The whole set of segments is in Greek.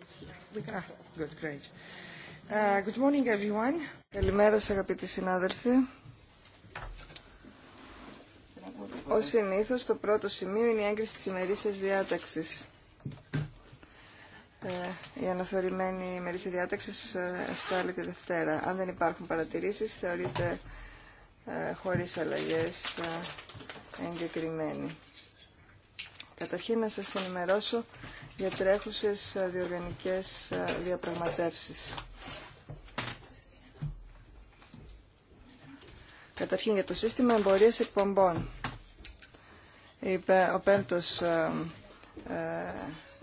Uh, good morning everyone. Καλημέρα σας αγαπητοί συνάδελφοι. Ω συνήθω, το πρώτο σημείο είναι η έγκριση τη ημερήσια διάταξη. Ε, η αναθεωρημένη ημερήσια διάταξη ε, άλλη τη Δευτέρα. Αν δεν υπάρχουν παρατηρήσει, θεωρείται ε, χωρί αλλαγέ ε, εγκεκριμένη. Καταρχήν, να σα ενημερώσω για τρέχουσες διοργανικές διαπραγματεύσεις. Καταρχήν για το σύστημα εμπορίας εκπομπών. Ο πέμπτος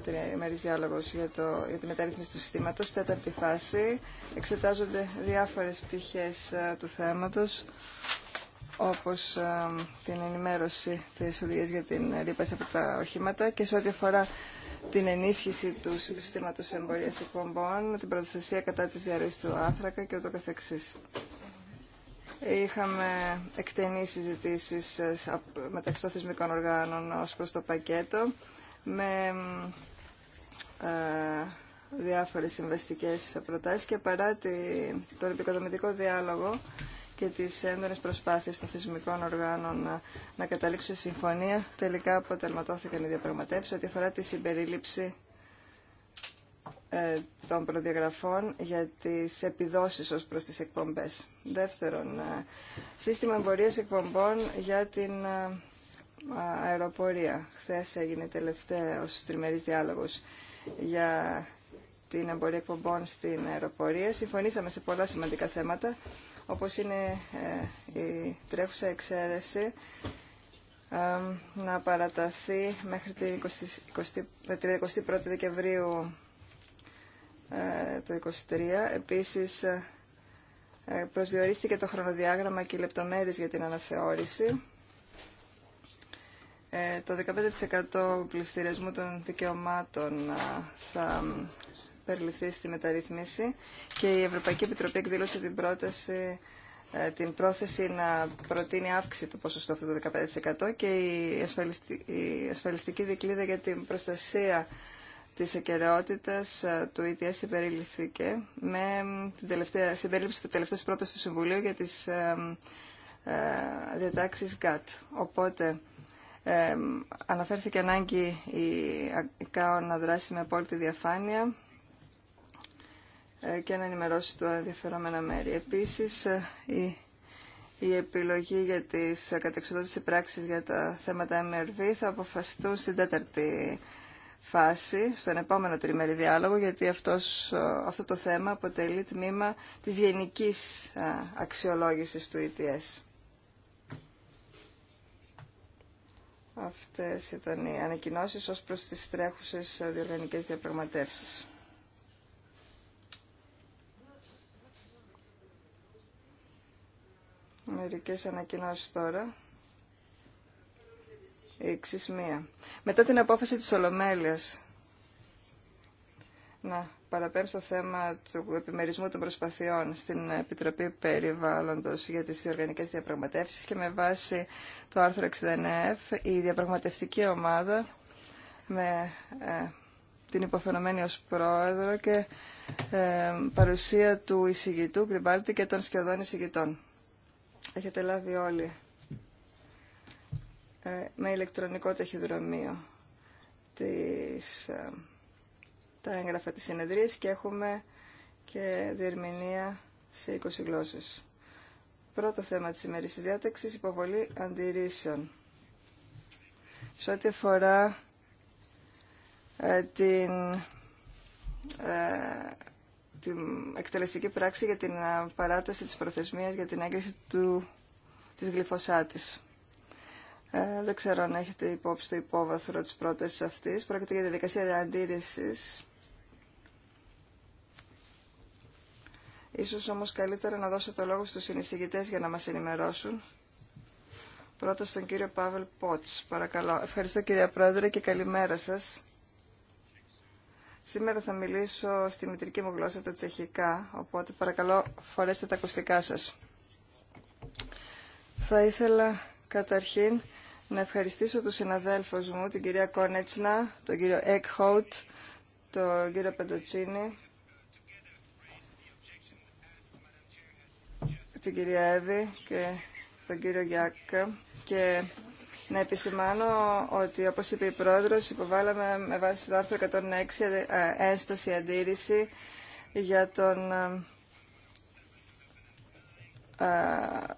τριμερής διάλογος για, το, για τη μεταρρύθμιση του συστήματος, τέταρτη φάση. Εξετάζονται διάφορες πτυχές του θέματος, όπως την ενημέρωση της οδηγίας για την ρήπαση από τα οχήματα και σε ό,τι αφορά την ενίσχυση του συστήματος εμπορίας εκπομπών, την προστασία κατά της διαρροής του άνθρακα και ούτω καθεξής. Είχαμε εκτενείς συζητήσει ε, μεταξύ των θεσμικών οργάνων ως προς το πακέτο με ε, διάφορες συμβαστικές προτάσεις και παρά τη, τον επικοδομητικό διάλογο και τις έντονες προσπάθειες των θεσμικών οργάνων να, να καταλήξουν συμφωνία, τελικά αποτελματώθηκαν οι διαπραγματεύσει ό,τι αφορά τη συμπερίληψη ε, των προδιαγραφών για τις επιδόσεις ως προς τις εκπομπές. Δεύτερον, ε, σύστημα εμπορίας εκπομπών για την ε, αεροπορία. Χθες έγινε τελευταίος τριμερής διάλογος για την εμπορία εκπομπών στην αεροπορία. Συμφωνήσαμε σε πολλά σημαντικά θέματα όπως είναι ε, η τρέχουσα εξαίρεση, να παραταθεί μέχρι την 21 η Δεκεμβρίου ε, το 2023. Επίσης, ε, προσδιορίστηκε το χρονοδιάγραμμα και οι λεπτομέρειες για την αναθεώρηση. Το 15% πληστηριασμού των δικαιωμάτων θα περιληφθεί στη μεταρρύθμιση και η Ευρωπαϊκή Επιτροπή εκδήλωσε την πρόταση ε, την πρόθεση να προτείνει αύξηση του ποσοστού αυτού του 15% και η, ασφαλιστική, δικλίδα για την προστασία της ακεραιότητας ε, του ETS συμπεριληφθήκε με την τελευταία, συμπερίληψη του τελευταίου πρόταση του Συμβουλίου για τις ε, ε διατάξεις GATT. Οπότε ε, αναφέρθηκε ανάγκη η ΚΑΟ να δράσει με απόλυτη διαφάνεια ε, και να ενημερώσει τα ενδιαφερόμενα μέρη. Επίσης, ε, η, η επιλογή για τις ε, κατεξοδότητες πράξεις για τα θέματα MRV θα αποφασιστούν στην τέταρτη φάση, στον επόμενο τριμερή διάλογο, γιατί αυτός, αυτό το θέμα αποτελεί τμήμα της γενικής αξιολόγησης του ETS. Αυτές ήταν οι ανακοινώσεις ως προς τις τρέχουσες διοργανικές διαπραγματεύσεις. Μερικές ανακοινώσεις τώρα. Εξής μία. Μετά την απόφαση της Ολομέλειας να παραπέμψω το θέμα του επιμερισμού των προσπαθειών στην Επιτροπή Περιβάλλοντος για τις διοργανικές διαπραγματεύσεις και με βάση το άρθρο 69F η διαπραγματευτική ομάδα με ε, την υποφαινομένη ως πρόεδρο και ε, παρουσία του εισηγητού Γκριμπάλτη και των σχεδόν εισηγητών έχετε λάβει όλοι ε, με ηλεκτρονικό ταχυδρομείο ε, τα έγγραφα της συνεδρίας και έχουμε και διερμηνία σε 20 γλώσσες. Πρώτο θέμα της της διάταξης, υποβολή αντιρρήσεων. Σε ό,τι αφορά ε, την την εκτελεστική πράξη για την παράταση της προθεσμίας για την έγκριση του, της γλυφοσάτης. Ε, δεν ξέρω αν έχετε υπόψη το υπόβαθρο της πρότασης αυτής. Πρόκειται για διαδικασία αντίρρησης. Ίσως όμως καλύτερα να δώσω το λόγο στους συνεισηγητές για να μας ενημερώσουν. Πρώτα τον κύριο Παύλ Πότς, παρακαλώ. Ευχαριστώ κυρία Πρόεδρε και καλημέρα σας. Σήμερα θα μιλήσω στη μητρική μου γλώσσα, τα τσεχικά, οπότε παρακαλώ φορέστε τα ακουστικά σας. Θα ήθελα καταρχήν να ευχαριστήσω τους συναδέλφους μου, την κυρία Κόνετσνα, τον κύριο Εκχόουτ, τον κύριο Πεντοτσίνη, την κυρία Εύη και τον κύριο Γιάκ και να επισημάνω ότι, όπως είπε η Πρόεδρος, υποβάλαμε με βάση το άρθρο 106 ε, ένσταση αντίρρηση για, τον, ε, ε,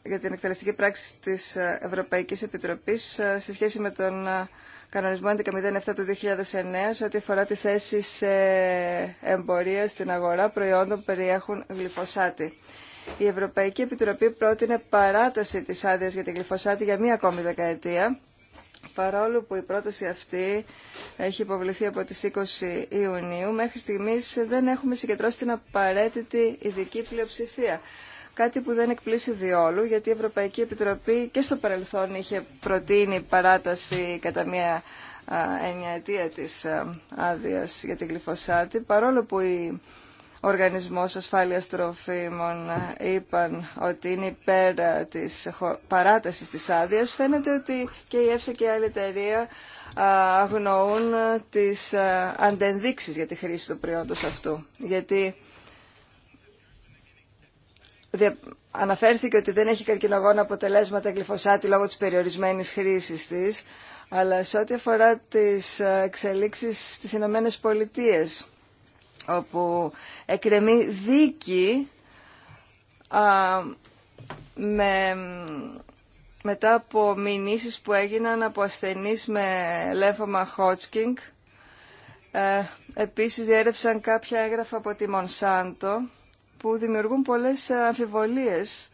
για την εκτελεστική πράξη της Ευρωπαϊκής Επιτροπής σε σχέση με τον κανονισμό 1107 του 2009 σε ό,τι αφορά τη θέση σε εμπορία στην αγορά προϊόντων που περιέχουν γλυφοσάτη η Ευρωπαϊκή Επιτροπή πρότεινε παράταση της άδειας για την γλυφοσάτη για μία ακόμη δεκαετία, παρόλο που η πρόταση αυτή έχει υποβληθεί από τις 20 Ιουνίου, μέχρι στιγμής δεν έχουμε συγκεντρώσει την απαραίτητη ειδική πλειοψηφία. Κάτι που δεν εκπλήσει διόλου, γιατί η Ευρωπαϊκή Επιτροπή και στο παρελθόν είχε προτείνει παράταση κατά μία ενιαετία της άδειας για την γλυφοσάτη, παρόλο που η Οργανισμός Ασφάλειας Τροφίμων είπαν ότι είναι υπέρ της παράτασης της άδεια, φαίνεται ότι και η ΕΦΣΑ και η άλλη εταιρεία αγνοούν τις αντενδείξεις για τη χρήση του προϊόντος αυτού. Γιατί αναφέρθηκε ότι δεν έχει καρκινογόνα αποτελέσματα γλυφοσάτη λόγω της περιορισμένης χρήσης της, αλλά σε ό,τι αφορά τις εξελίξεις στις Ηνωμένε Πολιτείες, όπου εκρεμεί δίκη α, με, μετά από μηνύσεις που έγιναν από ασθενείς με λέφωμα Χότσκινγκ. Ε, επίσης διέρευσαν κάποια έγγραφα από τη Μονσάντο που δημιουργούν πολλές αμφιβολίες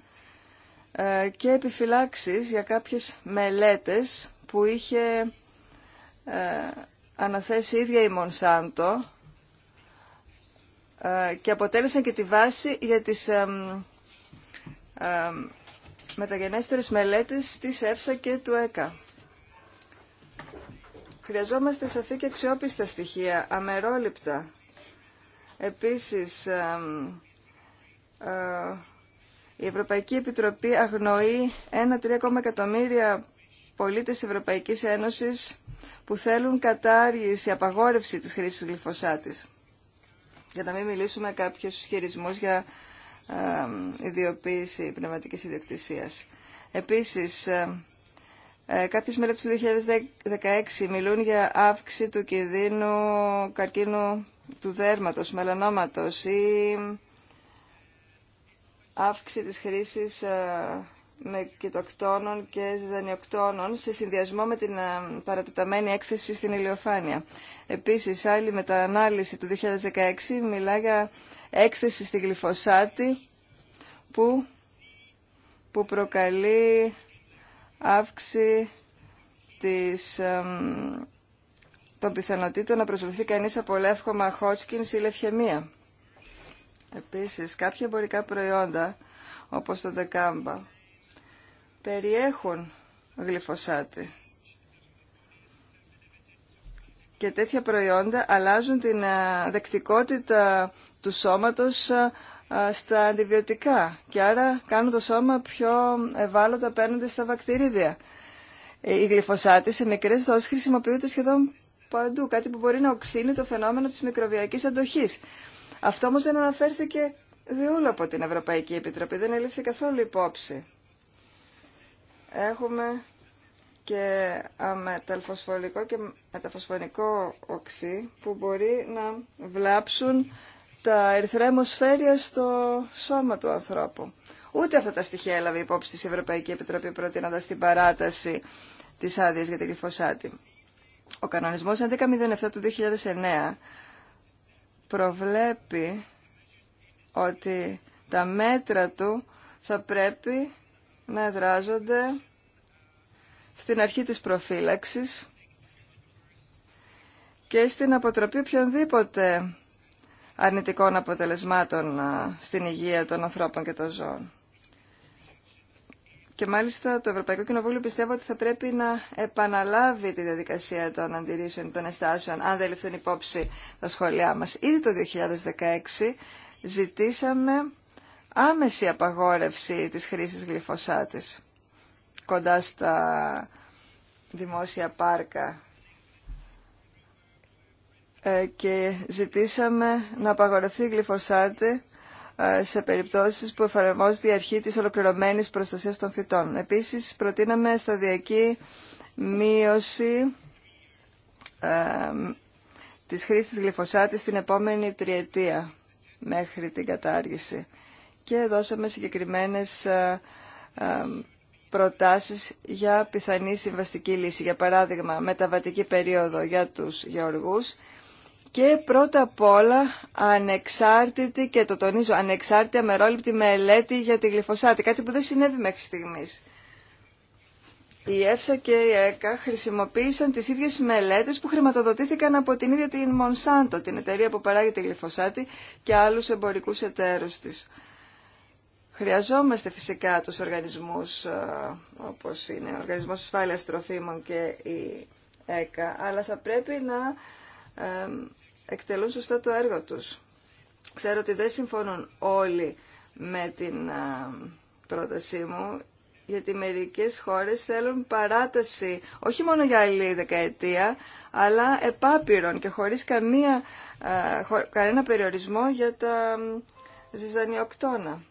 ε, και επιφυλάξεις για κάποιες μελέτες που είχε ε, αναθέσει η ίδια η Μονσάντο ε, και αποτέλεσαν και τη βάση για τις μεταγενέστερες μελέτες της ΕΦΣΑ και του ΕΚΑ. Χρειαζόμαστε σαφή και αξιόπιστα στοιχεία, αμερόληπτα. Επίσης, ε, η Ευρωπαϊκή Επιτροπή ένα 1-3 εκατομμύρια πολίτες Ευρωπαϊκής Ένωσης που θέλουν κατάργηση, απαγόρευση της χρήσης γλυφοσάτης. Για να μην μιλήσουμε κάποιους ισχυρισμού για ιδιοποίηση πνευματικής ιδιοκτησίας. Επίσης, ε, κάποιες μελέτες του 2016 μιλούν για αύξηση του κινδύνου καρκίνου του δέρματος, μελανόματος ή αύξηση της χρήσης ε, με κοιτοκτόνων και ζυζανιοκτόνων σε συνδυασμό με την ε, παρατεταμένη έκθεση στην ηλιοφάνεια. Επίσης, άλλη μεταανάλυση του 2016 μιλά για έκθεση στη γλυφοσάτη που, που προκαλεί αύξηση της, των πιθανότητων να προσβληθεί κανείς από λεύχομα Χότσκινς ή λευχαιμία. Επίσης, κάποια εμπορικά προϊόντα, όπως το Δεκάμπα, περιέχουν γλυφοσάτη. Και τέτοια προϊόντα αλλάζουν την ε, δεκτικότητα του σώματος ε, ε, στα αντιβιωτικά και άρα κάνουν το σώμα πιο ευάλωτο απέναντι στα βακτηρίδια. Η γλυφοσάτη σε μικρές δόσεις χρησιμοποιούνται σχεδόν παντού, κάτι που μπορεί να οξύνει το φαινόμενο της μικροβιακής αντοχής. Αυτό όμως δεν αναφέρθηκε διόλου από την Ευρωπαϊκή Επιτροπή, δεν ελήφθη καθόλου υπόψη έχουμε και αμεταλφοσφορικό και μεταφοσφωνικό οξύ που μπορεί να βλάψουν τα ερυθρά αιμοσφαίρια στο σώμα του ανθρώπου. Ούτε αυτά τα στοιχεία έλαβε υπόψη της Ευρωπαϊκή Επιτροπή προτείνοντα την παράταση της άδειας για τη γλυφοσάτη. Ο κανονισμός 1107 του 2009 προβλέπει ότι τα μέτρα του θα πρέπει να εδράζονται στην αρχή της προφύλαξης και στην αποτροπή οποιονδήποτε αρνητικών αποτελεσμάτων στην υγεία των ανθρώπων και των ζώων. Και μάλιστα το Ευρωπαϊκό Κοινοβούλιο πιστεύω ότι θα πρέπει να επαναλάβει τη διαδικασία των αντιρρήσεων, των εστάσεων, αν δεν ληφθούν υπόψη τα σχόλιά μας. Ήδη το 2016 ζητήσαμε άμεση απαγόρευση της χρήσης γλυφοσάτης κοντά στα δημόσια πάρκα ε, και ζητήσαμε να απαγορευτεί η γλυφοσάτη ε, σε περιπτώσεις που εφαρμόζεται η αρχή της ολοκληρωμένης προστασίας των φυτών. Επίσης, προτείναμε σταδιακή μείωση ε, της χρήσης της την επόμενη τριετία μέχρι την κατάργηση και δώσαμε συγκεκριμένες ε, ε, προτάσεις για πιθανή συμβαστική λύση. Για παράδειγμα, μεταβατική περίοδο για τους γεωργούς και πρώτα απ' όλα ανεξάρτητη και το τονίζω ανεξάρτητη αμερόληπτη μελέτη για τη γλυφοσάτη, κάτι που δεν συνέβη μέχρι στιγμής. Η ΕΦΣΑ και η ΕΚΑ χρησιμοποίησαν τις ίδιες μελέτες που χρηματοδοτήθηκαν από την ίδια την Μονσάντο, την εταιρεία που παράγει τη γλυφοσάτη και άλλους εμπορικούς εταίρους της. Χρειαζόμαστε φυσικά τους οργανισμούς ε, όπως είναι ο Οργανισμός Ασφάλειας Τροφίμων και η ΕΚΑ, αλλά θα πρέπει να ε, εκτελούν σωστά το έργο τους. Ξέρω ότι δεν συμφωνούν όλοι με την ε, πρότασή μου, γιατί μερικές χώρες θέλουν παράταση όχι μόνο για άλλη δεκαετία, αλλά επάπειρον και χωρίς καμία, κανένα περιορισμό για τα ζυζανιοκτώνα.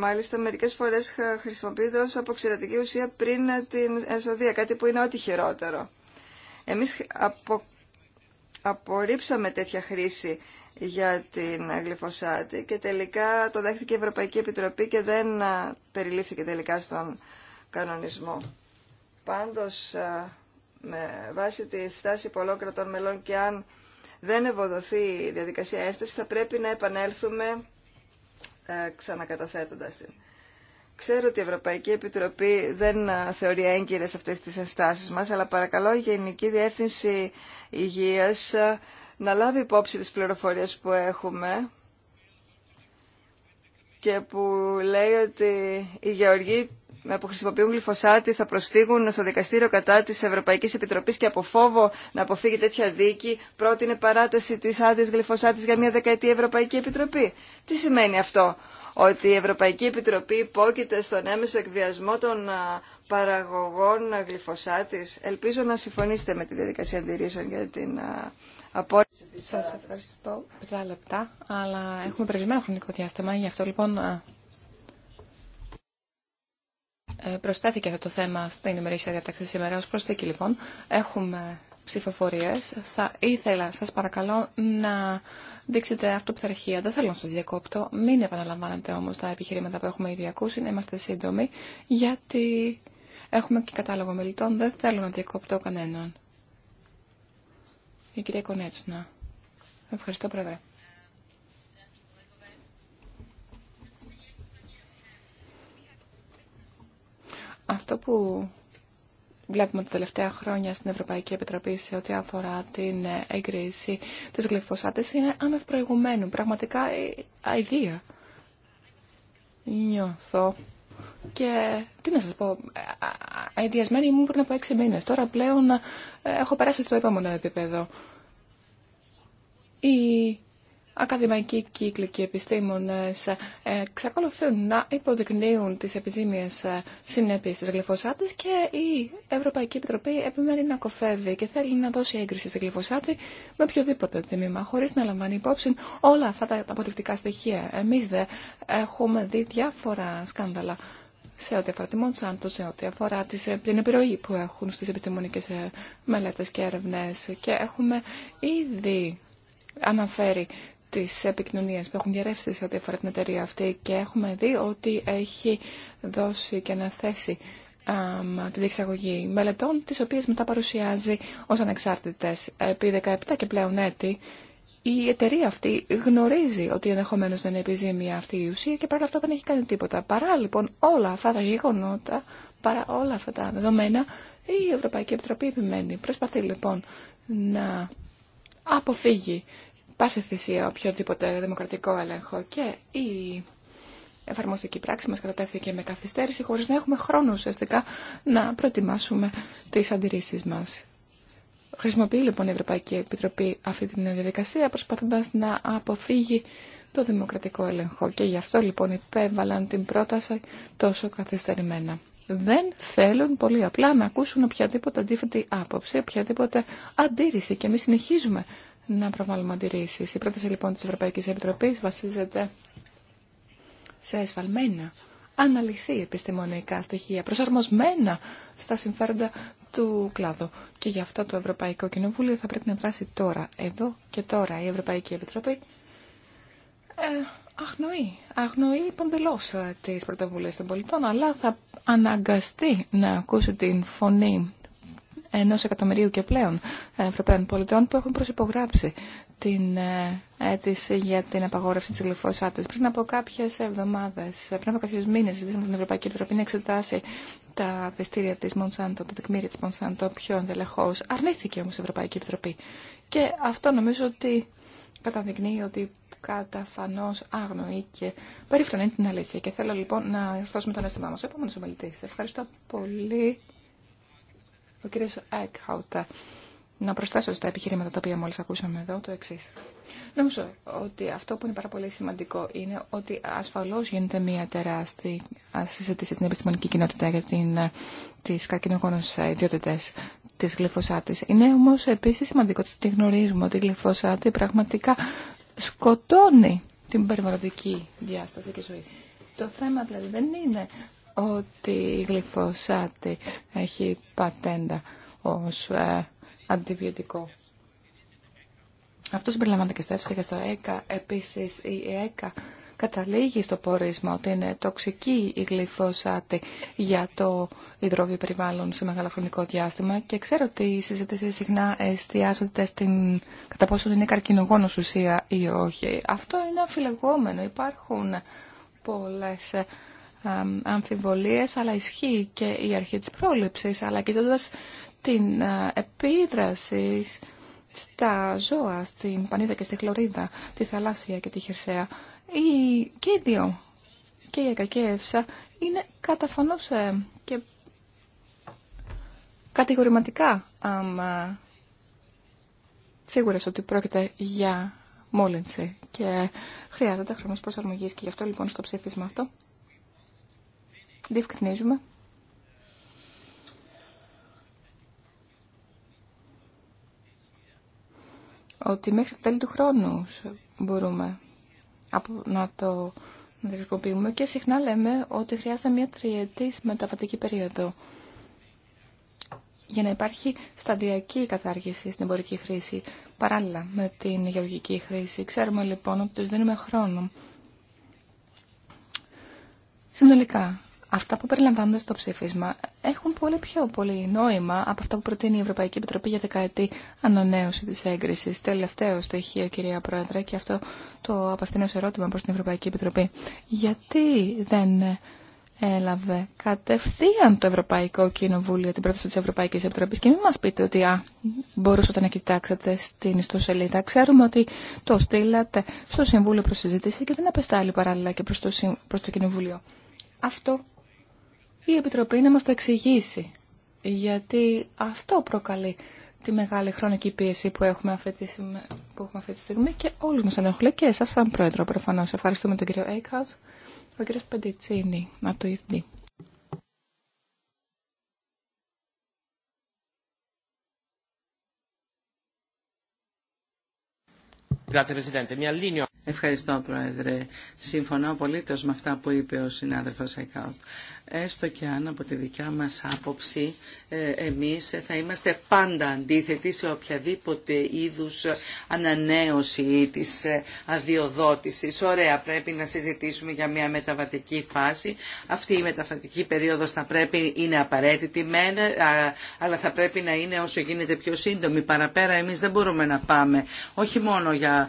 Μάλιστα, μερικές φορές χρησιμοποιείται ως αποξηρατική ουσία πριν την εσοδεία, κάτι που είναι ό,τι χειρότερο. Εμείς απο... απορρίψαμε τέτοια χρήση για την γλυφοσάτη και τελικά το δέχτηκε η Ευρωπαϊκή Επιτροπή και δεν περιλήφθηκε τελικά στον κανονισμό. Πάντως, με βάση τη στάση πολλών κρατών μελών και αν δεν ευοδοθεί η διαδικασία έσταση, θα πρέπει να επανέλθουμε ε, ξανακαταθέτοντας την. Ξέρω ότι η Ευρωπαϊκή Επιτροπή δεν ε, θεωρεί έγκυρες αυτές τις ενστάσεις μας, αλλά παρακαλώ η Γενική Διεύθυνση Υγείας ε, να λάβει υπόψη τις πληροφορίες που έχουμε και που λέει ότι η γεωργοί που χρησιμοποιούν γλυφοσάτη θα προσφύγουν στο δικαστήριο κατά τη Ευρωπαϊκή Επιτροπή και από φόβο να αποφύγει τέτοια δίκη πρότεινε παράταση της άδεια γλυφοσάτη για μια δεκαετία Ευρωπαϊκή Επιτροπή. Τι σημαίνει αυτό, ότι η Ευρωπαϊκή Επιτροπή υπόκειται στον έμεσο εκβιασμό των παραγωγών γλυφοσάτη. Ελπίζω να συμφωνήσετε με τη διαδικασία αντιρρήσεων για την απόρριψη τη. σα. ευχαριστώ. λεπτά, αλλά έχουμε περιορισμένο χρονικό διάστημα, γι' αυτό λοιπόν ε, Προσθέθηκε αυτό το θέμα στην ημερήσια διατάξη σήμερα. Ω προσθήκη λοιπόν έχουμε ψηφοφορίες. Θα ήθελα σας παρακαλώ να δείξετε αυτοπιθαρχία. Δεν θέλω να σας διακόπτω. Μην επαναλαμβάνετε όμως τα επιχειρήματα που έχουμε ήδη ακούσει. Να είμαστε σύντομοι γιατί έχουμε και κατάλογο μελητών. Δεν θέλω να διακόπτω κανέναν. Η κυρία Κονέτσνα. Ευχαριστώ πρόεδρε. Αυτό που βλέπουμε τα τελευταία χρόνια στην Ευρωπαϊκή Επιτροπή σε ό,τι αφορά την έγκριση της γλυφοσάτης είναι προηγουμένου. πραγματικά αηδία. Ε, Νιώθω. Και τι να σας πω, ε, ε, αηδιασμένη ήμουν πριν από έξι μήνες. Τώρα πλέον έχω περάσει στο επόμενο επίπεδο. Η ακαδημαϊκοί κύκλοι και επιστήμονες εξακολουθούν να υποδεικνύουν τις επιζήμιες συνέπειες της γλυφοσάτης και η Ευρωπαϊκή Επιτροπή επιμένει να κοφεύει και θέλει να δώσει έγκριση στη γλυφοσάτη με οποιοδήποτε τμήμα, χωρίς να λαμβάνει υπόψη όλα αυτά τα αποδεικτικά στοιχεία. Εμείς δε έχουμε δει διάφορα σκάνδαλα σε ό,τι αφορά τη Μοντσάντο, σε ό,τι αφορά την επιρροή που έχουν στις επιστημονικές ε, μελέτες και έρευνες. Και έχουμε ήδη αναφέρει Τη επικοινωνία που έχουν διαρρεύσει σε ό,τι αφορά την εταιρεία αυτή και έχουμε δει ότι έχει δώσει και αναθέσει τη διεξαγωγή μελετών, τι οποίε μετά παρουσιάζει ω ανεξαρτητε Επί 17 και πλέον έτη, η εταιρεία αυτή γνωρίζει ότι ενδεχομένω δεν είναι επιζήμια αυτή η ουσία και παρόλα αυτά δεν έχει κάνει τίποτα. Παρά λοιπόν όλα αυτά τα γεγονότα, παρά όλα αυτά τα δεδομένα, η Ευρωπαϊκή Επιτροπή επιμένει. Προσπαθεί λοιπόν να αποφύγει πάση θυσία οποιοδήποτε δημοκρατικό έλεγχο και η εφαρμοστική πράξη μας κατατέθηκε με καθυστέρηση χωρίς να έχουμε χρόνο ουσιαστικά να προετοιμάσουμε τις αντιρρήσεις μας. Χρησιμοποιεί λοιπόν η Ευρωπαϊκή Επιτροπή αυτή την διαδικασία προσπαθώντας να αποφύγει το δημοκρατικό έλεγχο και γι' αυτό λοιπόν υπέβαλαν την πρόταση τόσο καθυστερημένα. Δεν θέλουν πολύ απλά να ακούσουν οποιαδήποτε αντίθετη άποψη, οποιαδήποτε αντίρρηση και εμείς συνεχίζουμε να προβάλλουμε αντιρρήσει. Η πρόταση λοιπόν τη Ευρωπαϊκή Επιτροπή βασίζεται σε εσφαλμένα, αναλυθή επιστημονικά στοιχεία, προσαρμοσμένα στα συμφέροντα του κλάδου. Και γι' αυτό το Ευρωπαϊκό Κοινοβούλιο θα πρέπει να δράσει τώρα, εδώ και τώρα. Η Ευρωπαϊκή Επιτροπή ε, αγνοεί, αγνοεί παντελώ ε, τι πρωτοβουλίε των πολιτών, αλλά θα αναγκαστεί να ακούσει την φωνή ενός εκατομμυρίου και πλέον ε, Ευρωπαίων πολιτών που έχουν προσυπογράψει την ε, αίτηση για την απαγόρευση της γλυφωσάτης. Πριν από κάποιες εβδομάδες, ε, πριν από κάποιους μήνες, ζητήσαμε την Ευρωπαϊκή Επιτροπή να εξετάσει τα πιστήρια της Μονσάντο, τα τεκμήρια της Μονσάντο πιο ενδελεχώς. Αρνήθηκε όμως η Ευρωπαϊκή Επιτροπή. Και αυτό νομίζω ότι καταδεικνύει ότι καταφανώς άγνοη και περίφρονε την αλήθεια. Και θέλω λοιπόν να ερθώσουμε το αίσθημά μας. Επόμενος μελητή. Ευχαριστώ πολύ. Ο κύριος Έκχαουτα, να προσθέσω στα επιχειρήματα τα οποία μόλι ακούσαμε εδώ το εξή. Νομίζω ότι αυτό που είναι πάρα πολύ σημαντικό είναι ότι ασφαλώ γίνεται μια τεράστια συζήτηση στην επιστημονική κοινότητα για τι τις ιδιότητε τη της Είναι όμω επίση σημαντικό ότι γνωρίζουμε ότι η γλυφωσάτη πραγματικά σκοτώνει την περιβαλλοντική διάσταση και ζωή. Το θέμα δηλαδή δεν είναι ότι η γλυφοσάτη έχει πατέντα ως ε, αντιβιωτικό. Αυτό συμπεριλαμβάνεται και στο και στο ΕΚΑ. E Επίσης η ΕΚΑ e καταλήγει στο πόρισμα ότι είναι τοξική η γλυφοσάτη για το υδρόβιο περιβάλλον σε μεγάλο χρονικό διάστημα και ξέρω ότι οι συζήτησεις συχνά εστιάζονται στην κατά πόσο είναι καρκινογόνος ουσία ή όχι. Αυτό είναι αφιλεγόμενο. Υπάρχουν πολλές ε, αμφιβολίες, αλλά ισχύει και η αρχή της πρόληψης, αλλά κοιτώντα την επίδραση στα ζώα, στην Πανίδα και στη Χλωρίδα, τη Θαλάσσια και τη Χερσαία, η Κίδιο και η ΕΦΣΑ, είναι καταφανώς ε, και κατηγορηματικά άμα, σίγουρες ότι πρόκειται για μόλυνση και χρειάζεται χρόνος προσαρμογής και γι' αυτό λοιπόν στο ψήφισμα αυτό διευκρινίζουμε ότι μέχρι το τέλη του χρόνου μπορούμε να το να χρησιμοποιούμε και συχνά λέμε ότι χρειάζεται μια τριετής μεταβατική περίοδο για να υπάρχει σταδιακή κατάργηση στην εμπορική χρήση παράλληλα με την γεωργική χρήση. Ξέρουμε λοιπόν ότι τους δίνουμε χρόνο. Συνολικά, αυτά που περιλαμβάνονται στο ψήφισμα έχουν πολύ πιο πολύ νόημα από αυτά που προτείνει η Ευρωπαϊκή Επιτροπή για δεκαετή ανανέωση της έγκρισης. Τελευταίο στοιχείο, κυρία Πρόεδρε, και αυτό το απευθύνω σε ερώτημα προς την Ευρωπαϊκή Επιτροπή. Γιατί δεν έλαβε κατευθείαν το Ευρωπαϊκό Κοινοβούλιο την πρόταση της Ευρωπαϊκής Επιτροπής και μην μας πείτε ότι α, μπορούσατε να κοιτάξετε στην ιστοσελίδα. Ξέρουμε ότι το στείλατε στο Συμβούλιο προς και δεν απεστάλλει παράλληλα και προς το, προς το Κοινοβούλιο. Αυτό η Επιτροπή να μας το εξηγήσει. Γιατί αυτό προκαλεί τη μεγάλη χρονική πίεση που έχουμε αυτή τη, στιγμή και όλους μας ενοχλεί και εσάς σαν πρόεδρο προφανώς. Ευχαριστούμε τον κύριο Έικαουτ, ο κύριο Σπεντιτσίνη, από το EFD. Ευχαριστώ, Πρόεδρε. Συμφωνώ απολύτω με αυτά που είπε ο συνάδελφο Αϊκάουτ έστω και αν από τη δικιά μας άποψη ε, εμείς θα είμαστε πάντα αντίθετοι σε οποιαδήποτε είδους ανανέωση της ε, αδειοδότησης. Ωραία, πρέπει να συζητήσουμε για μια μεταβατική φάση. Αυτή η μεταβατική περίοδος θα πρέπει, είναι απαραίτητη μεν, αλλά θα πρέπει να είναι όσο γίνεται πιο σύντομη. Παραπέρα εμείς δεν μπορούμε να πάμε, όχι μόνο για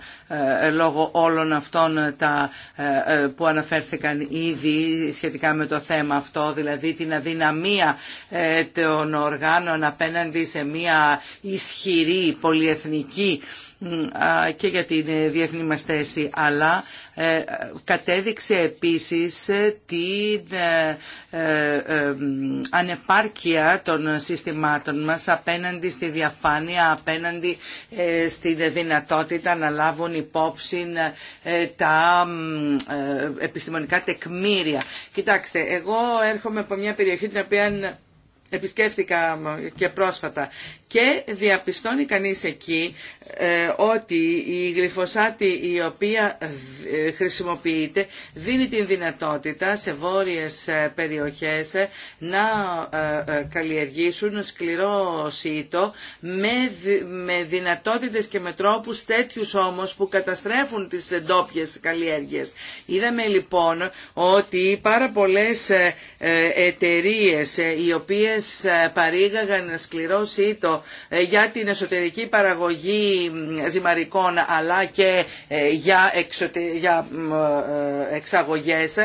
ε, λόγω όλων αυτών τα, ε, που αναφέρθηκαν ήδη σχετικά με το θέμα αυτό, αυτό, δηλαδή την αδυναμία ε, των οργάνων απέναντι σε μια ισχυρή πολυεθνική και για την ε, διεθνή μας θέση, αλλά ε, κατέδειξε επίσης ε, την ανεπάρκεια των συστημάτων μας απέναντι στη διαφάνεια, απέναντι στη δυνατότητα να λάβουν υπόψη τα επιστημονικά τεκμήρια. Κοιτάξτε, εγώ έρχομαι από μια περιοχή την οποία επισκέφθηκα και πρόσφατα και διαπιστώνει κανείς εκεί ε, ότι η γλυφοσάτη η οποία χρησιμοποιείται δίνει την δυνατότητα σε βόρειες ε, περιοχές ε, να καλλιεργήσουν σκληρό σύτο με δυνατότητες και με τρόπους τέτοιους όμως που καταστρέφουν τις ντόπιε καλλιέργειες. Είδαμε λοιπόν ότι πάρα πολλές εταιρείες οι οποίες ε, παρήγαγαν σκληρό σύτο ε, για την εσωτερική παραγωγή ζυμαρικών αλλά και ε, για, εξαγωγές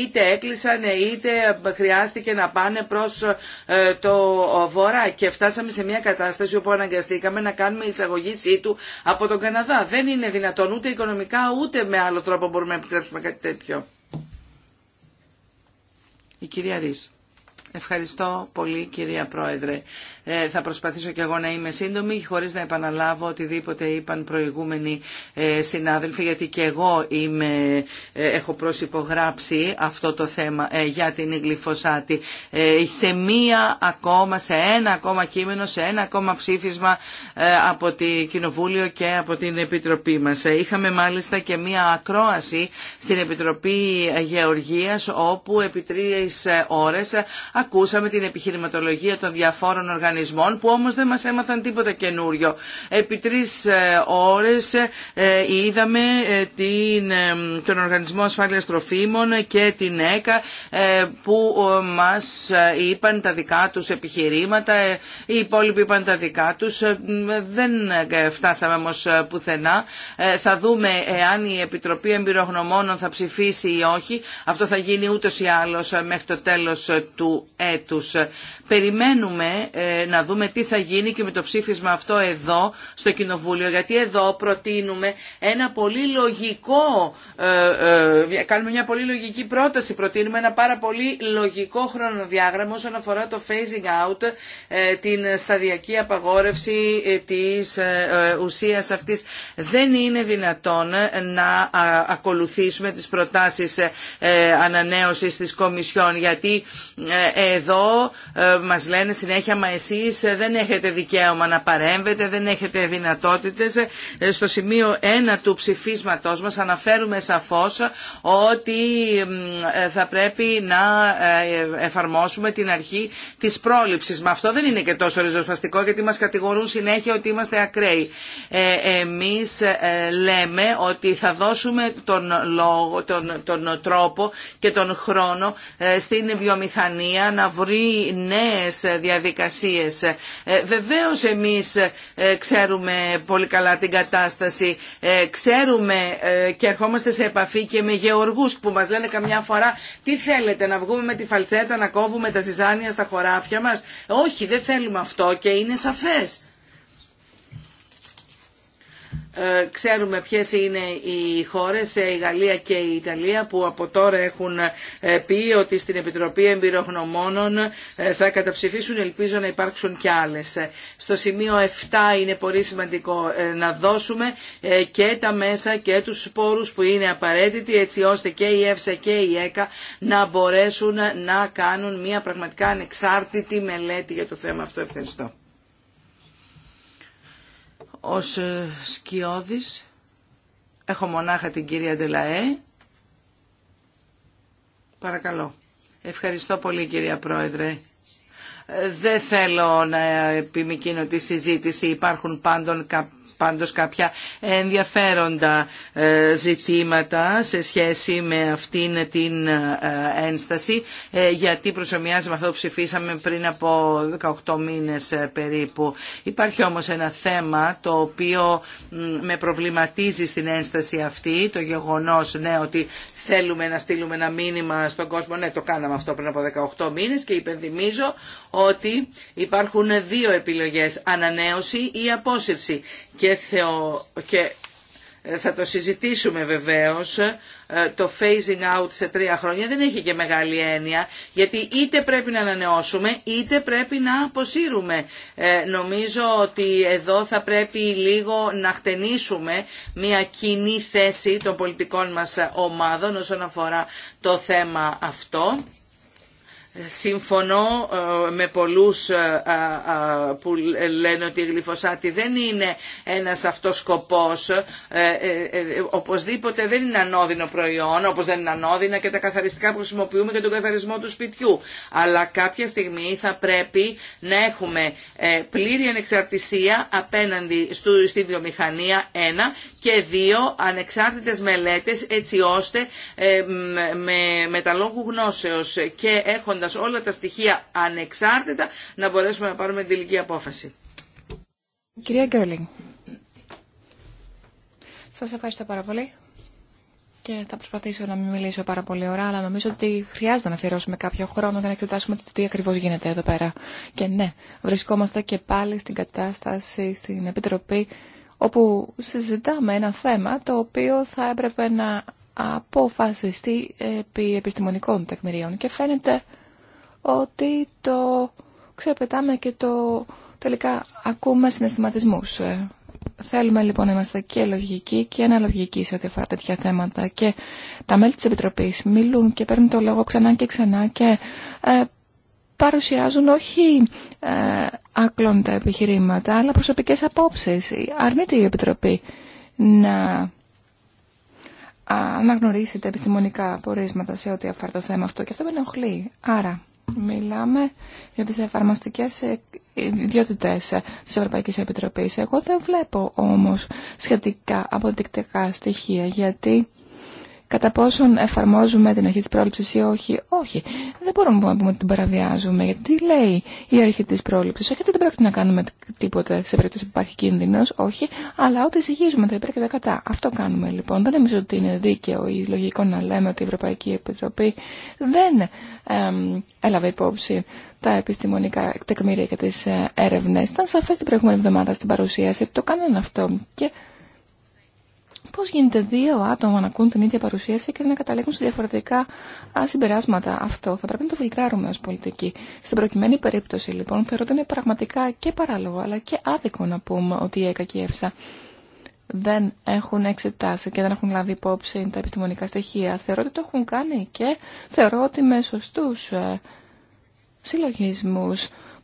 είτε έκλεισαν είτε χρειάστηκε να πάνε προς το βορρά και φτάσαμε σε μια κατάσταση όπου αναγκαστήκαμε να κάνουμε εισαγωγή σύτου από τον Καναδά. Δεν είναι δυνατόν ούτε οικονομικά ούτε με άλλο τρόπο μπορούμε να επιτρέψουμε κάτι τέτοιο. Η κυρία Ευχαριστώ πολύ κυρία Πρόεδρε. Ε, θα προσπαθήσω και εγώ να είμαι σύντομη χωρίς να επαναλάβω οτιδήποτε είπαν προηγούμενοι ε, συνάδελφοι γιατί και εγώ είμαι, ε, έχω προσυπογράψει αυτό το θέμα ε, για την γλυφοσάτη ε, σε μία ακόμα, σε ένα ακόμα κείμενο, σε ένα ακόμα ψήφισμα από το Κοινοβούλιο και από την Επιτροπή μας. Είχαμε μάλιστα και μία ακρόαση στην Επιτροπή Γεωργίας όπου επί τρεις ώρες Ακούσαμε την επιχειρηματολογία των διαφόρων οργανισμών που όμως δεν μας έμαθαν τίποτα καινούριο. Επί τρεις ε, ώρες ε, ε, είδαμε την, τον Οργανισμό Ασφάλειας Τροφίμων και την ΕΚΑ που μας είπαν τα δικά τους επιχειρήματα, οι υπόλοιποι είπαν τα δικά τους. Δεν φτάσαμε όμως πουθενά. Θα δούμε εάν η Επιτροπή Εμπειρογνωμόνων θα ψηφίσει ή όχι. Αυτό θα γίνει ούτως ή άλλως μέχρι το τέλος του έτους. Περιμένουμε ε, να δούμε τι θα γίνει και με το ψήφισμα αυτό εδώ στο Κοινοβούλιο, γιατί εδώ προτείνουμε ένα πολύ λογικό, ε, ε, κάνουμε μια πολύ λογική πρόταση, προτείνουμε ένα πάρα πολύ λογικό χρονοδιάγραμμα όσον αφορά το phasing out, την σταδιακή απαγόρευση της ουσίας αυτής. Δεν είναι δυνατόν να ακολουθήσουμε τις προτάσεις ανανέωσης της Κομισιόν, γιατί εδώ μας λένε συνέχεια «Μα εσείς ε, δεν έχετε δικαίωμα να παρέμβετε, δεν έχετε δυνατότητες». Ε, στο σημείο 1 του ψηφίσματός μας αναφέρουμε σαφώς ότι ε, θα πρέπει να εφαρμόσουμε την αρχή της πρόληψης. Μα αυτό δεν είναι και τόσο ριζοσπαστικό γιατί μας κατηγορούν συνέχεια ότι είμαστε ακραίοι. Εμείς λέμε ότι θα δώσουμε τον, λόγο, τον, τον τρόπο και τον χρόνο στην βιομηχανία να βρει νέα νέες διαδικασίες. Ε, βεβαίως εμείς ε, ξέρουμε πολύ καλά την κατάσταση, ε, ξέρουμε και ερχόμαστε σε επαφή και με γεωργούς που μας λένε καμιά φορά τι θέλετε να βγούμε με τη φαλτσέτα να κόβουμε τα ζυζάνια στα χωράφια μας. Όχι δεν θέλουμε αυτό και είναι σαφές. Ε, ξέρουμε ποιες είναι οι χώρες, ε, η Γαλλία και η Ιταλία, που από τώρα έχουν ε, πει ότι στην Επιτροπή Εμπειρογνωμόνων θα καταψηφίσουν, ελπίζω να υπάρξουν και άλλες. Στο σημείο 7 είναι πολύ σημαντικό να δώσουμε και τα μέσα και τους σπόρους που είναι απαραίτητοι, έτσι ώστε και η ΕΦΣΑ και η ΕΚΑ να μπορέσουν να κάνουν μια πραγματικά ανεξάρτητη μελέτη για το θέμα αυτό. Ευχαριστώ ως ε, σκιώδης. Έχω μονάχα την κυρία Ντελαέ. Παρακαλώ. Ευχαριστώ πολύ κυρία Πρόεδρε. Ε, δεν θέλω να επιμηκύνω τη συζήτηση. Υπάρχουν πάντων πάντως κάποια ενδιαφέροντα ε, ζητήματα σε σχέση με αυτήν την ε, ένσταση ε, γιατί προσωμιάζει με αυτό που ψηφίσαμε πριν από 18 μήνες περίπου. Υπάρχει όμως ένα θέμα το οποίο με προβληματίζει στην ένσταση αυτή, το γεγονός ναι, ότι θέλουμε να στείλουμε ένα μήνυμα στον κόσμο. Ναι, το κάναμε αυτό πριν από 18 μήνες και υπενθυμίζω ότι υπάρχουν δύο επιλογές, ανανέωση ή απόσυρση. Και, θεω... και ε, θα το συζητήσουμε βεβαίως, ε, το phasing out σε τρία χρόνια δεν έχει και μεγάλη έννοια, γιατί είτε πρέπει να ανανεώσουμε, είτε πρέπει να αποσύρουμε. Ε, νομίζω ότι εδώ θα πρέπει λίγο να χτενίσουμε μια κοινή θέση των πολιτικών μας ομάδων όσον αφορά το θέμα αυτό. Συμφωνώ ε, με πολλούς ε, ε, που λένε ότι η γλυφοσάτη δεν είναι ένας αυτός σκοπός, οπωσδήποτε δεν είναι ανώδυνο προϊόν, όπως δεν είναι ανώδυνα και τα καθαριστικά που χρησιμοποιούμε και τον καθαρισμό του σπιτιού. Αλλά κάποια στιγμή θα πρέπει να έχουμε πλήρη ανεξαρτησία απέναντι στη βιομηχανία, ένα, και δύο ανεξάρτητες μελέτες έτσι ώστε ε, με, με τα λόγου γνώσεως και έχοντας όλα τα στοιχεία ανεξάρτητα να μπορέσουμε να πάρουμε την τελική απόφαση. Κυρία Γκέρλινγκ, σας ευχαριστώ πάρα πολύ και θα προσπαθήσω να μην μιλήσω πάρα πολύ ώρα, αλλά νομίζω ότι χρειάζεται να αφιερώσουμε κάποιο χρόνο για να εξετάσουμε τι ακριβώς γίνεται εδώ πέρα. Και ναι, βρισκόμαστε και πάλι στην κατάσταση, στην Επιτροπή όπου συζητάμε ένα θέμα το οποίο θα έπρεπε να αποφασιστεί επί επιστημονικών τεκμηρίων και φαίνεται ότι το ξεπετάμε και το τελικά ακούμε συναισθηματισμούς. Ε, θέλουμε λοιπόν να είμαστε και λογικοί και αναλογικοί σε ό,τι αφορά τέτοια θέματα και τα μέλη της Επιτροπής μιλούν και παίρνουν το λόγο ξανά και ξανά και ε, παρουσιάζουν όχι ε, άκλοντα επιχειρήματα, αλλά προσωπικές απόψεις. Αρνείται η Επιτροπή να αναγνωρίσει τα επιστημονικά απορίσματα σε ό,τι αφορά το θέμα αυτό και αυτό με ενοχλεί. Άρα, μιλάμε για τις εφαρμοστικές ε, ιδιότητες της Ευρωπαϊκής Επιτροπής. Εγώ δεν βλέπω όμως σχετικά αποδεικτικά στοιχεία, γιατί κατά πόσον εφαρμόζουμε την αρχή της πρόληψης ή όχι. Όχι, δεν μπορούμε να πούμε ότι την παραβιάζουμε, γιατί τι λέει η αρχή της πρόληψης. Όχι ότι δεν πρέπει να κάνουμε τίποτα σε περίπτωση που υπάρχει κίνδυνος, όχι, αλλά ότι εισηγίζουμε τα υπέρ και τα κατά. Αυτό κάνουμε λοιπόν. Δεν νομίζω ότι είναι δίκαιο ή λογικό να λέμε ότι η Ευρωπαϊκή Επιτροπή δεν έλαβε υπόψη τα επιστημονικά τεκμήρια και τις ε, έρευνες. Ήταν σαφές την προηγούμενη εβδομάδα στην παρουσίαση, το κάνανε αυτό και Πώς γίνεται δύο άτομα να ακούν την ίδια παρουσίαση και να καταλήγουν σε διαφορετικά συμπεράσματα αυτό. Θα πρέπει να το φιλτράρουμε ως πολιτικοί. Στην προκειμένη περίπτωση λοιπόν θεωρώ ότι είναι πραγματικά και παράλογο αλλά και άδικο να πούμε ότι η ΕΚΑ και η ΕΦΣΑ δεν έχουν εξετάσει και δεν έχουν λάβει υπόψη τα επιστημονικά στοιχεία. Θεωρώ ότι το έχουν κάνει και θεωρώ ότι με σωστού ε, συλλογισμού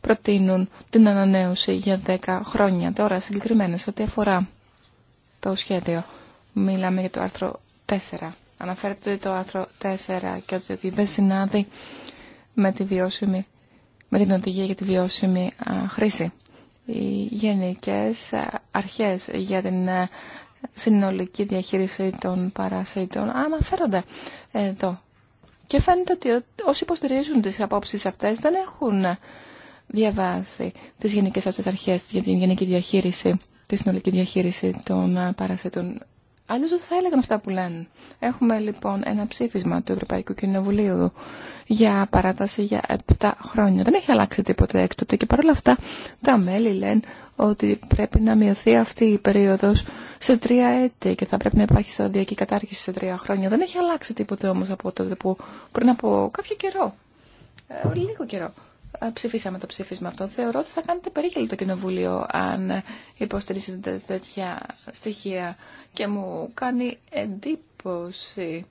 προτείνουν την ανανέωση για 10 χρόνια τώρα συγκεκριμένα σε ό,τι αφορά το σχέδιο. Μιλάμε για το άρθρο 4. Αναφέρεται το άρθρο 4 και ότι δεν συνάδει με, τη βιώσιμη, με την οδηγία για τη βιώσιμη χρήση. Οι γενικές αρχές για την συνολική διαχείριση των παρασύτων αναφέρονται εδώ. Και φαίνεται ότι όσοι υποστηρίζουν τις απόψεις αυτές δεν έχουν διαβάσει τις γενικές αυτές αρχές για την γενική διαχείριση, τη συνολική διαχείριση των παρασύτων. Αλλιώ δεν θα έλεγαν αυτά που λένε. Έχουμε λοιπόν ένα ψήφισμα του Ευρωπαϊκού Κοινοβουλίου για παράταση για 7 χρόνια. Δεν έχει αλλάξει τίποτα έκτοτε και παρόλα αυτά τα μέλη λένε ότι πρέπει να μειωθεί αυτή η περίοδο σε 3 έτη και θα πρέπει να υπάρχει σταδιακή κατάργηση σε 3 χρόνια. Δεν έχει αλλάξει τίποτα όμω από τότε που πριν από κάποιο καιρό, ε, λίγο καιρό. Ε, ψηφίσαμε το ψήφισμα αυτό. Θεωρώ ότι θα κάνετε περίγελο το Κοινοβούλιο αν υποστηρίζετε τέτοια στοιχεία και μου κάνει εντύπωση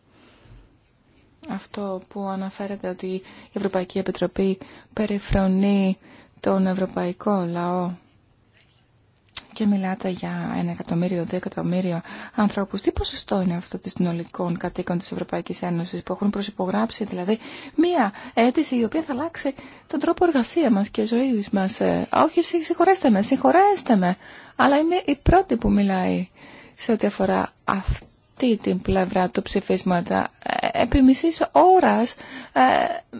αυτό που αναφέρεται ότι η Ευρωπαϊκή Επιτροπή περιφρονεί τον ευρωπαϊκό λαό και μιλάτε για ένα εκατομμύριο, δύο εκατομμύριο ανθρώπους. Τι ποσοστό είναι αυτό της συνολικών κατοίκων της Ευρωπαϊκής Ένωσης που έχουν προσυπογράψει δηλαδή μία αίτηση η οποία θα αλλάξει τον τρόπο εργασία μας και ζωή μας. Ε, όχι, συγχωρέστε με, συγχωρέστε με, αλλά είμαι η πρώτη που μιλάει σε ό,τι αφορά αυτή την πλευρά του ψηφίσματα. Ε, επί μισής ώρας ε,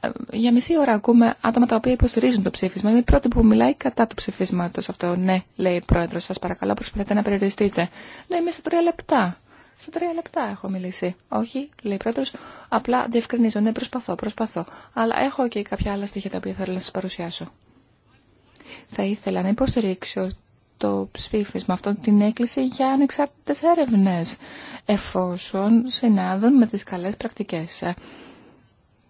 ε, για μισή ώρα ακούμε άτομα τα οποία υποστηρίζουν το ψήφισμα. Είμαι η πρώτη που μιλάει κατά του ψηφίσματο αυτό. Ναι, λέει η πρόεδρο, σα παρακαλώ, προσπαθείτε να περιοριστείτε. Ναι, είμαι σε τρία λεπτά. Σε τρία λεπτά έχω μιλήσει. Όχι, λέει η πρόεδρο, απλά διευκρινίζω. Ναι, προσπαθώ, προσπαθώ. Αλλά έχω και κάποια άλλα στοιχεία τα οποία θέλω να σα παρουσιάσω. Θα ήθελα να υποστηρίξω το ψήφισμα αυτό την έκκληση για ανεξάρτητε έρευνε εφόσον συνάδουν με τις καλές πρακτικές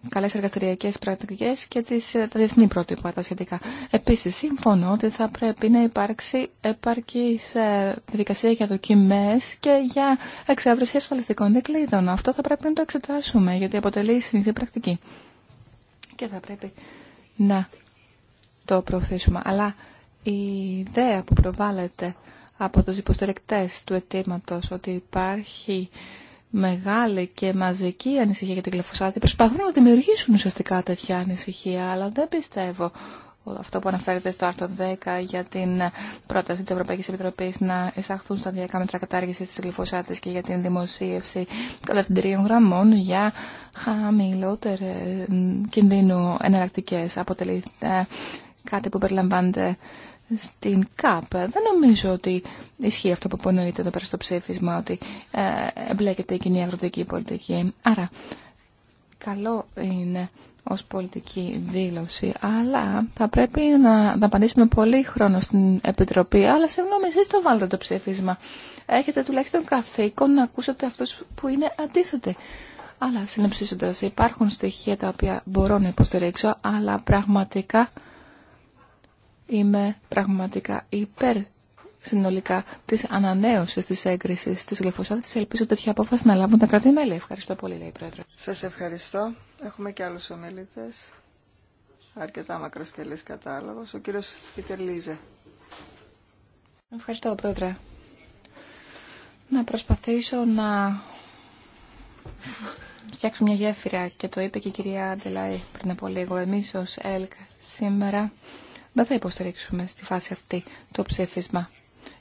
καλές εργαστηριακές πρακτικές και τις, ε, τα διεθνή πρότυπα τα σχετικά. Επίσης, σύμφωνο ότι θα πρέπει να υπάρξει επαρκή ε, δικασία για δοκιμές και για εξέβρεση ασφαλιστικών δικλείδων. Αυτό θα πρέπει να το εξετάσουμε, γιατί αποτελεί συνήθεια πρακτική. Και θα πρέπει να το προωθήσουμε. Αλλά η ιδέα που προβάλλεται από τους υποστηρικτές του αιτήματο ότι υπάρχει μεγάλη και μαζική ανησυχία για την κλεφοσάτη. Προσπαθούν να δημιουργήσουν ουσιαστικά τέτοια ανησυχία, αλλά δεν πιστεύω αυτό που αναφέρεται στο άρθρο 10 για την πρόταση τη ευρωπαϊκή Επιτροπή να εισαχθούν σταδιακά μέτρα κατάργηση της γλυφωσάτης και για την δημοσίευση κατευθυντηρίων γραμμών για χαμηλότερε ε, κινδύνου εναλλακτικέ αποτελεί ε, κάτι που περιλαμβάνεται στην ΚΑΠ. Δεν νομίζω ότι ισχύει αυτό που απονοείται εδώ πέρα στο ψήφισμα, ότι ε, εμπλέκεται η κοινή αγροτική πολιτική. Άρα, καλό είναι ως πολιτική δήλωση, αλλά θα πρέπει να απαντήσουμε πολύ χρόνο στην Επιτροπή. Αλλά συγγνώμη, εσείς το βάλετε το ψήφισμα. Έχετε τουλάχιστον καθήκον να ακούσετε αυτούς που είναι αντίθετοι. Αλλά συνεψίζοντας, υπάρχουν στοιχεία τα οποία μπορώ να υποστηρίξω, αλλά πραγματικά είμαι πραγματικά υπέρ συνολικά της ανανέωσης της έγκρισης της γλυφοσάτης. Ελπίζω τέτοια απόφαση να λάβουν τα μέλη. Ευχαριστώ πολύ, λέει η πρόεδρε. Σας ευχαριστώ. Έχουμε και άλλους ομιλητές. Αρκετά μακροσκελής κατάλογος. Ο κύριος Πίτερ Λίζε. Ευχαριστώ, Πρόεδρε. Να προσπαθήσω να φτιάξω μια γέφυρα και το είπε και η κυρία Αντελάη πριν από λίγο. Εμείς ως ΕΛΚ σήμερα δεν θα υποστηρίξουμε στη φάση αυτή το ψήφισμα.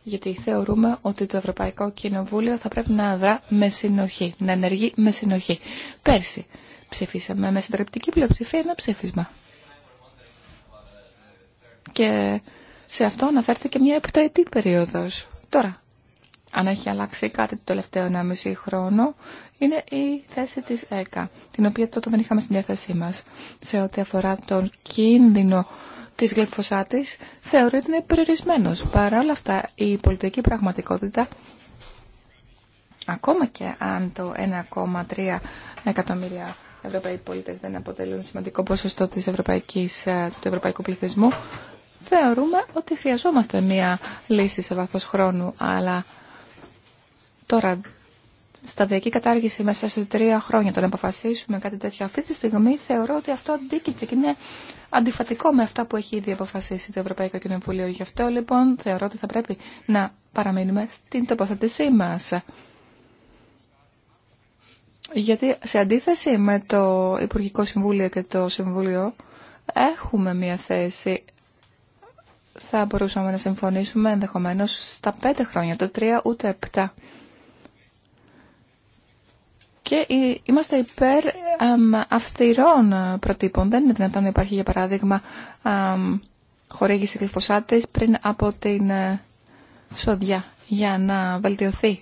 Γιατί θεωρούμε ότι το Ευρωπαϊκό Κοινοβούλιο θα πρέπει να δρά με συνοχή, να ενεργεί με συνοχή. Πέρσι ψηφίσαμε με συντριπτική πλειοψηφία ένα ψήφισμα. Και σε αυτό αναφέρθηκε μια ετή περίοδος. Τώρα, αν έχει αλλάξει κάτι το τελευταίο 1,5 χρόνο, είναι η θέση της ΕΚΑ, την οποία τότε δεν είχαμε στην διάθεσή μας. Σε ό,τι αφορά τον κίνδυνο της γλυφωσάτης, θεωρείται ότι είναι περιορισμένος. Παρά όλα αυτά, η πολιτική πραγματικότητα, ακόμα και αν το 1,3 εκατομμύρια Ευρωπαίοι πολίτες δεν αποτελούν σημαντικό ποσοστό της ε, του ευρωπαϊκού πληθυσμού, θεωρούμε ότι χρειαζόμαστε μία λύση σε βάθος χρόνου, αλλά Τώρα, σταδιακή κατάργηση μέσα σε τρία χρόνια, το να αποφασίσουμε κάτι τέτοιο αυτή τη στιγμή, θεωρώ ότι αυτό αντίκειται και είναι αντιφατικό με αυτά που έχει ήδη αποφασίσει το Ευρωπαϊκό Κοινοβούλιο. Γι' αυτό λοιπόν θεωρώ ότι θα πρέπει να παραμείνουμε στην τοποθέτησή μας. Γιατί σε αντίθεση με το Υπουργικό Συμβούλιο και το Συμβούλιο έχουμε μια θέση θα μπορούσαμε να συμφωνήσουμε ενδεχομένως στα πέντε χρόνια, το τρία ούτε επτά και είμαστε υπέρ αυστηρών ε, προτύπων. Δεν είναι δυνατόν να υπάρχει, για παράδειγμα, χορήγηση γλυφοσάτη πριν από την ε, σοδιά για να βελτιωθεί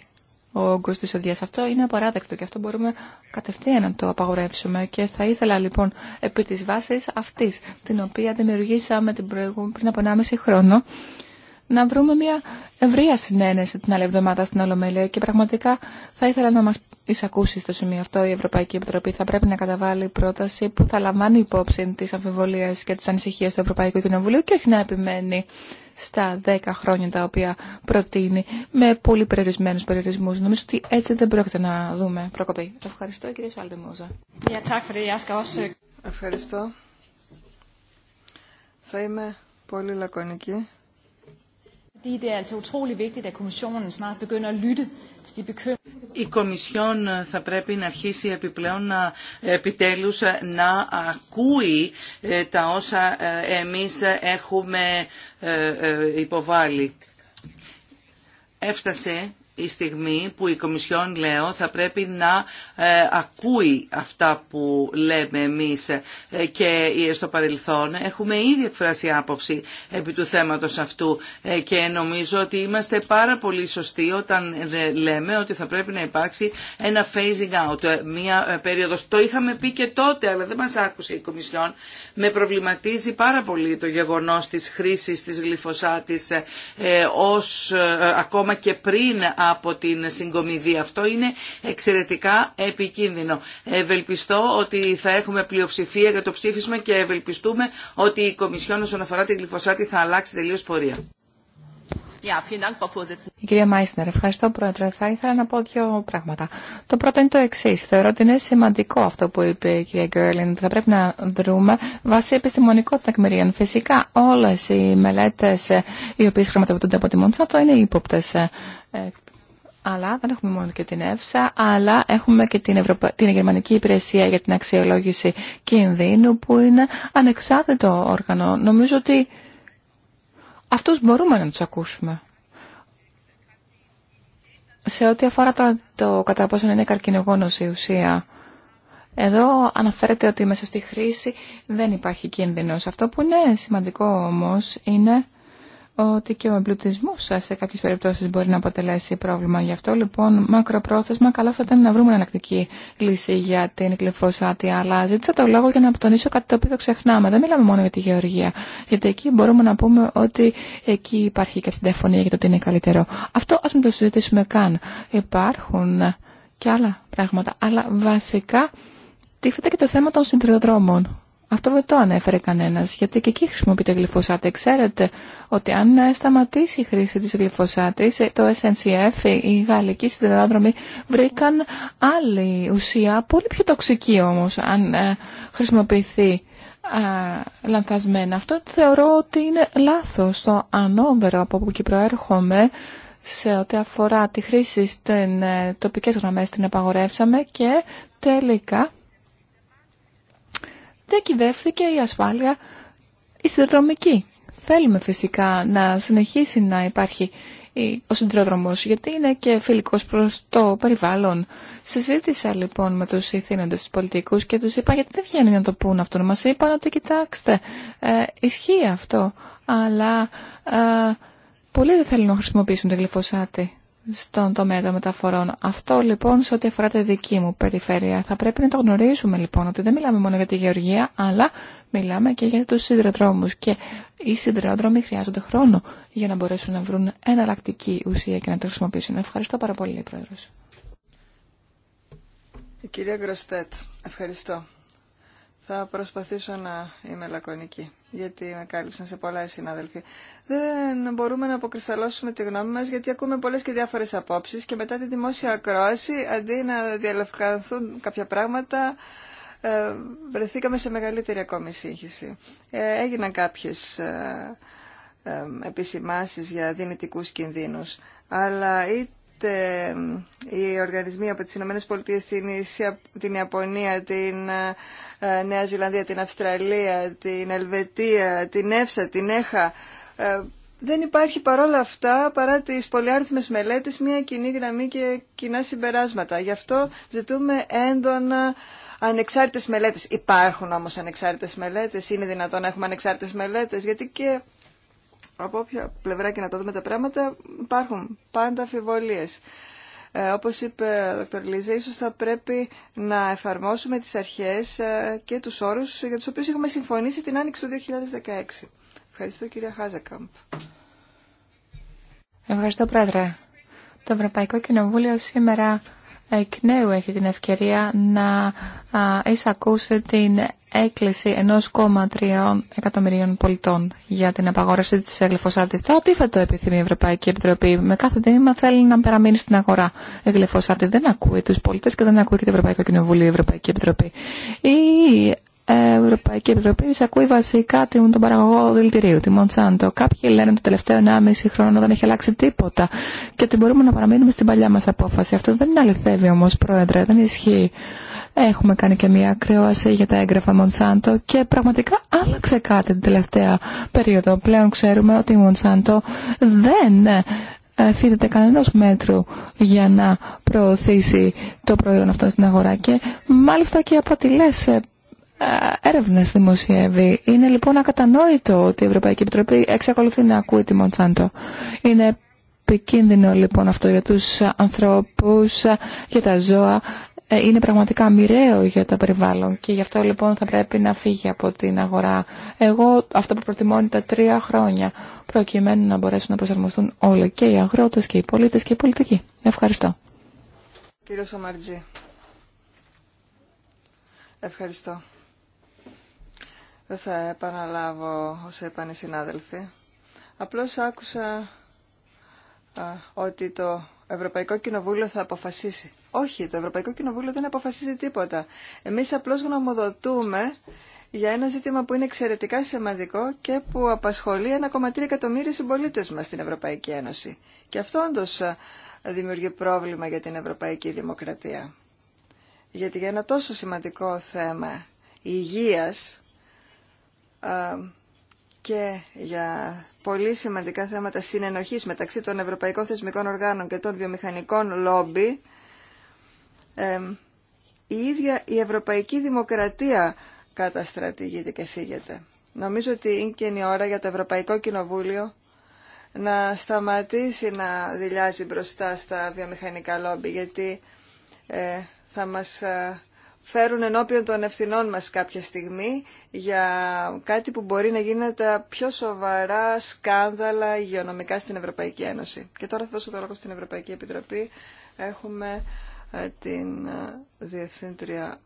ο όγκος της οδείας. Αυτό είναι απαράδεκτο και αυτό μπορούμε κατευθείαν να το απαγορεύσουμε και θα ήθελα λοιπόν επί της βάσης αυτής την οποία δημιουργήσαμε την πριν από 1,5 χρόνο να βρούμε μια ευρεία συνένεση την άλλη εβδομάδα στην Ολομέλεια και πραγματικά θα ήθελα να μας εισακούσει στο σημείο αυτό η Ευρωπαϊκή Επιτροπή. Θα πρέπει να καταβάλει πρόταση που θα λαμβάνει υπόψη τις αμφιβολίες και τις ανησυχίες του Ευρωπαϊκού Κοινοβουλίου και όχι να επιμένει στα 10 χρόνια τα οποία προτείνει με πολύ περιορισμένου περιορισμού. Νομίζω ότι έτσι δεν πρόκειται να δούμε προκοπή. Ευχαριστώ κύριε Μόζα. Ευχαριστώ. Θα είμαι πολύ λακωνική. Η Κομισιόν ε, θα πρέπει να αρχίσει επιπλέον να, επιτέλους ε, να ακούει ε, τα όσα εμείς έχουμε υποβάλει. Έφτασε η στιγμή που η Κομισιόν, λέω, θα πρέπει να ε, ακούει αυτά που λέμε εμείς ε, και ε, στο παρελθόν. Έχουμε ήδη εκφράσει άποψη επί του θέματος αυτού και νομίζω ότι είμαστε πάρα πολύ σωστοί όταν λέμε ότι θα πρέπει να υπάρξει ένα phasing out, μία περίοδος. Το είχαμε πει και τότε, αλλά δεν μας άκουσε η Κομισιόν. Με προβληματίζει πάρα πολύ το γεγονός της χρήσης της γλυφωσάτης ως ακόμα και πριν από την συγκομιδή. Αυτό είναι εξαιρετικά επικίνδυνο. Ευελπιστώ ότι θα έχουμε πλειοψηφία για το ψήφισμα και ευελπιστούμε ότι η Κομισιόν όσον αφορά την γλυφωσάτη θα αλλάξει τελείω πορεία. Η κυρία Μάισνερ, ευχαριστώ πρόεδρε. Θα ήθελα να πω δύο πράγματα. Το πρώτο είναι το εξή. Θεωρώ ότι είναι σημαντικό αυτό που είπε η κυρία Γκέρλιν. Θα πρέπει να δρούμε βάσει επιστημονικών τεκμηρίων. Φυσικά όλε οι μελέτε ε, οι οποίε χρηματοδοτούνται από τη Μοντσάτο είναι ύποπτε ε, αλλά δεν έχουμε μόνο και την ΕΦΣΑ, αλλά έχουμε και την, Ευρωπα... την Γερμανική Υπηρεσία για την Αξιολόγηση Κινδύνου, που είναι ανεξάρτητο όργανο. Νομίζω ότι αυτούς μπορούμε να τους ακούσουμε. Σε ό,τι αφορά το, το κατά πόσο είναι καρκινογόνος η ουσία, εδώ αναφέρεται ότι μέσα στη χρήση δεν υπάρχει κίνδυνος. Αυτό που είναι σημαντικό όμως είναι ότι και ο εμπλουτισμό σε κάποιε περιπτώσει μπορεί να αποτελέσει πρόβλημα. Γι' αυτό λοιπόν μακροπρόθεσμα καλό θα ήταν να βρούμε ανακτική λύση για την κλειφοσάτη. Αλλά ζήτησα το λόγο για να τονίσω κάτι το οποίο το ξεχνάμε. Δεν μιλάμε μόνο για τη γεωργία. Γιατί εκεί μπορούμε να πούμε ότι εκεί υπάρχει και κάποια διαφωνία για το τι είναι καλύτερο. Αυτό α μην το συζητήσουμε καν. Υπάρχουν και άλλα πράγματα. Αλλά βασικά τίθεται και το θέμα των συντριδρόμων. Αυτό δεν το ανέφερε κανένας, γιατί και εκεί χρησιμοποιείται γλυφοσάτη. Ξέρετε ότι αν σταματήσει η χρήση της γλυφοσάτης, ε, το SNCF, οι Γαλλική συνδεδάδρομοι βρήκαν άλλη ουσία, πολύ πιο τοξική όμως, αν ε, χρησιμοποιηθεί λανθασμένα. Αυτό θεωρώ ότι είναι λάθος Το ανώβερο από όπου και προέρχομαι σε ό,τι αφορά τη χρήση στην ε, τοπικές γραμμές την απαγορεύσαμε και τελικά διακυβεύθηκε η ασφάλεια η συνδρομική. Θέλουμε φυσικά να συνεχίσει να υπάρχει ο συντρόδρομος, γιατί είναι και φιλικός προς το περιβάλλον. Συζήτησα λοιπόν με τους ηθήνοντες τους πολιτικούς και τους είπα γιατί δεν βγαίνουν να το πούν αυτό. Μας είπαν ότι κοιτάξτε, ε, ισχύει αυτό, αλλά ε, πολλοί δεν θέλουν να χρησιμοποιήσουν το γλυφοσάτι στον τομέα των μεταφορών. Αυτό λοιπόν σε ό,τι αφορά τη δική μου περιφέρεια. Θα πρέπει να το γνωρίζουμε λοιπόν ότι δεν μιλάμε μόνο για τη γεωργία, αλλά μιλάμε και για τους σιδηροδρόμους. Και οι σιδηροδρόμοι χρειάζονται χρόνο για να μπορέσουν να βρουν εναλλακτική ουσία και να τα χρησιμοποιήσουν. Ευχαριστώ πάρα πολύ, Πρόεδρος. Η κυρία Γκροστέτ, ευχαριστώ. Θα προσπαθήσω να είμαι λακωνική γιατί με κάλυψαν σε πολλά συνάδελφοι. Δεν μπορούμε να αποκρισταλώσουμε τη γνώμη μας γιατί ακούμε πολλές και διάφορες απόψεις και μετά τη δημόσια ακρόαση αντί να διαλευκανθούν κάποια πράγματα ε, βρεθήκαμε σε μεγαλύτερη ακόμη σύγχυση. Ε, έγιναν κάποιες ε, ε, επισημάσεις για δυνητικούς κινδύνους αλλά ή ούτε οι οργανισμοί από τις Ηνωμένες Πολιτείες, την Ιαπωνία, την ε, ε, Νέα Ζηλανδία, την Αυστραλία, την Ελβετία, την ΕΦΣΑ, την ΕΧΑ. Ε, δεν υπάρχει παρόλα αυτά, παρά τις πολυάριθμες μελέτες, μια κοινή γραμμή και κοινά συμπεράσματα. Γι' αυτό ζητούμε έντονα ανεξάρτητες μελέτες. Υπάρχουν όμως ανεξάρτητες μελέτες, είναι δυνατόν να έχουμε ανεξάρτητες μελέτες, γιατί και από όποια πλευρά και να τα δούμε τα πράγματα, υπάρχουν πάντα αμφιβολίες. Ε, όπως είπε ο Δ. Λίζα, ίσως θα πρέπει να εφαρμόσουμε τις αρχές ε, και τους όρους για τους οποίους έχουμε συμφωνήσει την άνοιξη του 2016. Ευχαριστώ κυρία Χάζακαμπ. Ευχαριστώ πρόεδρε. Το Ευρωπαϊκό Κοινοβούλιο σήμερα εκ νέου έχει την ευκαιρία να εισακούσει την έκκληση 1,3 εκατομμυρίων πολιτών για την απαγόρευση της εγλυφωσάτης. Το αντίθετο επιθυμεί η Ευρωπαϊκή Επιτροπή. Με κάθε τίμημα θέλει να παραμείνει στην αγορά. Η δεν ακούει τους πολίτες και δεν ακούει και το Ευρωπαϊκό Κοινοβούλιο η Ευρωπαϊκή Επιτροπή. Ευρωπαϊκή Επιτροπή ακούει βασικά τον παραγωγό δηλητηρίου, τη Μοντσάντο. Κάποιοι λένε ότι το τελευταίο 1,5 χρόνο δεν έχει αλλάξει τίποτα και ότι μπορούμε να παραμείνουμε στην παλιά μα απόφαση. Αυτό δεν αληθεύει όμω, Πρόεδρε, δεν ισχύει. Έχουμε κάνει και μια κρέωση για τα έγγραφα Μοντσάντο και πραγματικά άλλαξε κάτι την τελευταία περίοδο. Πλέον ξέρουμε ότι η Μοντσάντο δεν ε, φύγεται κανένας μέτρου για να προωθήσει το προϊόν αυτό στην αγορά και μάλιστα και από έρευνες δημοσιεύει. Είναι λοιπόν ακατανόητο ότι η Ευρωπαϊκή Επιτροπή εξακολουθεί να ακούει τη Μοντσάντο. Είναι επικίνδυνο λοιπόν αυτό για τους ανθρώπους, για τα ζώα. Ε, είναι πραγματικά μοιραίο για το περιβάλλον και γι' αυτό λοιπόν θα πρέπει να φύγει από την αγορά. Εγώ αυτό που προτιμώ είναι τα τρία χρόνια προκειμένου να μπορέσουν να προσαρμοστούν όλοι και οι αγρότες και οι πολίτες και οι πολιτικοί. Ευχαριστώ. Κύριε Σαμαρτζή. Ευχαριστώ. Δεν θα επαναλάβω όσα είπαν οι συνάδελφοι. Απλώς άκουσα ότι το Ευρωπαϊκό Κοινοβούλιο θα αποφασίσει. Όχι, το Ευρωπαϊκό Κοινοβούλιο δεν αποφασίζει τίποτα. Εμείς απλώς γνωμοδοτούμε για ένα ζήτημα που είναι εξαιρετικά σημαντικό και που απασχολεί 1,3 εκατομμύρια συμπολίτε μας στην Ευρωπαϊκή Ένωση. Και αυτό όντω δημιουργεί πρόβλημα για την Ευρωπαϊκή Δημοκρατία. Γιατί για ένα τόσο σημαντικό θέμα υγείας και για πολύ σημαντικά θέματα συνενοχής μεταξύ των Ευρωπαϊκών Θεσμικών Οργάνων και των βιομηχανικών λόμπι, η ίδια η Ευρωπαϊκή Δημοκρατία καταστρατηγείται και φύγεται. Νομίζω ότι είναι και η ώρα για το Ευρωπαϊκό Κοινοβούλιο να σταματήσει να δηλιάζει μπροστά στα βιομηχανικά λόμπι, γιατί ε, θα μας ε, φέρουν ενώπιον των ευθυνών μας κάποια στιγμή για κάτι που μπορεί να γίνεται πιο σοβαρά σκάνδαλα υγειονομικά στην Ευρωπαϊκή Ένωση. Και τώρα θα δώσω το λόγο στην Ευρωπαϊκή Επιτροπή. Έχουμε ε, την ε, Διευθύντρια,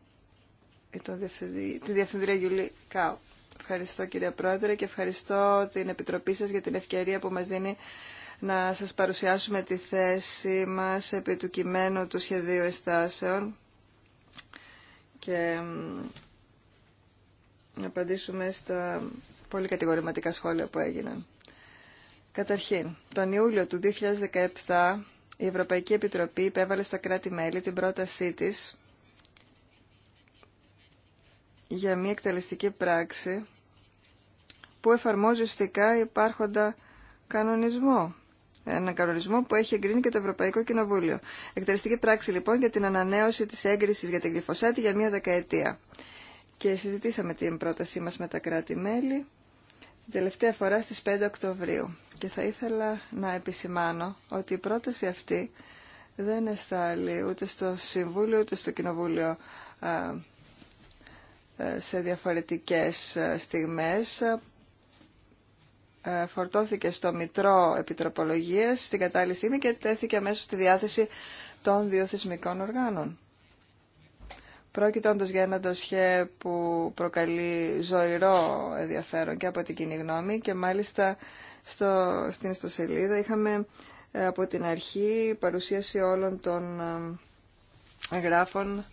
ε, τον Διευθυντή, τη Διευθύντρια Γιουλή Κάου. Ευχαριστώ κύριε Πρόεδρε και ευχαριστώ την Επιτροπή σας για την ευκαιρία που μας δίνει να σας παρουσιάσουμε τη θέση μας επί του κειμένου του σχεδίου εστάσεων και να απαντήσουμε στα πολύ κατηγορηματικά σχόλια που έγιναν. Καταρχήν, τον Ιούλιο του 2017 η Ευρωπαϊκή Επιτροπή υπέβαλε στα κράτη-μέλη την πρότασή της για μια εκτελεστική πράξη που εφαρμόζει ουστικά υπάρχοντα κανονισμό έναν κανονισμό που έχει εγκρίνει και το Ευρωπαϊκό Κοινοβούλιο. Εκτελεστική πράξη λοιπόν για την ανανέωση της έγκριση για την γλυφοσάτη για μία δεκαετία. Και συζητήσαμε την πρότασή μας με τα κράτη-μέλη την τελευταία φορά στις 5 Οκτωβρίου. Και θα ήθελα να επισημάνω ότι η πρόταση αυτή δεν εστάλει ούτε στο Συμβούλιο ούτε στο Κοινοβούλιο ε, σε διαφορετικές ε, στιγμές ε, φορτώθηκε στο Μητρό Επιτροπολογίας στην κατάλληλη στιγμή και τέθηκε αμέσως στη διάθεση των δύο θεσμικών οργάνων. Πρόκειται όντω για ένα ντοσχέ που προκαλεί ζωηρό ενδιαφέρον και από την κοινή γνώμη και μάλιστα στο, στην ιστοσελίδα είχαμε ε, από την αρχή παρουσίαση όλων των ε, γράφων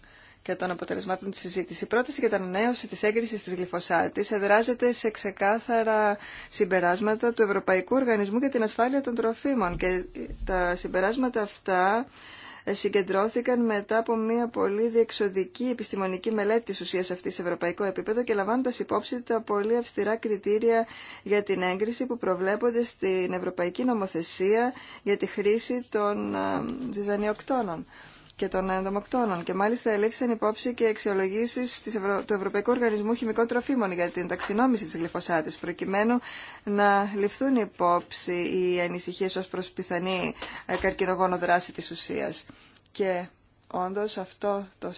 και των αποτελεσμάτων τη συζήτηση. Η πρόταση για την ανανέωση της έγκρισης της γλυφωσάτη εδράζεται σε ξεκάθαρα συμπεράσματα του Ευρωπαϊκού Οργανισμού για την Ασφάλεια των Τροφίμων και τα συμπεράσματα αυτά συγκεντρώθηκαν μετά από μια πολύ διεξοδική επιστημονική μελέτη της ουσίας αυτής σε ευρωπαϊκό επίπεδο και λαμβάνοντας υπόψη τα πολύ αυστηρά κριτήρια για την έγκριση που προβλέπονται στην Ευρωπαϊκή Νομοθεσία για τη χρήση των ε, ζυζανιοκτώνων και των ενδομοκτώνων. Και μάλιστα ελέγξαν υπόψη και αξιολογήσει Ευρω... του Ευρωπαϊκού Οργανισμού Χημικών Τροφίμων για την ταξινόμηση τη γλυφωσάτη, προκειμένου να ληφθούν υπόψη οι ανησυχίε ω προ πιθανή ε, καρκινογόνο δράση τη ουσία. Και όντω αυτό το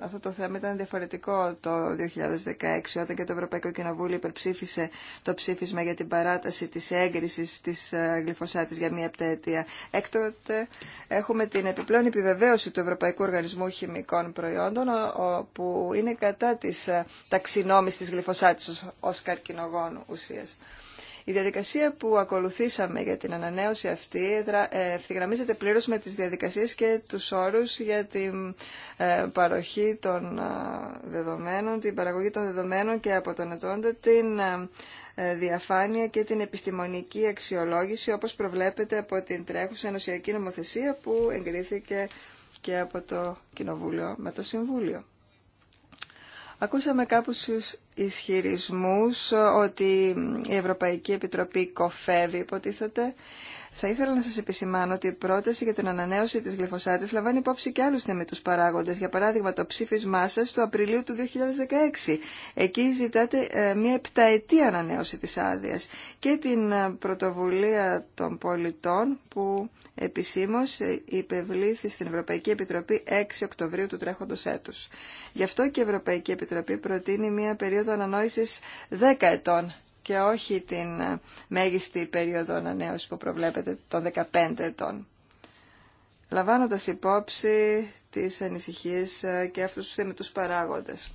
αυτό το θέμα ήταν διαφορετικό το 2016 όταν και το Ευρωπαϊκό Κοινοβούλιο υπερψήφισε το ψήφισμα για την παράταση της έγκρισης της ε, γλυφοσάτης για μία πτέτεια. Έκτοτε έχουμε την επιπλέον επιβεβαίωση του Ευρωπαϊκού Οργανισμού Χημικών Προϊόντων που είναι κατά της ε, ταξινόμης της γλυφοσάτης ως καρκινογόνου ουσίας. Η διαδικασία που ακολουθήσαμε για την ανανέωση αυτή ε, ευθυγραμμίζεται πλήρω με τι διαδικασίε και του όρου για την ε, παροχή των ε, δεδομένων, την παραγωγή των δεδομένων και από τον ετώντα την διαφάνεια και την επιστημονική αξιολόγηση όπως προβλέπεται από την τρέχουσα ενωσιακή νομοθεσία που εγκρίθηκε και από το Κοινοβούλιο με το Συμβούλιο. Ακούσαμε κάποιους ισχυρισμούς ότι η Ευρωπαϊκή Επιτροπή κοφεύει υποτίθεται θα ήθελα να σα επισημάνω ότι η πρόταση για την ανανέωση τη γλυφωσάτη λαμβάνει υπόψη και άλλου θεμητού παράγοντε. Για παράδειγμα το ψήφισμά σα του Απριλίου του 2016. Εκεί ζητάτε ε, μια επταετή ανανέωση τη άδεια και την ε, πρωτοβουλία των πολιτών που επισήμω ε, υπευλήθη στην Ευρωπαϊκή Επιτροπή 6 Οκτωβρίου του Τρέχοντο έτου. Γι' αυτό και η Ευρωπαϊκή Επιτροπή προτείνει μια περίοδο ανανόηση 10 ετών και όχι την ε, μέγιστη περίοδο ανανέωση που προβλέπετε των 15 ετών. Λαμβάνοντας υπόψη τις ανησυχίες ε, και αυτούς τους θεμητούς παράγοντες.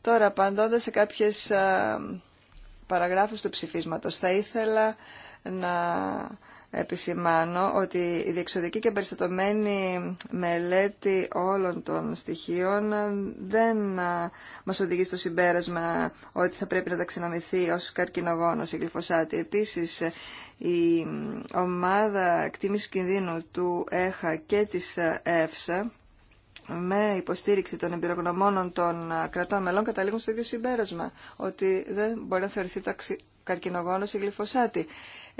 Τώρα, απαντώντας σε κάποιες ε, παραγράφους του ψηφίσματος, θα ήθελα να επισημάνω ότι η διεξοδική και περιστατωμένη μελέτη όλων των στοιχείων δεν μας οδηγεί στο συμπέρασμα ότι θα πρέπει να ταξινομηθεί ως καρκινογόνος η γλυφοσάτη. Επίσης, η ομάδα εκτιμηση κινδύνου του ΕΧΑ και της ΕΦΣΑ με υποστήριξη των εμπειρογνωμόνων των κρατών μελών καταλήγουν στο ίδιο συμπέρασμα, ότι δεν μπορεί να θεωρηθεί καρκινογόνος ή γλυφοσάτη.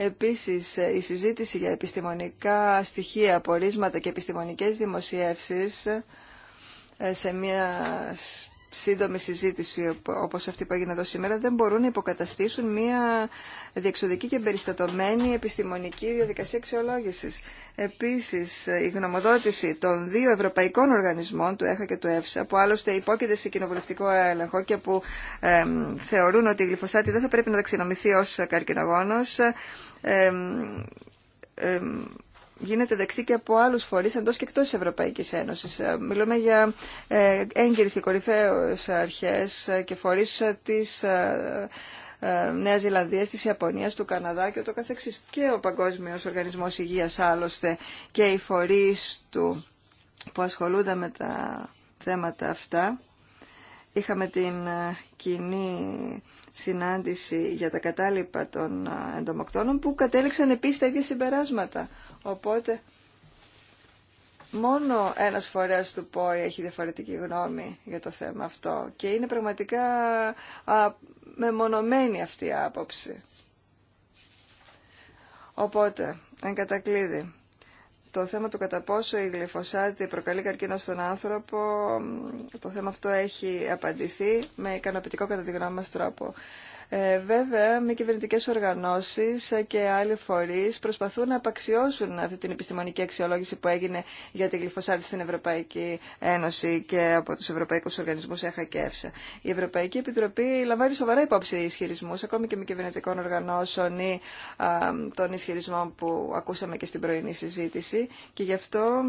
Επίσης, η συζήτηση για επιστημονικά στοιχεία, απορίσματα και επιστημονικές δημοσιεύσεις ε, σε μια σύντομη συζήτηση όπως αυτή που έγινε εδώ σήμερα δεν μπορούν να υποκαταστήσουν μια διεξοδική και περιστατωμένη επιστημονική διαδικασία αξιολόγησης. Επίσης, η γνωμοδότηση των δύο ευρωπαϊκών οργανισμών, του ΕΧΑ και του ΕΦΣΑ, που άλλωστε υπόκειται σε κοινοβουλευτικό έλεγχο και που θεωρούν ότι η γλυφοσάτη δεν θα πρέπει να ταξινομηθεί ως καρκινογόνος, γίνεται δεκτή και από άλλους φορείς εντός και εκτός της Ευρωπαϊκής Ένωσης. Ε, μιλούμε για ε, έγκυρες και κορυφαίους αρχές και φορείς της ε, Νέας Ζηλανδίας, της Ιαπωνίας, του Καναδά και ούτω καθεξής. Και ο παγκόσμιος οργανισμός υγείας άλλωστε, και οι φορείς του που ασχολούνται με τα θέματα αυτά. Είχαμε την κοινή συνάντηση για τα κατάλοιπα των εντομοκτώνων που κατέληξαν επίσης τα ίδια συμπεράσματα. Οπότε μόνο ένας φορέας του ΠΟΗ έχει διαφορετική γνώμη για το θέμα αυτό και είναι πραγματικά μεμονωμένη αυτή η άποψη. Οπότε, εν κατακλείδη, το θέμα του κατά πόσο η γλυφοσάτη προκαλεί καρκίνο στον άνθρωπο, το θέμα αυτό έχει απαντηθεί με ικανοποιητικό κατά τη γνώμη μας τρόπο. Ε, βέβαια, μη κυβερνητικέ οργανώσει και άλλοι φορεί προσπαθούν να απαξιώσουν αυτή την επιστημονική αξιολόγηση που έγινε για τη γλυφοσάτη στην Ευρωπαϊκή Ένωση και από του ευρωπαϊκού οργανισμού ΕΧΑ και ΕΦΣΑ. Η Ευρωπαϊκή Επιτροπή λαμβάνει σοβαρά υπόψη ισχυρισμού, ακόμη και μη κυβερνητικών οργανώσεων ή των ισχυρισμών που ακούσαμε και στην πρωινή συζήτηση και γι' αυτό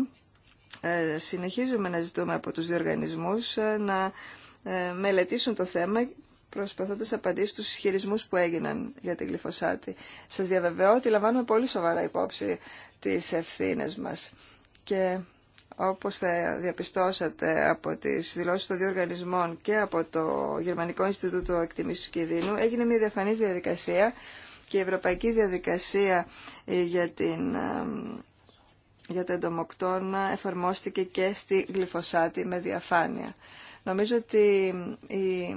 ε, συνεχίζουμε να ζητούμε από τους διοργανισμούς ε, να μελετήσουν το θέμα Προσπαθώντα να απαντήσει στους ισχυρισμού που έγιναν για την γλυφοσάτη. Σας διαβεβαιώ ότι λαμβάνουμε πολύ σοβαρά υπόψη τις ευθύνε μας. Και όπως θα διαπιστώσατε από τις δηλώσεις των δύο οργανισμών και από το Γερμανικό Ινστιτούτο Εκτιμήσεω Κινδύνου, έγινε μια διαφανής διαδικασία και η ευρωπαϊκή διαδικασία ε, για, την, ε, για τα εντομοκτώνα εφαρμόστηκε και στη γλυφοσάτη με διαφάνεια. Νομίζω ότι οι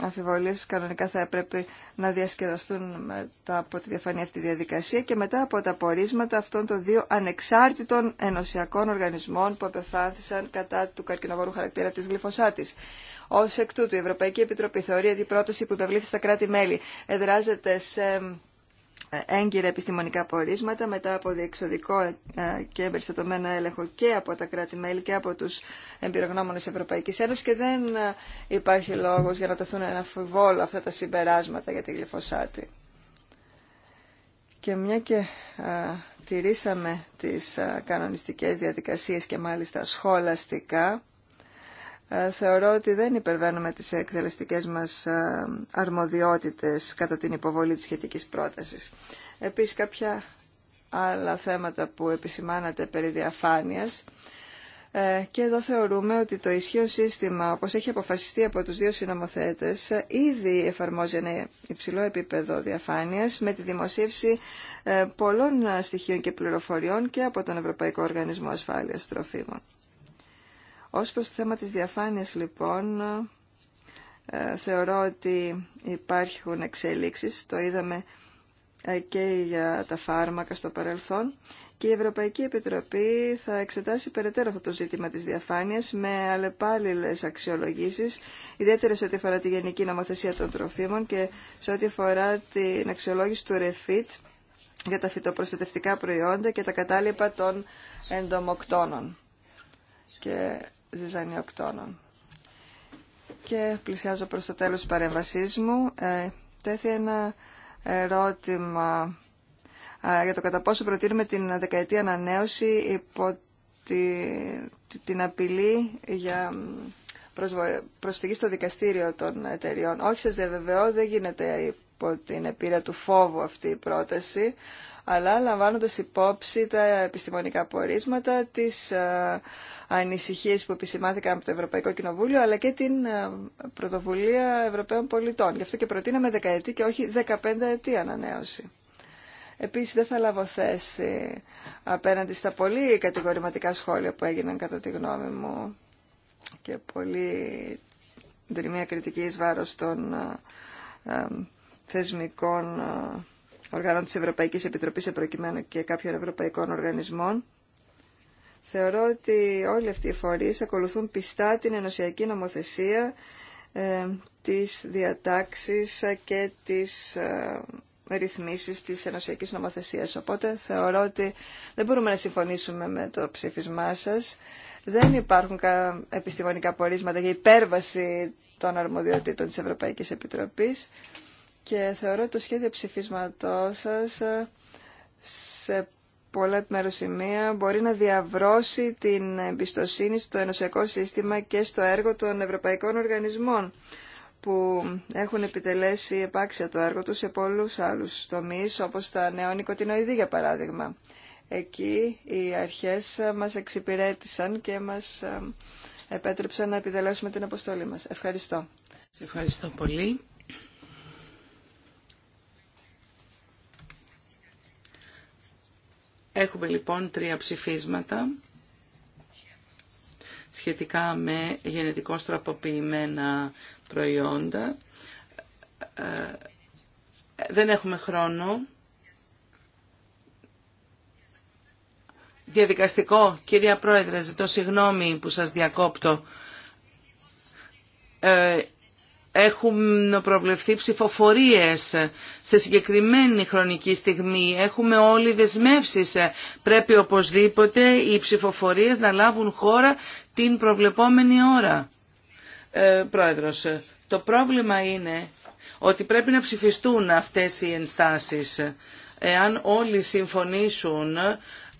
αμφιβολίες κανονικά θα έπρεπε να διασκεδαστούν μετά από τη διαφανή αυτή διαδικασία και μετά από τα πορίσματα αυτών των δύο ανεξάρτητων ενωσιακών οργανισμών που απεφάνθησαν κατά του καρκινοβόρου χαρακτήρα της γλυφοσάτης. Ως εκ τούτου, η Ευρωπαϊκή Επιτροπή θεωρεί ότι η πρόταση που υπευλήθη στα κράτη-μέλη εδράζεται σε έγκυρα επιστημονικά πορίσματα μετά από διεξοδικό ε, και εμπεριστατωμένο έλεγχο και από τα κράτη-μέλη και από τους εμπειρογνώμονες Ευρωπαϊκής Ένωσης και δεν ε, υπάρχει λόγος για να τεθούν ένα φιβόλο αυτά τα συμπεράσματα για τη γλυφοσάτη. Και μια και α, ε, τηρήσαμε τις α, κανονιστικές διαδικασίες και μάλιστα σχολαστικά, ε, θεωρώ ότι δεν υπερβαίνουμε τις εκτελεστικές μας ε, αρμοδιότητες κατά την υποβολή της σχετικής πρότασης. Επίσης κάποια άλλα θέματα που επισημάνατε περί διαφάνειας ε, και εδώ θεωρούμε ότι το ισχύον σύστημα όπως έχει αποφασιστεί από τους δύο συνομοθέτες ήδη εφαρμόζει ένα υψηλό επίπεδο διαφάνειας με τη δημοσίευση πολλών στοιχείων και πληροφοριών και από τον Ευρωπαϊκό Οργανισμό Ασφάλειας Τροφίμων. Ως προς το θέμα της διαφάνειας λοιπόν, ε, θεωρώ ότι υπάρχουν εξελίξεις, το είδαμε ε, και για τα φάρμακα στο παρελθόν και η Ευρωπαϊκή Επιτροπή θα εξετάσει περαιτέρω αυτό το ζήτημα της διαφάνειας με αλλεπάλληλες αξιολογήσεις, ιδιαίτερα σε ό,τι αφορά τη γενική νομοθεσία των τροφίμων και σε ό,τι αφορά την αξιολόγηση του REFIT για τα φυτοπροστατευτικά προϊόντα και τα κατάλοιπα των εντομοκτώνων. Και ζυζανιοκτώνων. Και πλησιάζω προς το τέλος της παρέμβασής μου. Ε, τέθη ένα ερώτημα ε, για το κατά πόσο προτείνουμε την δεκαετή ανανέωση υπό την απειλή για προσφυγή στο δικαστήριο των εταιριών. Όχι, σας διαβεβαιώ, δεν γίνεται υπό την επίρρεια του φόβου αυτή η πρόταση αλλά λαμβάνοντας υπόψη τα επιστημονικά πορίσματα, τις ε, ανησυχίες που επισημάθηκαν από το Ευρωπαϊκό Κοινοβούλιο, αλλά και την ε, πρωτοβουλία Ευρωπαίων πολιτών. Γι' αυτό και προτείναμε δεκαετή και όχι 15 ετή ανανέωση. Επίσης δεν θα λάβω θέση απέναντι στα πολύ κατηγορηματικά σχόλια που έγιναν κατά τη γνώμη μου και πολύ δρυμία κριτική βάρος των ε, θεσμικών οργάνων της Ευρωπαϊκής Επιτροπής επροκειμένου και κάποιων ευρωπαϊκών οργανισμών, θεωρώ ότι όλοι αυτοί οι φορείς ακολουθούν πιστά την ενωσιακή νομοθεσία, ε, της και της ε, ρυθμίσεις της ενωσιακής νομοθεσίας. Οπότε θεωρώ ότι δεν μπορούμε να συμφωνήσουμε με το ψήφισμά σας. Δεν υπάρχουν επιστημονικά πορίσματα για υπέρβαση των αρμοδιοτήτων της Ευρωπαϊκής Επιτροπής και θεωρώ το σχέδιο ψηφίσματός σας ε, σε πολλά επιμεροσημεία σημεία μπορεί να διαβρώσει την εμπιστοσύνη στο ενωσιακό σύστημα και στο έργο των ευρωπαϊκών οργανισμών που έχουν επιτελέσει επάξια το έργο τους σε πολλούς άλλους τομείς όπως τα νεόνικοτινοειδή για παράδειγμα. Εκεί οι αρχές μας εξυπηρέτησαν και μας ε, επέτρεψαν να επιτελέσουμε την αποστολή μας. Ευχαριστώ. Σε ευχαριστώ πολύ. Έχουμε λοιπόν τρία ψηφίσματα σχετικά με γενετικώς τροποποιημένα προϊόντα. Ε, δεν έχουμε χρόνο. Διαδικαστικό, κυρία Πρόεδρε, ζητώ συγγνώμη που σας διακόπτω. Ε, έχουν προβλεφθεί ψηφοφορίες σε συγκεκριμένη χρονική στιγμή. Έχουμε όλοι δεσμεύσεις. Πρέπει οπωσδήποτε οι ψηφοφορίες να λάβουν χώρα την προβλεπόμενη ώρα. Ε, πρόεδρος, το πρόβλημα είναι ότι πρέπει να ψηφιστούν αυτές οι ενστάσεις. Εάν όλοι συμφωνήσουν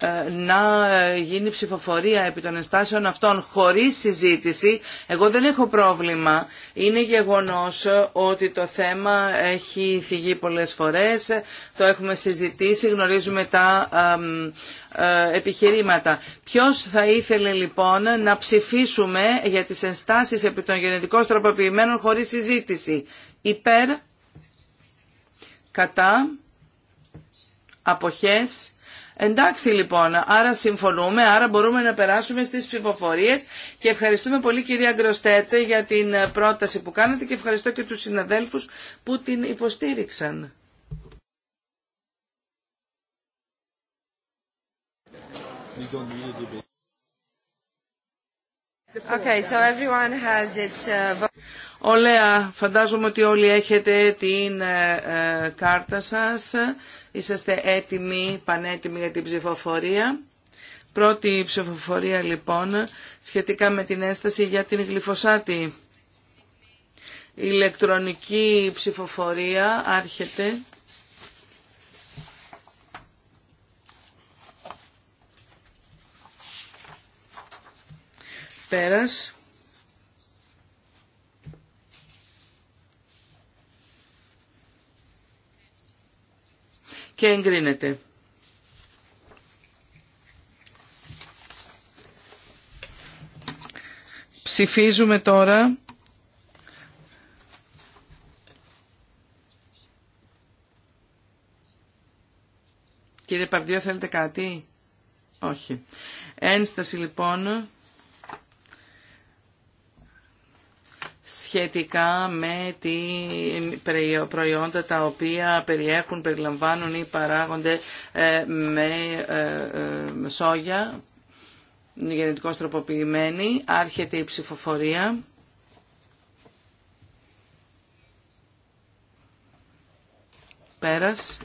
ε, να γίνει ψηφοφορία επί των ενστάσεων αυτών χωρίς συζήτηση, εγώ δεν έχω πρόβλημα. Είναι γεγονός ότι το θέμα έχει θυγεί πολλές φορές, το έχουμε συζητήσει, γνωρίζουμε τα ε, επιχειρήματα. Ποιος θα ήθελε λοιπόν να ψηφίσουμε για τις ενστάσεις επί των γενετικών τροποποιημένων χωρίς συζήτηση. Υπέρ, κατά, αποχές, Εντάξει λοιπόν, άρα συμφωνούμε, άρα μπορούμε να περάσουμε στις ψηφοφορίες και ευχαριστούμε πολύ κυρία Γκροστέτε για την ε, πρόταση που κάνατε και ευχαριστώ και τους συναδέλφους που την υποστήριξαν. Okay, uh, Ωραία, φαντάζομαι ότι όλοι έχετε την ε, ε, κάρτα σας Είσαστε έτοιμοι, πανέτοιμοι για την ψηφοφορία. Πρώτη ψηφοφορία λοιπόν σχετικά με την έσταση για την Η Ηλεκτρονική ψηφοφορία άρχεται. Πέρας. και εγκρίνεται. Ψηφίζουμε τώρα Κύριε Παρδιό θέλετε κάτι? Όχι. Ένσταση λοιπόν σχετικά με τι προϊόντα τα οποία περιέχουν, περιλαμβάνουν ή παράγονται ε, με ε, ε, σόγια γενετικώς τροποποιημένη. Άρχεται η ψηφοφορία. Πέρας.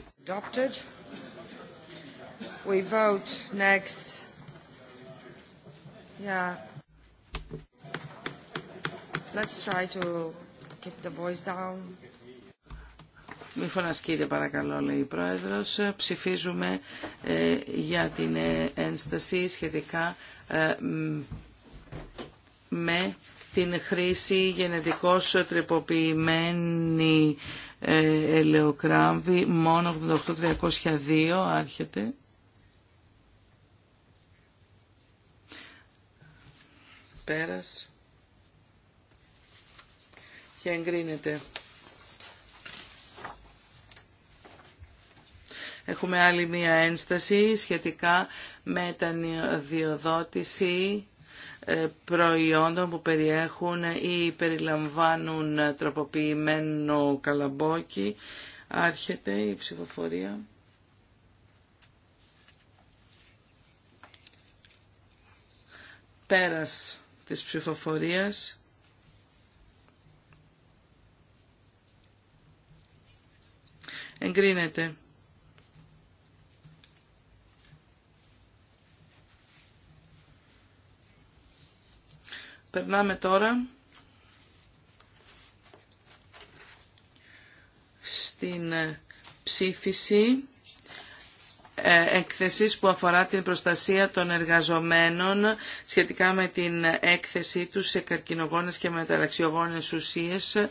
We vote Let's try to keep the voice down. Μη φωνασκείτε παρακαλώ, λέει η Πρόεδρος. Ψηφίζουμε ε, για την ε, ένσταση σχετικά ε, με την χρήση γενετικώς τρεποποιημένη ε, ελαιοκράμβη μόνο 88302 άρχεται. Πέρας και εγκρίνεται. Έχουμε άλλη μία ένσταση σχετικά με την διοδότηση ε, προϊόντων που περιέχουν ή περιλαμβάνουν τροποποιημένο καλαμπόκι. Άρχεται η ψηφοφορία. Πέρας της ψηφοφορίας εγκρίνεται. Περνάμε τώρα στην ψήφιση έκθεσης ε, που αφορά την προστασία των εργαζομένων σχετικά με την έκθεσή τους σε καρκινογόνες και μεταλλαξιογόνες ουσίες.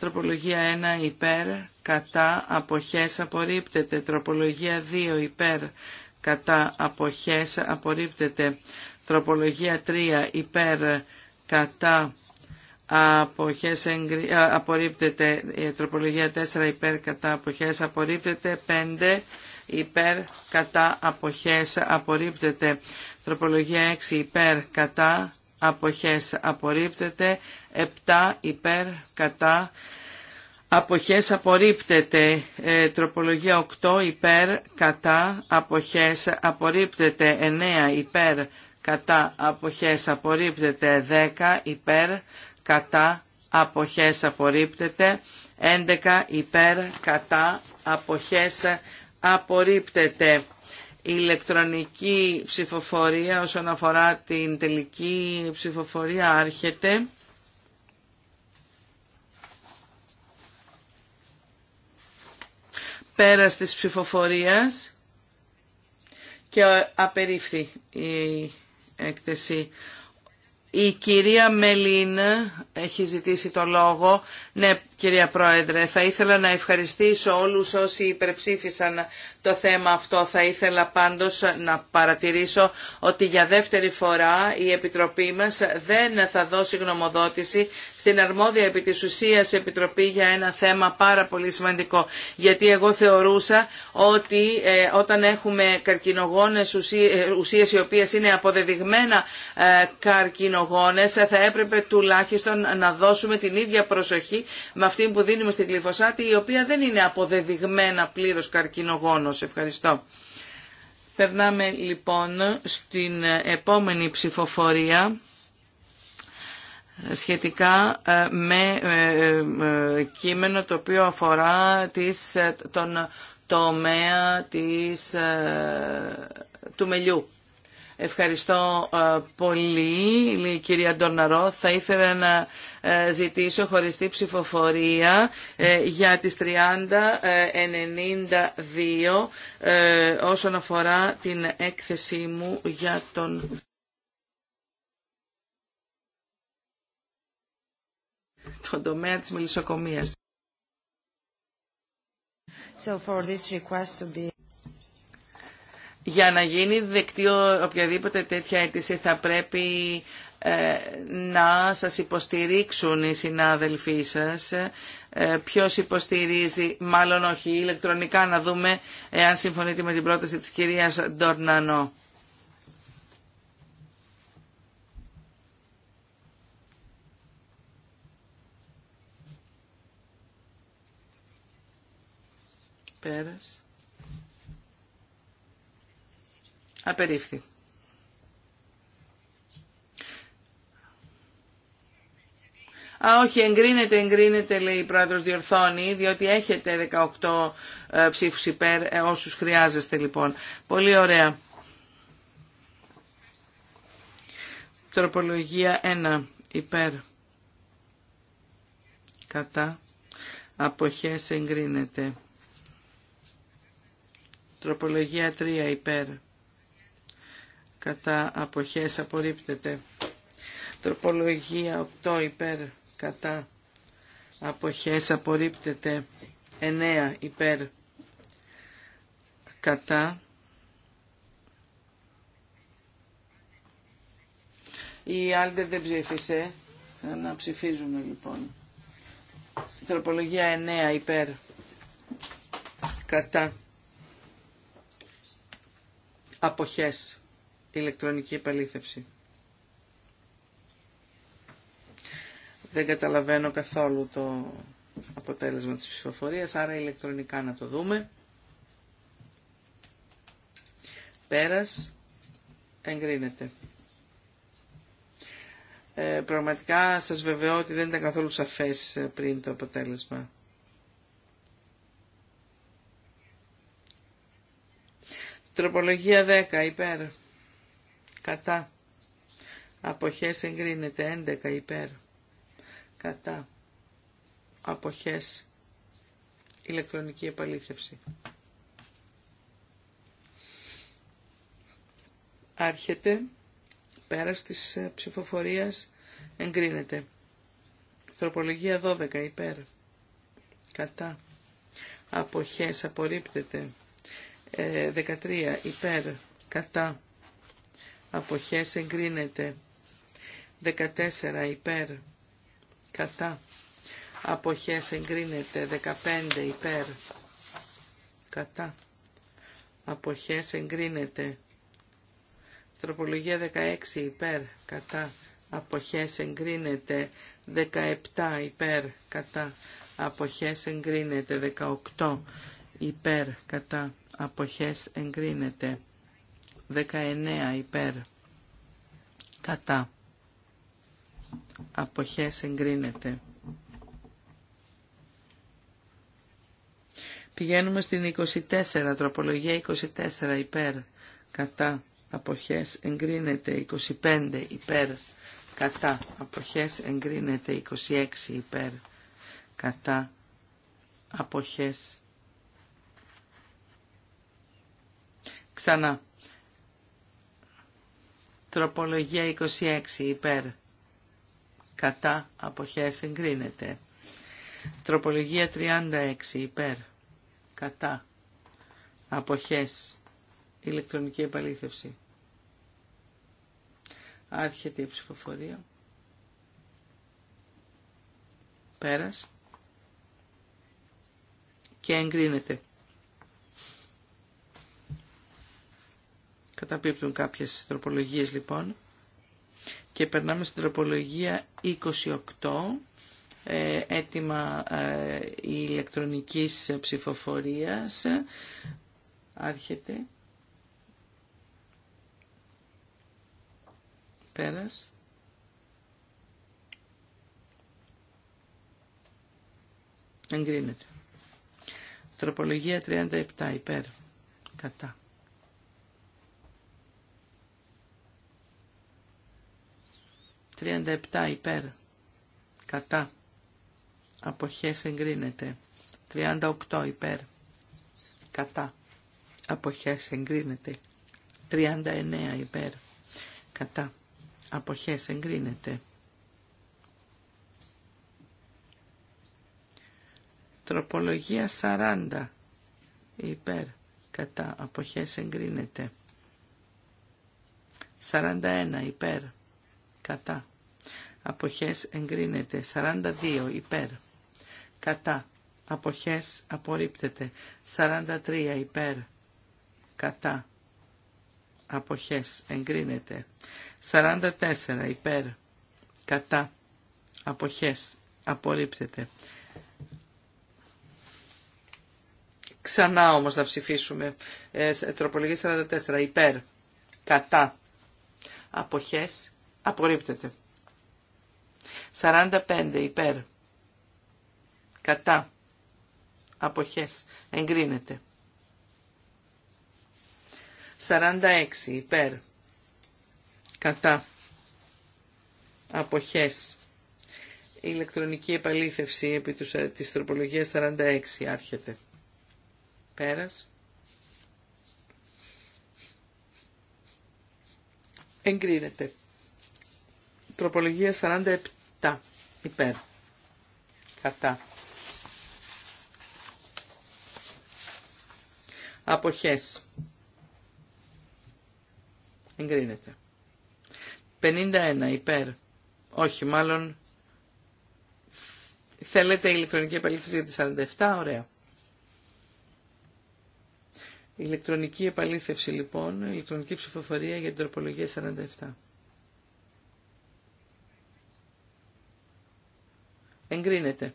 Τροπολογία 1 υπέρ, κατά, αποχές, απορρίπτεται. Τροπολογία 2 υπέρ, κατά, αποχές, απορρίπτεται. Τροπολογία 3 υπέρ, κατά, αποχές εγκρι... Ε, απορρίπτεται. Ε, τροπολογία 4 υπέρ, κατά, αποχές, απορρίπτεται. 5 υπέρ κατά αποχές απορρίπτεται. Τροπολογία 6 υπέρ κατά αποχές απορρίπτεται. 7 υπέρ κατά Αποχές απορρίπτεται. Ε, τροπολογία 8 υπέρ κατά αποχές απορρίπτεται. 9 υπέρ κατά αποχές απορρίπτεται. 10 υπέρ κατά αποχές απορρίπτεται. 11 υπέρ κατά αποχές απορρίπτεται ηλεκτρονική ψηφοφορία όσον αφορά την τελική ψηφοφορία άρχεται. Πέρας της ψηφοφορίας και απερίφθη η έκθεση. Η κυρία Μελίνα έχει ζητήσει το λόγο ναι, κυρία Πρόεδρε, θα ήθελα να ευχαριστήσω όλους όσοι υπερψήφισαν το θέμα αυτό. Θα ήθελα πάντως να παρατηρήσω ότι για δεύτερη φορά η Επιτροπή μας δεν θα δώσει γνωμοδότηση στην αρμόδια επί της ουσίας Επιτροπή για ένα θέμα πάρα πολύ σημαντικό. Γιατί εγώ θεωρούσα ότι ε, όταν έχουμε καρκινογόνες ε, ουσίες οι οποίες είναι αποδεδειγμένα ε, καρκινογόνες θα έπρεπε τουλάχιστον να δώσουμε την ίδια προσοχή με αυτή που δίνουμε στην γλυφοσάτη η οποία δεν είναι αποδεδειγμένα πλήρως καρκινογόνος. Ευχαριστώ. Περνάμε λοιπόν στην επόμενη ψηφοφορία ε, σχετικά ε, με ε, κείμενο το οποίο αφορά τις, τον τομέα της, του μελιού. Ευχαριστώ ε, πολύ, κυρία Ντοναρό. Θα ήθελα να ε, ζητήσω χωριστή ψηφοφορία ε, για τις 3092 όσον αφορά την έκθεσή μου για τον... τον τομέα της μελισσοκομείας. So για να γίνει δεκτή οποιαδήποτε τέτοια αίτηση θα πρέπει ε, να σας υποστηρίξουν οι συνάδελφοί σας. Ε, ποιος υποστηρίζει, μάλλον όχι, ηλεκτρονικά να δούμε εάν συμφωνείτε με την πρόταση της κυρίας Ντορνανό. Πέρας. Απερίφθη. Α, όχι, εγκρίνεται, εγκρίνεται, λέει η πρόεδρος διορθώνει, διότι έχετε 18 ε, ψήφους υπέρ ε, όσους χρειάζεστε λοιπόν. Πολύ ωραία. Τροπολογία 1 υπέρ. Κατά. Αποχές εγκρίνεται. Τροπολογία 3 υπέρ κατά αποχές απορρίπτεται. Τροπολογία 8 υπέρ κατά αποχές απορρίπτεται. 9 υπέρ κατά Η άλλη δεν ψήφισε. να ψηφίζουμε λοιπόν. Τροπολογία 9 υπέρ κατά αποχές ηλεκτρονική επαλήθευση. Δεν καταλαβαίνω καθόλου το αποτέλεσμα της ψηφοφορίας, άρα ηλεκτρονικά να το δούμε. Πέρας, εγκρίνεται. Ε, πραγματικά σας βεβαιώ ότι δεν ήταν καθόλου σαφές ε, πριν το αποτέλεσμα. Τροπολογία 10, υπέρ κατά αποχές εγκρίνεται 11 υπέρ κατά αποχές ηλεκτρονική επαλήθευση. Άρχεται πέρας της ε, ψηφοφορίας εγκρίνεται. Τροπολογία 12 υπέρ. Κατά. Αποχές απορρίπτεται. 13 ε, υπέρ. Κατά αποχές εγκρίνεται. 14 υπέρ κατά αποχές εγκρίνεται. 15 υπέρ κατά αποχές εγκρίνεται. Τροπολογία 16 υπέρ κατά αποχές εγκρίνεται. 17 υπέρ κατά αποχές εγκρίνεται. 18 υπέρ κατά αποχές εγκρίνεται. 19 υπέρ κατά αποχές εγκρίνεται. Πηγαίνουμε στην 24, τροπολογία 24 υπέρ κατά αποχές εγκρίνεται, 25 υπέρ κατά αποχές εγκρίνεται, 26 υπέρ κατά αποχές. Ξανά. Τροπολογία 26 υπέρ κατά αποχές εγκρίνεται. Τροπολογία 36 υπέρ κατά αποχές ηλεκτρονική επαλήθευση. Άρχεται η ψηφοφορία. Πέρας. Και εγκρίνεται. Καταπίπτουν κάποιες τροπολογίες λοιπόν. Και περνάμε στην τροπολογία 28, ε, έτοιμα ε, ηλεκτρονικής ψηφοφορίας. Άρχεται. Πέρας. Εγκρίνεται. Τροπολογία 37 υπέρ. Κατά. 37 υπέρ. Κατά. Αποχές εγκρίνεται. 38 υπέρ. Κατά. Αποχές εγκρίνεται. 39 υπέρ. Κατά. Αποχές εγκρίνεται. Τροπολογία 40 υπέρ. Κατά. Αποχές εγκρίνεται. 41 υπέρ. Κατά αποχές εγκρίνεται. 42 υπέρ κατά αποχές απορρίπτεται. 43 υπέρ κατά αποχές εγκρίνεται. 44 υπέρ κατά αποχές απορρίπτεται. Ξανά όμως να ψηφίσουμε. Ε, τροπολογία 44. Υπέρ. Κατά. Αποχές. Απορρίπτεται. 45 υπέρ. Κατά. Αποχές. Εγκρίνεται. 46 υπέρ. Κατά. Αποχές. Ηλεκτρονική επαλήθευση επί ε, της τροπολογίας 46 άρχεται. Πέρας. Εγκρίνεται. Τροπολογία 47. Τα υπέρ κατά αποχές εγκρίνεται 51 υπέρ όχι μάλλον θέλετε ηλεκτρονική επαλήθευση για τη 47 ωραία ηλεκτρονική επαλήθευση λοιπόν ηλεκτρονική ψηφοφορία για την τροπολογία 47 Εγκρίνεται.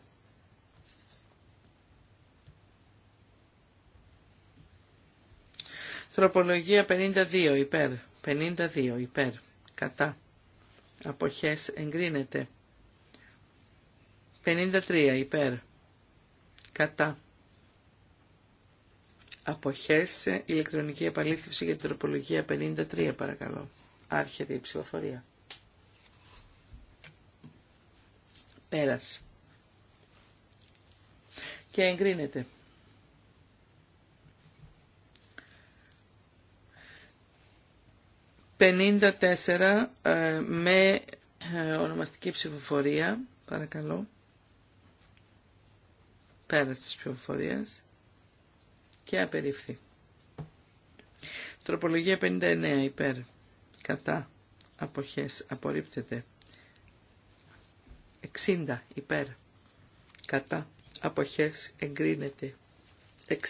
Τροπολογία 52 υπέρ. 52 υπέρ. Κατά. Αποχές εγκρίνεται. 53 υπέρ. Κατά. Αποχές ηλεκτρονική επαλήθευση για την τροπολογία 53 παρακαλώ. Άρχεται η ψηφοφορία. Πέρας. Και εγκρίνεται. 54 ε, με ε, ονομαστική ψηφοφορία. Παρακαλώ. Πέρας της ψηφοφορίας. Και απερίφθη. Τροπολογία 59 υπέρ. Κατά. Αποχές. Απορρίπτεται. 60 υπέρ κατά αποχές εγκρίνεται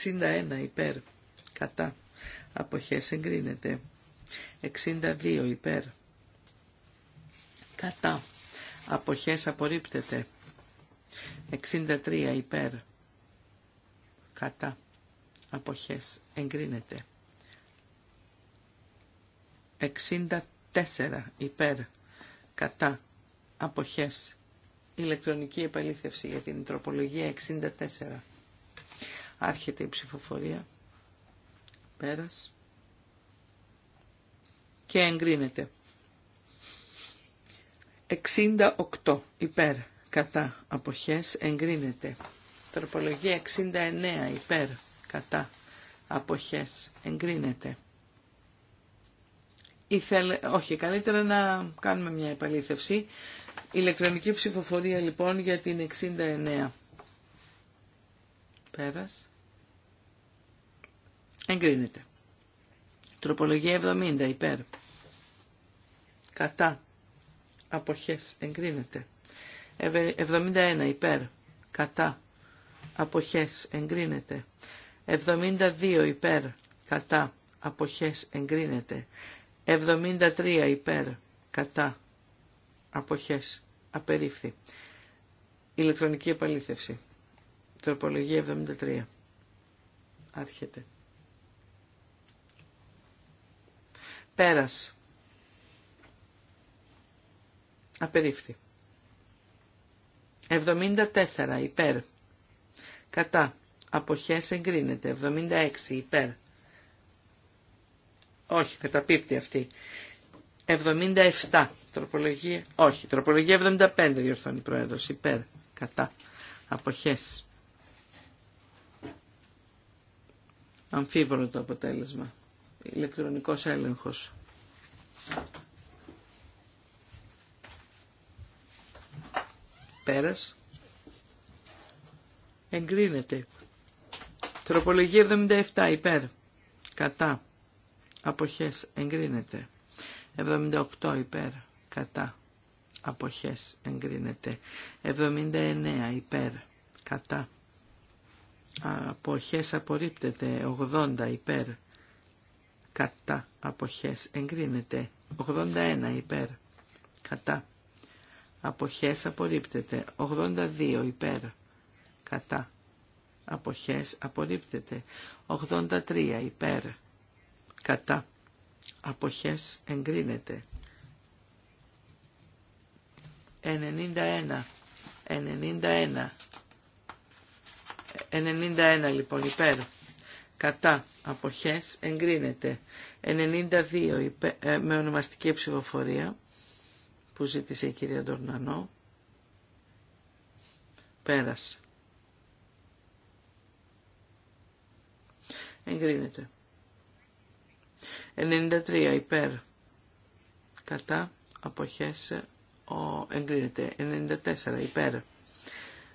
61 υπέρ κατά αποχές εγκρίνεται 62 υπέρ κατά αποχές απορρίπτεται 63 υπέρ κατά αποχές εγκρίνεται 64 υπέρ κατά αποχές ηλεκτρονική επαλήθευση για την τροπολογία 64. Άρχεται η ψηφοφορία. Πέρας. Και εγκρίνεται. 68 υπέρ κατά αποχές εγκρίνεται. Τροπολογία 69 υπέρ κατά αποχές εγκρίνεται. Ήθελε, όχι, καλύτερα να κάνουμε μια επαλήθευση Ηλεκτρονική ψηφοφορία λοιπόν για την 69. Πέρας. Εγκρίνεται. Τροπολογία 70 υπέρ. Κατά. Αποχές. Εγκρίνεται. 71 υπέρ. Κατά. Αποχές. Εγκρίνεται. 72 υπέρ. Κατά. Αποχές. Εγκρίνεται. 73 υπέρ. Κατά. Αποχές. Απερίφθη. Ηλεκτρονική επαλήθευση. Τροπολογία 73. Άρχεται. Πέρας. Απερίφθη. 74. Υπέρ. Κατά. Αποχές εγκρίνεται. 76. Υπέρ. Όχι, καταπίπτει αυτή. 77. Τροπολογία, όχι, τροπολογία 75 διορθώνει η Πρόεδρος, υπέρ, κατά, αποχές. Αμφίβολο το αποτέλεσμα. Ηλεκτρονικός έλεγχος. Πέρα. Εγκρίνεται. Τροπολογία 77 υπέρ. Κατά. Αποχές. Εγκρίνεται. 78 υπέρ κατά αποχές εγκρίνεται 79 υπέρ κατά αποχές απορρίπτεται 80 υπέρ κατά αποχές εγκρίνεται 81 υπέρ κατά αποχές απορρίπτεται 82 υπέρ κατά αποχές απορρίπτεται 83 υπέρ κατά αποχές εγκρίνεται 91. 91. 91 λοιπόν υπέρ. Κατά αποχές εγκρίνεται. 92 ε, με ονομαστική ψηφοφορία που ζήτησε η κυρία Ντορνανό. Πέρασε. Εγκρίνεται. 93 υπέρ. Κατά αποχές εγκρίνεται. 94 υπέρ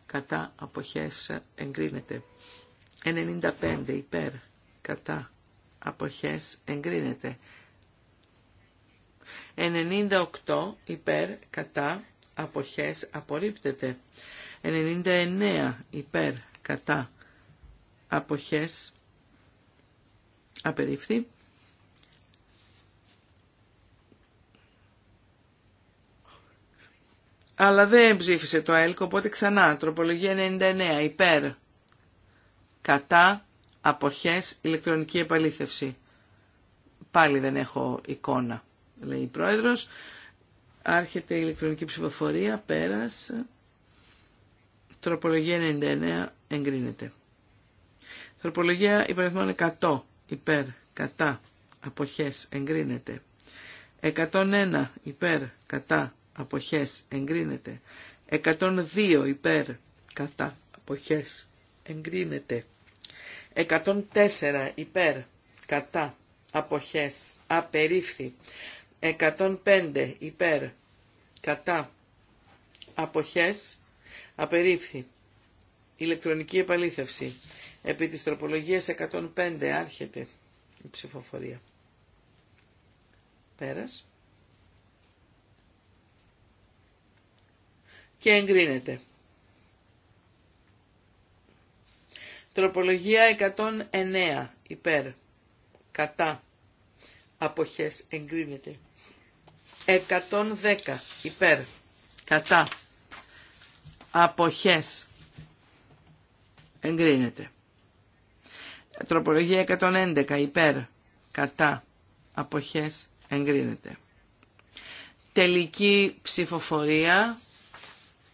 κατά αποχές εγκρίνεται. 95 υπέρ κατά αποχές εγκρίνεται. 98 υπέρ κατά αποχές απορρίπτεται. 99 υπέρ κατά αποχές απερίφθη. Αλλά δεν ψήφισε το ΑΕΛΚ, οπότε ξανά, τροπολογία 99, υπέρ, κατά, αποχές, ηλεκτρονική επαλήθευση. Πάλι δεν έχω εικόνα, λέει η Πρόεδρος. Άρχεται η ηλεκτρονική ψηφοφορία, πέρας, τροπολογία 99, εγκρίνεται. Τροπολογία υπαριθμών 100, υπέρ, κατά, αποχές, εγκρίνεται. 101, υπέρ, κατά, αποχές εγκρίνεται. 102 υπέρ κατά αποχές εγκρίνεται. 104 υπέρ κατά αποχές απερίφθη. 105 υπέρ κατά αποχές απερίφθη. Ηλεκτρονική επαλήθευση. Επί της τροπολογίας 105 άρχεται η ψηφοφορία. Πέρας. και εγκρίνεται. Τροπολογία 109 υπέρ, κατά, αποχές εγκρίνεται. 110 υπέρ, κατά, αποχές εγκρίνεται. Τροπολογία 111 υπέρ, κατά, αποχές εγκρίνεται. Τελική ψηφοφορία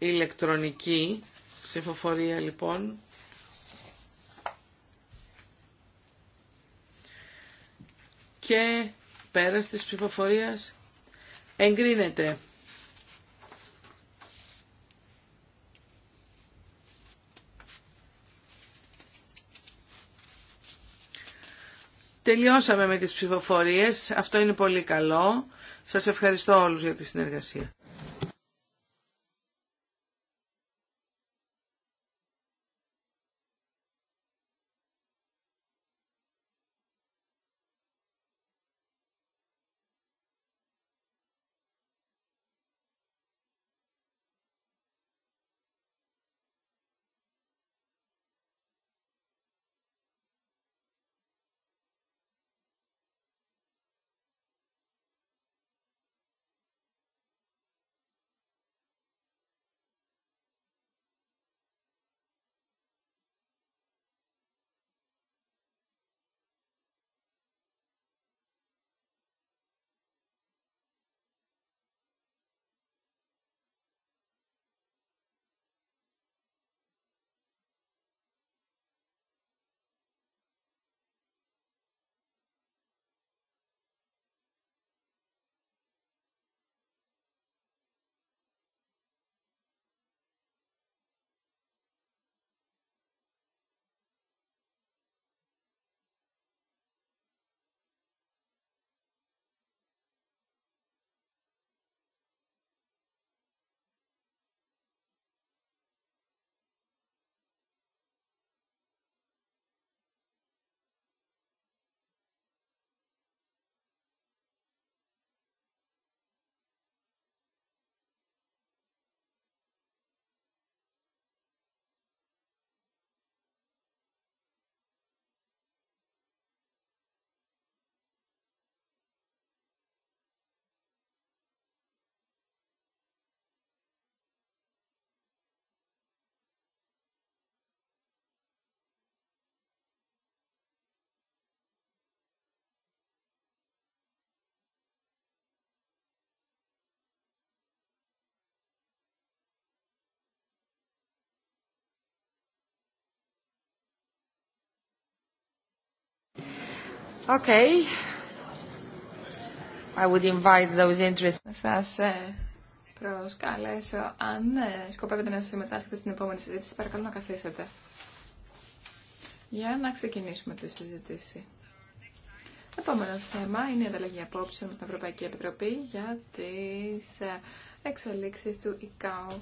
ηλεκτρονική ψηφοφορία λοιπόν. Και πέρας της ψηφοφορίας εγκρίνεται. Τελειώσαμε με τις ψηφοφορίες. Αυτό είναι πολύ καλό. Σας ευχαριστώ όλους για τη συνεργασία. Okay. Θα σε προσκαλέσω, αν ε, σκοπεύετε να συμμετάσχετε στην επόμενη συζήτηση, παρακαλώ να καθίσετε. Για να ξεκινήσουμε τη συζήτηση. Επόμενο θέμα είναι η ανταλλαγή απόψεων με την Ευρωπαϊκή Επιτροπή για τις ε, εξελίξεις του ΙΚΑΟ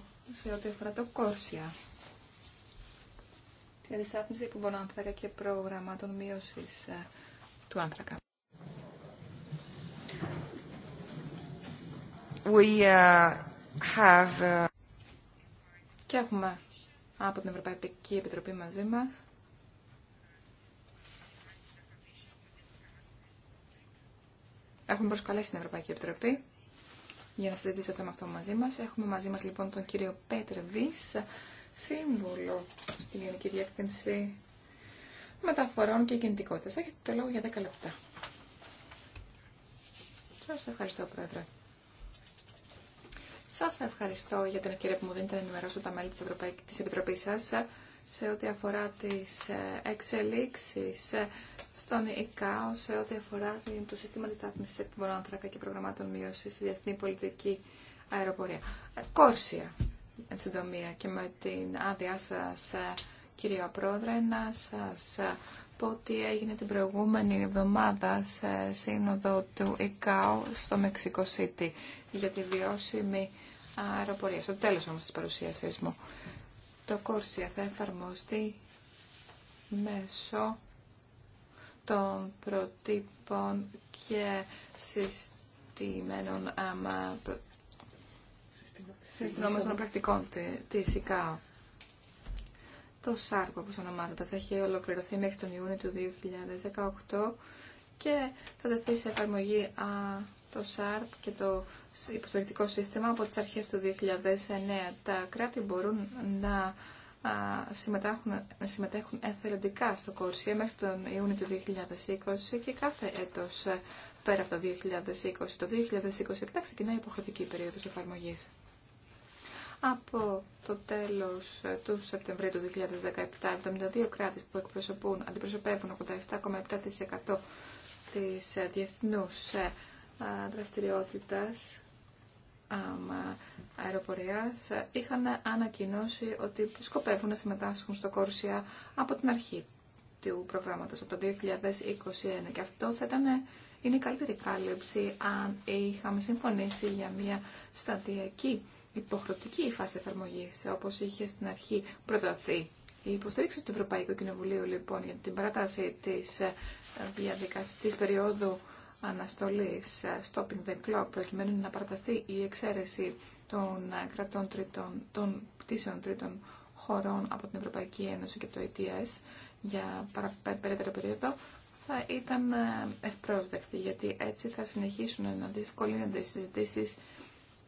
σε ό,τι αφορά το Κόρσια. Τη αντιστάθμιση να ανθέκα και των μείωσης ε, του άνθρακα. We, uh, have... Uh, Και έχουμε από την Ευρωπαϊκή Επιτροπή μαζί μας Έχουμε προσκαλέσει την Ευρωπαϊκή Επιτροπή για να συζητήσει το θέμα αυτό μαζί μας. Έχουμε μαζί μας λοιπόν τον κύριο Πέτρε Βης, σύμβουλο στην Γενική Διεύθυνση μεταφορών και κινητικότητας. Έχετε το λόγο για 10 λεπτά. Σας ευχαριστώ, Πρόεδρε. Σας ευχαριστώ για την ευκαιρία που μου δίνετε να ενημερώσω τα μέλη της, Ευρωπαϊκής, της Επιτροπής σας σε ό,τι αφορά τις ε, εξελίξεις ε, στον ΙΚΑΟ, σε ό,τι αφορά το σύστημα της στάθμισης εκπομπών άνθρακα και προγραμμάτων μείωσης στη διεθνή πολιτική αεροπορία. Ε, κόρσια, εν συντομία, και με την άδειά σας κυρία Πρόεδρε, να σας πω ότι έγινε την προηγούμενη εβδομάδα σε σύνοδο του ΙΚΑΟ στο Μεξικό Σίτι για τη βιώσιμη αεροπορία. Στο τέλος όμως της παρουσίασής μου. Το Κόρσια θα εφαρμοστεί μέσω των προτύπων και συστημένων άμα πρακτικών της ΕΚΑΟ το ΣΑΡΠ όπως ονομάζεται. Θα έχει ολοκληρωθεί μέχρι τον Ιούνιο του 2018 και θα τεθεί σε εφαρμογή α, το ΣΑΡΠ και το υποστηρικτικό σύστημα από τις αρχές του 2009. Τα κράτη μπορούν να συμμετέχουν, να συμμετέχουν εθελοντικά στο Κορσία μέχρι τον Ιούνιο του 2020 και κάθε έτος ε, πέρα από το 2020. Το 2027 ξεκινάει η υποχρεωτική περίοδος εφαρμογής από το τέλος του Σεπτεμβρίου του 2017, 72 κράτη που εκπροσωπούν, αντιπροσωπεύουν 87,7% της ε, διεθνούς ε, δραστηριότητας αεροπορίας ε, είχαν ανακοινώσει ότι σκοπεύουν να συμμετάσχουν στο Κόρσια από την αρχή του προγράμματος, από το 2021. Και αυτό θα ήταν, είναι η καλύτερη κάλυψη αν είχαμε συμφωνήσει για μια σταδιακή υποχρεωτική η φάση εφαρμογή, όπω είχε στην αρχή προταθεί. Η υποστήριξη του Ευρωπαϊκού Κοινοβουλίου, λοιπόν, για την παράταση τη ε, διαδικασία περίοδου αναστολή ε, stopping the clock, προκειμένου να παραταθεί η εξαίρεση των ε, κρατών τρίτων, των πτήσεων τρίτων χωρών από την Ευρωπαϊκή Ένωση και από το ETS για περαιτέρω περίοδο, θα ήταν ευπρόσδεκτη, γιατί έτσι θα συνεχίσουν να διευκολύνονται οι συζητήσει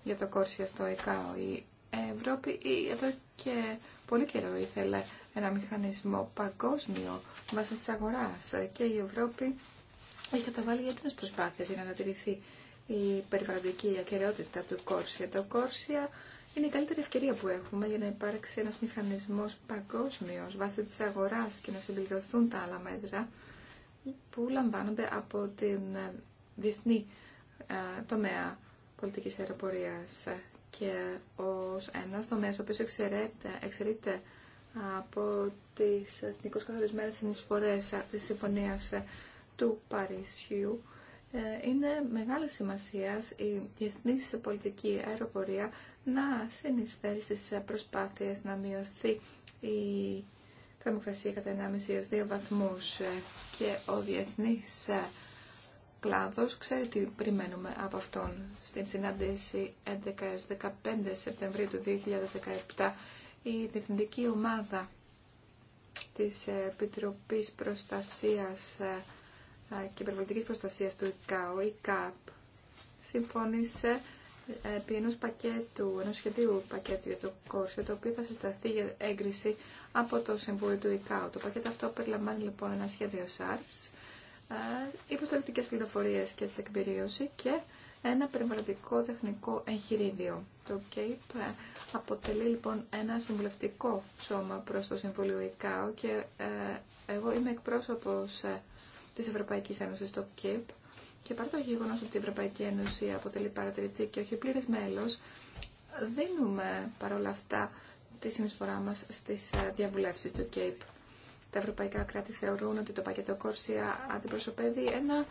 για το κόρσια στο ΕΚΑΟ. Η Ευρώπη εδώ και πολύ καιρό ήθελε ένα μηχανισμό παγκόσμιο βάσει της αγοράς και η Ευρώπη έχει καταβάλει γιατρές προσπάθειες για να ανατηρηθεί η περιβαλλοντική ακαιρεότητα του κόρσια. Το κόρσια είναι η καλύτερη ευκαιρία που έχουμε για να υπάρξει ένας μηχανισμός παγκόσμιος βάσει της αγοράς και να συμπληρωθούν τα άλλα μέτρα που λαμβάνονται από την ε, διεθνή ε, τομέα πολιτικής αεροπορίας και ως ένας τομέας ο οποίος εξαιρείται, από τις εθνικώς καθορισμένες συνεισφορές της Συμφωνίας του Παρισιού ε, είναι μεγάλη σημασία η διεθνή πολιτική αεροπορία να συνεισφέρει στις προσπάθειες να μειωθεί η θερμοκρασία κατά 1,5 έως 2 βαθμούς και ο διεθνής κλάδος ξέρει τι περιμένουμε από αυτόν. Στην συνάντηση 11-15 Σεπτεμβρίου του 2017 η Διευθυντική Ομάδα της Επιτροπής Προστασίας ε, ε, και Περιβαλλοντικής Προστασίας του ΙΚΑΟ, η ΚΑΠ, συμφώνησε επί ενός πακέτου, ενός σχεδίου πακέτου για το κορσέ το οποίο θα συσταθεί για έγκριση από το Συμβούλιο του ΙΚΑΟ. Το πακέτο αυτό περιλαμβάνει λοιπόν ένα σχέδιο ΣΑΡΣ υποστηρικτικές πληροφορίες και τεκμηρίωση και ένα περιβαλλοντικό τεχνικό εγχειρίδιο. Το ΚΕΙΠ αποτελεί λοιπόν ένα συμβουλευτικό σώμα προς το Συμβούλιο ΙΚΑΟ και ε, εγώ είμαι εκπρόσωπος ε, της Ευρωπαϊκής Ένωσης στο ΚΕΙΠ και παρά το γεγονός ότι η Ευρωπαϊκή Ένωση αποτελεί παρατηρητή και όχι πλήρες μέλος, δίνουμε παρόλα αυτά τη συνεισφορά μας στις ε, διαβουλεύσεις του ΚΕΙΠ τα ευρωπαϊκά κράτη θεωρούν ότι το πακέτο Κόρσια αντιπροσωπεύει ένα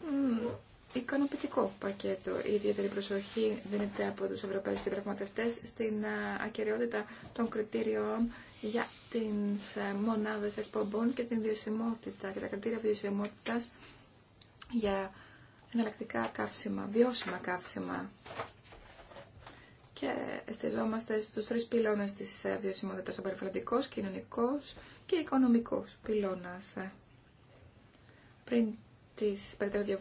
μ, ικανοποιητικό πακέτο. Η ιδιαίτερη προσοχή δίνεται από τους Ευρωπαίους συμπραγματευτές στην ακαιριότητα των κριτήριων για τις μονάδες εκπομπών και την βιωσιμότητα και τα κριτήρια βιωσιμότητας για εναλλακτικά καύσιμα, βιώσιμα καύσιμα και εστιαζόμαστε στους τρεις πυλώνες της ε, βιωσιμότητας, ο περιφερειακός, κοινωνικός και οικονομικός πυλώνας. Πριν τις περαιτέρω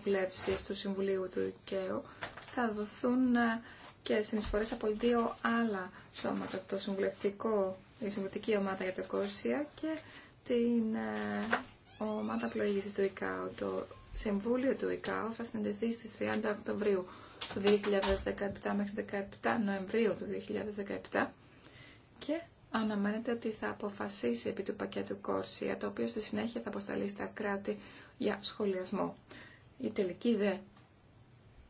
του Συμβουλίου του ΙΚΕΟ θα δοθούν ε, και συνεισφορές από δύο άλλα σώματα, το συμβουλευτικό, η συμβουλευτική ομάδα για το κόσια και την ε, ομάδα πλοήγησης του ΙΚΑΟ. Το Συμβούλιο του ΙΚΑΟ θα συνδεθεί στις 30 Οκτωβρίου του 2017 μέχρι 17 Νοεμβρίου του 2017 και αναμένεται ότι θα αποφασίσει επί του πακέτου Κόρσια, το οποίο στη συνέχεια θα αποσταλεί στα κράτη για σχολιασμό. Η τελική δε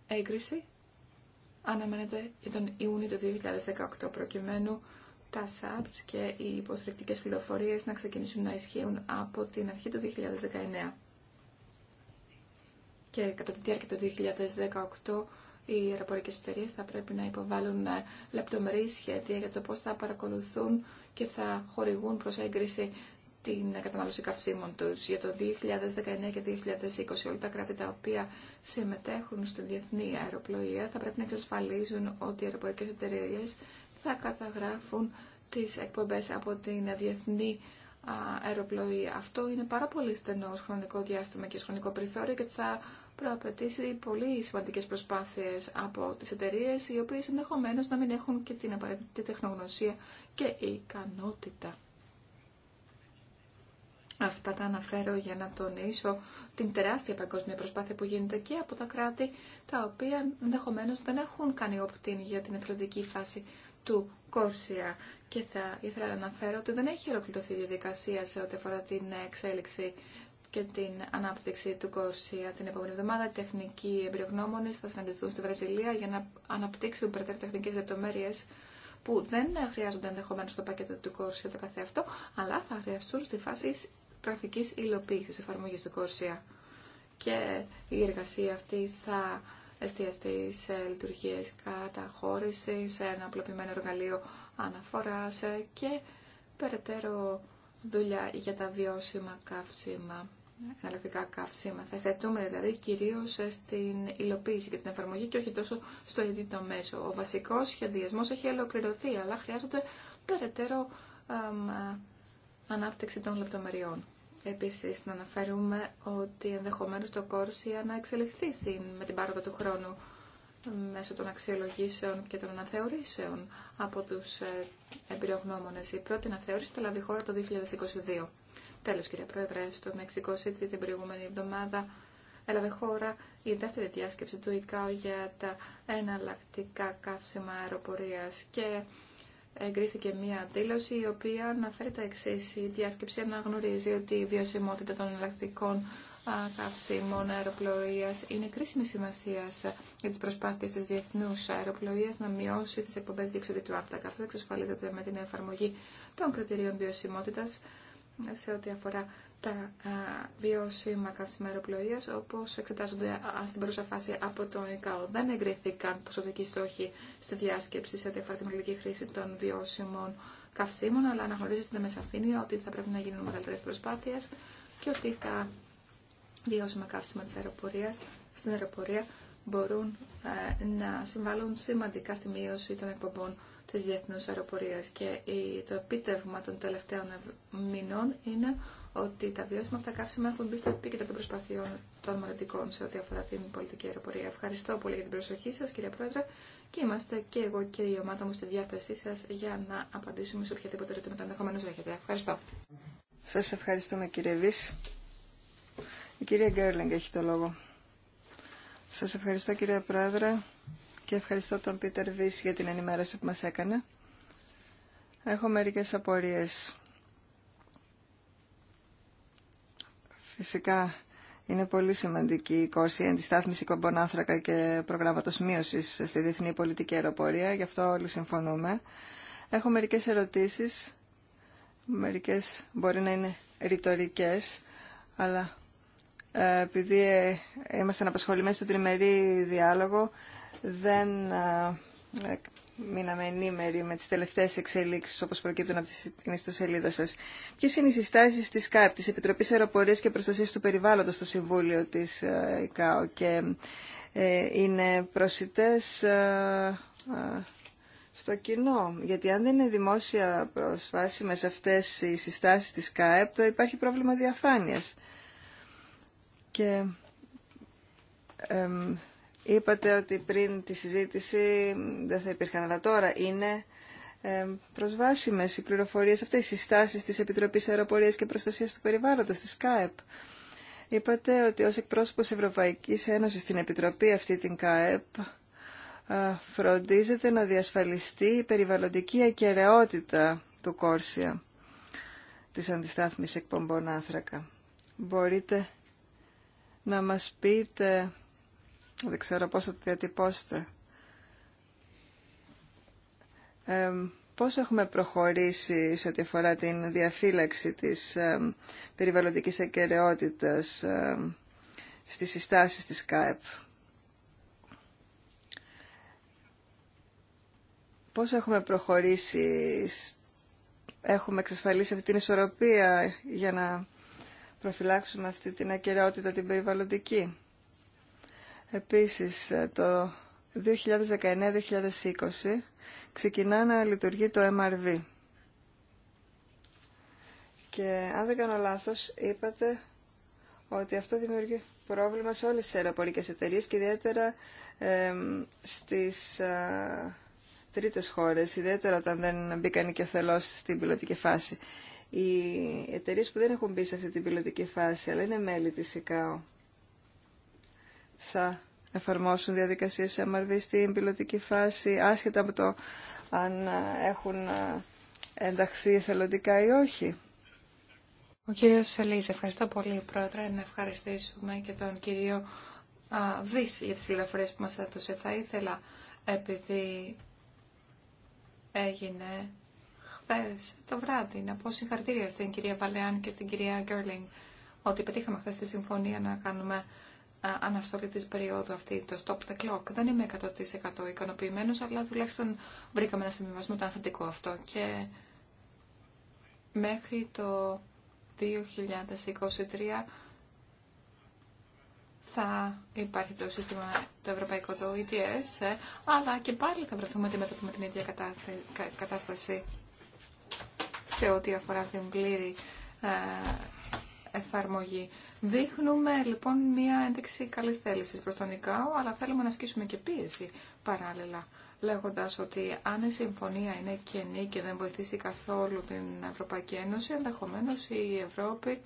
έγκριση αναμένεται για τον Ιούνιο του 2018, προκειμένου τα ΣΑΠΣ και οι υποστηρικτικές πληροφορίες να ξεκινήσουν να ισχύουν από την αρχή του 2019. Και κατά τη διάρκεια του 2018 οι αεροπορικέ εταιρείε θα πρέπει να υποβάλουν ε, λεπτομερή σχέδια για το πώ θα παρακολουθούν και θα χορηγούν προ έγκριση την κατανάλωση καυσίμων του για το 2019 και 2020. Όλα τα κράτη τα οποία συμμετέχουν στην διεθνή αεροπλοεία θα πρέπει να εξασφαλίζουν ότι οι αεροπορικέ εταιρείε θα καταγράφουν τι εκπομπέ από την διεθνή αεροπλοεία. Αυτό είναι πάρα πολύ στενό χρονικό διάστημα και χρονικό περιθώριο και θα προαπαιτήσει πολύ σημαντικές προσπάθειες από τις εταιρείες οι οποίες ενδεχομένω να μην έχουν και την απαραίτητη τεχνογνωσία και ικανότητα. Αυτά τα αναφέρω για να τονίσω την τεράστια παγκόσμια προσπάθεια που γίνεται και από τα κράτη τα οποία ενδεχομένω δεν έχουν οπτήν για την εθελοντική φάση του Κόρσια. Και θα ήθελα να αναφέρω ότι δεν έχει ολοκληρωθεί η διαδικασία σε ό,τι αφορά την εξέλιξη και την ανάπτυξη του Κόρσια. Την επόμενη εβδομάδα οι τεχνικοί εμπειρογνώμονε θα συναντηθούν στη Βραζιλία για να αναπτύξουν περαιτέρω τεχνικέ λεπτομέρειε που δεν χρειάζονται ενδεχομένω στο πακέτο του Κόρσια το καθεαυτό, αλλά θα χρειαστούν στη φάση πρακτική υλοποίηση εφαρμογή του Κόρσια. Και η εργασία αυτή θα εστιαστεί σε λειτουργίε καταχώρηση, σε ένα απλοποιημένο εργαλείο αναφορά και περαιτέρω δουλειά για τα βιώσιμα καύσιμα εναλλακτικά καύσιμα. Θα εστιατούμε δηλαδή κυρίω στην υλοποίηση και την εφαρμογή και όχι τόσο στο το μέσο. Ο βασικό σχεδιασμό έχει ολοκληρωθεί, αλλά χρειάζεται περαιτέρω ανάπτυξη των λεπτομεριών. Επίση, να αναφέρουμε ότι ενδεχομένω το Κόρσια να εξελιχθεί στην, με την πάροδο του χρόνου μέσω των αξιολογήσεων και των αναθεωρήσεων από τους ε, εμπειρογνώμονες. Η πρώτη αναθεώρηση θα λάβει χώρα το 2022. Τέλος, κύριε Πρόεδρε, στο Μεξικό City την προηγούμενη εβδομάδα έλαβε χώρα η δεύτερη διάσκεψη του ΙΚΑΟ για τα εναλλακτικά καύσιμα αεροπορίας και εγκρίθηκε μία δήλωση η οποία αναφέρει τα εξή. Η διάσκεψη αναγνωρίζει ότι η βιωσιμότητα των εναλλακτικών καυσίμων αεροπλοεία είναι κρίσιμη σημασία για τι προσπάθειε τη διεθνού αεροπλοεία να μειώσει τι εκπομπέ διεξοδίτου του Αυτό εξασφαλίζεται με την εφαρμογή των κριτηρίων βιωσιμότητα σε ό,τι αφορά τα βιώσιμα καύσιμα αεροπλοεία, όπω εξετάζονται στην παρούσα φάση από το ΕΚΑΟ. Δεν εγκρίθηκαν ποσοτικοί στόχοι στη διάσκεψη σε αφορά την χρήση των βιώσιμων καυσίμων, αλλά αναγνωρίζεται με σαφήνεια ότι θα πρέπει να γίνουν μεγαλύτερε προσπάθειε και ότι τα βιώσιμα καύσιμα τη αεροπορία, στην αεροπορία μπορούν ε, να συμβάλλουν σημαντικά στη μείωση των εκπομπών της διεθνούς αεροπορίας και το επίτευγμα των τελευταίων μηνών είναι ότι τα βιώσιμα αυτά καύσιμα έχουν μπει στο επίκεντρο των προσπαθειών των μελλοντικών σε ό,τι αφορά την πολιτική αεροπορία. Ευχαριστώ πολύ για την προσοχή σας κύριε Πρόεδρε και είμαστε και εγώ και η ομάδα μου στη διάθεσή σας για να απαντήσουμε σε οποιαδήποτε τα ενδεχομένως έχετε. Ευχαριστώ. Σας ευχαριστούμε κύριε Βίσ. Η κυρία Γκέρλινγκ έχει το λόγο. Σας ευχαριστώ κύριε Πρόεδρε και ευχαριστώ τον Πίτερ Βίς για την ενημέρωση που μας έκανε. Έχω μερικές απορίες. Φυσικά είναι πολύ σημαντική η κόρση αντιστάθμιση κομπών και προγράμματο μείωση στη διεθνή πολιτική αεροπορία. Γι' αυτό όλοι συμφωνούμε. Έχω μερικές ερωτήσεις. Μερικές μπορεί να είναι ρητορικέ, αλλά ε, επειδή ε, είμαστε απασχολημένοι στο τριμερή διάλογο, δεν ε, ε, μείναμε ενήμεροι με τις τελευταίες εξελίξεις όπως προκύπτουν από την ιστοσελίδα σας. Ποιες είναι οι συστάσεις της ΚΑΠ, της Επιτροπής Αεροπορίας και Προστασίας του Περιβάλλοντος στο Συμβούλιο της ε, ΚΑΟ και είναι προσιτές στο κοινό. Γιατί αν δεν είναι δημόσια σε αυτές οι συστάσεις της ΚΑΕΠ υπάρχει πρόβλημα διαφάνειας. Και... Είπατε ότι πριν τη συζήτηση δεν θα υπήρχαν, αλλά τώρα είναι ε, προσβάσιμες οι πληροφορίες αυτές, οι συστάσεις της Επιτροπής Αεροπορίας και Προστασίας του Περιβάλλοντος, της ΚΑΕΠ. Είπατε ότι ως εκπρόσωπος Ευρωπαϊκής Ένωσης στην Επιτροπή αυτή την ΚΑΕΠ ε, φροντίζεται να διασφαλιστεί η περιβαλλοντική ακεραιότητα του Κόρσια της αντιστάθμισης εκπομπών άνθρακα. Μπορείτε να μας πείτε δεν ξέρω πώς θα το διατυπώσετε. πώς έχουμε προχωρήσει σε ό,τι αφορά την διαφύλαξη της ε, περιβαλλοντικής ακαιρεότητας ε, στις συστάσεις της ΚΑΕΠ. Πώς έχουμε προχωρήσει, έχουμε εξασφαλίσει αυτή την ισορροπία για να προφυλάξουμε αυτή την ακαιρεότητα την περιβαλλοντική. Επίσης, ε, το 2019-2020 ξεκινά να λειτουργεί το MRV. Και αν δεν κάνω λάθος, είπατε ότι αυτό δημιουργεί πρόβλημα σε όλες τις αεροπορικές εταιρείες και ιδιαίτερα ε, στις ε, τρίτες χώρες, ιδιαίτερα όταν δεν μπήκαν και θελώς στην πιλωτική φάση. Οι εταιρείε που δεν έχουν μπει σε αυτή την πιλωτική φάση, αλλά είναι μέλη της ΕΚΑΟ θα εφαρμόσουν διαδικασίες MRV στην πιλωτική φάση, άσχετα από το αν ε, έχουν ε, ενταχθεί θελοντικά ή όχι. Ο κύριος Σελίζ, ευχαριστώ πολύ πρόεδρε, να ευχαριστήσουμε και τον κύριο Βίς για τις πληροφορίες που μας έδωσε. Θα ήθελα, επειδή έγινε χθε το βράδυ, να πω συγχαρητήρια στην κυρία Βαλεάν και στην κυρία Γκέρλινγκ ότι πετύχαμε χθε τη συμφωνία να κάνουμε αναστολή της περίοδου αυτή, το stop the clock. Δεν είμαι 100% ικανοποιημένος, αλλά τουλάχιστον βρήκαμε ένα συμβιβασμό το ανθεντικό αυτό. Και μέχρι το 2023 θα υπάρχει το σύστημα το ευρωπαϊκό, το ETS, ε, αλλά και πάλι θα βρεθούμε αντιμέτωποι με την ίδια κατάσταση σε ό,τι αφορά την πλήρη ε, εφαρμογή. Δείχνουμε λοιπόν μία ένδειξη καλή θέληση προ τον ΙΚΑΟ, αλλά θέλουμε να ασκήσουμε και πίεση παράλληλα. Λέγοντα ότι αν η συμφωνία είναι κενή και δεν βοηθήσει καθόλου την Ευρωπαϊκή Ένωση, ενδεχομένω η Ευρώπη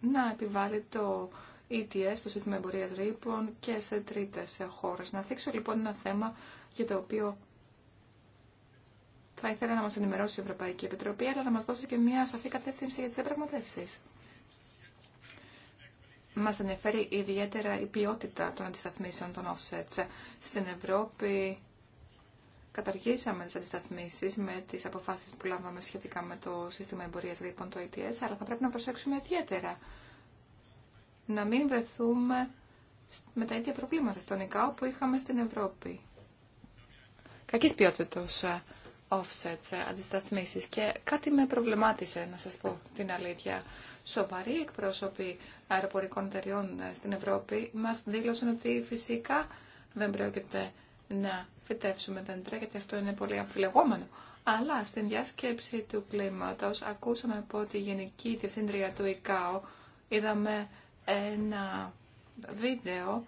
να επιβάλλει το ETS, το σύστημα εμπορία ρήπων και σε τρίτε χώρε. Να θίξω λοιπόν ένα θέμα για το οποίο θα ήθελα να μας ενημερώσει η Ευρωπαϊκή Επιτροπή, αλλά να μας δώσει και μια σαφή κατεύθυνση για τις διαπραγματεύσεις. Μας ενδιαφέρει ιδιαίτερα η ποιότητα των αντισταθμίσεων των offsets. Στην Ευρώπη καταργήσαμε τις αντισταθμίσεις με τις αποφάσεις που λάβαμε σχετικά με το σύστημα εμπορίας λοιπόν το ETS, αλλά θα πρέπει να προσέξουμε ιδιαίτερα να μην βρεθούμε με τα ίδια προβλήματα στον ΙΚΑΟ που είχαμε στην Ευρώπη. Κακής ποιότητος offsets, ε, αντισταθμίσεις και κάτι με προβλημάτισε, να σας πω την αλήθεια. Σοβαροί εκπρόσωποι αεροπορικών εταιριών ε, στην Ευρώπη μας δήλωσαν ότι φυσικά δεν πρόκειται να φυτέψουμε δέντρα, γιατί αυτό είναι πολύ αμφιλεγόμενο. Αλλά στην διάσκεψη του κλίματος ακούσαμε από τη Γενική Διευθύντρια του ΙΚΑΟ, είδαμε ένα βίντεο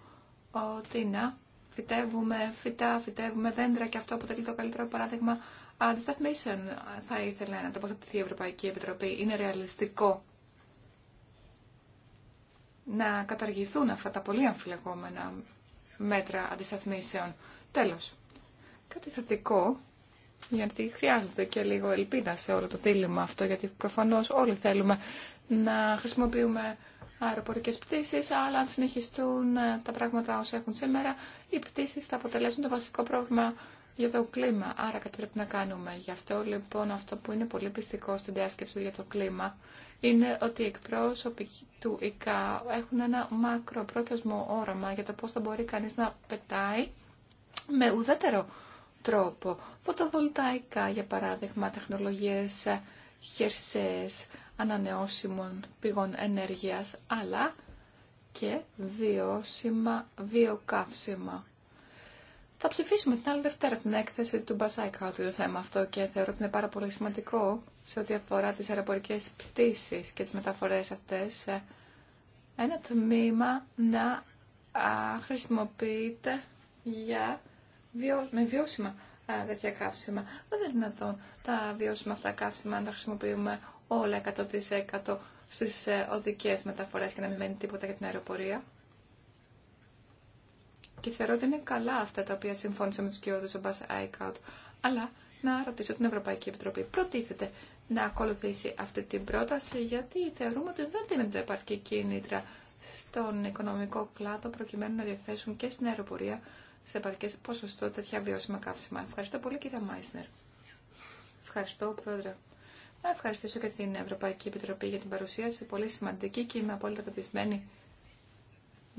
ότι να φυτεύουμε φυτά, φυτεύουμε δέντρα και αυτό αποτελεί το καλύτερο παράδειγμα αντισταθμίσεων θα ήθελα να τοποθετηθεί η Ευρωπαϊκή Επιτροπή. Είναι ρεαλιστικό να καταργηθούν αυτά τα πολύ αμφιλεγόμενα μέτρα αντισταθμίσεων. Τέλος, κάτι θετικό, γιατί χρειάζεται και λίγο ελπίδα σε όλο το δίλημα αυτό, γιατί προφανώς όλοι θέλουμε να χρησιμοποιούμε αεροπορικές πτήσεις, αλλά αν συνεχιστούν τα πράγματα όσα έχουν σήμερα, οι πτήσεις θα αποτελέσουν το βασικό πρόβλημα για το κλίμα. Άρα κάτι πρέπει να κάνουμε. Γι' αυτό λοιπόν αυτό που είναι πολύ πιστικό στην διάσκεψη για το κλίμα είναι ότι οι εκπρόσωποι του ΙΚΑ έχουν ένα μακροπρόθεσμο όραμα για το πώς θα μπορεί κανείς να πετάει με ουδέτερο τρόπο. Φωτοβολταϊκά, για παράδειγμα, τεχνολογίες χερσαίες ανανεώσιμων πηγών ενέργειας, αλλά και βιώσιμα βιοκαύσιμα. Θα ψηφίσουμε την άλλη Δευτέρα την έκθεση του Μπασάικα του το θέμα αυτό και θεωρώ ότι είναι πάρα πολύ σημαντικό σε ό,τι αφορά τις αεροπορικές πτήσεις και τις μεταφορές αυτές. Ε, ένα τμήμα να χρησιμοποιείται για με βιώσιμα τέτοια καύσιμα. Δεν είναι δυνατόν τα βιώσιμα αυτά καύσιμα να τα χρησιμοποιούμε όλα 100% στις ε, οδικές μεταφορές και να μην μένει τίποτα για την αεροπορία. Και θεωρώ ότι είναι καλά αυτά τα οποία συμφώνησα με του κοιόδους ο Μπάς Άικαουτ. Αλλά να ρωτήσω την Ευρωπαϊκή Επιτροπή. Προτίθεται να ακολουθήσει αυτή την πρόταση γιατί θεωρούμε ότι δεν δίνονται επαρκή κίνητρα στον οικονομικό κλάδο προκειμένου να διαθέσουν και στην αεροπορία σε επαρκέ ποσοστό τέτοια βιώσιμα καύσιμα. Ευχαριστώ πολύ κύριε Μάισνερ. Ευχαριστώ πρόεδρε. Να ευχαριστήσω και την Ευρωπαϊκή Επιτροπή για την παρουσίαση, πολύ σημαντική και είμαι απόλυτα πεπισμένη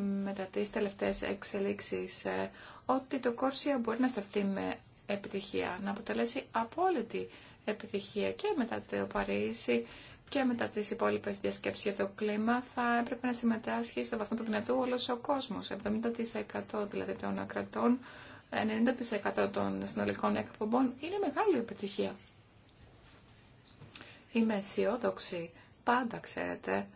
μετά τις τελευταίες εξελίξεις ε, ότι το Κόρσια μπορεί να σταθεί με επιτυχία, να αποτελέσει απόλυτη επιτυχία και μετά το Παρίσι και μετά τις υπόλοιπες διασκέψεις για το κλίμα θα έπρεπε να συμμετάσχει στο βαθμό του δυνατού όλος ο κόσμος, 70% δηλαδή των κρατών, 90% των συνολικών εκπομπών είναι μεγάλη επιτυχία. Είμαι αισιόδοξη, πάντα ξέρετε,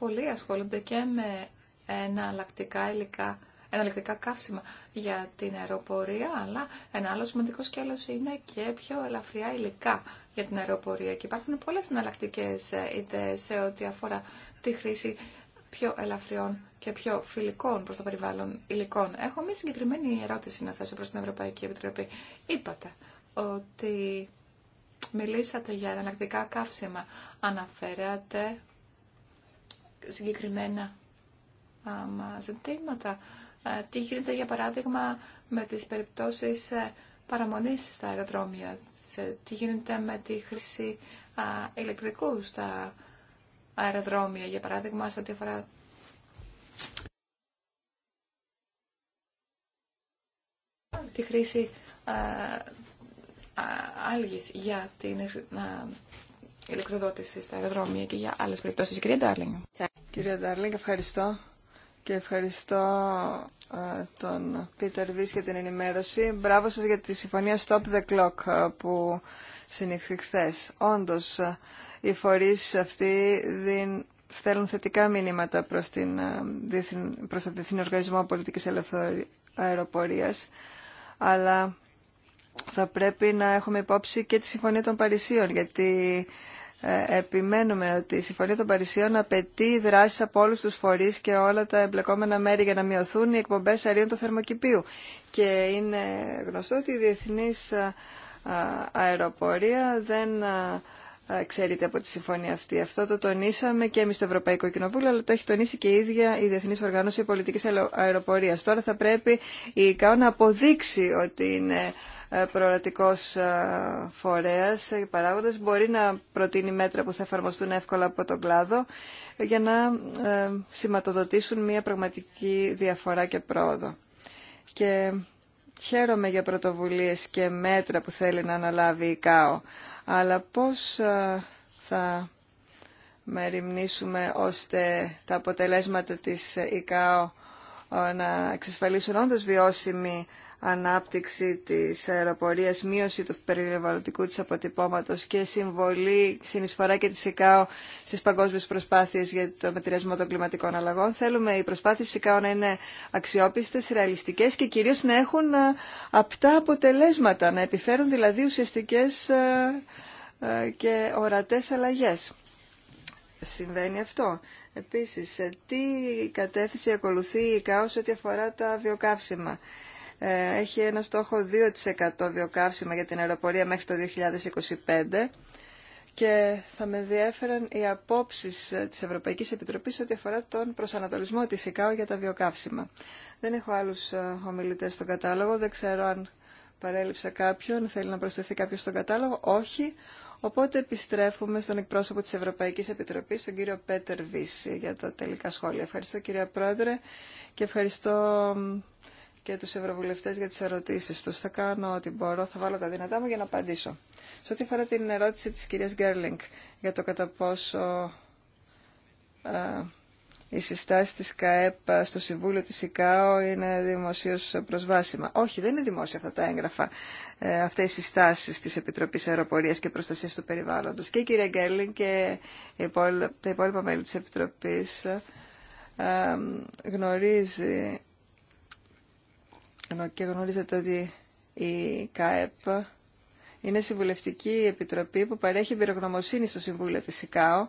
πολλοί ασχολούνται και με εναλλακτικά υλικά, εναλλακτικά καύσιμα για την αεροπορία, αλλά ένα άλλο σημαντικό σκέλος είναι και πιο ελαφριά υλικά για την αεροπορία. Και υπάρχουν πολλές εναλλακτικέ ε, ιδέες σε ό,τι αφορά τη χρήση πιο ελαφριών και πιο φιλικών προς το περιβάλλον υλικών. Έχω μια συγκεκριμένη ερώτηση να θέσω προς την Ευρωπαϊκή Επιτροπή. Είπατε ότι μιλήσατε για εναλλακτικά καύσιμα. Αναφέρατε συγκεκριμένα ζητήματα. Ε, τι γίνεται για παράδειγμα με τις περιπτώσεις ε, παραμονής στα αεροδρόμια. Τι γίνεται με τη χρήση ηλεκτρικού στα αεροδρόμια, για παράδειγμα σε ό,τι αφορά τη χρήση α, άλγης για την ηλεκτροδότηση στα αεροδρόμια και για άλλε περιπτώσει. Κυρία Ντάρλινγκ. Κυρία Ντάρλινγκ, ευχαριστώ. Και ευχαριστώ ε, τον Πίτερ Βις για την ενημέρωση. Μπράβο σας για τη συμφωνία Stop the Clock ε, που συνήθει χθε. Όντως, ε, οι φορείς αυτοί στέλνουν θετικά μηνύματα προς, την, προς τον Διεθνή Οργανισμό Πολιτικής Αεροπορίας, αλλά θα πρέπει να έχουμε υπόψη και τη Συμφωνία των Παρισίων, γιατί ε, επιμένουμε ότι η Συμφωνία των Παρισίων απαιτεί δράσεις από όλους τους φορείς και όλα τα εμπλεκόμενα μέρη για να μειωθούν οι εκπομπές αερίων του θερμοκηπίου. Και είναι γνωστό ότι η διεθνής ε, ε, αεροπορία δεν Ξέρετε από τη συμφωνία αυτή. Αυτό το τονίσαμε και εμεί στο Ευρωπαϊκό Κοινοβούλιο, αλλά το έχει τονίσει και η ίδια η Διεθνής Οργάνωση Πολιτικής Αεροπορίας. Τώρα θα πρέπει η ΚΑΟ να αποδείξει ότι είναι ε, προορατικό ε, φορέας, και ε, παράγοντα. μπορεί να προτείνει μέτρα που θα εφαρμοστούν εύκολα από τον κλάδο για να σηματοδοτήσουν μια πραγματική διαφορά και πρόοδο. Και Χαίρομαι για πρωτοβουλίες και μέτρα που θέλει να αναλάβει η ΚΑΟ, αλλά πώς ε, θα μεριμνήσουμε ώστε τα αποτελέσματα της ΙΚΑΟ ε, ε, να εξασφαλίσουν όντως βιώσιμη ανάπτυξη της αεροπορίας, μείωση του περιβαλλοντικού της αποτυπώματος και συμβολή, συνεισφορά και της ΕΚΑΟ στις παγκόσμιες προσπάθειες για το μετριασμό των κλιματικών αλλαγών. Θέλουμε οι προσπάθειες της ΕΚΑΟ να είναι αξιόπιστες, ρεαλιστικές και κυρίως να έχουν ε, απτά αποτελέσματα, να επιφέρουν δηλαδή ουσιαστικές ε, ε, και ορατές αλλαγές. Συμβαίνει αυτό. Επίσης, τι κατεύθυνση ακολουθεί η ΕΚΑΟ σε ό,τι αφορά τα βιοκαύσιμα. Ε, έχει ένα στόχο 2% βιοκαύσιμα για την αεροπορία μέχρι το 2025 και θα με διέφεραν οι απόψεις ε, της Ευρωπαϊκής Επιτροπής ό,τι αφορά τον προσανατολισμό της ΕΚΑΟ για τα βιοκαύσιμα. Δεν έχω άλλους ε, ομιλητές στον κατάλογο, δεν ξέρω αν παρέλειψα κάποιον, θέλει να προσθεθεί κάποιος στον κατάλογο, όχι. Οπότε επιστρέφουμε στον εκπρόσωπο της Ευρωπαϊκής Επιτροπής, τον κύριο Πέτερ Βίση, για τα τελικά σχόλια. Ευχαριστώ κύριε Πρόεδρε και ευχαριστώ και τους ευρωβουλευτές για τις ερωτήσεις τους. Θα κάνω ό,τι μπορώ, θα βάλω τα δυνατά μου για να απαντήσω. Σε ό,τι αφορά την ερώτηση της κυρίας Γκέρλινγκ για το κατά πόσο α, ε, οι συστάσει της ΚΑΕΠ στο Συμβούλιο της ΙΚΑΟ είναι δημοσίως προσβάσιμα. Όχι, δεν είναι δημόσια αυτά τα έγγραφα, ε, αυτές οι συστάσεις της Επιτροπής Αεροπορίας και Προστασίας του Περιβάλλοντος. Και η κυρία Γκέρλινγκ και τα υπόλοιπα μέλη της Επιτροπής ε, ε, γνωρίζει ενώ και γνωρίζετε ότι η ΚΑΕΠ είναι συμβουλευτική επιτροπή που παρέχει εμπειρογνωμοσύνη στο Συμβούλιο της ΙΚΑΟ,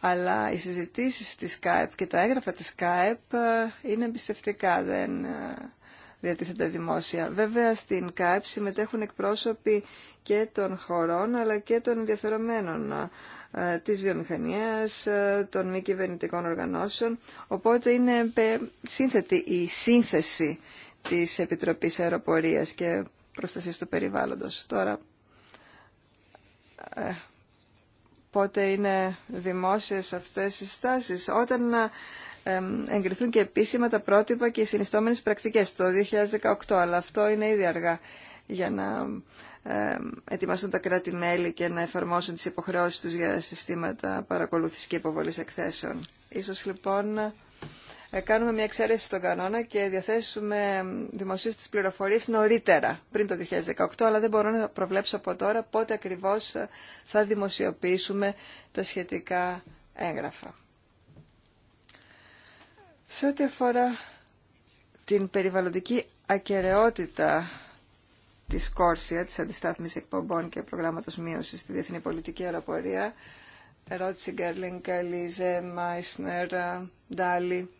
αλλά οι συζητήσεις της ΚΑΕΠ και τα έγγραφα της ΚΑΕΠ ε, είναι εμπιστευτικά, δεν ε, διατίθενται δημόσια. Βέβαια, στην ΚΑΕΠ συμμετέχουν εκπρόσωποι και των χωρών, αλλά και των ενδιαφερομένων ε, της βιομηχανίας, των μη κυβερνητικών οργανώσεων. Οπότε είναι σύνθετη η σύνθεση της Επιτροπής Αεροπορίας και Προστασίας του Περιβάλλοντος. Τώρα, ε, πότε είναι δημόσιες αυτές οι στάσεις. Όταν ε, εγκριθούν και επίσημα τα πρότυπα και οι συνιστόμενες πρακτικές το 2018, αλλά αυτό είναι ήδη αργά για να ε, ετοιμαστούν τα κράτη-μέλη και να εφαρμόσουν τις υποχρεώσεις τους για συστήματα παρακολούθησης και υποβολής εκθέσεων. Ίσως λοιπόν ε, κάνουμε μια εξαίρεση στον κανόνα και διαθέσουμε δημοσίου τις πληροφορίες νωρίτερα, πριν το 2018, αλλά δεν μπορώ να προβλέψω από τώρα πότε ακριβώς ε, θα δημοσιοποιήσουμε τα σχετικά έγγραφα. Σε ό,τι αφορά την περιβαλλοντική ακαιρεότητα της Κόρσια, της αντιστάθμισης εκπομπών και προγράμματος μείωσης στη διεθνή πολιτική αεροπορία, ερώτηση Γκέρλινγκ, Λίζε, Μάισνερ, Ντάλι.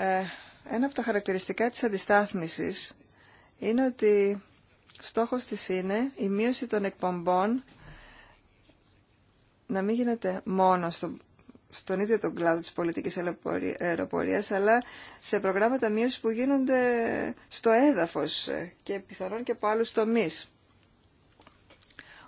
Ε, ένα από τα χαρακτηριστικά της αντιστάθμισης είναι ότι στόχος της είναι η μείωση των εκπομπών να μην γίνεται μόνο στον ίδιο τον κλάδο της πολιτικής αεροπορίας, αλλά σε προγράμματα μείωσης που γίνονται στο έδαφος και πιθανόν και από άλλους τομείς.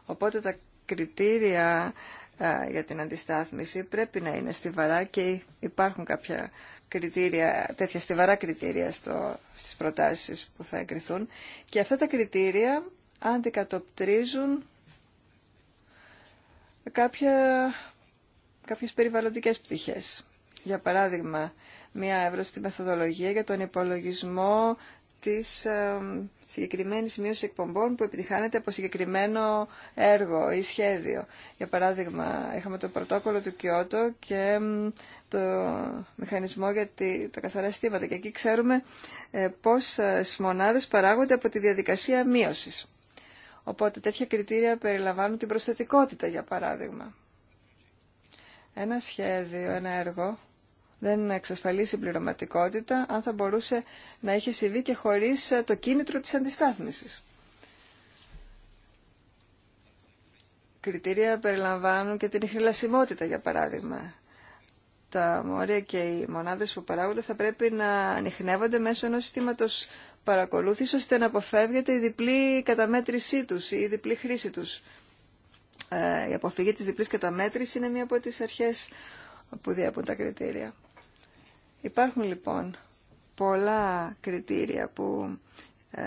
Οπότε τα κριτήρια ε, για την αντιστάθμιση πρέπει να είναι στιβαρά και υπάρχουν κάποια κριτήρια, τέτοια στιβαρά κριτήρια στο, στις προτάσεις που θα εγκριθούν και αυτά τα κριτήρια αντικατοπτρίζουν κάποια, κάποιες περιβαλλοντικές πτυχές. Για παράδειγμα, μια εύρωστη μεθοδολογία για τον υπολογισμό της ε, συγκεκριμένης σημείωσης εκπομπών που επιτυχάνεται από συγκεκριμένο έργο ή σχέδιο. Για παράδειγμα, είχαμε το πρωτόκολλο του Κιώτο και το μηχανισμό για τα καθαρά στήματα και εκεί ξέρουμε ε, πώς ε, μονάδες παράγονται από τη διαδικασία μείωσης. Οπότε τέτοια κριτήρια περιλαμβάνουν την προσθετικότητα, για παράδειγμα. Ένα σχέδιο, ένα έργο δεν εξασφαλίσει πληρωματικότητα, αν θα μπορούσε να είχε συμβεί και χωρίς ε, το κίνητρο της αντιστάθμισης. Κριτήρια περιλαμβάνουν και την ηχηλασιμότητα, για παράδειγμα. Τα μόρια και οι μονάδες που παράγονται θα πρέπει να ανοιχνεύονται μέσω ενός συστήματος παρακολούθησης, ώστε να αποφεύγεται η διπλή καταμέτρησή τους ή η διπλή χρήση τους. Ε, η αποφυγή της διπλής καταμέτρησης είναι μία από τις αρχές που διέπουν τα κριτήρια. Υπάρχουν λοιπόν πολλά κριτήρια που ε,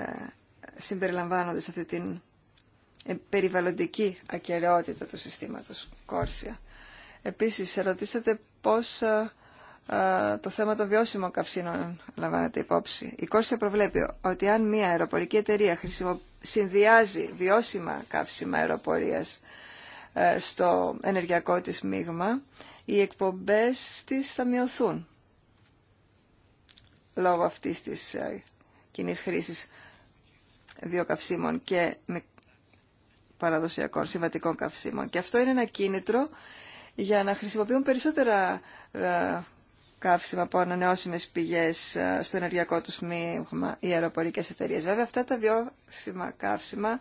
συμπεριλαμβάνονται σε αυτή την ε, περιβαλλοντική ακαιρεότητα του συστήματος Κόρσια. Επίσης, ρωτήσατε πώς ε, το θέμα των βιώσιμων καυσίνων λαμβάνεται υπόψη. Η Κόρσια προβλέπει ότι αν μια αεροπορική εταιρεία συνδυάζει βιώσιμα καύσιμα αεροπορίας στο ενεργειακό της μείγμα, οι εκπομπές της θα μειωθούν λόγω αυτής της ε, κοινή χρήσης βιοκαυσίμων και παραδοσιακών συμβατικών καυσίμων. Και αυτό είναι ένα κίνητρο για να χρησιμοποιούν περισσότερα ε, καύσιμα από ανανεώσιμε πηγές ε, στο ενεργειακό τους μείγμα οι αεροπορικές εταιρείε. Βέβαια, αυτά τα βιώσιμα καύσιμα,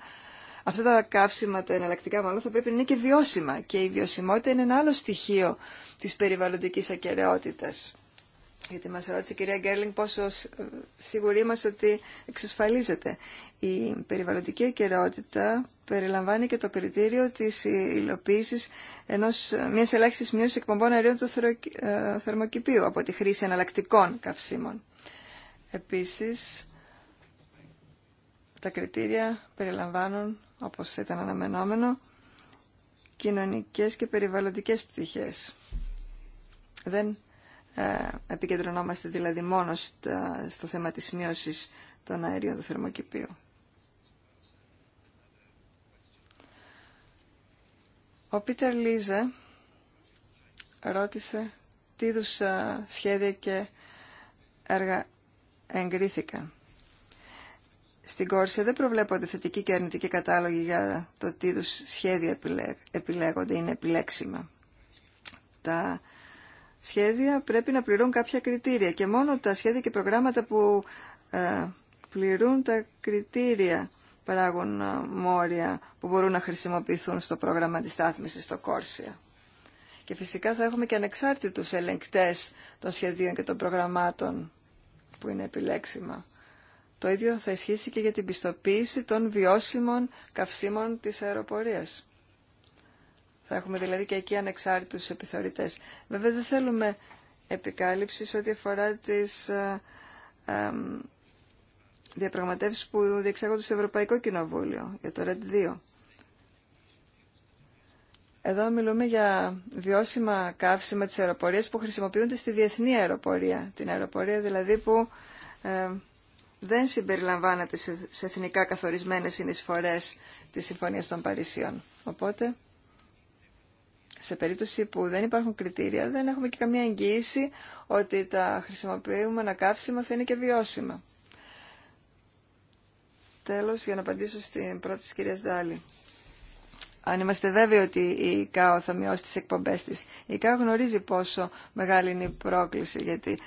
αυτά τα καύσιμα, τα εναλλακτικά μάλλον, θα πρέπει να είναι και βιώσιμα. Και η βιωσιμότητα είναι ένα άλλο στοιχείο της περιβαλλοντικής ακεραιότητας γιατί μας ρώτησε η κυρία Γκέρλινγκ πόσο ε, σίγουροι είμαστε ότι εξασφαλίζεται. Η περιβαλλοντική ακαιρεότητα περιλαμβάνει και το κριτήριο της υλοποίησης ενός, μιας ελάχιστης μείωσης εκπομπών αερίων του ε, θερμοκηπίου από τη χρήση εναλλακτικών καυσίμων. Επίσης, τα κριτήρια περιλαμβάνουν, όπως ήταν αναμενόμενο, κοινωνικές και περιβαλλοντικές πτυχές. Δεν ε, επικεντρωνόμαστε δηλαδή μόνο στο θέμα της μείωσης των αερίων του θερμοκηπίου. Ο Πίτερ Λίζε ρώτησε τι είδου ε, σχέδια και έργα εγκρίθηκαν. Στην Κόρσια δεν προβλέπονται θετικοί και αρνητική κατάλογοι για το τι είδου σχέδια επιλέγονται, είναι επιλέξιμα. Τα σχέδια πρέπει να πληρούν κάποια κριτήρια και μόνο τα σχέδια και προγράμματα που ε, πληρούν τα κριτήρια παράγουν ε, μόρια που μπορούν να χρησιμοποιηθούν στο πρόγραμμα της στο Κόρσια. Και φυσικά θα έχουμε και ανεξάρτητους ελεγκτές των σχεδίων και των προγραμμάτων που είναι επιλέξιμα. Το ίδιο θα ισχύσει και για την πιστοποίηση των βιώσιμων καυσίμων της αεροπορίας. Θα έχουμε δηλαδή και εκεί ανεξάρτητους επιθεωρητές. Βέβαια δεν θέλουμε επικάλυψη ό,τι αφορά τις α, ε, διαπραγματεύσεις που διεξάγονται στο Ευρωπαϊκό Κοινοβούλιο για το ΡΕΝΤ 2. Εδώ μιλούμε για βιώσιμα καύσιμα της αεροπορίας που χρησιμοποιούνται στη διεθνή αεροπορία. Την αεροπορία δηλαδή που δεν συμπεριλαμβάνεται σε εθνικά καθορισμένες συνεισφορές της Συμφωνίας των Παρισίων. Οπότε σε περίπτωση που δεν υπάρχουν κριτήρια, δεν έχουμε και καμία εγγύηση ότι τα χρησιμοποιούμενα καύσιμα θα είναι και βιώσιμα. Τέλος, για να απαντήσω στην πρώτη της κυρίας Δάλη. Αν είμαστε βέβαιοι ότι η ΚΑΟ θα μειώσει τις εκπομπές της. Η ΚΑΟ γνωρίζει πόσο μεγάλη είναι η πρόκληση, γιατί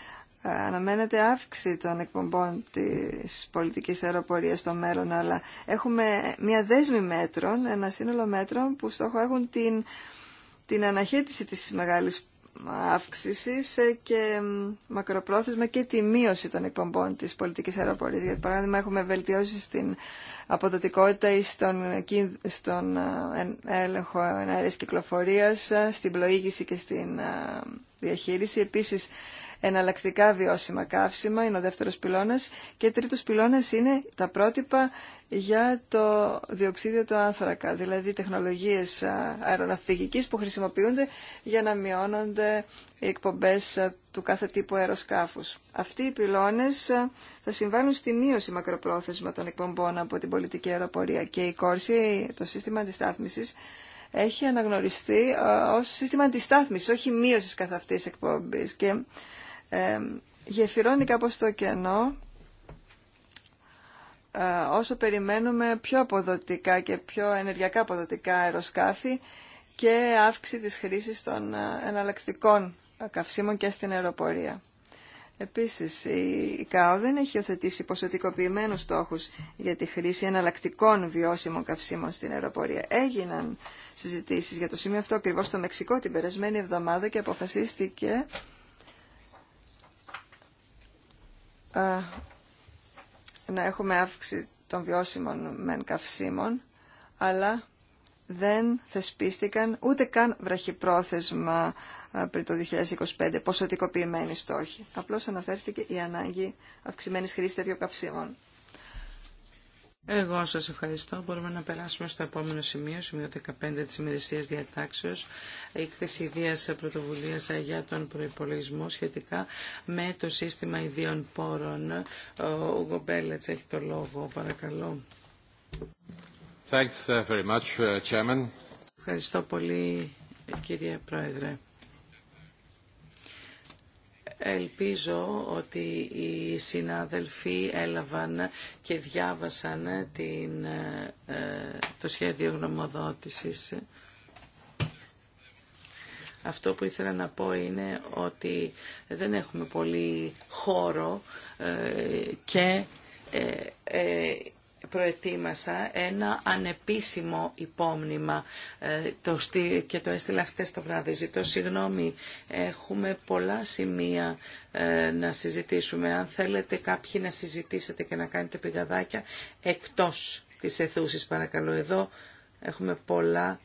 ε, αναμένεται αύξηση των εκπομπών της πολιτικής αεροπορίας στο μέλλον, αλλά έχουμε μια δέσμη μέτρων, ένα σύνολο μέτρων που στόχο έχουν την την αναχέτηση της μεγάλης αύξησης ε, και μακροπρόθεσμα και τη μείωση των εκπομπών της πολιτικής αεροπορίας. Για παράδειγμα έχουμε βελτιώσει στην αποδοτικότητα ή στον, ε, έλεγχο εναέρειας κυκλοφορίας, ε, στην πλοήγηση και στην διαχείριση. Επίσης εναλλακτικά βιώσιμα καύσιμα, είναι ο δεύτερος πυλώνας και τρίτος πυλώνας είναι τα πρότυπα για το διοξίδιο του άνθρακα, δηλαδή τεχνολογίες αεροναυπηγικής που χρησιμοποιούνται για να μειώνονται οι εκπομπές του κάθε τύπου αεροσκάφους. Αυτοί οι πυλώνες θα συμβάλλουν στη μείωση μακροπρόθεσμα των εκπομπών από την πολιτική αεροπορία και η Κόρση, το σύστημα αντιστάθμισης, έχει αναγνωριστεί ως σύστημα αντιστάθμισης, όχι μείωσης καθ' αυτής εκπομπής. Και ε, γεφυρώνει κάπως το κενό ε, όσο περιμένουμε πιο αποδοτικά και πιο ενεργειακά αποδοτικά αεροσκάφη και αύξηση της χρήσης των ε, εναλλακτικών καυσίμων και στην αεροπορία. Επίσης, η ΚΑΟ δεν έχει οθετήσει ποσοτικοποιημένους στόχους για τη χρήση εναλλακτικών βιώσιμων καυσίμων στην αεροπορία. Έγιναν συζητήσεις για το σημείο αυτό ακριβώ στο Μεξικό την περασμένη εβδομάδα και αποφασίστηκε να έχουμε αύξηση των βιώσιμων μεν καυσίμων, αλλά δεν θεσπίστηκαν ούτε καν βραχυπρόθεσμα πριν το 2025 ποσοτικοποιημένοι στόχοι. Απλώς αναφέρθηκε η ανάγκη αυξημένης χρήσης τέτοιων καυσίμων. Εγώ σας ευχαριστώ. Μπορούμε να περάσουμε στο επόμενο σημείο, σημείο 15 της ημερησίας διατάξεως, έκθεση ιδίας πρωτοβουλίας για τον προϋπολογισμό σχετικά με το σύστημα ιδίων πόρων. Ο Ούγκο έχει το λόγο, παρακαλώ. Thanks uh, very much, uh, Chairman. Ευχαριστώ πολύ, κύριε Πρόεδρε. Ελπίζω ότι οι συνάδελφοι έλαβαν και διάβασαν την, ε, το σχέδιο γνωμοδότησης. Αυτό που ήθελα να πω είναι ότι δεν έχουμε πολύ χώρο ε, και ε, προετοίμασα ένα ανεπίσημο υπόμνημα ε, το και το έστειλα χτες το βράδυ. Ζητώ συγγνώμη, έχουμε πολλά σημεία ε, να συζητήσουμε. Αν θέλετε κάποιοι να συζητήσετε και να κάνετε πηγαδάκια εκτός της αιθούσης παρακαλώ εδώ έχουμε πολλά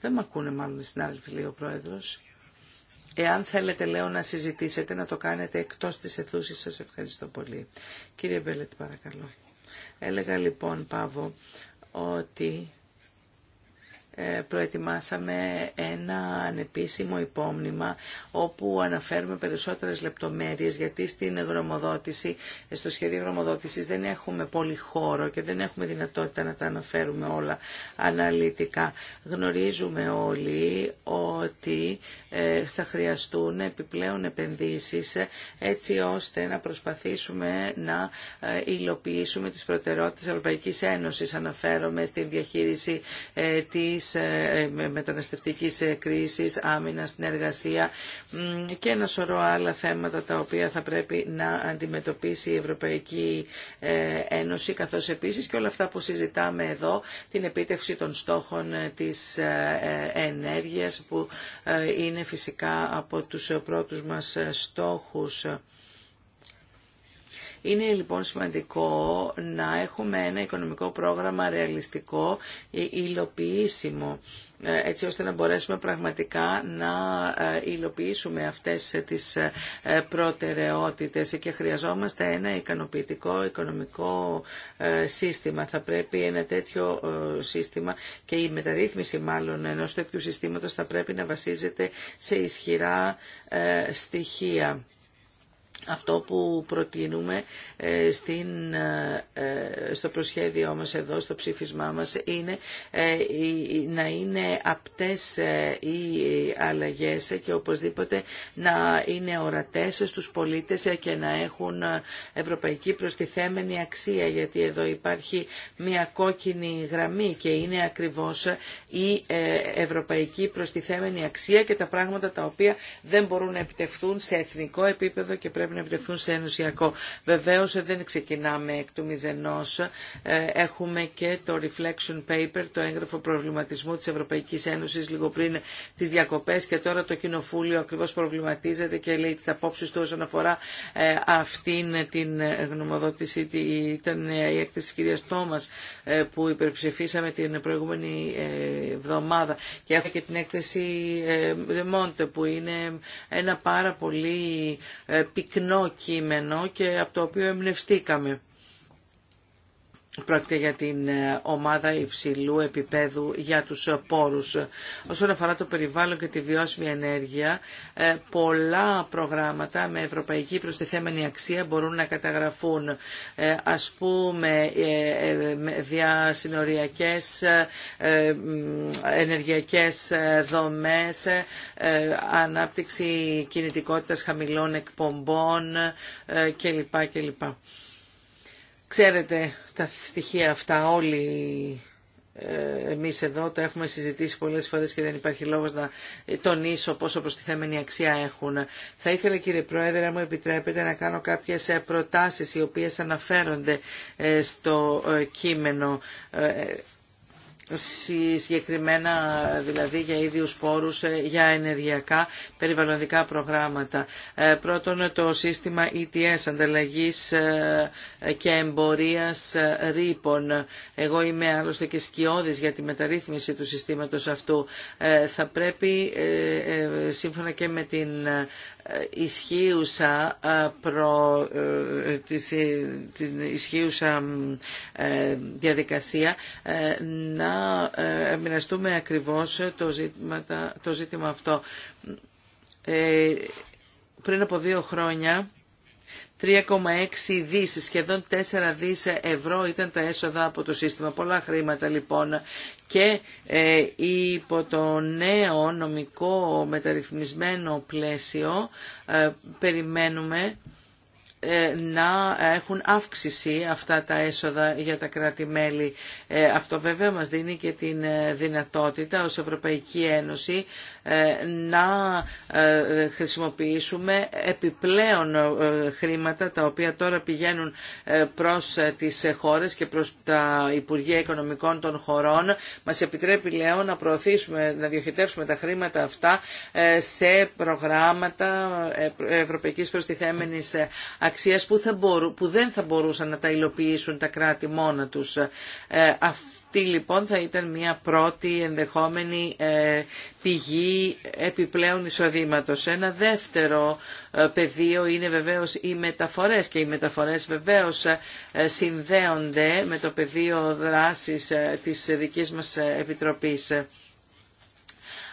δεν με ακούνε μάλλον στην συνάδελφοι λέει ο Πρόεδρος εάν θέλετε λέω να συζητήσετε να το κάνετε εκτός της αιθούσης σας ευχαριστώ πολύ κύριε Μπέλετ παρακαλώ Έλεγα λοιπόν, Πάβο, ότι ε, προετοιμάσαμε ένα ανεπίσημο υπόμνημα όπου αναφέρουμε περισσότερες λεπτομέρειες γιατί στην στο σχέδιο γνωμοδότησης δεν έχουμε πολύ χώρο και δεν έχουμε δυνατότητα να τα αναφέρουμε όλα αναλυτικά. Γνωρίζουμε όλοι ότι ε, θα χρειαστούν επιπλέον επενδύσεις ε, έτσι ώστε να προσπαθήσουμε να υλοποιήσουμε τις προτεραιότητες της Ευρωπαϊκής Ένωσης. Αναφέρομαι στην διαχείριση της ε, μεταναστευτική μεταναστευτικής ε, κρίσης, άμυνα στην εργασία και ένα σωρό άλλα θέματα τα οποία θα πρέπει να αντιμετωπίσει η Ευρωπαϊκή ε, Ένωση, καθώς επίσης και όλα αυτά που συζητάμε εδώ, την επίτευξη των στόχων της ενέργειας που είναι φυσικά από τους πρώτους μας στόχους. Είναι λοιπόν σημαντικό να έχουμε ένα οικονομικό πρόγραμμα ρεαλιστικό, ε, υλοποιήσιμο ε, έτσι ώστε να μπορέσουμε πραγματικά να ε, υλοποιήσουμε αυτές τις προτεραιότητες και χρειαζόμαστε ένα ικανοποιητικό οικονομικό σύστημα. Θα πρέπει ένα τέτοιο σύστημα και η μεταρρύθμιση μάλλον ενός τέτοιου συστήματος θα πρέπει να βασίζεται σε ισχυρά στοιχεία αυτό που προτείνουμε ε, στην, ε, ε, στο προσχέδιό μας εδώ, στο ψήφισμά μας, είναι να είναι απτές οι αλλαγές και οπωσδήποτε να είναι ορατές στους πολίτες και να έχουν ευρωπαϊκή προστιθέμενη αξία, γιατί εδώ υπάρχει μια κόκκινη γραμμή και είναι ακριβώς η ευρωπαϊκή προστιθέμενη αξία και τα πράγματα τα οποία δεν μπορούν να επιτευχθούν σε εθνικό επίπεδο και πρέπει πρέπει να επιτευχθούν σε ενωσιακό. Βεβαίω ε, δεν ξεκινάμε εκ του μηδενό. Ε, έχουμε και το Reflection Paper, το έγγραφο προβληματισμού τη Ευρωπαϊκή Ένωση λίγο πριν τι διακοπέ και τώρα το Κοινοβούλιο ακριβώ προβληματίζεται και λέει τι απόψει του όσον αφορά ε, αυτήν την γνωμοδότηση. Ήταν η έκθεση τη κυρία Τόμα που υπερψηφίσαμε την προηγούμενη εβδομάδα και έχουμε και την έκθεση Μοντε που είναι ένα πάρα πολύ πυκνό πυκνό κείμενο και από το οποίο εμπνευστήκαμε. Πρόκειται για την ε, ομάδα υψηλού επίπεδου για τους ε, πόρους. Όσον αφορά το περιβάλλον και τη βιώσιμη ενέργεια, ε, πολλά προγράμματα με ευρωπαϊκή προστιθέμενη αξία μπορούν να καταγραφούν. Ας πούμε, διασυνοριακές ενεργειακές δομές, ανάπτυξη κινητικότητας χαμηλών εκπομπών κλπ. Ξέρετε τα στοιχεία αυτά όλοι ε, εμείς εδώ το έχουμε συζητήσει πολλές φορές και δεν υπάρχει λόγος να τονίσω πόσο προστιθέμενη αξία έχουν. Θα ήθελα κύριε Πρόεδρε μου επιτρέπετε να κάνω κάποιες ε, προτάσεις οι οποίες αναφέρονται ε, στο κείμενο συγκεκριμένα δηλαδή για ίδιους πόρους ε, για ενεργειακά περιβαλλοντικά προγράμματα. Ε, πρώτον το σύστημα ETS, ανταλλαγής ε, και εμπορίας ρήπων. Εγώ είμαι άλλωστε και σκιώδης για τη μεταρρύθμιση του συστήματος αυτού. Θα πρέπει σύμφωνα και με την ισχύουσα ε, προ, ε, ε, την ισχύουσα διαδικασία να μοιραστούμε ακριβώς το ζήτημα, το ζήτημα αυτό. πριν από δύο χρόνια 3,6 δις, σχεδόν 4 δις ευρώ ήταν τα έσοδα από το σύστημα. Πολλά χρήματα λοιπόν και ε, υπό το νέο νομικό μεταρρυθμισμένο πλαίσιο ε, περιμένουμε ε, να έχουν αύξηση αυτά τα έσοδα για τα κράτη-μέλη. Αυτό βέβαια μας δίνει και την δυνατότητα ως Ευρωπαϊκή Ένωση ε, να ε, χρησιμοποιήσουμε επιπλέον ε, χρήματα τα οποία τώρα πηγαίνουν προς τις χώρες και προς τα Υπουργεία Οικονομικών των χωρών. Μας επιτρέπει λέω να προωθήσουμε, να διοχετεύσουμε τα χρήματα αυτά σε προγράμματα ευρωπαϊκής προστιθέμενης αξίας που, θα μπορού, που δεν θα μπορούσαν να τα υλοποιήσουν τα κράτη μόνα τους τι λοιπόν θα ήταν μια πρώτη ενδεχόμενη ε, πηγή επιπλέον εισοδήματος. Ένα δεύτερο ε, πεδίο είναι βεβαίως οι μεταφορές και οι μεταφορές βεβαίως ε, συνδέονται με το πεδίο δράσης της δικής μας Επιτροπής.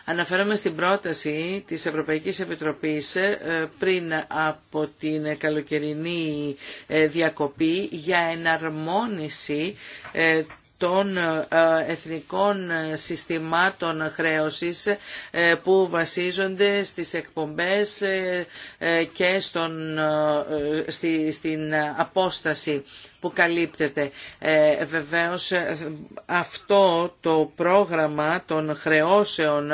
Αναφέρομαι στην πρόταση της Ευρωπαϊκής Επιτροπής πριν από την καλοκαιρινή διακοπή για εναρμόνιση των ε, εθνικών ε, συστημάτων χρέωσης ε, που βασίζονται στις εκπομπές και στον, στη, στην απόσταση που καλύπτεται. Ε, βεβαίως ε, αυτό το πρόγραμμα των χρεώσεων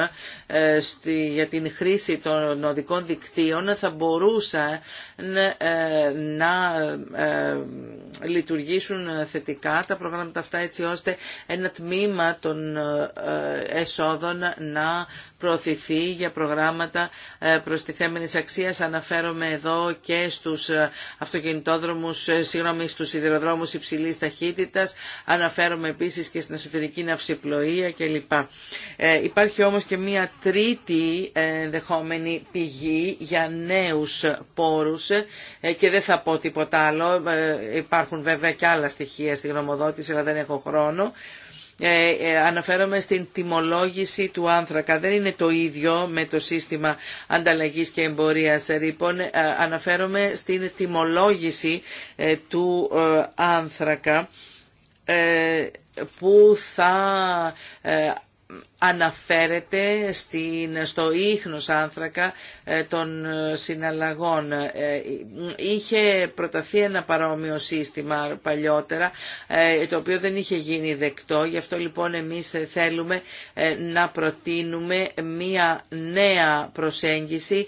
ε, στη, για την χρήση των οδικών δικτύων θα μπορούσα να λειτουργήσουν θετικά τα προγράμματα αυτά έτσι ώστε ένα τμήμα των εσόδων να προωθηθεί για προγράμματα προστιθέμενης αξίας. Αναφέρομαι εδώ και στους αυτοκινητόδρομους, συγγνώμη, στους σιδηροδρόμους υψηλής ταχύτητας, αναφέρομαι επίσης και στην εσωτερική ναυσιπλοεία κλπ. Ε, υπάρχει όμως και μία τρίτη ε, ενδεχόμενη πηγή για νέους πόρους ε, και δεν θα πω τίποτα άλλο, ε, υπάρχουν βέβαια και άλλα στοιχεία στη γνωμοδότηση αλλά δεν έχω χρόνο. Ε, ε, αναφέρομαι στην τιμολόγηση του άνθρακα. Δεν είναι το ίδιο με το σύστημα ανταλλαγής και εμπορίας ρήπων. Λοιπόν, ε, αναφέρομαι στην τιμολόγηση του άνθρακα που θα αναφέρεται στην, στο ίχνος άνθρακα ε, των ε, συναλλαγών. Ε, είχε προταθεί ένα παρόμοιο σύστημα παλιότερα, το οποίο δεν είχε γίνει δεκτό. Γι' αυτό λοιπόν εμείς θέλουμε να προτείνουμε μία νέα προσέγγιση,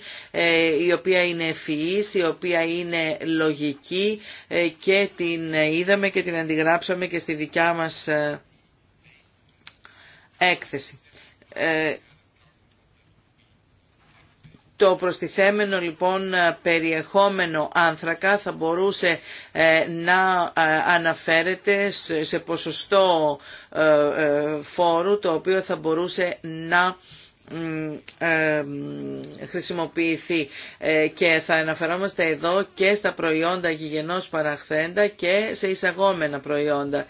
η οποία είναι ευφυής, η οποία είναι λογική και την είδαμε και την αντιγράψαμε και στη δικιά μας έκθεση. Ε, το προστιθέμενο λοιπόν περιεχόμενο άνθρακα θα μπορούσε ε, να ε, αναφέρεται σε ποσοστό φόρου το οποίο θα μπορούσε να χρησιμοποιηθεί και θα αναφερόμαστε εδώ και στα προϊόντα γηγενός παραχθέντα και σε εισαγόμενα προϊόντα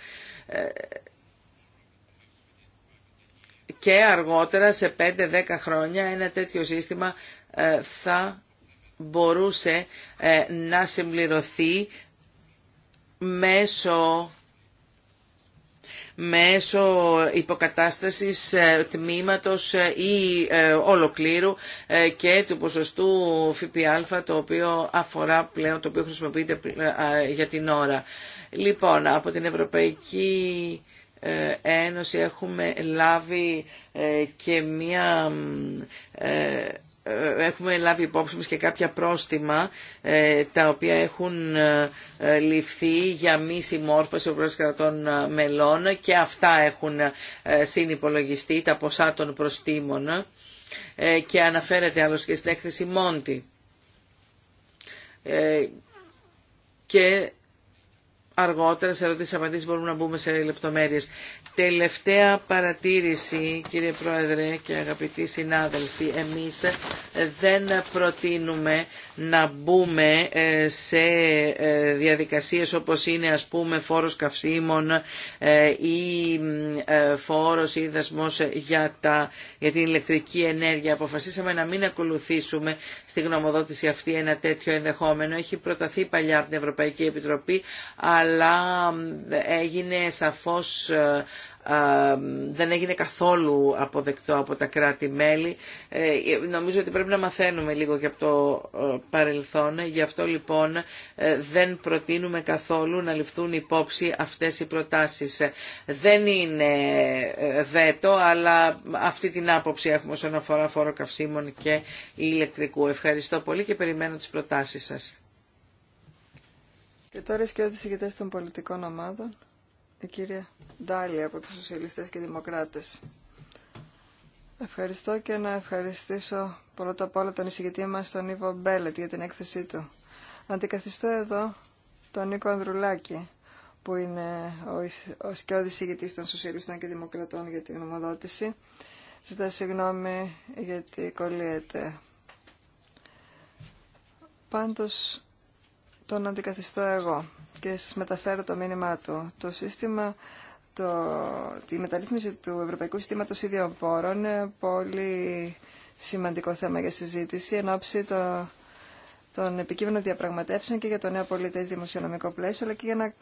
και αργότερα σε 5-10 χρόνια ένα τέτοιο σύστημα ε, θα μπορούσε ε, να συμπληρωθεί μέσω μέσω υποκατάστασης ε, τμήματος ή ολοκλήρου και του ποσοστού ΦΠΑ το οποίο αφορά πλέον, το οποίο χρησιμοποιείται για την ώρα. Λοιπόν, από την Ευρωπαϊκή ε, Ένωση έχουμε λάβει ε, και μία ε, έχουμε λάβει υπόψη μας και κάποια πρόστιμα τα οποία έχουν ληφθεί για μη συμμόρφωση προς κρατών μελών και αυτά έχουν συνυπολογιστεί τα ποσά των προστήμων και αναφέρεται άλλωστε και στην έκθεση Μόντι. Και αργότερα σε ερωτήσεις απαντήσεις μπορούμε να μπούμε σε λεπτομέρειες. Τελευταία παρατήρηση, κύριε Πρόεδρε και αγαπητοί συνάδελφοι, εμείς δεν προτείνουμε να μπούμε ε, σε ε, διαδικασίες όπως είναι ας πούμε φόρος καυσίμων ε, ή φόρος ή δασμός για, τα, για την ηλεκτρική ενέργεια. Αποφασίσαμε να μην ακολουθήσουμε στη γνωμοδότηση αυτή ένα τέτοιο ενδεχόμενο. Έχει προταθεί παλιά από την Ευρωπαϊκή Επιτροπή, αλλά έγινε σαφώς δεν έγινε καθόλου αποδεκτό από τα κράτη-μέλη. Ε, νομίζω ότι πρέπει να μαθαίνουμε λίγο και από το ε, παρελθόν. Γι' αυτό λοιπόν ε, δεν προτείνουμε καθόλου να ληφθούν υπόψη αυτές οι προτάσεις. Δεν είναι βέτο, αλλά αυτή την άποψη έχουμε όσον αφορά φόρο καυσίμων και ηλεκτρικού. Ευχαριστώ πολύ και περιμένω τις προτάσεις σας. Και τώρα των πολιτικών ομάδων, η κυρία Ντάλι από τους Σοσιαλιστές και Δημοκράτες. Ευχαριστώ και να ευχαριστήσω πρώτα απ' όλα τον εισηγητή μας, τον Ιβο Μπέλετ, για την έκθεσή του. Αντικαθιστώ εδώ τον Νίκο Ανδρουλάκη, που είναι ο σκιώδης εισηγητής των Σοσιαλιστών και Δημοκρατών για την ομοδότηση. Ζητά συγγνώμη γιατί κολλείεται. Πάντως τον αντικαθιστώ εγώ και σας μεταφέρω το μήνυμά του. Το σύστημα το, τη μεταρρύθμιση του Ευρωπαϊκού Συστήματος Ίδιων Πόρων ε, πολύ σημαντικό θέμα για συζήτηση εν ώψη το, των επικείμενων διαπραγματεύσεων και για το νέο πολιτές δημοσιονομικό πλαίσιο αλλά και για να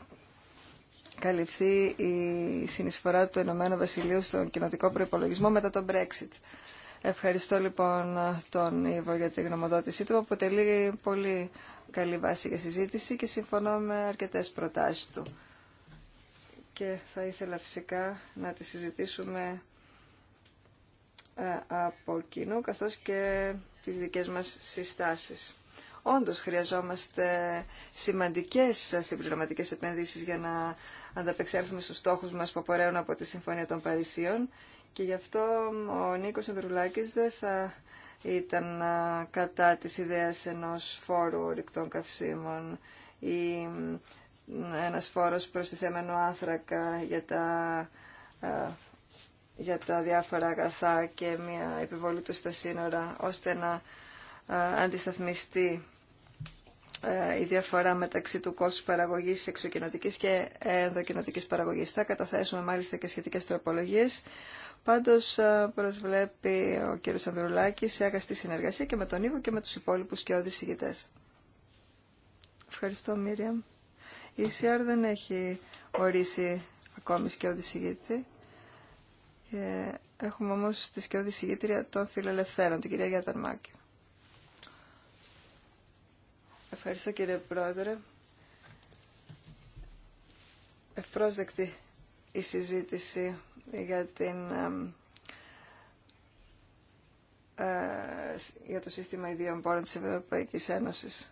καλυφθεί η συνεισφορά του Ηνωμένου Βασιλείου στον κοινοτικό προϋπολογισμό μετά τον Brexit. Ευχαριστώ λοιπόν τον Ιβο για τη γνωμοδότησή του. Αποτελεί πολύ καλή βάση για συζήτηση και συμφωνώ με αρκετές προτάσεις του και θα ήθελα φυσικά να τη συζητήσουμε ε, από κοινού καθώς και τις δικές μας συστάσεις. Όντως χρειαζόμαστε σημαντικές συμπληρωματικές επενδύσεις για να ανταπεξέλθουμε στους στόχους μας που απορρέουν από τη Συμφωνία των Παρισίων και γι' αυτό ο Νίκος Ανδρουλάκης δεν θα ήταν ε, κατά της ιδέας ενός φόρου ρηκτών καυσίμων ένας φόρος προστιθέμενο τη άνθρακα για τα, για τα διάφορα αγαθά και μια επιβολή του στα σύνορα, ώστε να αντισταθμιστεί η διαφορά μεταξύ του κόστου παραγωγής εξοκοινωτικής και ενδοκοινοτική παραγωγή. Θα καταθέσουμε μάλιστα και σχετικές τροπολογίες. Πάντω προσβλέπει ο κ. Ανδρουλάκη σε αγαστή συνεργασία και με τον Ήβο και με του υπόλοιπου και ηγητέ. Ευχαριστώ Μίριαμ. Η ΣΥΑΡ δεν έχει ορίσει ακόμη σκιώδη συγγήτη. Ε, έχουμε όμως τη σκιώδη συγγήτρια των φιλελευθέρων, την κυρία Γιάταρμάκη. Ευχαριστώ κύριε Πρόεδρε. Ευπρόσδεκτη η συζήτηση για, την, ε, για το σύστημα ιδίων πόρων της Ευρωπαϊκής Ένωσης.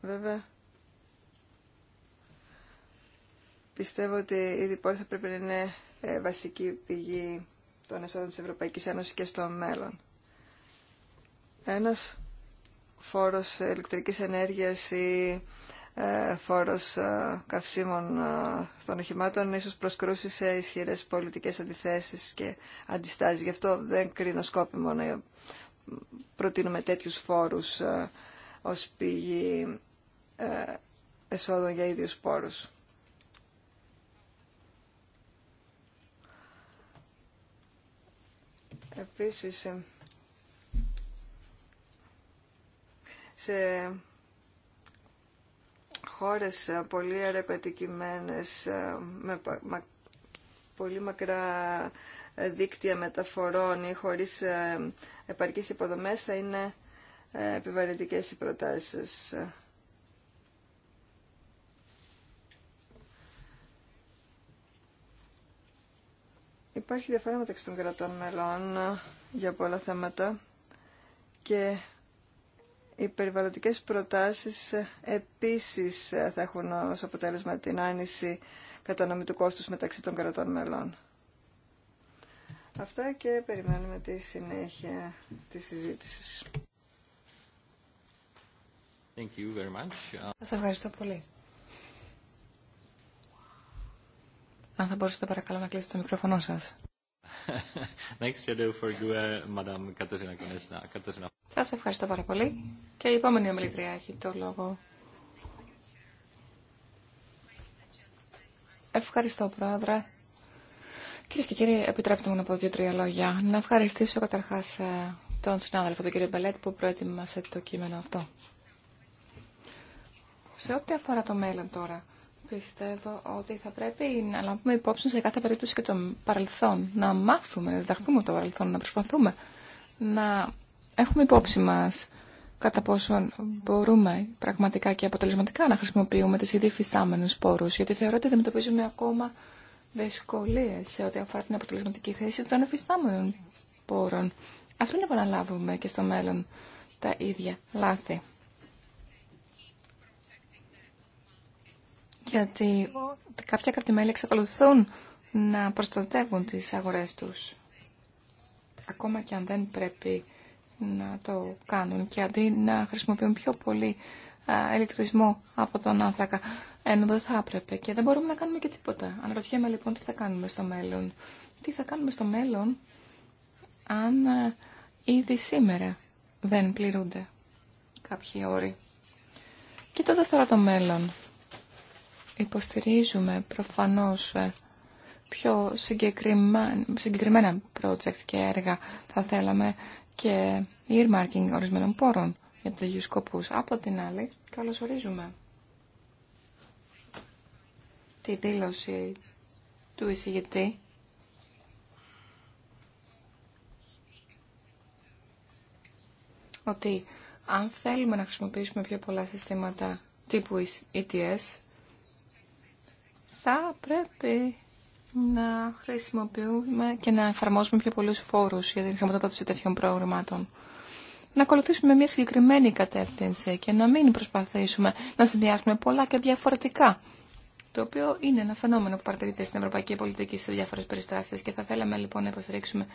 Βέβαια, Πιστεύω ότι η διπόρη θα πρέπει να είναι ε, βασική πηγή των εσόδων της Ευρωπαϊκής Ένωσης και στο μέλλον. Ένας φόρος ηλεκτρικής ενέργειας ή ε, φόρος ε, καυσίμων των οχημάτων ίσως προσκρούσει σε ισχυρές πολιτικές αντιθέσεις και αντιστάσεις. Γι' αυτό δεν κρίνω σκόπιμο να προτείνουμε τέτοιους φόρους ως πηγή εσόδων για ίδιους πόρους. Επίσης, ε, σε χώρες πολύ αρεπετικημένες, ε, με πολύ μακρά δίκτυα μεταφορών ή χωρίς ε, επαρκείς υποδομές, θα είναι επιβαρυντικές οι προτάσεις. Υπάρχει διαφορά μεταξύ των κρατών μελών ε, για πολλά θέματα και οι περιβαλλοντικές προτάσεις ε, επίσης ε, θα έχουν ως αποτέλεσμα την άνηση κατανομή του κόστους μεταξύ των κρατών μελών. Αυτά και περιμένουμε τη συνέχεια της συζήτησης. Thank ευχαριστώ πολύ. Αν θα μπορούσατε παρακαλώ να κλείσετε το μικρόφωνο σα. Σα ε, Σας ευχαριστώ πάρα πολύ. Και η επόμενη ομιλητρία έχει το λόγο. Ευχαριστώ, Πρόεδρε. Κυρίε και κύριοι, επιτρέψτε μου να πω δύο-τρία λόγια. Να ευχαριστήσω καταρχά ε, τον συνάδελφο, τον κύριο Μπελέτ, που προετοίμασε το κείμενο αυτό. Σε ό,τι αφορά το μέλλον τώρα, πιστεύω ότι θα πρέπει να λάβουμε υπόψη σε κάθε περίπτωση και το παρελθόν. Να μάθουμε, να διδαχθούμε το παρελθόν, να προσπαθούμε να έχουμε υπόψη μας κατά πόσον μπορούμε πραγματικά και αποτελεσματικά να χρησιμοποιούμε τις ήδη φυστάμενους πόρους, γιατί θεωρώ ότι αντιμετωπίζουμε ακόμα δυσκολίε σε ό,τι αφορά την αποτελεσματική θέση των εφιστάμενων πόρων. Ας μην επαναλάβουμε και στο μέλλον τα ίδια λάθη. γιατί κάποια κρατημέλη εξακολουθούν να προστατεύουν τις αγορές τους. Ακόμα και αν δεν πρέπει να το κάνουν και αντί να χρησιμοποιούν πιο πολύ ηλεκτρισμό από τον άνθρακα, ενώ δεν θα έπρεπε και δεν μπορούμε να κάνουμε και τίποτα. Αναρωτιέμαι λοιπόν τι θα κάνουμε στο μέλλον. Τι θα κάνουμε στο μέλλον αν ήδη σήμερα δεν πληρούνται κάποιοι όροι. Κοιτώντας τώρα το μέλλον, Υποστηρίζουμε προφανώς ε, πιο συγκεκριμένα project και έργα θα θέλαμε και earmarking ορισμένων πόρων για τέτοιους σκοπούς. Από την άλλη, καλωσορίζουμε τη δήλωση του εισηγητή ότι αν θέλουμε να χρησιμοποιήσουμε πιο πολλά συστήματα τύπου ETS, θα πρέπει να χρησιμοποιούμε και να εφαρμόσουμε πιο πολλούς φόρους για την χρηματοδότηση τέτοιων προγραμμάτων. Να ακολουθήσουμε μια συγκεκριμένη κατεύθυνση και να μην προσπαθήσουμε να συνδυάσουμε πολλά και διαφορετικά. Το οποίο είναι ένα φαινόμενο που παρατηρείται στην ευρωπαϊκή πολιτική σε διάφορες περιστάσεις και θα θέλαμε λοιπόν να υποστηρίξουμε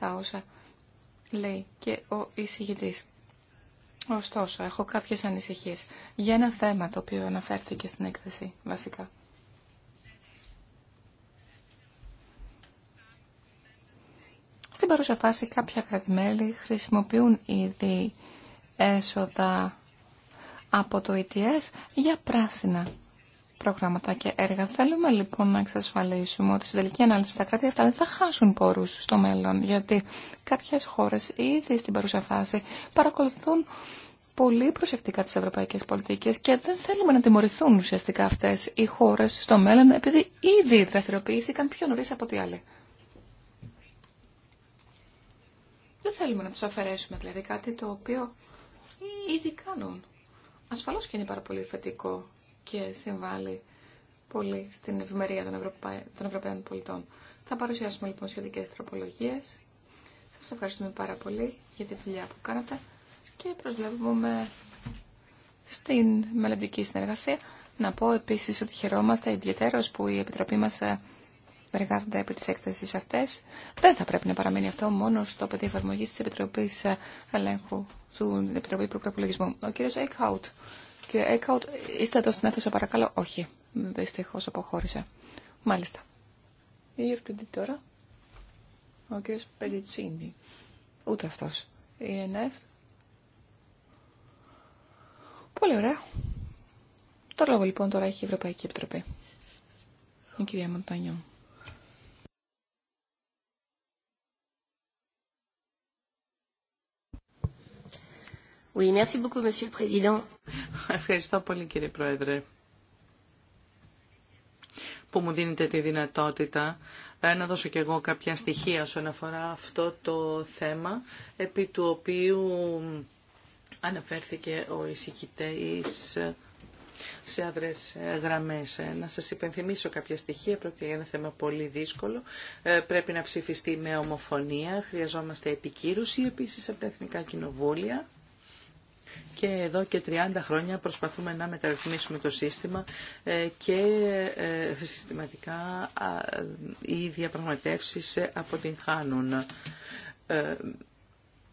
τα όσα λέει και ο εισηγητής. Ωστόσο, έχω κάποιες ανησυχίες για ένα θέμα το οποίο αναφέρθηκε στην έκθεση βασικά. Στην παρούσα φάση κάποια κρατημέλη χρησιμοποιούν ήδη έσοδα από το ETS για πράσινα προγράμματα και έργα. Θέλουμε λοιπόν να εξασφαλίσουμε ότι στην τελική ανάλυση τα κράτη αυτά δεν θα χάσουν πόρους στο μέλλον, γιατί κάποιες χώρες ήδη στην παρούσα φάση παρακολουθούν πολύ προσεκτικά τις ευρωπαϊκές πολιτικές και δεν θέλουμε να τιμωρηθούν ουσιαστικά αυτές οι χώρες στο μέλλον επειδή ήδη δραστηριοποιήθηκαν πιο νωρίς από ό,τι άλλοι. Δεν θέλουμε να του αφαιρέσουμε δηλαδή κάτι το οποίο ήδη κάνουν. Ασφαλώς και είναι πάρα πολύ θετικό και συμβάλλει πολύ στην ευημερία των, Ευρωπα... των Ευρωπαίων πολιτών. Θα παρουσιάσουμε λοιπόν σχετικές τροπολογίε. Σας ευχαριστούμε πάρα πολύ για τη δουλειά που κάνατε και προσβλέπουμε στην μελλοντική συνεργασία. Να πω επίση ότι χαιρόμαστε ιδιαίτερω που η Επιτροπή μα. Ε, εργάζονται επί τη έκθεση αυτέ. Δεν θα πρέπει να παραμείνει αυτό μόνο στο πεδίο εφαρμογή τη επιτροπή Ελέγχου του Επιτροπή Προπολογισμού. Ο κύριο Eichhout. Κύριε Eichhout, είστε εδώ στην αίθουσα παρακαλώ. Όχι. Δυστυχώ αποχώρησε. Μάλιστα. Η ευθυντή τώρα. Ο κύριο Πελιτσίνη. Ούτε αυτό. Η ΕΝΕΦ. Πολύ ωραία. Το λόγο λοιπόν τώρα έχει η Ευρωπαϊκή Επιτροπή. Η κυρία Μοντανιόν. Ευχαριστώ πολύ, κύριε Πρόεδρε, που μου δίνετε τη δυνατότητα ε, να δώσω και εγώ κάποια στοιχεία όσον αφορά αυτό το θέμα, επί του οποίου αναφέρθηκε ο εισηγητής σε αδρές γραμμές. Ε, να σας υπενθυμίσω κάποια στοιχεία, πρόκειται για ένα θέμα πολύ δύσκολο. Ε, πρέπει να ψηφιστεί με ομοφωνία, χρειαζόμαστε επικύρωση επίσης από τα Εθνικά Κοινοβούλια και εδώ και 30 χρόνια προσπαθούμε να μεταρρυθμίσουμε το σύστημα ε, και ε, συστηματικά οι διαπραγματεύσεις ε, αποτυγχάνουν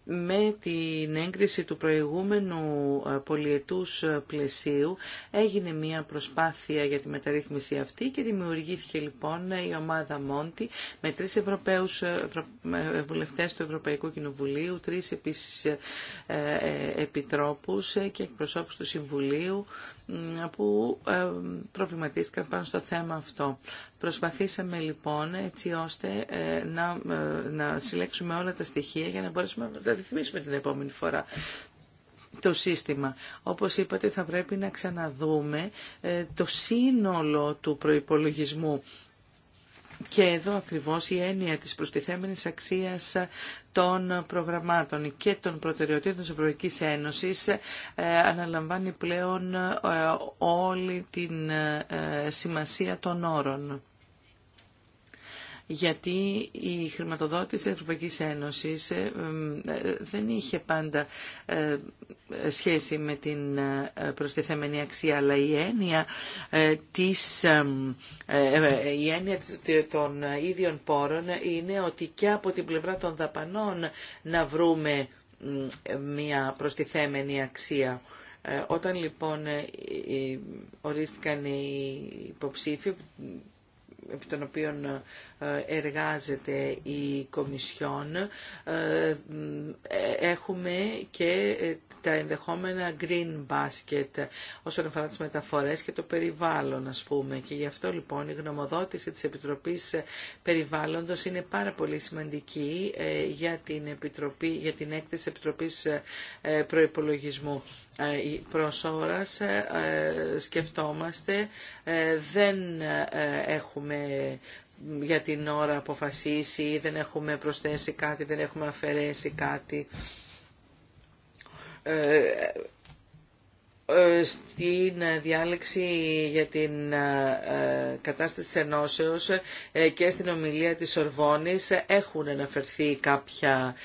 με την έγκριση του προηγούμενου ε, πολιετούς ε, πλαισίου έγινε μια προσπάθεια για τη μεταρρύθμιση αυτή και δημιουργήθηκε λοιπόν η ομάδα Μόντι με τρεις Ευρωπαίους ε, βουλευτές του Ευρωπαϊκού Κοινοβουλίου, τρεις επίσης επιτρόπους και εκπροσώπους του Συμβουλίου που προβληματίστηκαν πάνω στο θέμα αυτό. Προσπαθήσαμε λοιπόν έτσι ώστε να, συλλέξουμε όλα τα στοιχεία για να μπορέσουμε ρυθμίσουμε την επόμενη φορά το σύστημα. Όπως είπατε θα πρέπει να ξαναδούμε ε, το σύνολο του προϋπολογισμού. Και εδώ ακριβώς η έννοια της προστιθέμενης αξίας των προγραμμάτων και των προτεραιοτήτων της Ευρωπαϊκής Ένωσης ε, αναλαμβάνει πλέον ε, όλη την σημασία των όρων γιατί η χρηματοδότηση της Ευρωπαϊκής Ένωσης ε, ε, δεν είχε πάντα ε, σχέση με την προστιθέμενη αξία, αλλά η έννοια της, η έννοια των ίδιων πόρων είναι ότι και από την πλευρά των δαπανών να βρούμε μια προστιθέμενη αξία. Όταν λοιπόν ορίστηκαν οι υποψήφοι, επί των οποίων εργάζεται η Κομισιόν. Ε, έχουμε και ε, τα ενδεχόμενα green basket όσον αφορά τις μεταφορές και το περιβάλλον ας πούμε και γι' αυτό λοιπόν η γνωμοδότηση της Επιτροπής Περιβάλλοντος είναι πάρα πολύ σημαντική ε, για την, Επιτροπή, για την έκθεση Επιτροπής Προϋπολογισμού προς ώρας σκεφτόμαστε δεν έχουμε για την ώρα αποφασίσει, δεν έχουμε προσθέσει κάτι, δεν έχουμε αφαιρέσει κάτι. Ε, ε, στην διάλεξη για την ε, κατάσταση της ενώσεως και στην ομιλία της Ορβόνης έχουν αναφερθεί κάποια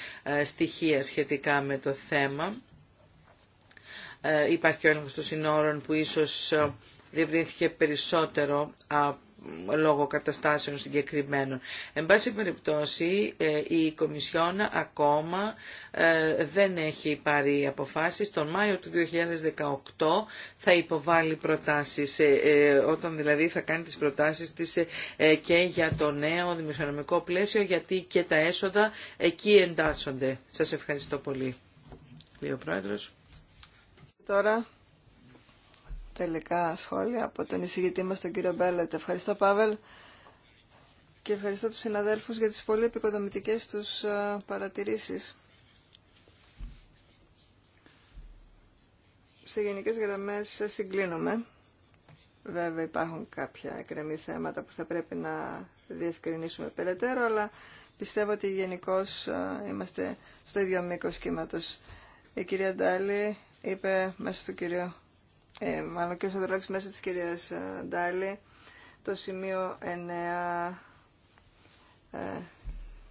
στοιχεία σχετικά με το θέμα. Υπάρχει ο έλεγχος των συνόρων που ίσως διευρύνθηκε περισσότερο από λόγω καταστάσεων συγκεκριμένων. Εν πάση περιπτώσει, ε, η Κομισιόν ακόμα ε, δεν έχει πάρει αποφάσεις. Τον Μάιο του 2018 θα υποβάλει προτάσεις, ε, όταν δηλαδή θα κάνει τις προτάσεις της και για το νέο δημοσιονομικό πλαίσιο, γιατί και τα έσοδα εκεί εντάσσονται. Σας ευχαριστώ πολύ. Λέει Πρόεδρος. Τώρα τελικά σχόλια από τον εισηγητή μας, τον κύριο Μπέλετ. Ευχαριστώ, Πάβελ, και ευχαριστώ τους συναδέλφους για τις πολύ επικοδομητικές τους ε, παρατηρήσεις. Σε γενικές γραμμές ε, συγκλίνουμε. Βέβαια υπάρχουν κάποια εκκρεμή θέματα που θα πρέπει να διευκρινίσουμε περαιτέρω, αλλά πιστεύω ότι γενικώ ε, είμαστε στο ίδιο μήκο κύματος. Η κυρία Ντάλη είπε μέσα του κυρίου ε, μάλλον και ο Σαντράκης μέσω της κυρίας ε, Ντάλη, το σημείο 9 ε,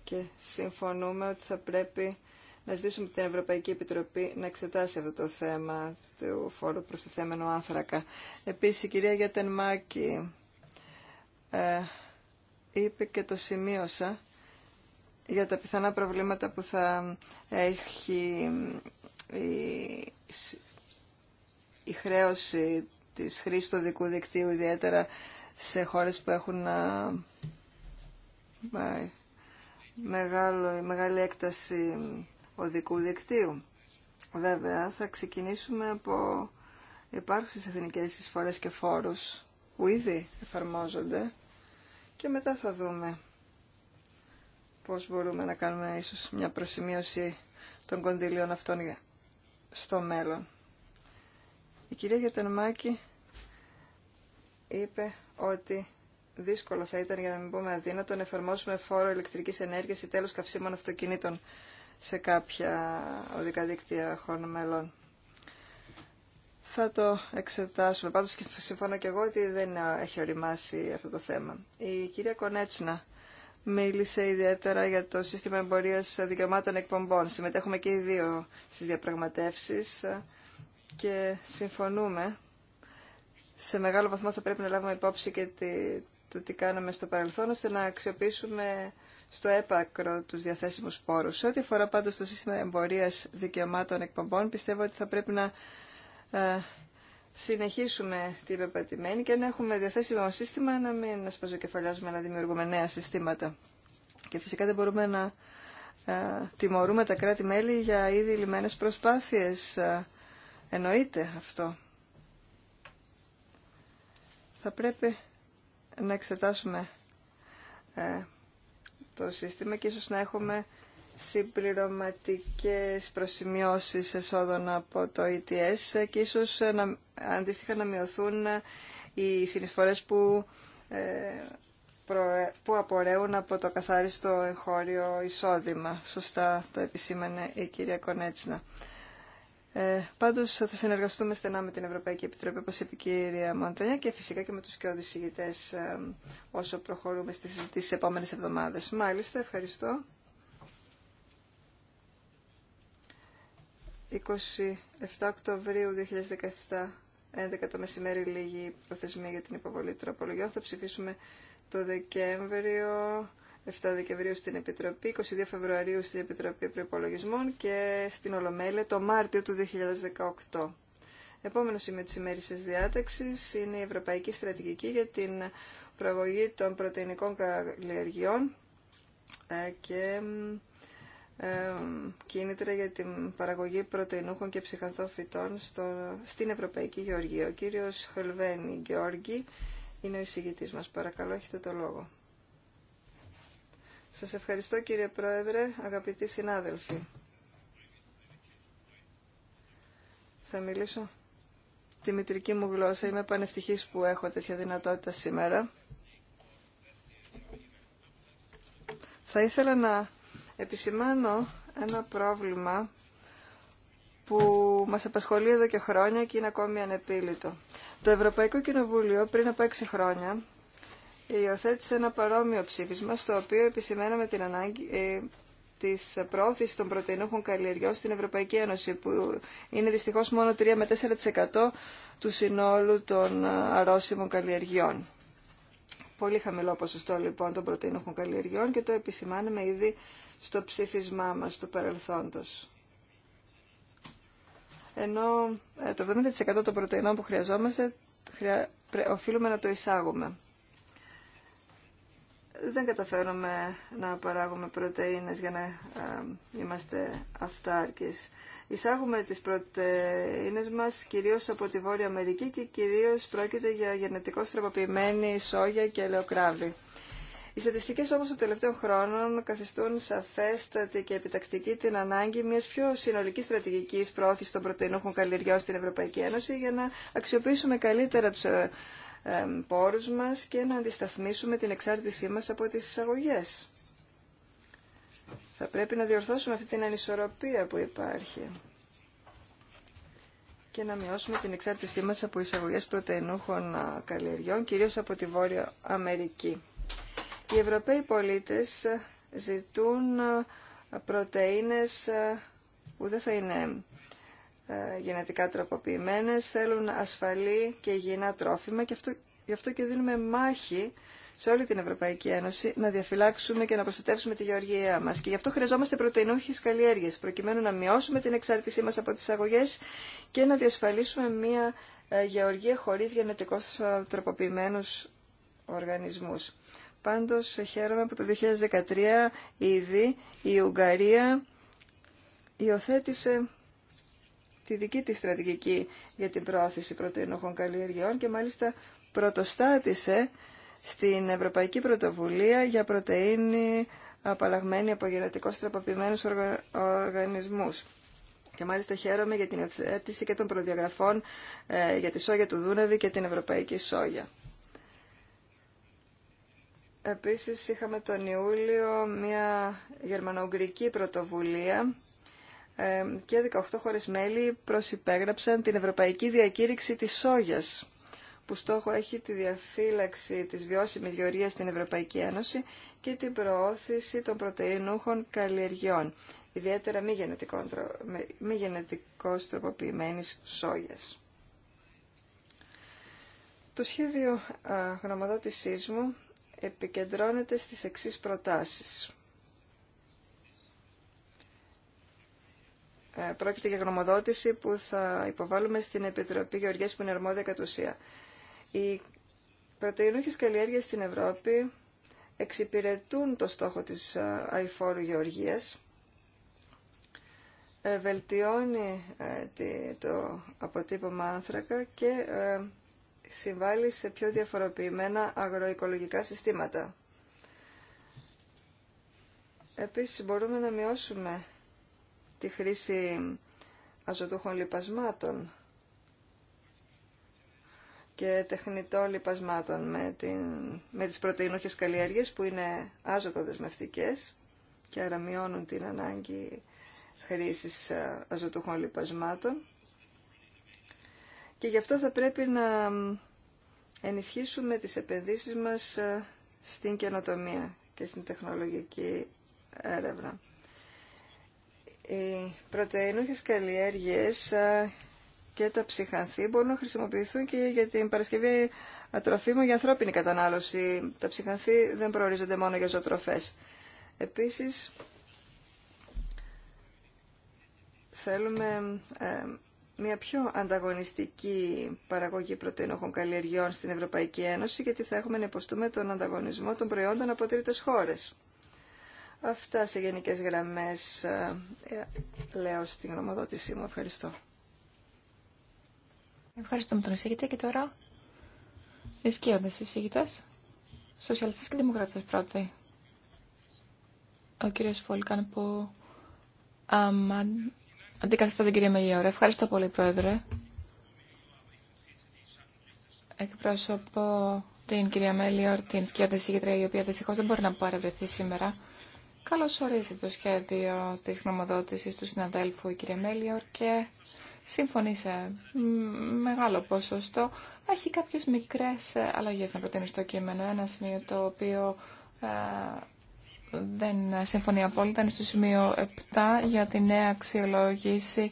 και συμφωνούμε ότι θα πρέπει να ζητήσουμε την Ευρωπαϊκή Επιτροπή να εξετάσει αυτό το θέμα του φόρου θέμενο άνθρακα. Επίσης η κυρία Γιατενμάκη ε, είπε και το σημείωσα για τα πιθανά προβλήματα που θα έχει η χρέωση της χρήσης του δικού δικτύου, ιδιαίτερα σε χώρες που έχουν μεγάλη έκταση οδικού δικτύου. Βέβαια, θα ξεκινήσουμε από υπάρχουσες εθνικές εισφορές και φόρους που ήδη εφαρμόζονται και μετά θα δούμε πώς μπορούμε να κάνουμε ίσως μια προσημείωση των κονδυλίων αυτών στο μέλλον. Η κυρία Γιατανμάκη είπε ότι δύσκολο θα ήταν, για να μην πούμε αδύνατο, να εφαρμόσουμε φόρο ηλεκτρικής ενέργειας ή τέλος καυσίμων αυτοκινήτων σε κάποια οδικά δίκτυα χώρων μελών. Θα το εξετάσουμε. Πάντως συμφωνώ και εγώ ότι δεν έχει οριμάσει αυτό το θέμα. Η κυρία Κονέτσνα μίλησε ιδιαίτερα για το σύστημα εμπορίας δικαιωμάτων εκπομπών. Συμμετέχουμε και οι δύο στις διαπραγματεύσεις και συμφωνούμε. Σε μεγάλο βαθμό θα πρέπει να λάβουμε υπόψη και τη, το τι κάναμε στο παρελθόν, ώστε να αξιοποιήσουμε στο έπακρο τους διαθέσιμους πόρους. Σε ό,τι αφορά πάντως το σύστημα εμπορίας δικαιωμάτων εκπομπών, πιστεύω ότι θα πρέπει να ε, συνεχίσουμε την πεπατημένη και να έχουμε διαθέσιμο σύστημα, να μην σπαζοκεφαλιάζουμε, να δημιουργούμε νέα συστήματα. Και φυσικά δεν μπορούμε να ε, τιμωρούμε τα κράτη-μέλη για ήδη λιμένες προσπάθειες ε, Εννοείται αυτό. Θα πρέπει να εξετάσουμε ε, το σύστημα και ίσως να έχουμε συμπληρωματικές προσημειώσεις εσόδων από το ETS και ίσως ε, να, αντίστοιχα να μειωθούν ε, οι συνεισφορές που, ε, που απορρέουν από το καθάριστο εγχώριο εισόδημα. Σωστά το επισήμανε η κυρία Κονέτσνα. Ε, πάντως θα συνεργαστούμε στενά με την Ευρωπαϊκή Επιτροπή, όπω είπε η κυρία Μοντανιά και φυσικά και με τους και ηγητές ε, όσο προχωρούμε στις συζητήσει τις επόμενες εβδομάδες. Μάλιστα, ευχαριστώ. 27 Οκτωβρίου 2017, 11 το μεσημέρι λίγη προθεσμία για την υποβολή τροπολογιών. Θα ψηφίσουμε το Δεκέμβριο 7 Δεκεμβρίου στην Επιτροπή, 22 Φεβρουαρίου στην Επιτροπή Προπολογισμών και στην Ολομέλεια το Μάρτιο του 2018. Επόμενο σημείο τη τη διάταξη είναι η Ευρωπαϊκή Στρατηγική για την προαγωγή των πρωτεϊνικών καλλιεργειών ε, και ε, κίνητρα για την παραγωγή πρωτεϊνούχων και ψυχαθών φυτών στην Ευρωπαϊκή Γεωργία. Ο κύριος Χελβένη Γεώργη είναι ο εισηγητής μας. Παρακαλώ, έχετε το λόγο. Σας ευχαριστώ κύριε Πρόεδρε, αγαπητοί συνάδελφοι. Θα μιλήσω τη μητρική μου γλώσσα. Είμαι πανευτυχής που έχω τέτοια δυνατότητα σήμερα. Θα ήθελα να επισημάνω ένα πρόβλημα που μας απασχολεί εδώ και χρόνια και είναι ακόμη ανεπίλητο. Το Ευρωπαϊκό Κοινοβούλιο πριν από έξι χρόνια υιοθέτησε ένα παρόμοιο ψήφισμα στο οποίο επισημέναμε την ανάγκη ε, της των πρωτεϊνούχων καλλιεργιών στην Ευρωπαϊκή Ένωση που είναι δυστυχώς μόνο 3 με 4% του συνόλου των ε, αρρώσιμων καλλιεργιών. Πολύ χαμηλό ποσοστό λοιπόν των πρωτεϊνούχων καλλιεργιών και το επισημάνουμε ήδη στο ψήφισμά μας του παρελθόντος. Ενώ ε, το 70% των πρωτεϊνών που χρειαζόμαστε οφείλουμε να το εισάγουμε δεν καταφέρουμε να παράγουμε πρωτεΐνες για να ε, είμαστε αυτάρκεις. Εισάγουμε τις πρωτεΐνες μας κυρίως από τη Βόρεια Αμερική και κυρίως πρόκειται για γενετικώ τροποποιημένη σόγια και ελαιοκράβη. Οι στατιστικές όμως των τελευταίων χρόνων καθιστούν σαφέστατη και επιτακτική την ανάγκη μιας πιο συνολικής στρατηγικής πρόθεσης των πρωτεϊνούχων καλλιεργιών στην Ευρωπαϊκή Ένωση για να αξιοποιήσουμε καλύτερα τους ε, πόρους μας και να αντισταθμίσουμε την εξάρτησή μας από τις εισαγωγές. Θα πρέπει να διορθώσουμε αυτή την ανισορροπία που υπάρχει και να μειώσουμε την εξάρτησή μας από εισαγωγές πρωτεϊνούχων καλλιεργιών, κυρίως από τη Βόρεια Αμερική. Οι Ευρωπαίοι πολίτες ζητούν πρωτεΐνες που δεν θα είναι ε, γενετικά τροποποιημένες, θέλουν ασφαλή και υγιεινά τρόφιμα και γι' αυτό και δίνουμε μάχη σε όλη την Ευρωπαϊκή Ένωση να διαφυλάξουμε και να προστατεύσουμε τη γεωργία μας. Και γι' αυτό χρειαζόμαστε πρωτεϊνούχες καλλιέργειες, προκειμένου να μειώσουμε την εξάρτησή μας από τις αγωγές και να διασφαλίσουμε μια ε, γεωργία χωρίς γενετικώς ε, τροποποιημένους οργανισμούς. Πάντως χαίρομαι που το 2013 ήδη η Ουγγαρία υιοθέτησε τη δική της στρατηγική για την προώθηση πρωτοενοχών καλλιεργειών και μάλιστα πρωτοστάτησε στην Ευρωπαϊκή Πρωτοβουλία για πρωτεΐνη απαλλαγμένη από γενετικώς στραπαπημένους οργα... οργανισμούς. Και μάλιστα χαίρομαι για την υιοθέτηση και των προδιαγραφών ε, για τη σόγια του Δούναβη και την Ευρωπαϊκή Σόγια. Επίσης είχαμε τον Ιούλιο μια γερμανογκρική πρωτοβουλία και 18 χώρες μέλη προσυπέγραψαν την Ευρωπαϊκή Διακήρυξη της Σόγιας που στόχο έχει τη διαφύλαξη της βιώσιμης γεωρίας στην Ευρωπαϊκή Ένωση και την προώθηση των πρωτεϊνούχων καλλιεργιών, ιδιαίτερα μη, μη γενετικώς τροποποιημένης σόγιας. Το σχέδιο α, γνωμοδότησής μου επικεντρώνεται στις εξής προτάσεις. Ε, πρόκειται για γνωμοδότηση που θα υποβάλουμε στην Επιτροπή Γεωργίας που είναι αρμόδια κατ' ουσία. Οι πρωτεϊνούχες καλλιέργειες στην Ευρώπη εξυπηρετούν το στόχο της ε, αηφόρου γεωργίας, ε, βελτιώνει το αποτύπωμα άνθρακα και συμβάλλει σε πιο διαφοροποιημένα αγροοικολογικά συστήματα. Επίσης μπορούμε να μειώσουμε τη χρήση αζωτούχων λιπασμάτων και τεχνητών λιπασμάτων με, την, με τις πρωτεϊνούχες καλλιέργειες που είναι άζωτο και άρα μειώνουν την ανάγκη χρήσης ε, αζωτούχων λιπασμάτων. Και γι' αυτό θα πρέπει να ενισχύσουμε τις επενδύσεις μας ε, στην καινοτομία και στην τεχνολογική έρευνα. Οι πρωτεϊνούχες καλλιέργειες ε, και τα ψυχανθή μπορούν να χρησιμοποιηθούν και για την παρασκευή τροφίμων για ανθρώπινη κατανάλωση. Τα ψυχανθή δεν προορίζονται μόνο για ζωοτροφές. Επίσης, θέλουμε ε, μια πιο ανταγωνιστική παραγωγή πρωτεϊνούχων καλλιεργειών στην Ευρωπαϊκή Ένωση, γιατί θα έχουμε να υποστούμε τον ανταγωνισμό των προϊόντων από τρίτες χώρες. Αυτά σε γενικές γραμμές ε, λέω στην γνωμοδότησή μου. Ευχαριστώ. Ευχαριστούμε τον εισηγητή και τώρα οι εισηγητές, σοσιαλιστές και δημοκρατές πρώτοι. Ο κύριος Φόλκαν που αμαν... αντικαθιστά την κυρία Μελιόρα. Ευχαριστώ πολύ πρόεδρε. Εκπρόσωπο την κυρία Μέλιορ, την σκιώδη γητρία, η οποία δυστυχώ δεν μπορεί να παρευρεθεί σήμερα. Καλώς ορίζει το σχέδιο της γνωμοδότησης του συναδέλφου η κυρία Μέλιορ και συμφωνεί σε μεγάλο ποσοστό. Έχει κάποιες μικρές αλλαγές να προτείνει στο κείμενο. Ένα σημείο το οποίο ε, δεν συμφωνεί απόλυτα είναι στο σημείο 7 για τη νέα αξιολόγηση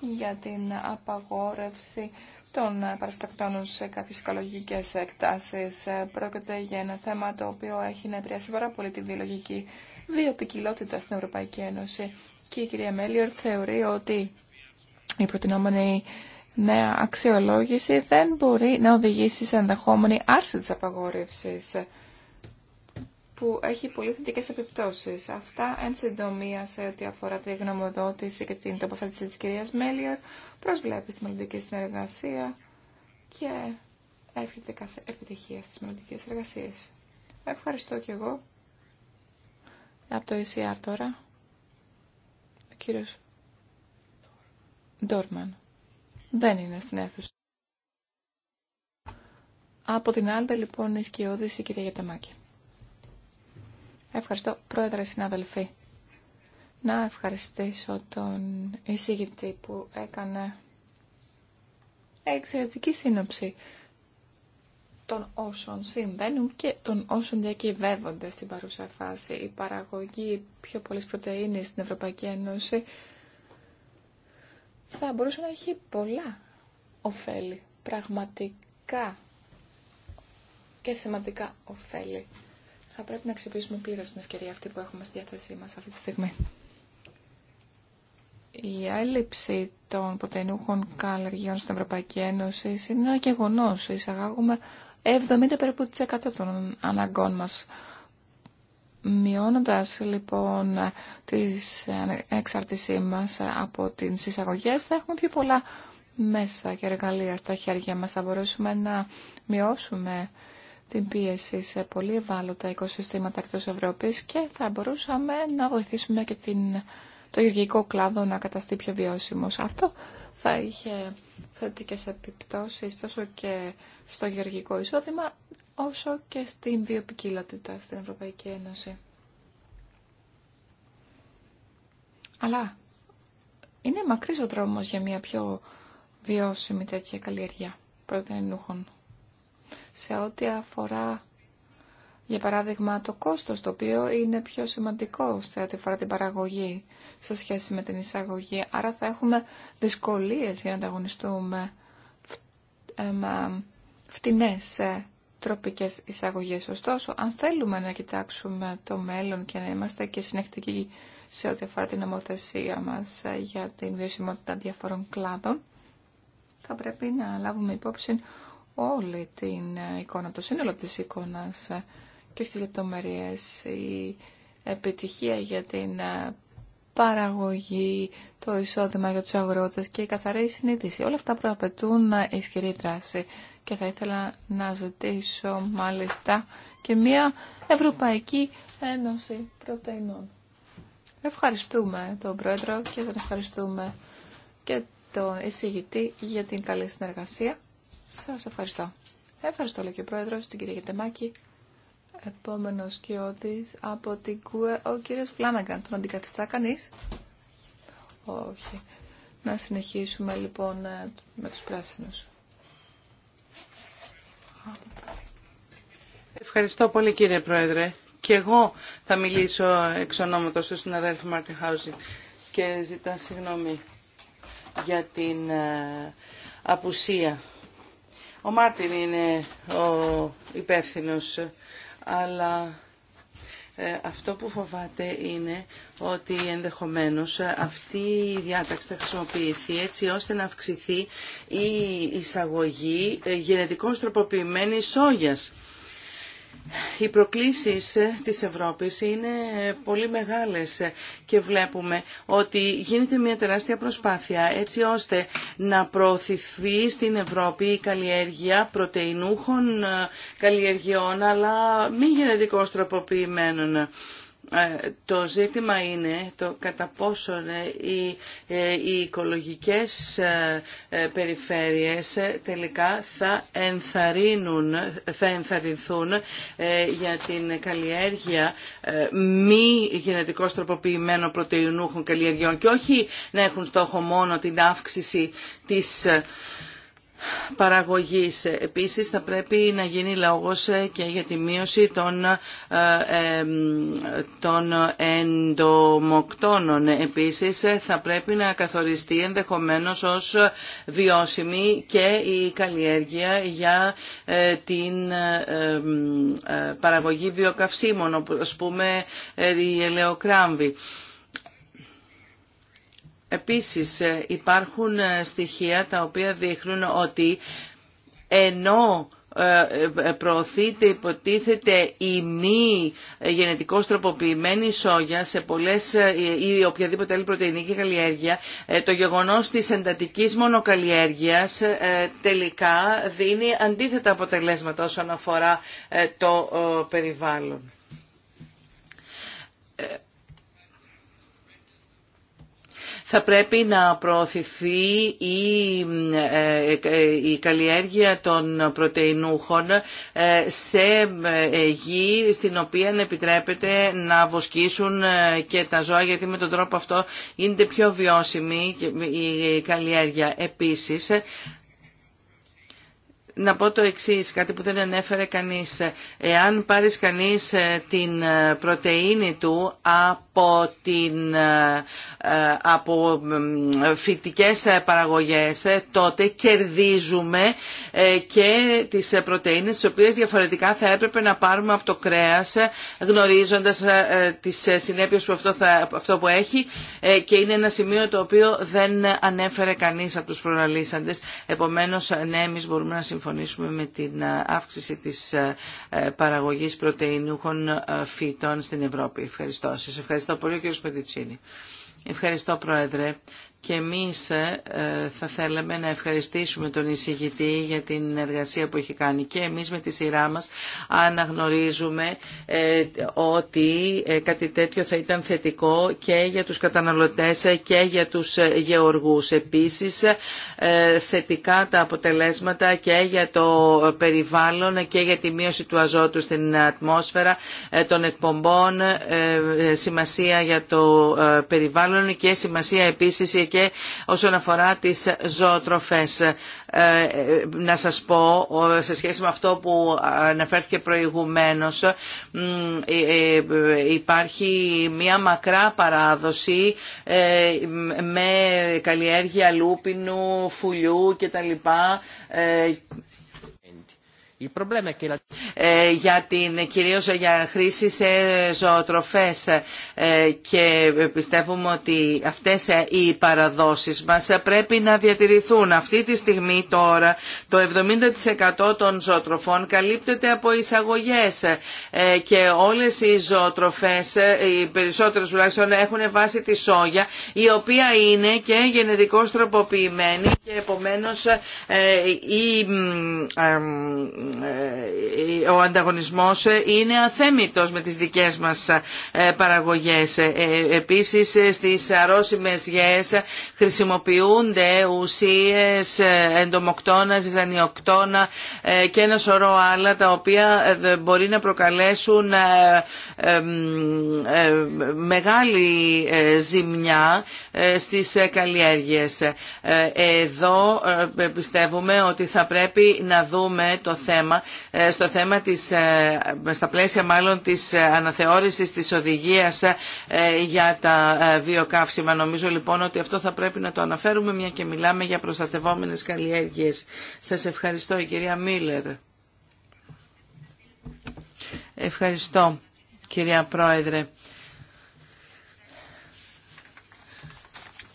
για την απαγόρευση των παραστακτών σε κάποιες οικολογικές εκτάσεις. Πρόκειται για ένα θέμα το οποίο έχει να επηρεάσει πάρα πολύ τη βιολογική βιοπικιλότητα στην Ευρωπαϊκή Ένωση. Και η κυρία Μέλιορ θεωρεί ότι η προτινόμενη νέα αξιολόγηση δεν μπορεί να οδηγήσει σε ενδεχόμενη άρση της απαγόρευσης που έχει πολύ θετικέ επιπτώσει. Αυτά εν συντομία σε ό,τι αφορά τη γνωμοδότηση και την τοποθέτηση τη κυρία Μέλιορ. Προσβλέπει στη μελλοντική συνεργασία και εύχεται κάθε επιτυχία στι μελλοντικέ εργασίε. Ευχαριστώ και εγώ. Από το ECR τώρα, ο κύριος Ντόρμαν. Δεν είναι στην αίθουσα. Από την άλλη, λοιπόν, η σκιώδηση, η κυρία Γιατεμάκη. Ευχαριστώ, πρόεδρε, συνάδελφοι. Να ευχαριστήσω τον εισηγητή που έκανε εξαιρετική σύνοψη των όσων συμβαίνουν και των όσων διακυβεύονται στην παρούσα φάση. Η παραγωγή πιο πολλής πρωτενη στην Ευρωπαϊκή Ένωση θα μπορούσε να έχει πολλά ωφέλη, πραγματικά και σημαντικά ωφέλη. Θα πρέπει να αξιοποιήσουμε πλήρω την ευκαιρία αυτή που έχουμε στη διάθεσή μα αυτή τη στιγμή. Η έλλειψη των πρωτενούχων καλλιεργειών στην Ευρωπαϊκή Ένωση είναι ένα γεγονό. Εισαγάγουμε 70 περίπου των αναγκών μας. Μειώνοντας λοιπόν τις εξαρτησή μας από τις εισαγωγές θα έχουμε πιο πολλά μέσα και εργαλεία στα χέρια μας. Θα μπορέσουμε να μειώσουμε την πίεση σε πολύ ευάλωτα οικοσυστήματα εκτός Ευρώπης και θα μπορούσαμε να βοηθήσουμε και την, το γεωργικό κλάδο να καταστεί πιο βιώσιμος. Αυτό θα είχε θετικές επιπτώσεις τόσο και στο γεωργικό εισόδημα όσο και στην βιοπικιλότητα στην Ευρωπαϊκή Ένωση. Αλλά είναι μακρύς ο δρόμος για μια πιο βιώσιμη τέτοια καλλιεργία ενούχων. Σε ό,τι αφορά για παράδειγμα, το κόστος το οποίο είναι πιο σημαντικό σε ό,τι αφορά την παραγωγή σε σχέση με την εισαγωγή. Άρα θα έχουμε δυσκολίες για να ανταγωνιστούμε φτηνές τροπικές εισαγωγές. Ωστόσο, αν θέλουμε να κοιτάξουμε το μέλλον και να είμαστε και συνεχτικοί σε ό,τι αφορά την νομοθεσία μας ε, για την βιωσιμότητα διαφορών κλάδων, θα πρέπει να λάβουμε υπόψη όλη την ε, εικόνα, το σύνολο της εικόνας ε, και όχι τις λεπτομέρειες. Η επιτυχία για την ε, παραγωγή, το εισόδημα για τους αγρότες και η καθαρή συνείδηση. Όλα αυτά προαπαιτούν ε, ισχυρή δράση και θα ήθελα να ζητήσω μάλιστα και μια Ευρωπαϊκή Ένωση Πρωτεϊνών. Ευχαριστούμε τον Πρόεδρο και τον ευχαριστούμε και τον εισηγητή για την καλή συνεργασία. Σας ευχαριστώ. Ευχαριστώ και ο Πρόεδρος, την κυρία Γετεμάκη. Επόμενος κοιότης από την ΚΟΕ, ο κύριος Φλάναγκαν. Τον αντικαθιστά κανείς? Όχι. Να συνεχίσουμε λοιπόν ε, με τους πράσινους. Ευχαριστώ πολύ κύριε Πρόεδρε. Και εγώ θα μιλήσω εξ ονόματος του συναδέλφου Μάρτιν Χάουζιν και ζητά συγγνώμη για την ε, απουσία. Ο Μάρτιν είναι ο υπεύθυνος αλλά ε, αυτό που φοβάται είναι ότι ενδεχομένως ε, αυτή η διάταξη θα χρησιμοποιηθεί έτσι ώστε να αυξηθεί η εισαγωγή ε, γενετικώς τροποποιημένης σόγιας οι προκλήσεις ε, της Ευρώπης είναι πολύ μεγάλες ε, και βλέπουμε ότι γίνεται μια τεράστια προσπάθεια έτσι ώστε να προωθηθεί στην Ευρώπη η καλλιέργεια πρωτεϊνούχων ε, καλλιεργειών αλλά μη γενετικώς τροποποιημένων ε, το ζήτημα είναι το κατά πόσον ε, οι, ε, οι οικολογικές περιφέρειες τελικά θα ενθαρρύνουν, θα ενθαρρυνθούν για την καλλιέργεια μη γενετικώς τροποποιημένων πρωτεϊνούχων καλλιεργειών και όχι να έχουν στόχο μόνο την αύξηση της παραγωγής. Επίσης θα πρέπει να γίνει λόγος και για τη μείωση των, ε, των εντομοκτώνων. Επίσης θα πρέπει να καθοριστεί ενδεχομένως ως βιώσιμη και η καλλιέργεια για ε, την ε, παραγωγή βιοκαυσίμων, όπως πούμε η ελαιοκράμβη. Επίσης ε, υπάρχουν ε, στοιχεία τα οποία δείχνουν ότι ενώ ε, προωθείται, υποτίθεται η μη γενετικώς τροποποιημένη σόγια σε πολλές ή οποιαδήποτε άλλη πρωτεϊνική καλλιέργεια, το γεγονός της εντατικής μονοκαλλιέργειας τελικά δίνει αντίθετα αποτελέσματα όσον αφορά το περιβάλλον θα πρέπει να προωθηθεί η, ε, ε, η καλλιέργεια των πρωτεϊνούχων ε, σε γη στην οποία επιτρέπεται να βοσκήσουν και τα ζώα γιατί με τον τρόπο αυτό γίνεται πιο βιώσιμη η καλλιέργεια. Επίσης, να πω το εξής, κάτι που δεν ανέφερε κανείς. Εάν πάρεις κανείς την πρωτεΐνη του από από, την, ε, από φυτικές παραγωγές, ε, τότε κερδίζουμε ε, και τις πρωτεΐνες, τις οποίες διαφορετικά θα έπρεπε να πάρουμε από το κρέας, γνωρίζοντας τις συνέπειες που αυτό, αυτό που έχει και είναι ένα σημείο το οποίο δεν ανέφερε κανείς από τους προλαλήσαντες. Επομένως, ναι, εμείς μπορούμε να συμφωνήσουμε με την αύξηση της παραγωγής πρωτεϊνούχων φυτών στην Ευρώπη. Ευχαριστώ σας. Ευχαριστώ Ευχαριστώ πολύ, κύριε Σπεντιτσίνη. Ευχαριστώ, Πρόεδρε και εμείς ε, ε, θα θέλαμε να ευχαριστήσουμε τον εισηγητή για την εργασία που έχει κάνει και εμείς με τη σειρά μας αναγνωρίζουμε ε, ότι κάτι τέτοιο θα ήταν θετικό και για τους καταναλωτές και για τους γεωργούς. Επίσης θετικά τα αποτελέσματα και για το περιβάλλον και για τη μείωση του αζότου στην ατμόσφαιρα των εκπομπών, σημασία για το περιβάλλον και σημασία επίσης και όσον αφορά τις ζωοτροφές. Ε, να σας πω, σε σχέση με αυτό που αναφέρθηκε προηγουμένως, ε, ε, υπάρχει μία μακρά παράδοση με καλλιέργεια λούπινου, φουλιού κτλ ε, για την κυρίως για χρήση σε ζωοτροφές ε, και πιστεύουμε ότι αυτές ε, οι παραδόσεις μας πρέπει να διατηρηθούν. Αυτή τη στιγμή τώρα το 70% των ζωοτροφών καλύπτεται από εισαγωγές και όλες οι ζωοτροφές, οι περισσότερες τουλάχιστον έχουν βάση τη σόγια η οποία είναι και γενετικώς τροποποιημένη και επομένως η ε, ο ανταγωνισμός είναι αθέμητος με τις δικές μας ε, παραγωγές. Ε, επίσης στις αρρώσιμες γεές χρησιμοποιούνται ουσίες εντομοκτώνα, ζυζανιοκτώνα και ένα σωρό άλλα τα οποία μπορεί να προκαλέσουν μεγάλη ζημιά στις καλλιέργειες. Εδώ πιστεύουμε ότι θα πρέπει να δούμε το θέμα ε, στο θέμα της, ε, στα πλαίσια μάλλον της ε, αναθεώρησης της οδηγίας για τα βιοκαύσιμα. Νομίζω λοιπόν ότι αυτό θα πρέπει να το αναφέρουμε μια και μιλάμε για προστατευόμενες καλλιέργειες. Σας ευχαριστώ κυρία Μίλλερ. Ευχαριστώ κυρία Πρόεδρε.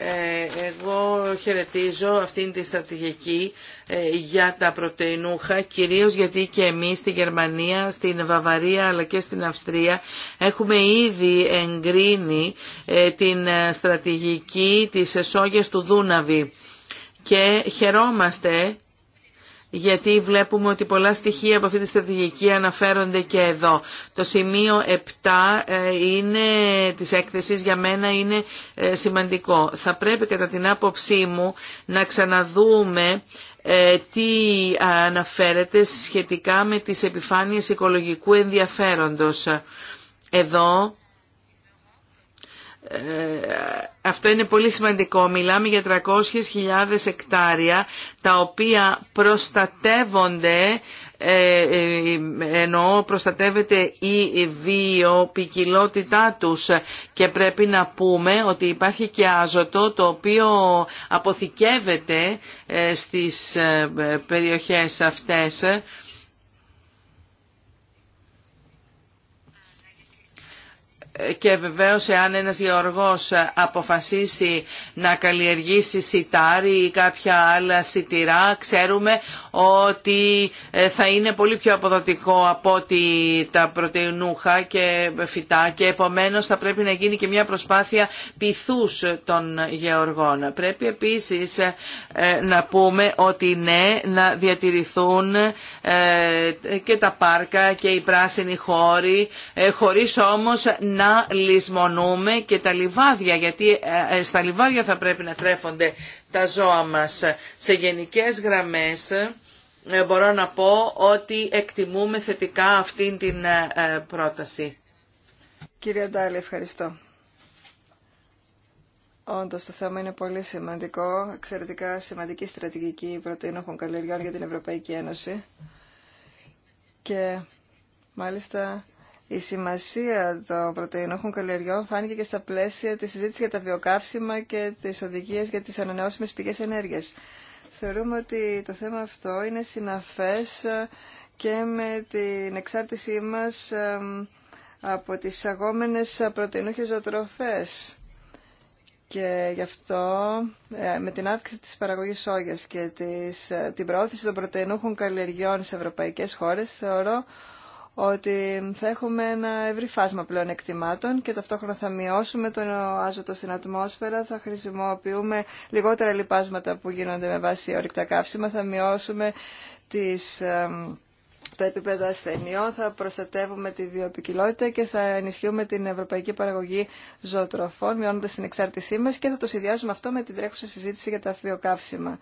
Ε, εγώ χαιρετίζω αυτήν τη στρατηγική ε, για τα πρωτεϊνούχα, κυρίως γιατί και εμείς στη Γερμανία, στην Βαβαρία αλλά και στην Αυστρία έχουμε ήδη εγκρίνει ε, την στρατηγική της εσόγες του Δούναβη και χαιρόμαστε γιατί βλέπουμε ότι πολλά στοιχεία από αυτή τη στρατηγική αναφέρονται και εδώ. Το σημείο 7 ε, είναι, της έκθεσης για μένα είναι ε, σημαντικό. Θα πρέπει κατά την άποψή μου να ξαναδούμε ε, τι αναφέρεται σχετικά με τις επιφάνειες οικολογικού ενδιαφέροντος. Εδώ ε, αυτό είναι πολύ σημαντικό. Μιλάμε για 300.000 εκτάρια τα οποία προστατεύονται ε, ε, εννοώ προστατεύεται η βιοποικιλοτητα τους και πρέπει να πούμε ότι υπάρχει και άζωτο το οποίο αποθηκεύεται στις περιοχές αυτές και βεβαίως εάν ένας γεωργός αποφασίσει να καλλιεργήσει σιτάρι ή κάποια άλλα σιτηρά ξέρουμε ότι ε, θα είναι πολύ πιο αποδοτικό από ότι τα πρωτεϊνούχα και φυτά και επομένως θα πρέπει να γίνει και μια προσπάθεια πειθούς των γεωργών. Πρέπει επίσης ε, να πούμε ότι ναι να διατηρηθούν ε, και τα πάρκα και οι πράσινοι χώροι χωρίς όμως να να λησμονούμε και τα λιβάδια, γιατί ε, ε, στα λιβάδια θα πρέπει να τρέφονται τα ζώα μας. Σε γενικές γραμμές ε, μπορώ να πω ότι εκτιμούμε θετικά αυτήν την πρόταση. Κύριε Ντάλη, ευχαριστώ. Όντω το θέμα είναι πολύ σημαντικό, εξαιρετικά σημαντική στρατηγική πρωτεΐνοχων καλλιεργιών για την Ευρωπαϊκή Ένωση. Και μάλιστα η σημασία των πρωτεϊνούχων καλλιεργιών φάνηκε και στα πλαίσια της συζήτησης για τα βιοκαύσιμα και τις οδηγίες για τις ανανεώσιμες πηγές ενέργειας. Θεωρούμε ότι το θέμα αυτό είναι συναφές ε, και με την εξάρτησή μας ε, από τις εισαγόμενες πρωτεϊνούχες ζωοτροφές. Και γι' αυτό ε, με την αύξηση της παραγωγής σόγιας και την προώθηση των πρωτεϊνούχων καλλιεργιών σε ευρωπαϊκές χώρες θεωρώ ότι θα έχουμε ένα ευρύ φάσμα πλέον εκτιμάτων και ταυτόχρονα θα μειώσουμε τον άζωτο στην ατμόσφαιρα, θα χρησιμοποιούμε λιγότερα λιπάσματα που γίνονται με βάση ορυκτά καύσιμα, θα μειώσουμε τις, τα επίπεδα ασθενειών, θα προστατεύουμε τη βιοπικιλότητα και θα ενισχύουμε την ευρωπαϊκή παραγωγή ζωοτροφών, μειώνοντα την εξάρτησή μα και θα το συνδυάζουμε αυτό με την τρέχουσα συζήτηση για τα βιοκαύσιμα.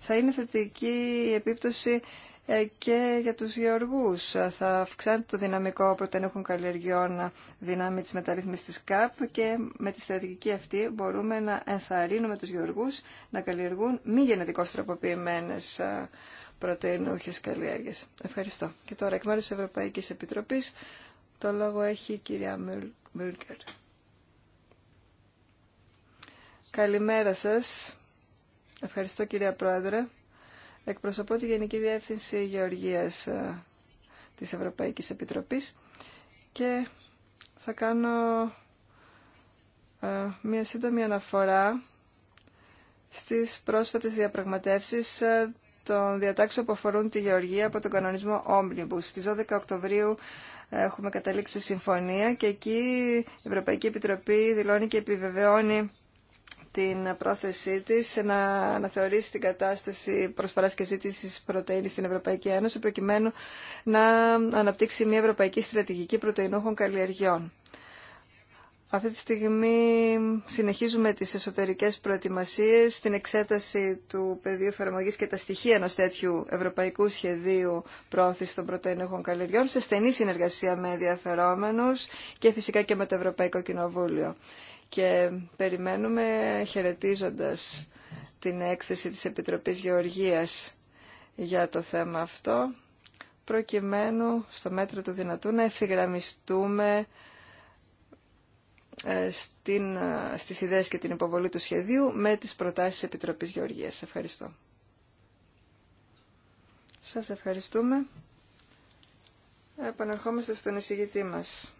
Θα είναι θετική η επίπτωση ε, και για τους γεωργούς. Ε, θα αυξάνεται το δυναμικό πρωτενούχων καλλιεργιών ε, δυνάμει της μεταρρύθμισης της ΚΑΠ και με τη στρατηγική αυτή μπορούμε να ενθαρρύνουμε τους γεωργούς να καλλιεργούν μη γενετικώς τροποποιημένες πρωτεϊνούχες καλλιέργειες. Ευχαριστώ. Και τώρα εκ μέρους της Ευρωπαϊκής Επιτροπής το λόγο έχει η κυρία Μούλκερ. Καλημέρα σας. Ευχαριστώ κυρία Πρόεδρε. Εκπροσωπώ τη Γενική Διεύθυνση Γεωργίας ε, της Ευρωπαϊκής Επιτροπής και θα κάνω ε, μία σύντομη αναφορά στις πρόσφατες διαπραγματεύσεις ε, των διατάξεων που αφορούν τη γεωργία από τον κανονισμό Omnibus. Στις 12 Οκτωβρίου έχουμε καταλήξει συμφωνία και εκεί η Ευρωπαϊκή Επιτροπή δηλώνει και επιβεβαιώνει την πρόθεσή τη να αναθεωρήσει την κατάσταση προσφοράς και ζήτησης πρωτεΐνης στην Ευρωπαϊκή Ένωση προκειμένου να αναπτύξει μια ευρωπαϊκή στρατηγική πρωτεϊνούχων καλλιεργιών. Αυτή τη στιγμή συνεχίζουμε τις εσωτερικές προετοιμασίε, την εξέταση του πεδίου εφαρμογή και τα στοιχεία ενό τέτοιου ευρωπαϊκού σχεδίου πρόθεσης των πρωτεϊνούχων καλλιεργιών σε στενή συνεργασία με ενδιαφερόμενους και φυσικά και με το Ευρωπαϊκό Κοινοβούλιο και περιμένουμε χαιρετίζοντας την έκθεση της Επιτροπής Γεωργίας για το θέμα αυτό προκειμένου στο μέτρο του δυνατού να ευθυγραμμιστούμε ε, στην, ε, στις ιδέες και την υποβολή του σχεδίου με τις προτάσεις Επιτροπής Γεωργίας. Ευχαριστώ. Σας ευχαριστούμε. Επαναρχόμαστε στον εισηγητή μας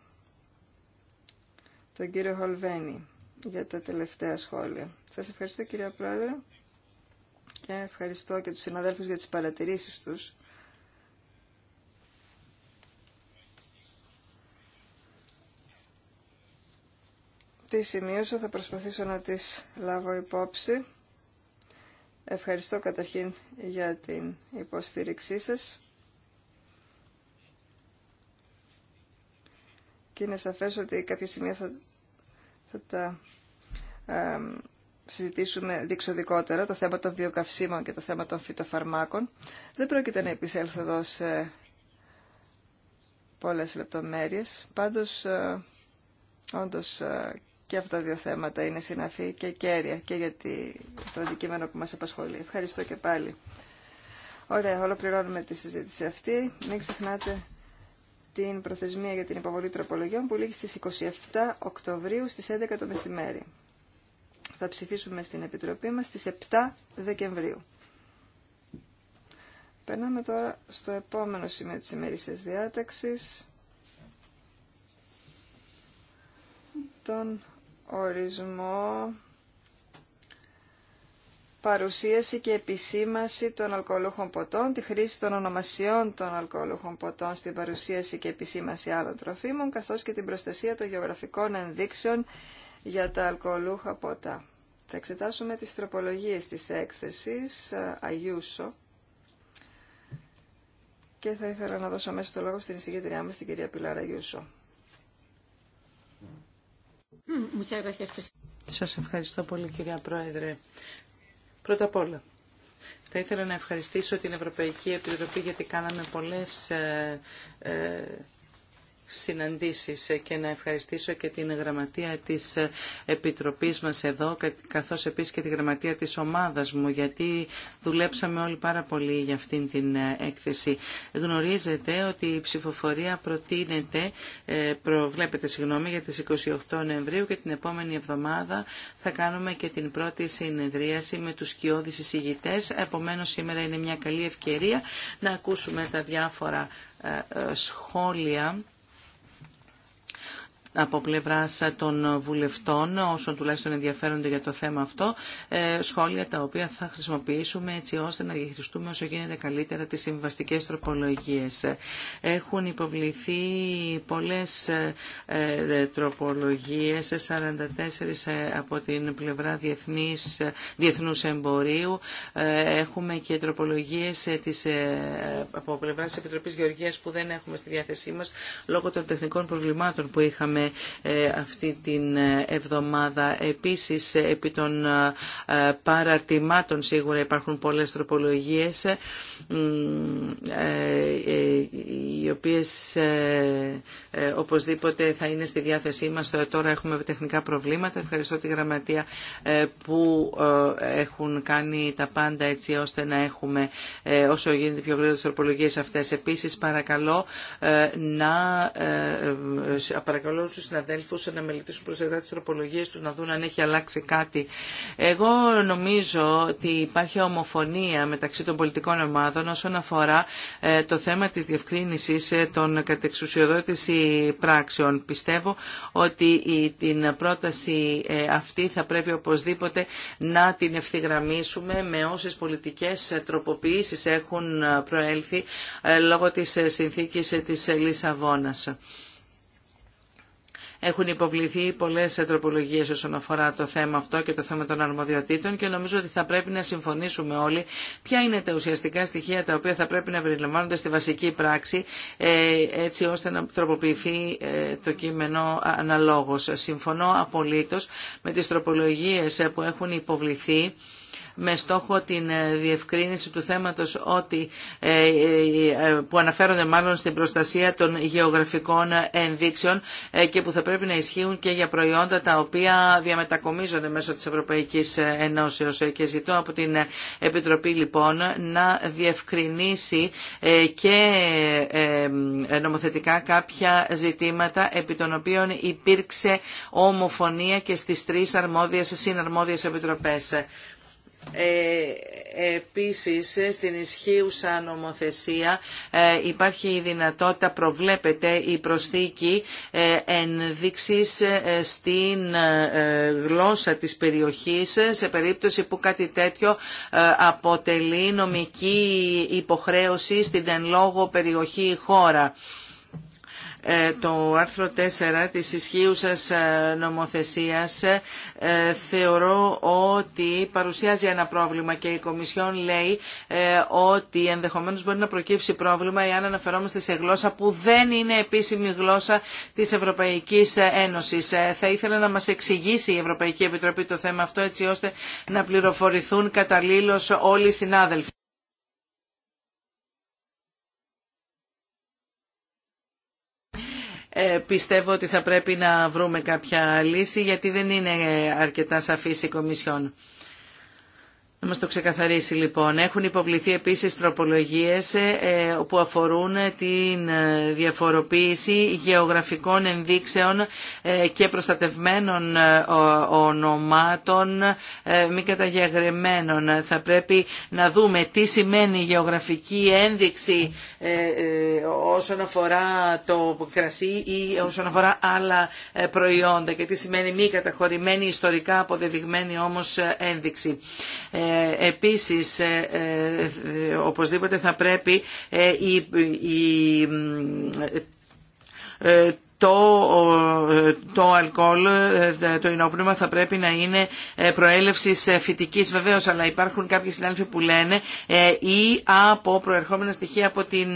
τον κύριο Χολβένη για τα τελευταία σχόλια. Σας ευχαριστώ κυρία Πρόεδρε και ευχαριστώ και τους συναδέλφους για τις παρατηρήσεις τους. Τι σημείωσα, θα προσπαθήσω να τις λάβω υπόψη. Ευχαριστώ καταρχήν για την υποστήριξή σας. Και είναι σαφές ότι κάποια σημεία θα θα τα συζητήσουμε διεξοδικότερα, το θέμα των βιοκαυσίμων και το θέμα των φυτοφαρμάκων. Δεν πρόκειται να επισέλθω εδώ σε πολλές λεπτομέρειες. Πάντως, ε, όντως, ε, και αυτά τα δύο θέματα είναι συναφή και κέρια και για το αντικείμενο που μας απασχολεί. Ευχαριστώ και πάλι. Ωραία, ολοκληρώνουμε τη συζήτηση αυτή. Μην ξεχνάτε την προθεσμία για την υποβολή τροπολογιών που λήγει στις 27 Οκτωβρίου στις 11 το μεσημέρι. Θα ψηφίσουμε στην Επιτροπή μας στις 7 Δεκεμβρίου. Περνάμε τώρα στο επόμενο σημείο της ημερήσιας διάταξης. Τον ορισμό παρουσίαση και επισήμαση των αλκοολούχων ποτών, τη χρήση των ονομασιών των αλκοολούχων ποτών στην παρουσίαση και επισήμαση άλλων τροφίμων, καθώς και την προστασία των γεωγραφικών ενδείξεων για τα αλκοολούχα ποτά. Θα εξετάσουμε τις τροπολογίες της έκθεσης ε, Αγιούσο και θα ήθελα να δώσω αμέσως το λόγο στην εισηγητριά μας, την κυρία Πιλάρα Αγιούσο. Σας ευχαριστώ πολύ κυρία Πρόεδρε. Πρώτα απ' όλα, θα ήθελα να ευχαριστήσω την Ευρωπαϊκή Επιτροπή γιατί κάναμε πολλές ε, ε, συναντήσεις και να ευχαριστήσω και την γραμματεία της Επιτροπής μας εδώ καθώς επίσης και τη γραμματεία της ομάδας μου γιατί δουλέψαμε όλοι πάρα πολύ για αυτήν την ε, έκθεση. Γνωρίζετε ότι η ψηφοφορία προτείνεται, ε, προβλέπεται συγγνώμη, για τις 28 Νοεμβρίου και την επόμενη εβδομάδα θα κάνουμε και την πρώτη συνεδρίαση με τους κοιόδης εισηγητές. Επομένω, σήμερα είναι μια καλή ευκαιρία να ακούσουμε τα διάφορα ε, σχόλια από πλευρά των βουλευτών, όσων τουλάχιστον ενδιαφέρονται για το θέμα αυτό, ε, σχόλια τα οποία θα χρησιμοποιήσουμε έτσι ώστε να διαχειριστούμε όσο γίνεται καλύτερα τις συμβαστικές τροπολογίες. Έχουν υποβληθεί πολλές ε, ε, τροπολογίες, 44 από την πλευρά διεθνής, διεθνούς εμπορίου. Έχουμε και τροπολογίες από πλευρά της Επιτροπής Γεωργίας που δεν έχουμε στη διάθεσή μας λόγω των τεχνικών προβλημάτων που είχαμε ε, αυτή την ε, εβδομάδα. Επίσης, ε, επί των παραρτημάτων σίγουρα υπάρχουν πολλές τροπολογίες, οι οποίες οπωσδήποτε θα είναι στη διάθεσή μας. Τώρα έχουμε τεχνικά προβλήματα. Ευχαριστώ τη Γραμματεία που έχουν κάνει τα πάντα έτσι ώστε να έχουμε όσο γίνεται πιο γρήγορα τις τροπολογίες αυτές. Επίσης, παρακαλώ να παρακαλώ Στου του συναδέλφους να μελετήσουν προσεκτικά τι τροπολογίε του να δουν αν έχει αλλάξει κάτι. Εγώ νομίζω ότι υπάρχει ομοφωνία μεταξύ των πολιτικών ομάδων όσον αφορά ε, το θέμα της διευκρίνησης ε, των κατεξουσιοδότηση πράξεων. Πιστεύω ότι την πρόταση ε, αυτή θα πρέπει οπωσδήποτε να την ευθυγραμμίσουμε με όσε πολιτικές τροποποίησει έχουν προέλθει λόγω της συνθήκης της Λισαβόνας. Έχουν υποβληθεί πολλές τροπολογίε όσον αφορά το θέμα αυτό και το θέμα των αρμοδιοτήτων και νομίζω ότι θα πρέπει να συμφωνήσουμε όλοι ποια είναι τα ουσιαστικά στοιχεία τα οποία θα πρέπει να περιλαμβάνονται στη βασική πράξη ε, έτσι ώστε να τροποποιηθεί ε, το κείμενο αναλόγω. Συμφωνώ απολύτως με τις τροπολογίε που έχουν υποβληθεί με στόχο την ε, διευκρίνηση του θέματος ότι, ε, ε, που αναφέρονται μάλλον στην προστασία των γεωγραφικών ενδείξεων και που θα πρέπει να ισχύουν και για προϊόντα τα οποία διαμετακομίζονται μέσω της Ευρωπαϊκής Ενώσεως και ζητώ από την Επιτροπή λοιπόν να διευκρινίσει και νομοθετικά κάποια ζητήματα επί των οποίων υπήρξε ομοφωνία και στις τρεις αρμόδιες συναρμόδιες επιτροπές. Ε, επίσης, στην ισχύουσα νομοθεσία ε, υπάρχει η δυνατότητα, προβλέπεται η προσθήκη ε, ενδείξης στην γλώσσα της περιοχής σε περίπτωση που κάτι τέτοιο αποτελεί νομική υποχρέωση στην εν λόγω περιοχή ή χώρα. Ε, το άρθρο 4 της ισχύουσας ε, νομοθεσίας ε, θεωρώ ότι παρουσιάζει ένα πρόβλημα και η Κομισιόν λέει ότι ενδεχομένως μπορεί να προκύψει πρόβλημα εάν αναφερόμαστε σε γλώσσα που δεν είναι επίσημη γλώσσα της Ευρωπαϊκής Ένωσης. Θα ήθελα να μας εξηγήσει η Ευρωπαϊκή Επιτροπή το θέμα αυτό έτσι ώστε να πληροφορηθούν καταλήλως όλοι οι συνάδελφοι. Ε, πιστεύω ότι θα πρέπει να βρούμε κάποια λύση γιατί δεν είναι αρκετά σαφής η Κομισιόν. Να μας το ξεκαθαρίσει λοιπόν. Έχουν υποβληθεί επίσης τροπολογίες ε, ε, που αφορούν την ε, διαφοροποίηση γεωγραφικών ενδείξεων και προστατευμένων ονομάτων μη καταγεγρεμένων. Θα πρέπει να δούμε τι σημαίνει γεωγραφική ένδειξη όσον αφορά το κρασί ή όσον αφορά άλλα προϊόντα και τι σημαίνει μη καταχωρημένη ιστορικά αποδεδειγμένη όμως ένδειξη Επίσης, ε, ε, οπωσδήποτε θα πρέπει ε, η το, το αλκοόλ, ε, το ινόπνευμα θα πρέπει να είναι ε, προέλευσης ε, φυτικής βεβαίως, αλλά υπάρχουν κάποιοι συνάδελφοι που λένε ή από προερχόμενα στοιχεία από την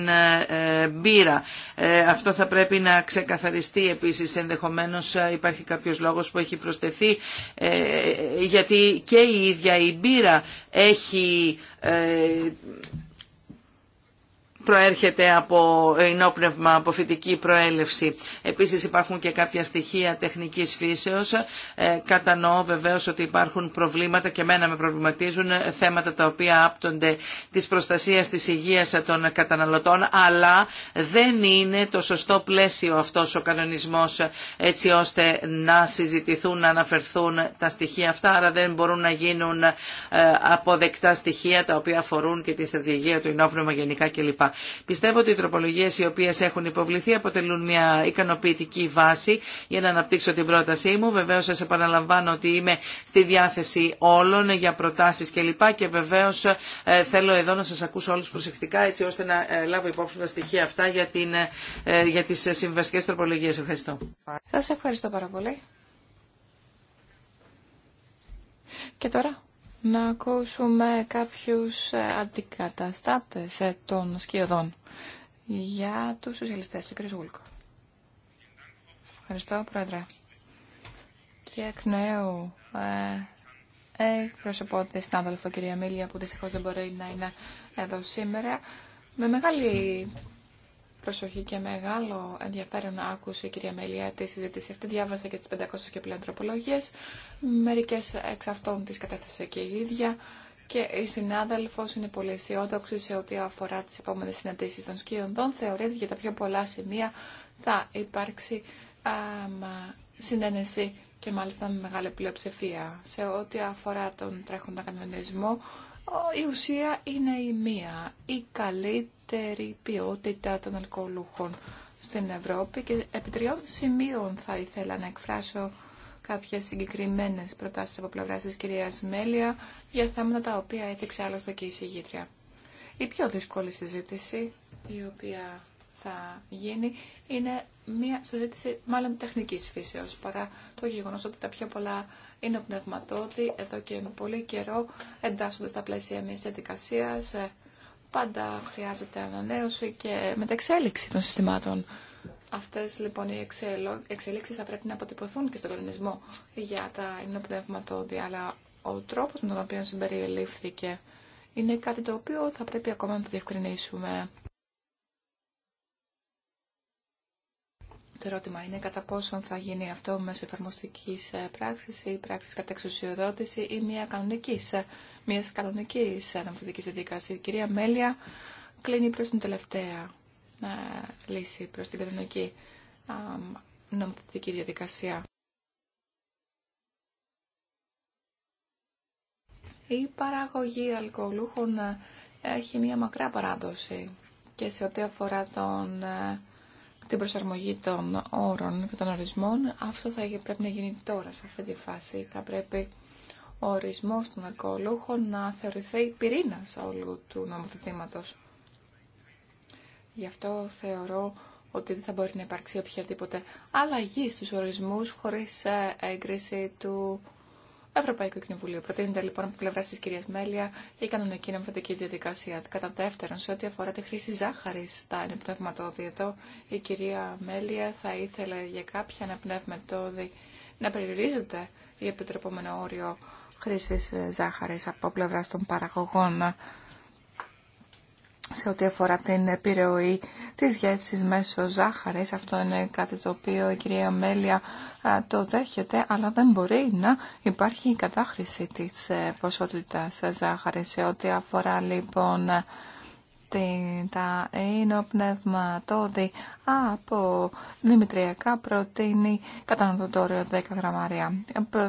μπύρα. Αυτό θα πρέπει να ξεκαθαριστεί επίσης, ενδεχομένως υπάρχει κάποιος λόγος που έχει προσθεθεί, γιατί και η ίδια η μπύρα έχει προέρχεται από ε, ενόπνευμα, από φυτική προέλευση. Επίσης υπάρχουν και κάποια στοιχεία τεχνικής φύσεως. Ε, κατανοώ βεβαίως ότι υπάρχουν προβλήματα και μένα με προβληματίζουν θέματα τα οποία άπτονται της προστασίας της υγείας των καταναλωτών, αλλά δεν είναι το σωστό πλαίσιο αυτός ο κανονισμός έτσι ώστε να συζητηθούν, να αναφερθούν τα στοιχεία αυτά, άρα δεν μπορούν να γίνουν ε, αποδεκτά στοιχεία τα οποία αφορούν και τη στρατηγία του ενόπνευμα γενικά κλπ. Πιστεύω ότι οι τροπολογίε οι οποίε έχουν υποβληθεί αποτελούν μια ικανοποιητική βάση για να αναπτύξω την πρότασή μου. Βεβαίω σα επαναλαμβάνω ότι είμαι στη διάθεση όλων για προτάσει κλπ. Και, και βεβαίω ε, θέλω εδώ να σα ακούσω όλου προσεκτικά έτσι ώστε να ε, λάβω υπόψη τα στοιχεία αυτά για, την, ε, για τις τροπολογίες. Ευχαριστώ. Σα ευχαριστώ πάρα πολύ. Και τώρα να ακούσουμε κάποιους ε, αντικαταστάτες ε, των σκιωδών για τους σοσιαλιστές, ο κ. Γουλκο. Ευχαριστώ, Πρόεδρε. Και εκ νέου ε, τη συνάδελφο κυρία Μίλια που δυστυχώς δεν μπορεί να είναι εδώ σήμερα. Με μεγάλη προσοχή και μεγάλο ενδιαφέρον άκουσε η κυρία Μελία τη συζήτηση αυτή. Διάβασα και τι 500 και πλέον τροπολογίε. Μερικέ εξ αυτών τι κατέθεσε και η ίδια. Και η συνάδελφο είναι πολύ αισιόδοξη σε ό,τι αφορά τι επόμενε συναντήσει των σκιονδών. Θεωρεί ότι για τα πιο πολλά σημεία θα υπάρξει συνένεση και μάλιστα με μεγάλη πλειοψηφία. Σε ό,τι αφορά τον τρέχοντα κανονισμό, η ουσία είναι η μία, η καλύτερη ποιότητα των αλκοολούχων στην Ευρώπη και επί τριών σημείων θα ήθελα να εκφράσω κάποιες συγκεκριμένες προτάσεις από πλευρά της κυρίας Μέλια για θέματα τα οποία έθιξε άλλωστε και η συγγήτρια. Η πιο δύσκολη συζήτηση η οποία θα γίνει είναι μια συζήτηση μάλλον τεχνικής φύσεως παρά το γεγονός ότι τα πιο πολλά είναι ο πνευματώδη εδώ και πολύ καιρό εντάσσονται στα πλαίσια μιας διαδικασίας. Ε, πάντα χρειάζεται ανανέωση και μεταξέλιξη των συστημάτων. Αυτές λοιπόν οι εξελίξεις θα πρέπει να αποτυπωθούν και στον κανονισμό για τα ενοπνευματώδη, αλλά ο τρόπος με τον οποίο συμπεριελήφθηκε είναι κάτι το οποίο θα πρέπει ακόμα να το διευκρινίσουμε. το ερώτημα είναι κατά πόσον θα γίνει αυτό μέσω εφαρμοστική ε, πράξη ή πράξη κατά εξουσιοδότηση ή μια κανονική ε, μιας κανονικής νομοθετικής διαδικασίας. Η κυρία Μέλια κλείνει προς την τελευταία ε, λύση, προς την κανονική νομοθετική διαδικασία. Η παραγωγή αλκοολούχων έχει μια μακρά παράδοση και σε ό,τι αφορά τον την προσαρμογή των όρων και των ορισμών. Αυτό θα πρέπει να γίνει τώρα, σε αυτή τη φάση. Θα πρέπει ο ορισμός των αλκοολούχων να θεωρηθεί πυρήνα όλου του νομοθετήματος. Γι' αυτό θεωρώ ότι δεν θα μπορεί να υπάρξει οποιαδήποτε αλλαγή στους ορισμούς χωρίς ε, έγκριση του Ευρωπαϊκό Κοινοβουλίο. Προτείνεται λοιπόν από πλευρά τη κυρία Μέλια η κανονική νομοθετική διαδικασία. Κατά δεύτερον, σε ό,τι αφορά τη χρήση ζάχαρη στα ανεπνευματόδη, η κυρία Μέλια θα ήθελε για κάποια ανεπνευματόδη να περιορίζεται η επιτρεπόμενο όριο χρήση ε, ζάχαρη από πλευρά των παραγωγών σε ό,τι αφορά την επιρροή της γεύσης μέσω ζάχαρης. Αυτό είναι κάτι το οποίο η κυρία Μέλια το δέχεται, αλλά δεν μπορεί να υπάρχει η κατάχρηση της ε, ποσότητας ζάχαρης. Σε ό,τι αφορά λοιπόν την, τα τόδι από δημητριακά προτείνει καταναλωτόριο 10 γραμμάρια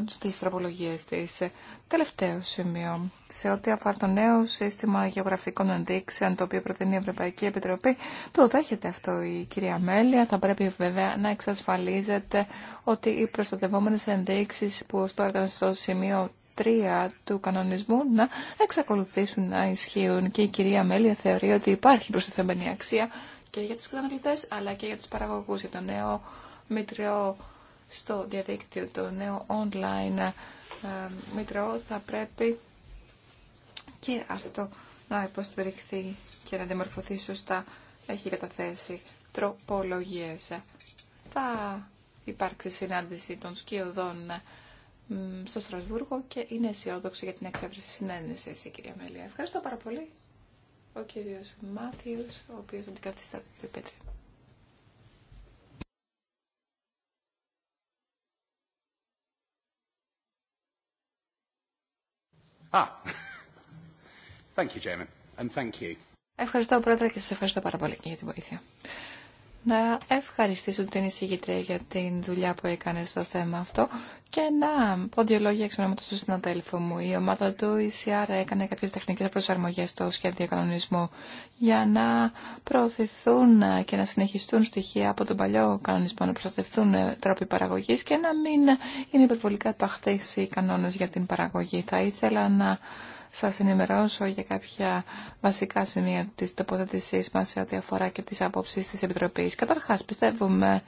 στις τροπολογίες της. Τελευταίο σημείο, σε ό,τι αφορά το νέο σύστημα γεωγραφικών ενδείξεων το οποίο προτείνει η Ευρωπαϊκή Επιτροπή, το δέχεται αυτό η κυρία Μέλια. Θα πρέπει βέβαια να εξασφαλίζεται ότι οι προστατευόμενες ενδείξεις που ως τώρα ήταν στο σημείο τρία του κανονισμού να εξακολουθήσουν να ισχύουν και η κυρία Μέλια θεωρεί ότι υπάρχει προστιθέμενη αξία και για τους καταναλωτές αλλά και για τους παραγωγούς, για το νέο μητριό στο διαδίκτυο, το νέο online ε, μητριό θα πρέπει και αυτό να υποστηριχθεί και να δημορφωθεί σωστά έχει καταθέσει τροπολογίες. Θα υπάρξει συνάντηση των σκιωδών στο Στρασβούργο και είναι αισιόδοξο για την εξέβρεση συνένεση εσύ, κυρία Μέλια. Ευχαριστώ πάρα πολύ. Ο κύριος Μάθιος, ο οποίος αντικαθιστά την Πέτρη. Ah. Thank you, Chairman, and thank you. Ευχαριστώ, Πρόεδρε, και σας ευχαριστώ πάρα πολύ για την βοήθεια να ευχαριστήσω την εισηγήτρια για την δουλειά που έκανε στο θέμα αυτό και να πω δύο λόγια εξ ονόματος του συναδέλφου μου. Η ομάδα του ECR έκανε κάποιες τεχνικές προσαρμογές στο σχέδιο κανονισμού για να προωθηθούν και να συνεχιστούν στοιχεία από τον παλιό κανονισμό, να προστατευτούν τρόποι παραγωγής και να μην είναι υπερβολικά επαχθείς οι κανόνες για την παραγωγή. Θα ήθελα να σας ενημερώσω για κάποια βασικά σημεία της τοποθέτησής μας σε ό,τι αφορά και τις απόψεις της Επιτροπής. Καταρχάς, πιστεύουμε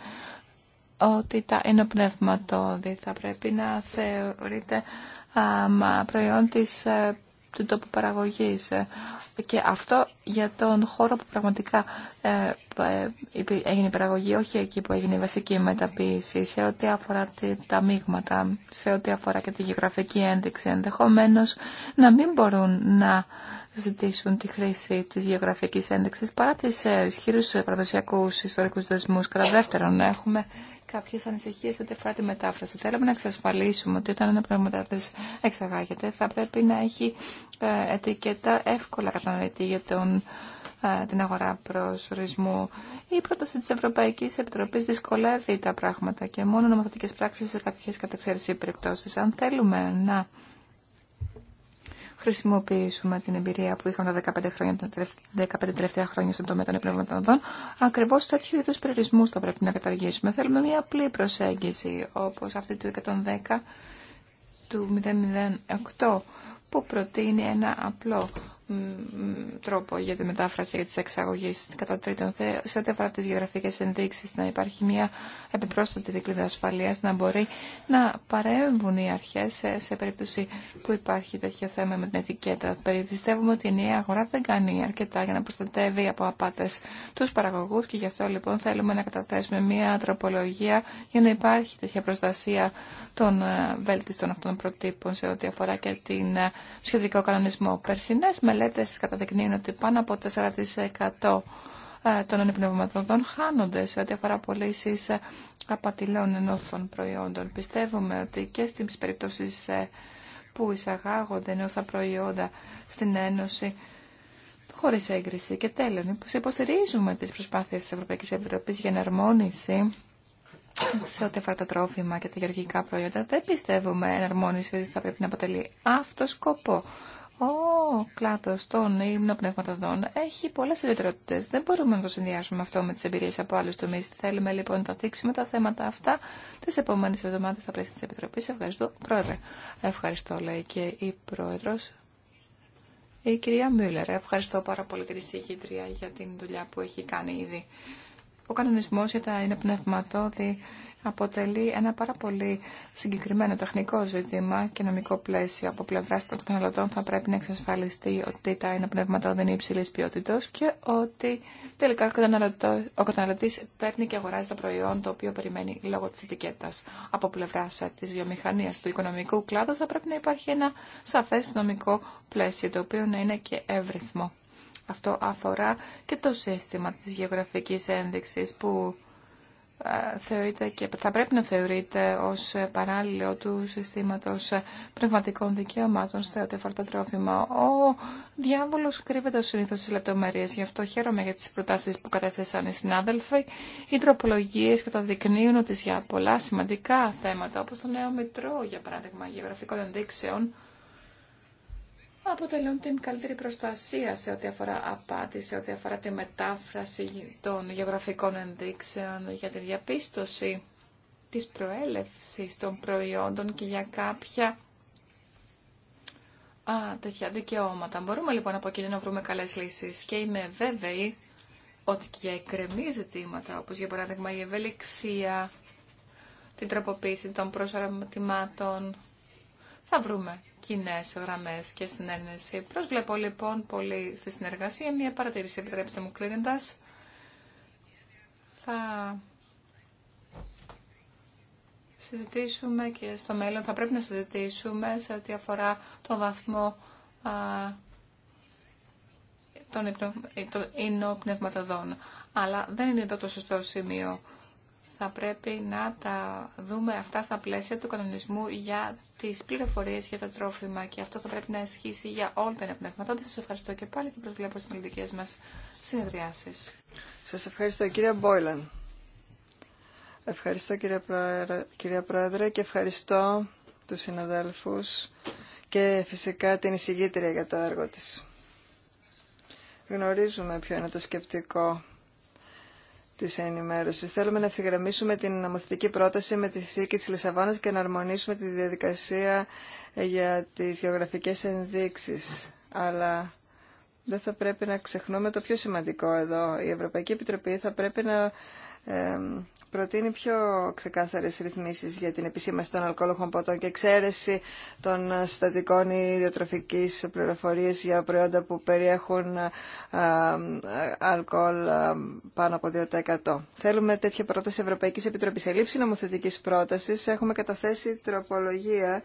ότι τα ενοπνεύματόδη θα πρέπει να θεωρείται προϊόν της ε, του τόπου παραγωγής. Και αυτό για τον χώρο που πραγματικά ε, έγινε η παραγωγή, όχι εκεί που έγινε η βασική μεταποίηση, σε ό,τι αφορά τα μείγματα, σε ό,τι αφορά και τη γεωγραφική ένδειξη, ενδεχομένως να μην μπορούν να ζητήσουν τη χρήση τη γεωγραφική ένδειξη παρά τι ε, ισχυρού παραδοσιακού ιστορικού δεσμού, Κατά δεύτερον, έχουμε κάποιε ανησυχίε ότι αφορά τη μετάφραση. Θέλουμε να εξασφαλίσουμε ότι όταν ένα πραγματάτης εξαγάγεται θα πρέπει να έχει ε, ετικέτα εύκολα κατανοητή για τον ε, την αγορά ορισμού. Η πρόταση της Ευρωπαϊκής Επιτροπής δυσκολεύει τα πράγματα και μόνο νομοθετικές πράξεις σε κάποιες καταξαίρεση περιπτώσεις. Αν θέλουμε να χρησιμοποιήσουμε την εμπειρία που είχαμε τα 15, χρόνια, τα 15 τελευταία χρόνια στον τομέα των πνευματοδών, ακριβώ τέτοιου είδου περιορισμού θα πρέπει να καταργήσουμε. Θέλουμε μια απλή προσέγγιση, όπω αυτή του 110 του 008, που προτείνει ένα απλό τρόπο για τη μετάφραση για τις εξαγωγές. Κατά τρίτον, σε ό,τι αφορά τις γεωγραφικές ενδείξεις, να υπάρχει μια επιπρόσθετη δικλίδα ασφαλείας, να μπορεί να παρέμβουν οι αρχές σε, σε περίπτωση που υπάρχει τέτοιο θέμα με την ετικέτα. Περιπιστεύουμε ότι η νέα αγορά δεν κάνει αρκετά για να προστατεύει από απάτες τους παραγωγούς και γι' αυτό λοιπόν θέλουμε να καταθέσουμε μια τροπολογία για να υπάρχει τέτοια προστασία των ε, βέλτιστων αυτών προτύπων σε ό,τι αφορά και την ε, σχετικό κανονισμό. Περσινές μελέτες καταδεικνύουν ότι πάνω από 4% ε, των ανεπνευματοδών χάνονται σε ό,τι αφορά πωλήσει απατηλών ενώθων προϊόντων. Πιστεύουμε ότι και στις περιπτώσεις που εισαγάγονται ενώθα προϊόντα στην Ένωση χωρί έγκριση και τέλο, υποστηρίζουμε τι προσπάθειε τη Ευρωπαϊκή Επιτροπή για εναρμόνιση σε ό,τι αφορά τα τρόφιμα και τα γεωργικά προϊόντα, δεν πιστεύουμε αρμόνιση ότι θα πρέπει να αποτελεί αυτό σκοπό. Ο κλάδο των υμνοπνευματοδών έχει πολλέ ιδιαιτερότητε. Δεν μπορούμε να το συνδυάσουμε αυτό με τι εμπειρίε από άλλου τομεί. Θέλουμε λοιπόν να τα δείξουμε τα θέματα αυτά τι επόμενε εβδομάδε στα πλαίσια τη Επιτροπή. Ευχαριστώ, Πρόεδρε. Ευχαριστώ, λέει και η Πρόεδρο. Η κυρία Μιούλερ. Ευχαριστώ πάρα πολύ την εισηγήτρια για την δουλειά που έχει κάνει ήδη ο κανονισμός για τα είναι πνευματόδη αποτελεί ένα πάρα πολύ συγκεκριμένο τεχνικό ζήτημα και νομικό πλαίσιο. Από πλευρά των καταναλωτών θα πρέπει να εξασφαλιστεί ότι τα είναι πνευματόδη είναι υψηλή ποιότητα και ότι τελικά ο καταναλωτή παίρνει και αγοράζει το προϊόν το οποίο περιμένει λόγω τη ετικέτα. Από πλευρά τη βιομηχανία του οικονομικού κλάδου θα πρέπει να υπάρχει ένα σαφέ νομικό πλαίσιο το οποίο να είναι και εύρυθμο. Αυτό αφορά και το σύστημα της γεωγραφικής ένδειξης που ε, θεωρείται και θα πρέπει να θεωρείται ως παράλληλο του συστήματος πνευματικών δικαιωμάτων στο ό,τι τρόφιμα. Ο διάβολος κρύβεται συνήθως στις λεπτομέρειες, γι' αυτό χαίρομαι για τις προτάσεις που κατέθεσαν οι συνάδελφοι. Οι τροπολογίες καταδεικνύουν ότι για πολλά σημαντικά θέματα, όπως το νέο Μητρό, για παράδειγμα, γεωγραφικών ενδείξεων, αποτελούν την καλύτερη προστασία σε ό,τι αφορά απάτη, σε ό,τι αφορά τη μετάφραση των γεωγραφικών ενδείξεων για τη διαπίστωση της προέλευσης των προϊόντων και για κάποια α, τέτοια δικαιώματα. Μπορούμε λοιπόν από εκεί να βρούμε καλές λύσεις και είμαι βέβαιη ότι και για εκκρεμή ζητήματα, όπως για παράδειγμα η ευελιξία, την τροποποίηση των προσαρμοτημάτων, θα βρούμε κοινέ γραμμέ και συνένεση. Προσβλέπω λοιπόν πολύ στη συνεργασία. Μια παρατήρηση, επιτρέψτε μου κλείνοντα. Θα συζητήσουμε και στο μέλλον, θα πρέπει να συζητήσουμε σε ό,τι αφορά το βαθμό α, των, ε, των Αλλά δεν είναι εδώ το σωστό σημείο θα πρέπει να τα δούμε αυτά στα πλαίσια του κανονισμού για τις πληροφορίες για τα τρόφιμα και αυτό θα πρέπει να ισχύσει για όλα τα ενεπνεύματα. Σας ευχαριστώ και πάλι και προσβλέπω στις μελλοντικές μας συνεδριάσεις. Σας ευχαριστώ κύριε Μπόιλαν. Ευχαριστώ κύριε Πρόεδρε, κύριε Πρόεδρε και ευχαριστώ τους συναδέλφους και φυσικά την εισηγήτρια για το έργο της. Γνωρίζουμε ποιο είναι το σκεπτικό Τη ενημέρωση. Θέλουμε να ευθυγραμμίσουμε την νομοθετική πρόταση με τη θήκη τη Λισαβόνα και να αρμονίσουμε τη διαδικασία ε, για τι γεωγραφικέ ενδείξει. Αλλά δεν θα πρέπει να ξεχνούμε το πιο σημαντικό εδώ. Η Ευρωπαϊκή Επιτροπή θα πρέπει να ε, προτείνει πιο ξεκάθαρες ρυθμίσει για την επισήμαση των αλκοολογών ποτών και εξαίρεση των στατικών ή διατροφικής για προϊόντα που περιέχουν αλκοόλ πάνω από 2%. Θέλουμε τέτοια πρόταση Ευρωπαϊκής Επιτροπής. Σε λήψη νομοθετικής πρότασης έχουμε καταθέσει τροπολογία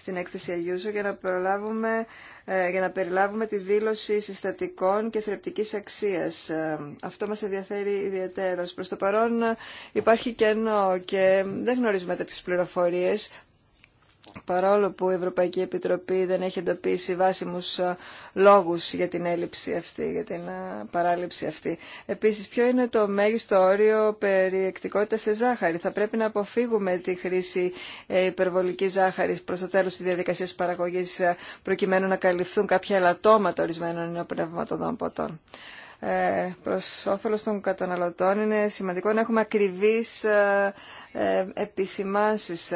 στην έκθεση Αγιούζο για να, προλάβουμε, ε, για να περιλάβουμε τη δήλωση συστατικών και θρεπτικής αξίας. Ε, αυτό μας ενδιαφέρει ιδιαίτερος. Προς το παρόν ε, υπάρχει κενό και δεν γνωρίζουμε τις πληροφορίες παρόλο που η Ευρωπαϊκή Επιτροπή δεν έχει εντοπίσει βάσιμους ε, λόγους για την έλλειψη αυτή, για την ε, παράληψη αυτή. Επίσης, ποιο είναι το μέγιστο όριο περιεκτικότητας σε ζάχαρη. Θα πρέπει να αποφύγουμε τη χρήση ε, υπερβολικής ζάχαρης προς το τέλος της διαδικασίας παραγωγής προκειμένου να καλυφθούν κάποια ελαττώματα ορισμένων νεοπνευματοδών ποτών. προς όφελος των καταναλωτών είναι σημαντικό να έχουμε ακριβείς ε, επισημάνσεις,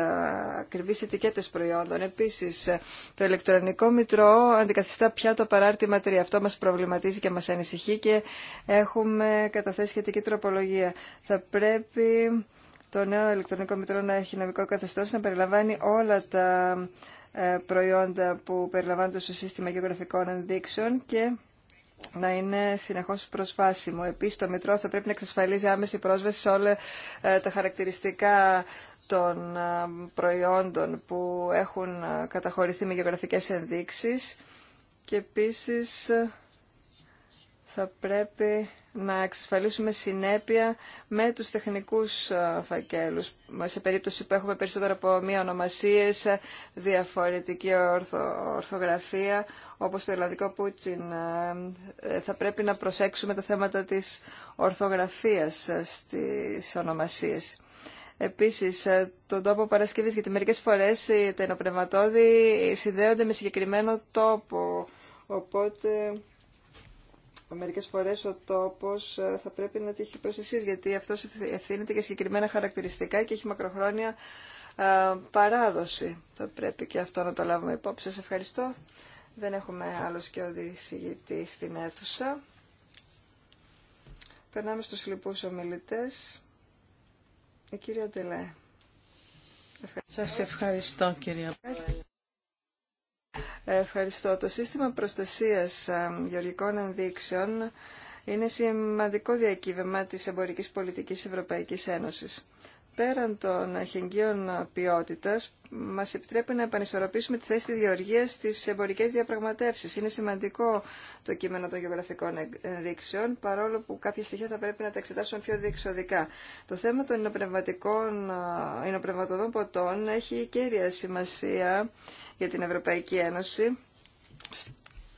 ακριβείς ετικέτες προϊόντων. Επίσης, ε, το ηλεκτρονικό μητρό αντικαθιστά πια το παράρτημα 3. Αυτό μας προβληματίζει και μας ανησυχεί και έχουμε καταθέσει σχετική τροπολογία. Θα πρέπει το νέο ηλεκτρονικό μητρό να έχει νομικό καθεστώς, να περιλαμβάνει όλα τα ε, προϊόντα που περιλαμβάνονται στο σύστημα γεωγραφικών ενδείξεων και να είναι συνεχώς προσβάσιμο. Επίσης το Μητρό θα πρέπει να εξασφαλίζει άμεση πρόσβαση σε όλα ε, τα χαρακτηριστικά των ε, προϊόντων που έχουν ε, καταχωρηθεί με γεωγραφικές ενδείξεις και επίσης θα πρέπει να εξασφαλίσουμε συνέπεια με τους τεχνικούς ε, φακέλους. Σε περίπτωση που έχουμε περισσότερο από μία ονομασίες, ε, διαφορετική ορθογραφία, όπως το ελλαδικό Πούτσιν, ε, θα πρέπει να προσέξουμε τα θέματα της ορθογραφίας στις ονομασίες. Επίσης, τον τόπο Παρασκευής, γιατί μερικές φορές τα ενοπνευματόδη συνδέονται με συγκεκριμένο τόπο, οπότε Μερικέ φορέ ο τόπο ε, θα πρέπει να τύχει εσεί, γιατί αυτό ευθύνεται για συγκεκριμένα χαρακτηριστικά και έχει μακροχρόνια ε, παράδοση. Θα πρέπει και αυτό να το λάβουμε υπόψη. Σα ευχαριστώ. Δεν έχουμε άλλο και οδηγητή στην αίθουσα. Περνάμε στους λοιπούς ομιλητές. Η κυρία Τελέ. Σας ευχαριστώ κυρία Πρόεδρε. Ευχαριστώ. Το σύστημα προστασίας γεωργικών ενδείξεων είναι σημαντικό διακύβευμα της εμπορικής πολιτικής Ευρωπαϊκής Ένωσης πέραν των αχεγγύων ποιότητα, μα επιτρέπει να επανισορροπήσουμε τη θέση τη γεωργία στι εμπορικέ διαπραγματεύσει. Είναι σημαντικό το κείμενο των γεωγραφικών ενδείξεων, παρόλο που κάποια στοιχεία θα πρέπει να τα εξετάσουμε πιο διεξοδικά. Το θέμα των υνοπνευματοδών ε, ποτών έχει κέρια σημασία για την Ευρωπαϊκή Ένωση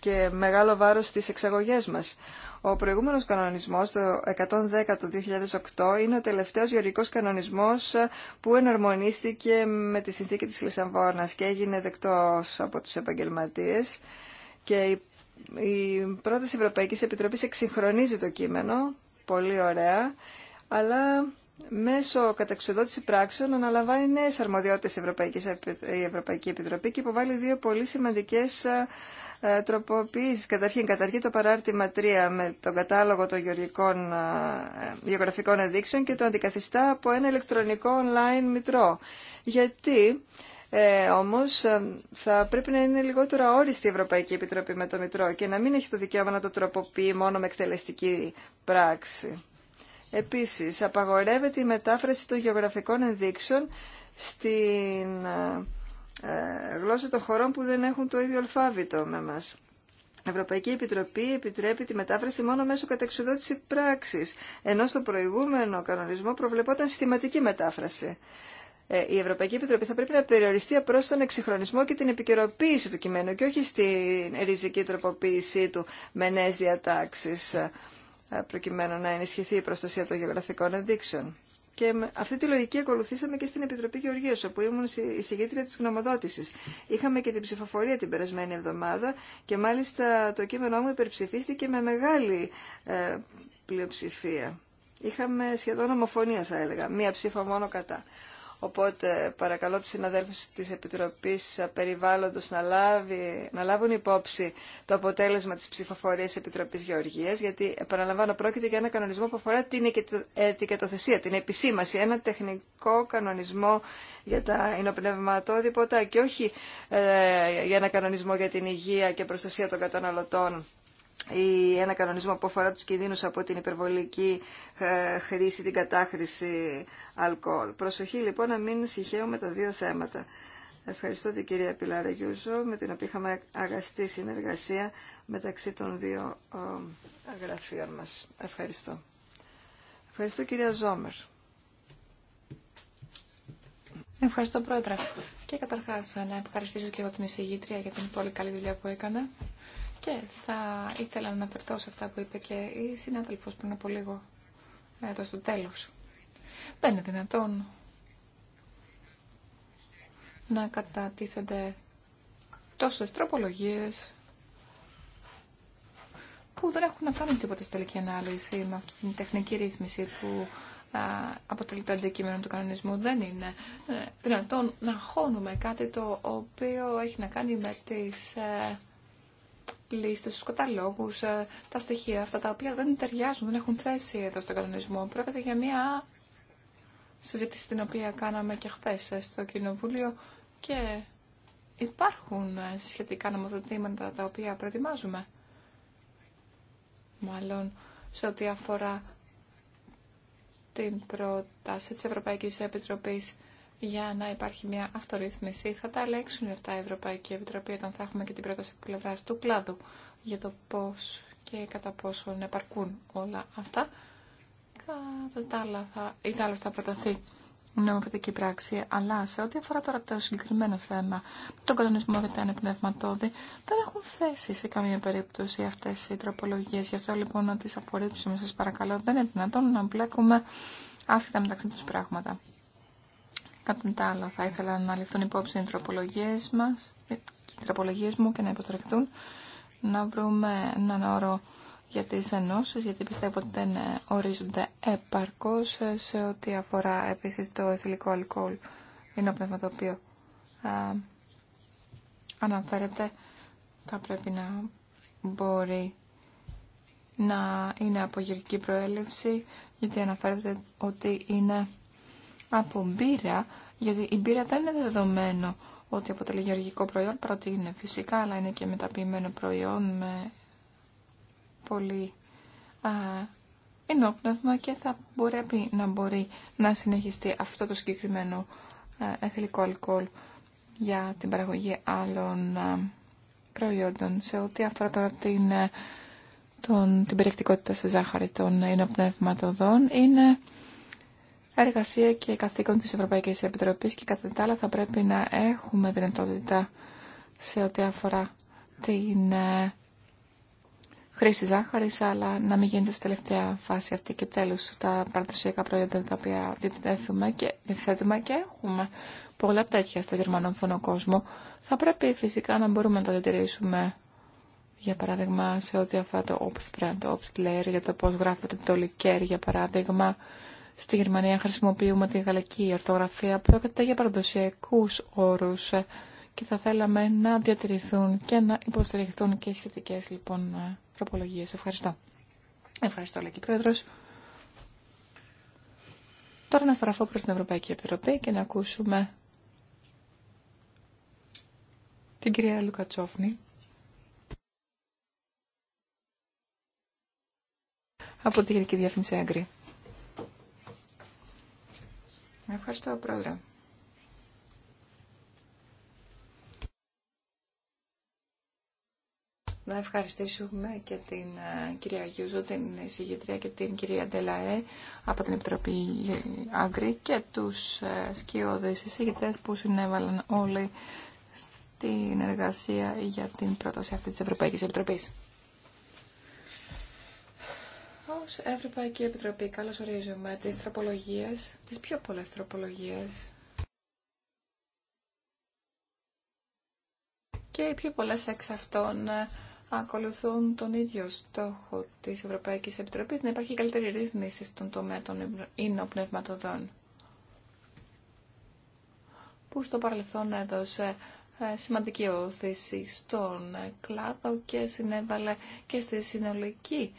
και μεγάλο βάρος στις εξαγωγές μας. Ο προηγούμενος κανονισμός, το 110 του 2008, είναι ο τελευταίος γεωργικός κανονισμός που εναρμονίστηκε με τη συνθήκη της Λισαβόνας και έγινε δεκτός από τους επαγγελματίες και η πρώτη Ευρωπαϊκής Επιτροπής εξυγχρονίζει το κείμενο, πολύ ωραία, αλλά μέσω καταξιδότηση πράξεων αναλαμβάνει νέε αρμοδιότητε η Ευρωπαϊκή Επιτροπή και υποβάλλει δύο πολύ σημαντικέ ε, τροποποιήσεις. Καταρχήν, καταργεί το παράρτημα 3 με τον κατάλογο των γεωργικών ε, ε, γεωγραφικών ενδείξεων και το αντικαθιστά από ένα ηλεκτρονικό online μητρό. Γιατί ε, όμως θα πρέπει να είναι λιγότερο αόριστη η Ευρωπαϊκή Επιτροπή με το Μητρό και να μην έχει το δικαίωμα να το τροποποιεί μόνο με εκτελεστική πράξη. Επίσης, απαγορεύεται η μετάφραση των γεωγραφικών ενδείξεων στην ε, γλώσσα των χωρών που δεν έχουν το ίδιο αλφάβητο με μας. Η Ευρωπαϊκή Επιτροπή επιτρέπει τη μετάφραση μόνο μέσω κατεξοδότηση πράξη, ενώ στο προηγούμενο κανονισμό προβλεπόταν συστηματική μετάφραση. Ε, η Ευρωπαϊκή Επιτροπή θα πρέπει να περιοριστεί απλώ στον εξυγχρονισμό και την επικαιροποίηση του κειμένου και όχι στην ριζική τροποποίησή του με νέε διατάξει ε, προκειμένου να ενισχυθεί η προστασία των γεωγραφικών ενδείξεων. Και αυτή τη λογική ακολουθήσαμε και στην Επιτροπή Γεωργίας, όπου ήμουν η συγγήτρια της γνωμοδότησης. Είχαμε και την ψηφοφορία την περασμένη εβδομάδα και μάλιστα το κείμενό μου υπερψηφίστηκε με μεγάλη ε, πλειοψηφία. Είχαμε σχεδόν ομοφωνία θα έλεγα, μία ψήφα μόνο κατά. Οπότε παρακαλώ τους συναδέλφους της Επιτροπής Περιβάλλοντος να, λάβει, να λάβουν υπόψη το αποτέλεσμα της ψηφοφορίας της Επιτροπής Γεωργίας, γιατί επαναλαμβάνω πρόκειται για ένα κανονισμό που αφορά την ετικετοθεσία, την επισήμαση, ένα τεχνικό κανονισμό για τα εινοπνευματόδηποτα και όχι ε, για ένα κανονισμό για την υγεία και προστασία των καταναλωτών ή ένα κανονισμό που αφορά τους κινδύνους από την υπερβολική ε, χρήση, την κατάχρηση αλκοόλ. Προσοχή λοιπόν να μην συγχαίουμε τα δύο θέματα. Ευχαριστώ την κυρία Πιλάρα Γιούζο, με την οποία είχαμε αγαστή συνεργασία μεταξύ των δύο ε, γραφείων μας. Ευχαριστώ. Ευχαριστώ κυρία Ζόμερ. Ευχαριστώ πρόεδρε. Και καταρχάς να ευχαριστήσω και εγώ την εισηγήτρια για την πολύ καλή δουλειά που έκανα και θα ήθελα να αναφερθώ σε αυτά που είπε και η συνάδελφος πριν από λίγο εδώ στο τέλος. Δεν είναι δυνατόν να κατατίθενται τόσες τροπολογίες που δεν έχουν να κάνουν τίποτα στη τελική ανάλυση με αυτή την τεχνική ρύθμιση που αποτελεί το αντικείμενο του κανονισμού. Δεν είναι ε, δυνατόν να χώνουμε κάτι το οποίο έχει να κάνει με τις ε, λίστες, στους καταλόγους, ε, τα στοιχεία αυτά τα οποία δεν ταιριάζουν, δεν έχουν θέση εδώ στον κανονισμό. Πρόκειται για μια συζήτηση την οποία κάναμε και χθε ε, στο Κοινοβούλιο και υπάρχουν ε, σχετικά νομοθετήματα τα οποία προετοιμάζουμε. Μάλλον σε ό,τι αφορά την πρόταση της Ευρωπαϊκής Επιτροπής για να υπάρχει μια αυτορύθμιση. Θα τα ελέγξουν αυτά η Ευρωπαϊκή Επιτροπή όταν θα έχουμε και την πρόταση πλευρά του κλάδου για το πώ και κατά να επαρκούν όλα αυτά. Κατά τα άλλα θα, ή τα άλλα θα προταθεί νομοθετική πράξη. Αλλά σε ό,τι αφορά τώρα το συγκεκριμένο θέμα, τον κανονισμό για τα ανεπνευματόδη, δεν έχουν θέση σε καμία περίπτωση αυτέ οι τροπολογίε. Γι' αυτό λοιπόν να τι απορρίψουμε, σα παρακαλώ. Δεν είναι δυνατόν να μπλέκουμε άσχετα μεταξύ του πράγματα. Κατά τα άλλα, θα ήθελα να ληφθούν υπόψη οι τροπολογίες μας, ε, οι μου και να υποστρεφθούν... να βρούμε έναν όρο για τις ενώσεις, γιατί πιστεύω ότι δεν ε, ορίζονται επαρκώς ε, σε ό,τι αφορά επίσης το εθιλικό αλκοόλ. Είναι ο πνεύμα το οποίο αναφέρεται, θα πρέπει να μπορεί να είναι από γερική προέλευση, γιατί αναφέρεται ότι είναι από μπύρα, γιατί η μπύρα δεν είναι δεδομένο ότι αποτελεί γεωργικό προϊόν, παρότι είναι φυσικά, αλλά είναι και μεταποιημένο προϊόν με πολύ α, ενόπνευμα και θα μπορεί να μπορεί να συνεχιστεί αυτό το συγκεκριμένο εθελικό αλκοόλ για την παραγωγή άλλων προϊόντων. Σε ό,τι αφορά τώρα την, τον, την περιεκτικότητα σε ζάχαρη των ενοπνευματοδών, είναι εργασία και καθήκον της Ευρωπαϊκής Επιτροπής και κατά τα άλλα θα πρέπει να έχουμε δυνατότητα σε ό,τι αφορά την ε, χρήση ζάχαρης, αλλά να μην γίνεται στη τελευταία φάση αυτή και τέλος τα παραδοσιακά προϊόντα τα οποία διαθέτουμε και, διαθέτουμε και έχουμε πολλά τέτοια στο γερμανόφωνο κόσμο. Θα πρέπει φυσικά να μπορούμε να τα διατηρήσουμε για παράδειγμα σε ό,τι αφορά το Obst Brand, το Obst Layer για το πώς γράφεται το Likert για παράδειγμα Στη Γερμανία χρησιμοποιούμε τη γαλλική ορθογραφία. που Πρόκειται για παραδοσιακούς όρους και θα θέλαμε να διατηρηθούν και να υποστηριχθούν και σχετικές λοιπόν τροπολογίες. Ευχαριστώ. Ευχαριστώ, Λέκη Πρόεδρος. Τώρα να στραφώ προς την Ευρωπαϊκή Επιτροπή και να ακούσουμε την κυρία Λουκατσόφνη. Από τη Γερική Διεύθυνση Αγγρία. Ευχαριστώ, Πρόεδρε. Να ευχαριστήσουμε και την ε, κυρία Γιούζο, την εισηγητρία και την κυρία Ντελαέ από την Επιτροπή Άγκρη και τους ε, σκιώδες εισηγητές που συνέβαλαν όλοι στην εργασία για την πρόταση αυτή της Ευρωπαϊκής Επιτροπής. Ευρωπαϊκή Επιτροπή καλωσορίζουμε τις τροπολογίες, τις πιο πολλές τροπολογίες και οι πιο πολλές εξ αυτών ε, ακολουθούν τον ίδιο στόχο της Ευρωπαϊκής Επιτροπής να υπάρχει καλύτερη ρύθμιση στον τομέα των ίνοπνευματοδών που στο παρελθόν έδωσε ε, σημαντική όθηση στον κλάδο και συνέβαλε και στη συνολική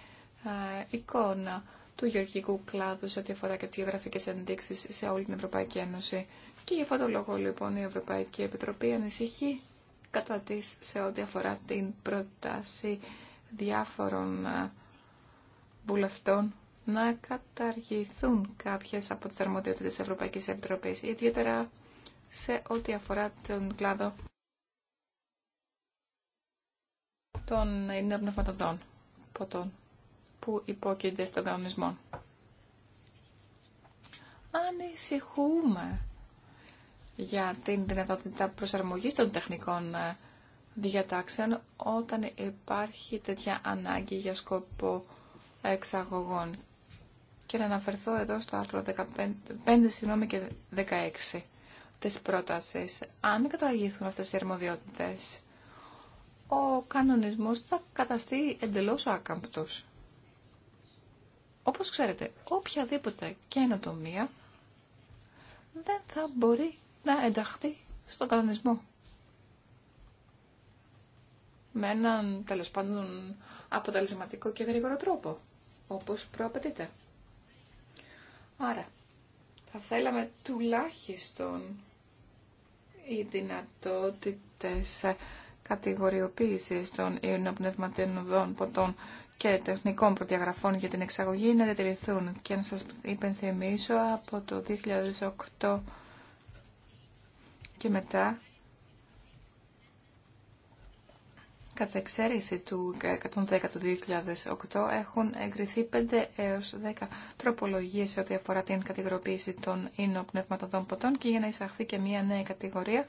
ε, εικόνα του γεωργικού κλάδου σε ό,τι αφορά και τι γεωγραφικέ ενδείξει σε όλη την Ευρωπαϊκή Ένωση. Και για αυτόν τον λόγο, λοιπόν, η Ευρωπαϊκή Επιτροπή ανησυχεί κατά τη σε ό,τι αφορά την πρόταση διάφορων ε, βουλευτών να καταργηθούν κάποιες από τις αρμοδιότητες τη Ευρωπαϊκή Επιτροπής, ιδιαίτερα σε ό,τι αφορά τον κλάδο των πνευματοδών. ποτών που υπόκειται στον κανονισμό. Ανησυχούμε για την δυνατότητα προσαρμογής των τεχνικών ε, διατάξεων όταν υπάρχει τέτοια ανάγκη για σκοπό εξαγωγών. Και να αναφερθώ εδώ στο άρθρο 15, 5 και 16 της πρότασης. Αν καταργηθούν αυτές οι αρμοδιότητες, ο κανονισμός θα καταστεί εντελώς άκαμπτος. Όπως ξέρετε, οποιαδήποτε καινοτομία δεν θα μπορεί να ενταχθεί στον κανονισμό. Με έναν τέλο πάντων αποτελεσματικό και γρήγορο τρόπο, όπως προαπαιτείται. Άρα, θα θέλαμε τουλάχιστον οι δυνατότητες κατηγοριοποίησης των ιονοπνευματικών ποτών και τεχνικών προδιαγραφών για την εξαγωγή να διατηρηθούν. Και να σας υπενθυμίσω από το 2008 και μετά κατά εξαίρεση του 110 του 2008 έχουν εγκριθεί 5 έως 10 τροπολογίες σε ό,τι αφορά την κατηγοροποίηση των ίνων πνευματοδών ποτών και για να εισαχθεί και μια νέα κατηγορία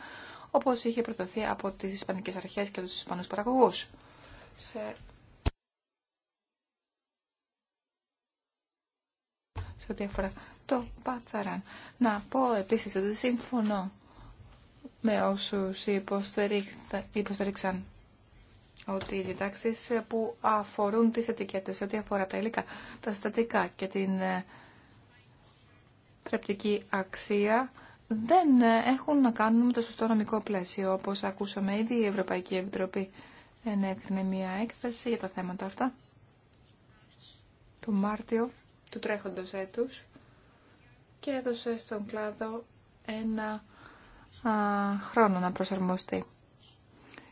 όπως είχε προταθεί από τις Ισπανικές Αρχές και τους Ισπανούς Παραγωγούς. Σε σε ό,τι αφορά το Πατσαράν. Να πω επίσης ότι συμφωνώ με όσους υποστηρίξαν ότι οι διτάξει που αφορούν τις ετικέτες σε ό,τι αφορά τα υλικά, τα συστατικά και την τρεπτική ε, αξία δεν ε, έχουν να κάνουν με το σωστό νομικό πλαίσιο. Όπως ακούσαμε ήδη, η Ευρωπαϊκή Επιτροπή ενέκρινε μια έκθεση για τα θέματα αυτά. Το Μάρτιο του τρέχοντος έτους και έδωσε στον κλάδο ένα χρόνο να προσαρμοστεί.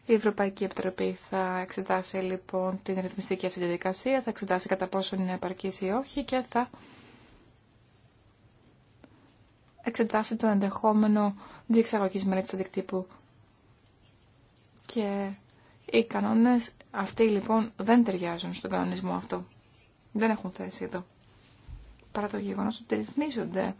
Η Ευρωπαϊκή Επιτροπή θα εξετάσει λοιπόν την ρυθμιστική αυτή διαδικασία, θα εξετάσει κατά πόσο είναι επαρκής ή όχι και θα εξετάσει το ενδεχόμενο διεξαγωγής μελέτης αντικτύπου. Και οι κανόνες αυτοί λοιπόν δεν ταιριάζουν στον κανονισμό αυτό. Δεν έχουν θέση εδώ παρά το γεγονός ότι ρυθμίζονται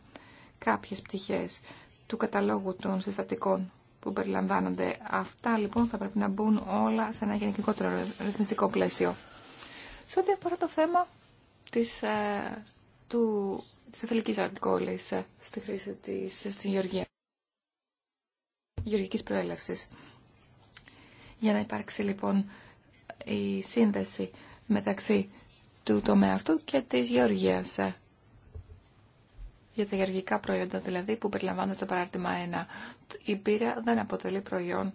κάποιες πτυχές του καταλόγου των συστατικών που περιλαμβάνονται. Αυτά λοιπόν θα πρέπει να μπουν όλα σε ένα γενικότερο ρυθμιστικό πλαίσιο. Σε ό,τι αφορά το θέμα της, ε, του, της εθελικής ε, στη χρήση της ε, στην γεωργία, γεωργικής προέλευσης. Για να υπάρξει λοιπόν η σύνδεση μεταξύ του τομέα αυτού και της γεωργίας. Ε, για τα γεωργικά προϊόντα, δηλαδή που περιλαμβάνονται στο παράρτημα 1. Η πύρα δεν αποτελεί προϊόν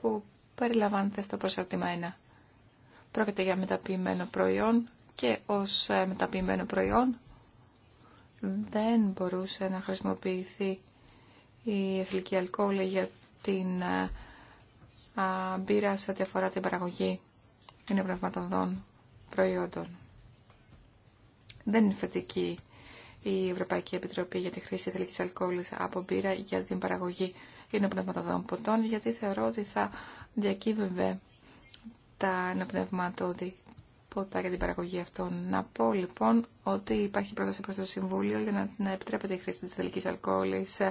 που περιλαμβάνεται στο Παράρτημα 1. Πρόκειται για μεταποιημένο προϊόν και ως ε, μεταποιημένο προϊόν δεν μπορούσε να χρησιμοποιηθεί η εθνική αλκοόλη για την ε, α, σε ό,τι αφορά την παραγωγή των προϊόντων. Δεν είναι θετική η Ευρωπαϊκή Επιτροπή για τη χρήση εθελικής αλκόλη από μπύρα για την παραγωγή ενοπνευματοδών ποτών, γιατί θεωρώ ότι θα διακύβευε τα ενοπνευματόδη ποτά για την παραγωγή αυτών. Να πω λοιπόν ότι υπάρχει πρόταση προς το Συμβούλιο για να, να επιτρέπεται η χρήση τη εθελικής αλκόλη ε,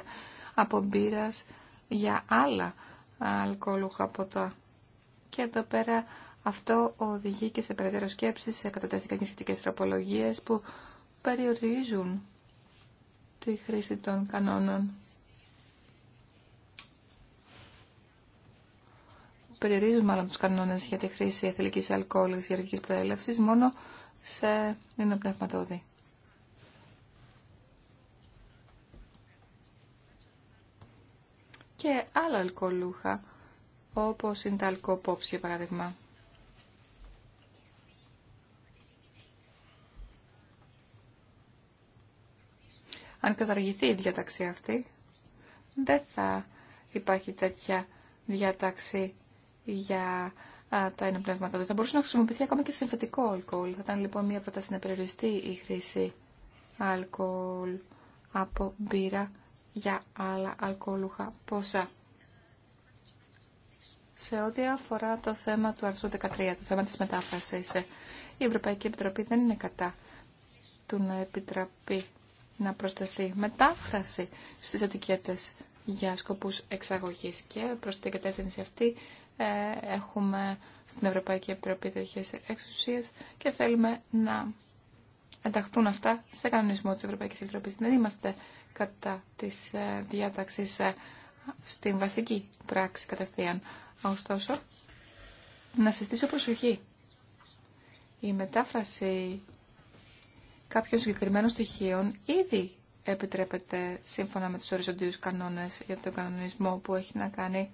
από μπύρας για άλλα αλκοόλουχα ποτά. Και εδώ πέρα αυτό οδηγεί και σε περαιτέρω σκέψη, σε κατατέθηκαν και σχετικέ τροπολογίε που περιορίζουν τη χρήση των κανόνων. Περιορίζουν μάλλον τους κανόνες για τη χρήση εθελικής αλκοόλης γεωργικής προέλευσης μόνο σε νυνοπνευματόδη. Και άλλα αλκοολούχα, όπως είναι τα αλκοπόψη, για παράδειγμα. αν καταργηθεί η διαταξή αυτή, δεν θα υπάρχει τέτοια διαταξή για τα ενοπνεύματα. Θα μπορούσε να χρησιμοποιηθεί ακόμα και συμφετικό αλκοόλ. Θα ήταν λοιπόν μια πρόταση να περιοριστεί η χρήση αλκοόλ από μπύρα για άλλα αλκοόλουχα ποσά. Σε ό,τι αφορά το θέμα του αρθρού 13, το θέμα της μετάφρασης, η Ευρωπαϊκή Επιτροπή δεν είναι κατά του να επιτραπεί να προσθεθεί μετάφραση στις ετικέτες για σκοπούς εξαγωγής και προς την κατεύθυνση αυτή ε, έχουμε στην Ευρωπαϊκή Επιτροπή τέτοιες εξουσίες και θέλουμε να ενταχθούν αυτά σε κανονισμό της Ευρωπαϊκής Επιτροπής. Δεν είμαστε κατά της ε, διάταξης ε, στην βασική πράξη κατευθείαν. Ωστόσο, να συστήσω προσοχή. Η μετάφραση κάποιων συγκεκριμένων στοιχείων ήδη επιτρέπεται σύμφωνα με τους οριζοντίους κανόνες για τον κανονισμό που έχει να κάνει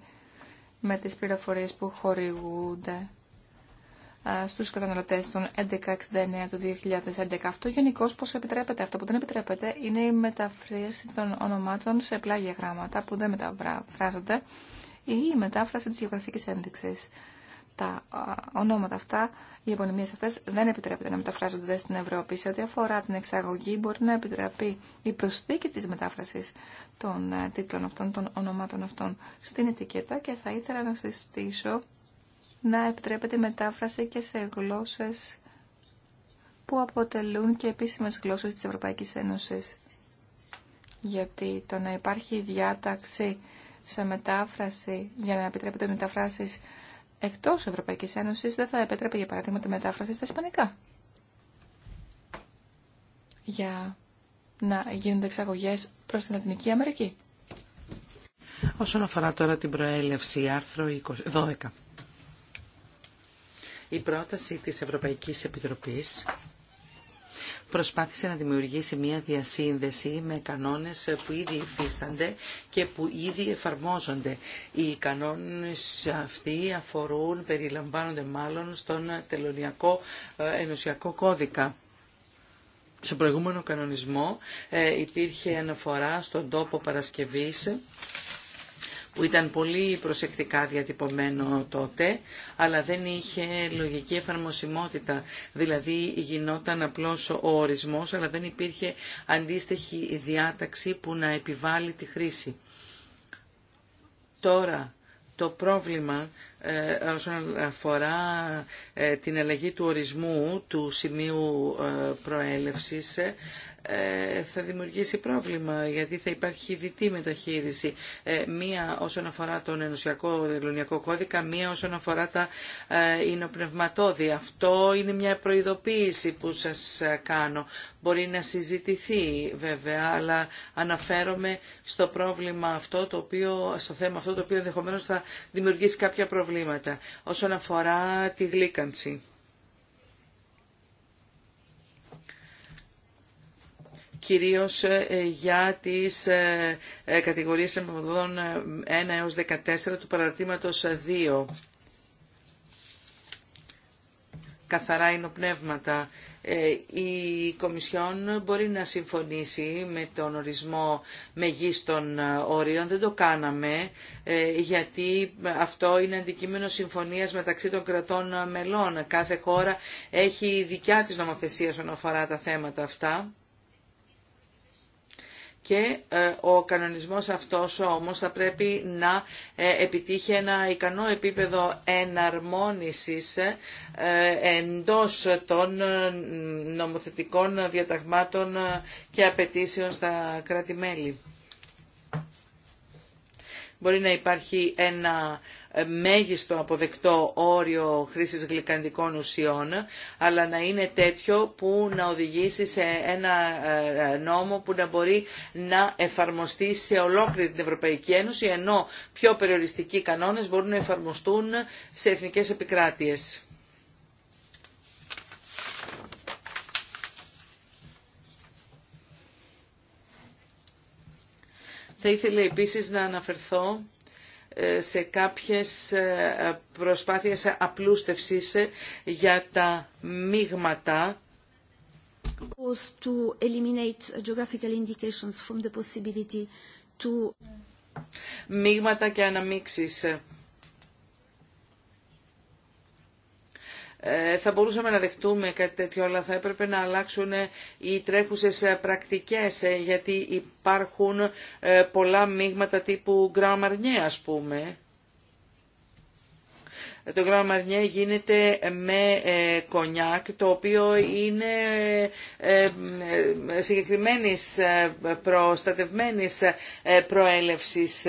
με τις πληροφορίες που χορηγούνται ε, στους καταναλωτές των 1169 του 2011. Αυτό γενικώ πώς επιτρέπεται. Αυτό που δεν επιτρέπεται είναι η μεταφράση των ονομάτων σε πλάγια γράμματα που δεν μεταφράζονται ή η μετάφραση της γεωγραφικής ένδειξης τα ονόματα αυτά, οι επωνυμίες αυτές δεν επιτρέπεται να μεταφράζονται στην Ευρώπη. Σε ό,τι αφορά την εξαγωγή μπορεί να επιτραπεί η προσθήκη της μετάφρασης των ε, τίτλων αυτών, των ονομάτων αυτών στην ετικέτα και θα ήθελα να συστήσω να επιτρέπεται η μετάφραση και σε γλώσσες που αποτελούν και επίσημες γλώσσες της Ευρωπαϊκής Ένωσης. Γιατί το να υπάρχει διάταξη σε μετάφραση, για να επιτρέπεται μεταφράσεις εκτός Ευρωπαϊκής Ένωσης δεν θα επέτρεπε για παράδειγμα τη μετάφραση στα Ισπανικά. Για να γίνονται εξαγωγές προς την Λατινική Αμερική. Όσον αφορά τώρα την προέλευση, άρθρο 12. Η πρόταση της Ευρωπαϊκής Επιτροπής προσπάθησε να δημιουργήσει μια διασύνδεση με κανόνες που ήδη υφίστανται και που ήδη εφαρμόζονται. Οι κανόνες αυτοί αφορούν, περιλαμβάνονται μάλλον στον τελωνιακό ε, ενωσιακό κώδικα. Στον προηγούμενο κανονισμό ε, υπήρχε αναφορά στον τόπο παρασκευής που ήταν πολύ προσεκτικά διατυπωμένο τότε, αλλά δεν είχε λογική εφαρμοσιμότητα. Δηλαδή γινόταν απλώς ο ορισμός, αλλά δεν υπήρχε αντίστοιχη διάταξη που να επιβάλλει τη χρήση. Τώρα, το πρόβλημα ε, όσον αφορά ε, την αλλαγή του ορισμού του σημείου ε, προέλευσης ε, θα δημιουργήσει πρόβλημα γιατί θα υπάρχει διτή μεταχείριση. Ε, μία όσον αφορά τον ενωσιακό ελληνιακό κώδικα, μία όσον αφορά τα ε, ινοπνευματόδη. Αυτό είναι μια οσον αφορα τον ενωσιακο ελληνιακο κωδικα μια οσον αφορα τα εινοπνευματώδη. αυτο ειναι μια προειδοποιηση που σας κάνω. Μπορεί να συζητηθεί βέβαια, αλλά αναφέρομαι στο πρόβλημα αυτό, το οποίο, στο θέμα αυτό το οποίο ενδεχομένω θα δημιουργήσει κάποια προβλήματα. Όσον αφορά τη γλύκανση. κυρίως ε, για τις ε, ε, κατηγορίες εμβολών 1 έως 14 του παραρτήματος 2. Καθαρά είναι πνεύματα. Η Κομισιόν μπορεί να συμφωνήσει με τον ορισμό μεγίστων όριων. Δεν το κάναμε γιατί αυτό είναι αντικείμενο συμφωνίας μεταξύ των κρατών μελών. Κάθε χώρα έχει δικιά της νομοθεσία όσον αφορά τα θέματα αυτά και ε, ο κανονισμός αυτός όμως θα πρέπει να ε, επιτύχει ένα ικανό επίπεδο εναρμόνισης ε, εντός των νομοθετικών διαταγμάτων και απαιτήσεων στα κράτη-μέλη. Μπορεί να υπάρχει ένα ε, μέγιστο αποδεκτό όριο χρήσης γλυκαντικών ουσιών, αλλά να είναι τέτοιο που να οδηγήσει σε ένα ε, νόμο που να μπορεί να εφαρμοστεί σε ολόκληρη την Ευρωπαϊκή Ένωση, ενώ πιο περιοριστικοί κανόνες μπορούν να εφαρμοστούν σε εθνικές επικράτειες. Θα ήθελα επίσης να αναφερθώ σε κάποιες ε, προσπάθειες απλούστευσης για τα μείγματα to eliminate geographical indications from the possibility to μείγματα και αναμίξεις Ε, θα μπορούσαμε να δεχτούμε κάτι τέτοιο, αλλά θα έπρεπε να αλλάξουν ε, οι τρέχουσες ε, πρακτικές, γιατί υπάρχουν πολλά μείγματα τύπου Grand Marnier, ας πούμε. Το Grand γίνεται με κονιάκ, το οποίο είναι συγκεκριμένης προστατευμένης προέλευσης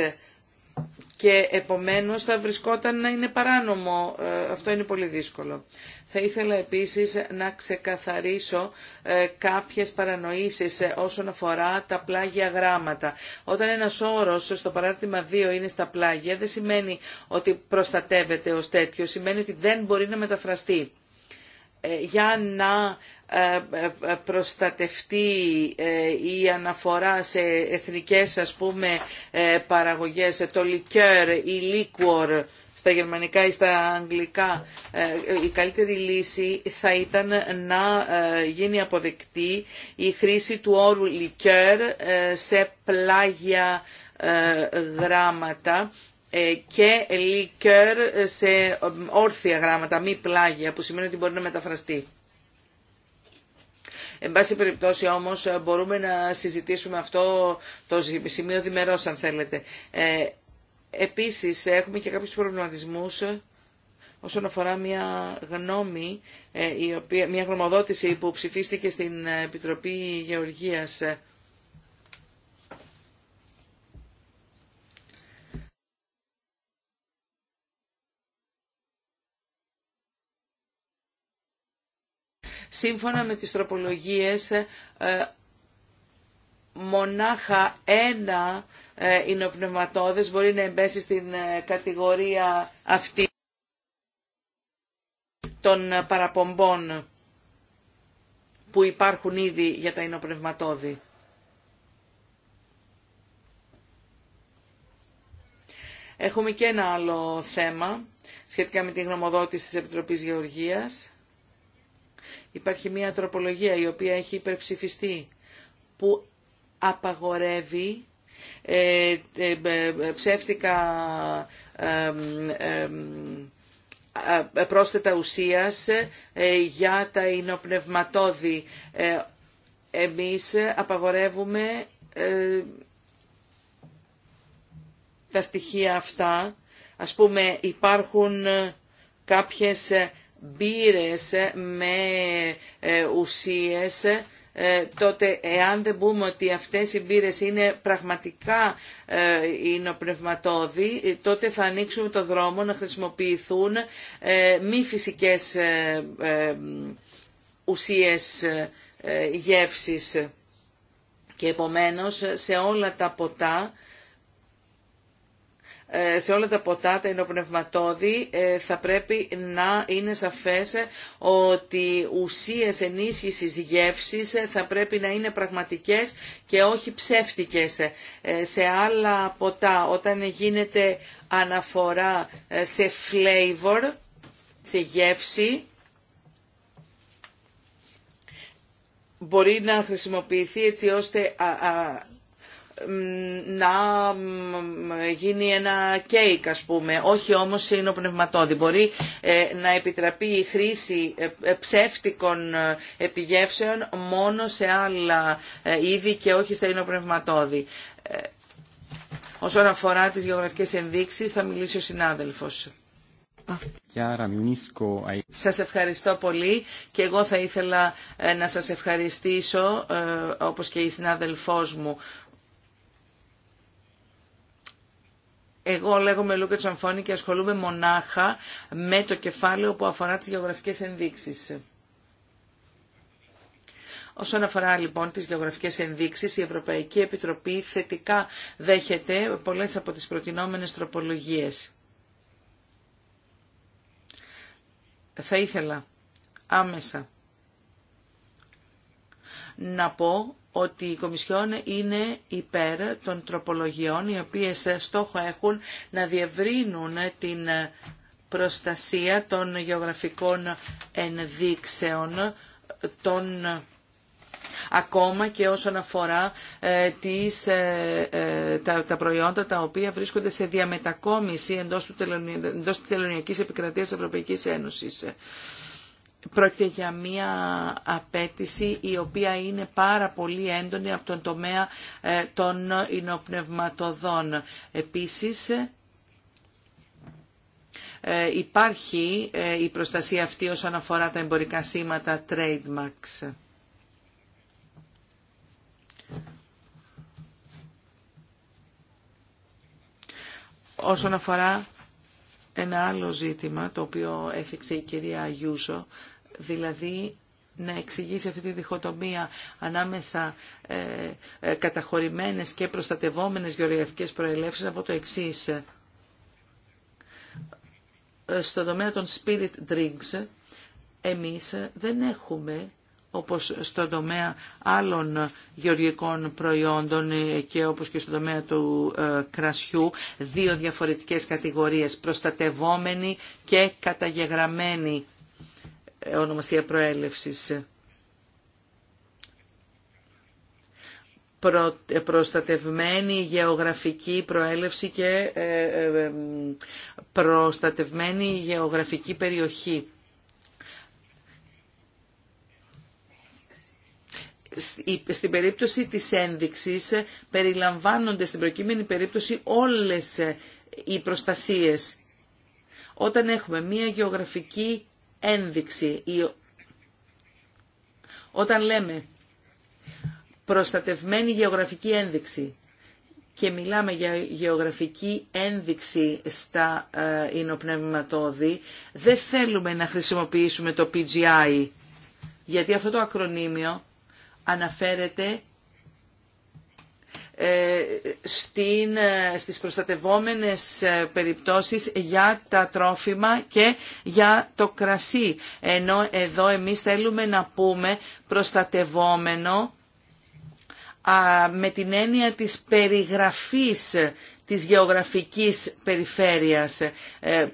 και επομένως θα βρισκόταν να είναι παράνομο. Ε, αυτό είναι πολύ δύσκολο. Θα ήθελα επίσης να ξεκαθαρίσω ε, κάποιες παρανοήσεις ε, όσον αφορά τα πλάγια γράμματα. Όταν ένα όρος στο παράρτημα 2 είναι στα πλάγια δεν σημαίνει ότι προστατεύεται ως τέτοιο, σημαίνει ότι δεν μπορεί να μεταφραστεί για να ε, ε, προστατευτεί ε, η αναφορά σε εθνικές ας πούμε παραγωγές, το λικέρ ή λίκουορ στα γερμανικά ή στα αγγλικά. Η καλύτερη λύση θα ήταν να γίνει αποδεκτή η χρήση του όρου λικέρ σε πλάγια γράμματα και λικέρ σε όρθια γράμματα, μη πλάγια, που σημαίνει ότι μπορεί να μεταφραστεί. Εν πάση περιπτώσει όμως ε, μπορούμε να συζητήσουμε αυτό το σημείο διμερό αν θέλετε. Ε, επίσης έχουμε και κάποιους προβληματισμούς ε, όσον αφορά μια γνώμη, ε, η οποία, μια γνωμοδότηση που ψηφίστηκε στην Επιτροπή Γεωργίας σύμφωνα με τις τροπολογίες ε, μονάχα ένα ε, εινοπνευματόδες μπορεί να εμπέσει στην ε, κατηγορία αυτή των παραπομπών που υπάρχουν ήδη για τα εινοπνευματόδη. Έχουμε και ένα άλλο θέμα σχετικά με τη γνωμοδότηση της Επιτροπής Γεωργίας. Υπάρχει μια τροπολογία η οποία έχει υπερψηφιστεί που απαγορεύει ε, ε, ε, ε ψεύτικα πρόσθετα ουσίας για τα Ε, Εμείς απαγορεύουμε τα στοιχεία αυτά. Ας πούμε υπάρχουν κάποιες μπύρες ε, με ε, ουσίες ε, τότε εάν δεν πούμε ότι αυτές οι μπύρες είναι πραγματικά υνοπνευματόδη, τότε θα ανοίξουμε το δρόμο να χρησιμοποιηθούν μη φυσικές ουσίες γεύσης. Και επομένως σε όλα τα ποτά ε, σε όλα τα ποτά τα ενοπνευματόδη ε, θα πρέπει να είναι σαφές ότι ουσίες ενίσχυσης γεύσης θα πρέπει να είναι πραγματικές και όχι ψεύτικες. Ε, σε άλλα ποτά όταν γίνεται αναφορά σε flavor, σε γεύση, μπορεί να χρησιμοποιηθεί έτσι ώστε να γίνει ένα κέικ ας πούμε, όχι όμως είναι ο Μπορεί ε, να επιτραπεί η χρήση ε, ε, ψεύτικων επιγεύσεων μόνο σε άλλα είδη και όχι στα υνοπνευματόδη. Όσον αφορά τις γεωγραφικές ενδείξεις θα μιλήσει ο συνάδελφος. Σας ευχαριστώ πολύ και εγώ θα ήθελα να σας ευχαριστήσω όπως και η συνάδελφός μου Εγώ λέγομαι Λούκα Τσαμφώνη και ασχολούμαι μονάχα με το κεφάλαιο που αφορά τις γεωγραφικές ενδείξεις. Όσον αφορά λοιπόν τις γεωγραφικές ενδείξεις, η Ευρωπαϊκή Επιτροπή θετικά δέχεται πολλές από τις προτινόμενες τροπολογίες. Θα ήθελα άμεσα να πω ότι η Κομισιόν είναι υπέρ των τροπολογιών οι οποίες στόχο έχουν να διευρύνουν την προστασία των γεωγραφικών ενδείξεων των ακόμα και όσον αφορά ε, τις, ε, ε, τα, τα προϊόντα τα οποία βρίσκονται σε διαμετακόμιση εντός, του, εντός της τελωνιακής επικρατείας Ευρωπαϊκής Ένωσης. Πρόκειται για μία απέτηση η οποία είναι πάρα πολύ έντονη από τον τομέα ε, των υνοπνευματοδών. Επίσης, ε, υπάρχει ε, η προστασία αυτή όσον αφορά τα εμπορικά σήματα trademarks. Όσον αφορά ένα άλλο ζήτημα το οποίο έφυξε η κυρία Αγιούσο δηλαδή να εξηγήσει αυτή τη διχοτομία ανάμεσα ε, ε καταχωρημένες και προστατευόμενες γεωργιακές προελεύσεις από το εξής. Ε, στον τομέα των spirit drinks, εμείς δεν έχουμε όπως στον τομέα άλλων γεωργικών προϊόντων ε, και όπως και στον τομέα του κρασιού, δύο διαφορετικές κατηγορίες, Προστατευόμενη και καταγεγραμμένη ονομασία προέλευσης. Προ, ε, προστατευμένη γεωγραφική προέλευση και ε, ε, προστατευμένη γεωγραφική περιοχή. στην περίπτωση της ένδειξης περιλαμβάνονται στην προκείμενη περίπτωση όλες οι προστασίες. Όταν έχουμε μία γεωγραφική ένδειξη. Όταν λέμε προστατευμένη γεωγραφική ένδειξη και μιλάμε για γεωγραφική ένδειξη στα ε, ινοπνευματώδη, δεν θέλουμε να χρησιμοποιήσουμε το PGI, γιατί αυτό το ακρονίμιο αναφέρεται ε, στην, ε, στις προστατευόμενες ε, περιπτώσεις για τα τρόφιμα και για το κρασί. Ενώ εδώ εμείς θέλουμε να πούμε προστατευόμενο με την έννοια της περιγραφής της γεωγραφικής περιφέρειας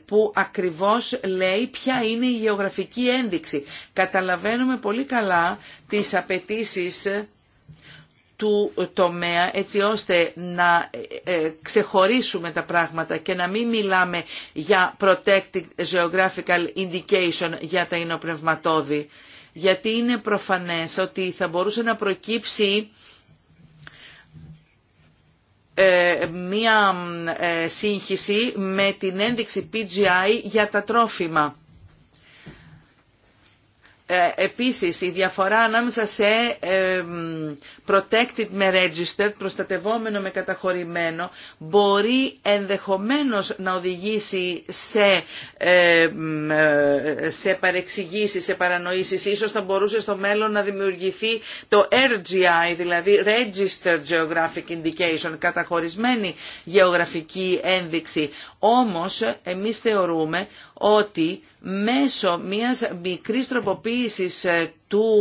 που ακριβώς λέει ποια είναι η γεωγραφική ένδειξη. Καταλαβαίνουμε πολύ καλά τις απαιτήσεις του τομέα έτσι ώστε να ε, ε, ξεχωρίσουμε τα πράγματα και να μην μιλάμε για protected geographical indication για τα υνοπνευματόδη. Γιατί είναι προφανές ότι θα μπορούσε να προκύψει ε, μία σύγχυση με την ένδειξη PGI για τα τρόφιμα. Ε, επίσης, η διαφορά ανάμεσα σε ε, protected με registered, προστατευόμενο με καταχωρημένο, μπορεί ενδεχομένως να οδηγήσει σε, ε, σε παρεξηγήσεις, σε παρανοήσεις. Ίσως θα μπορούσε στο μέλλον να δημιουργηθεί το RGI, δηλαδή Registered Geographic Indication, καταχωρισμένη γεωγραφική ένδειξη. Όμως, εμείς θεωρούμε ότι μέσω μιας μικρής τροποποίησης ε, του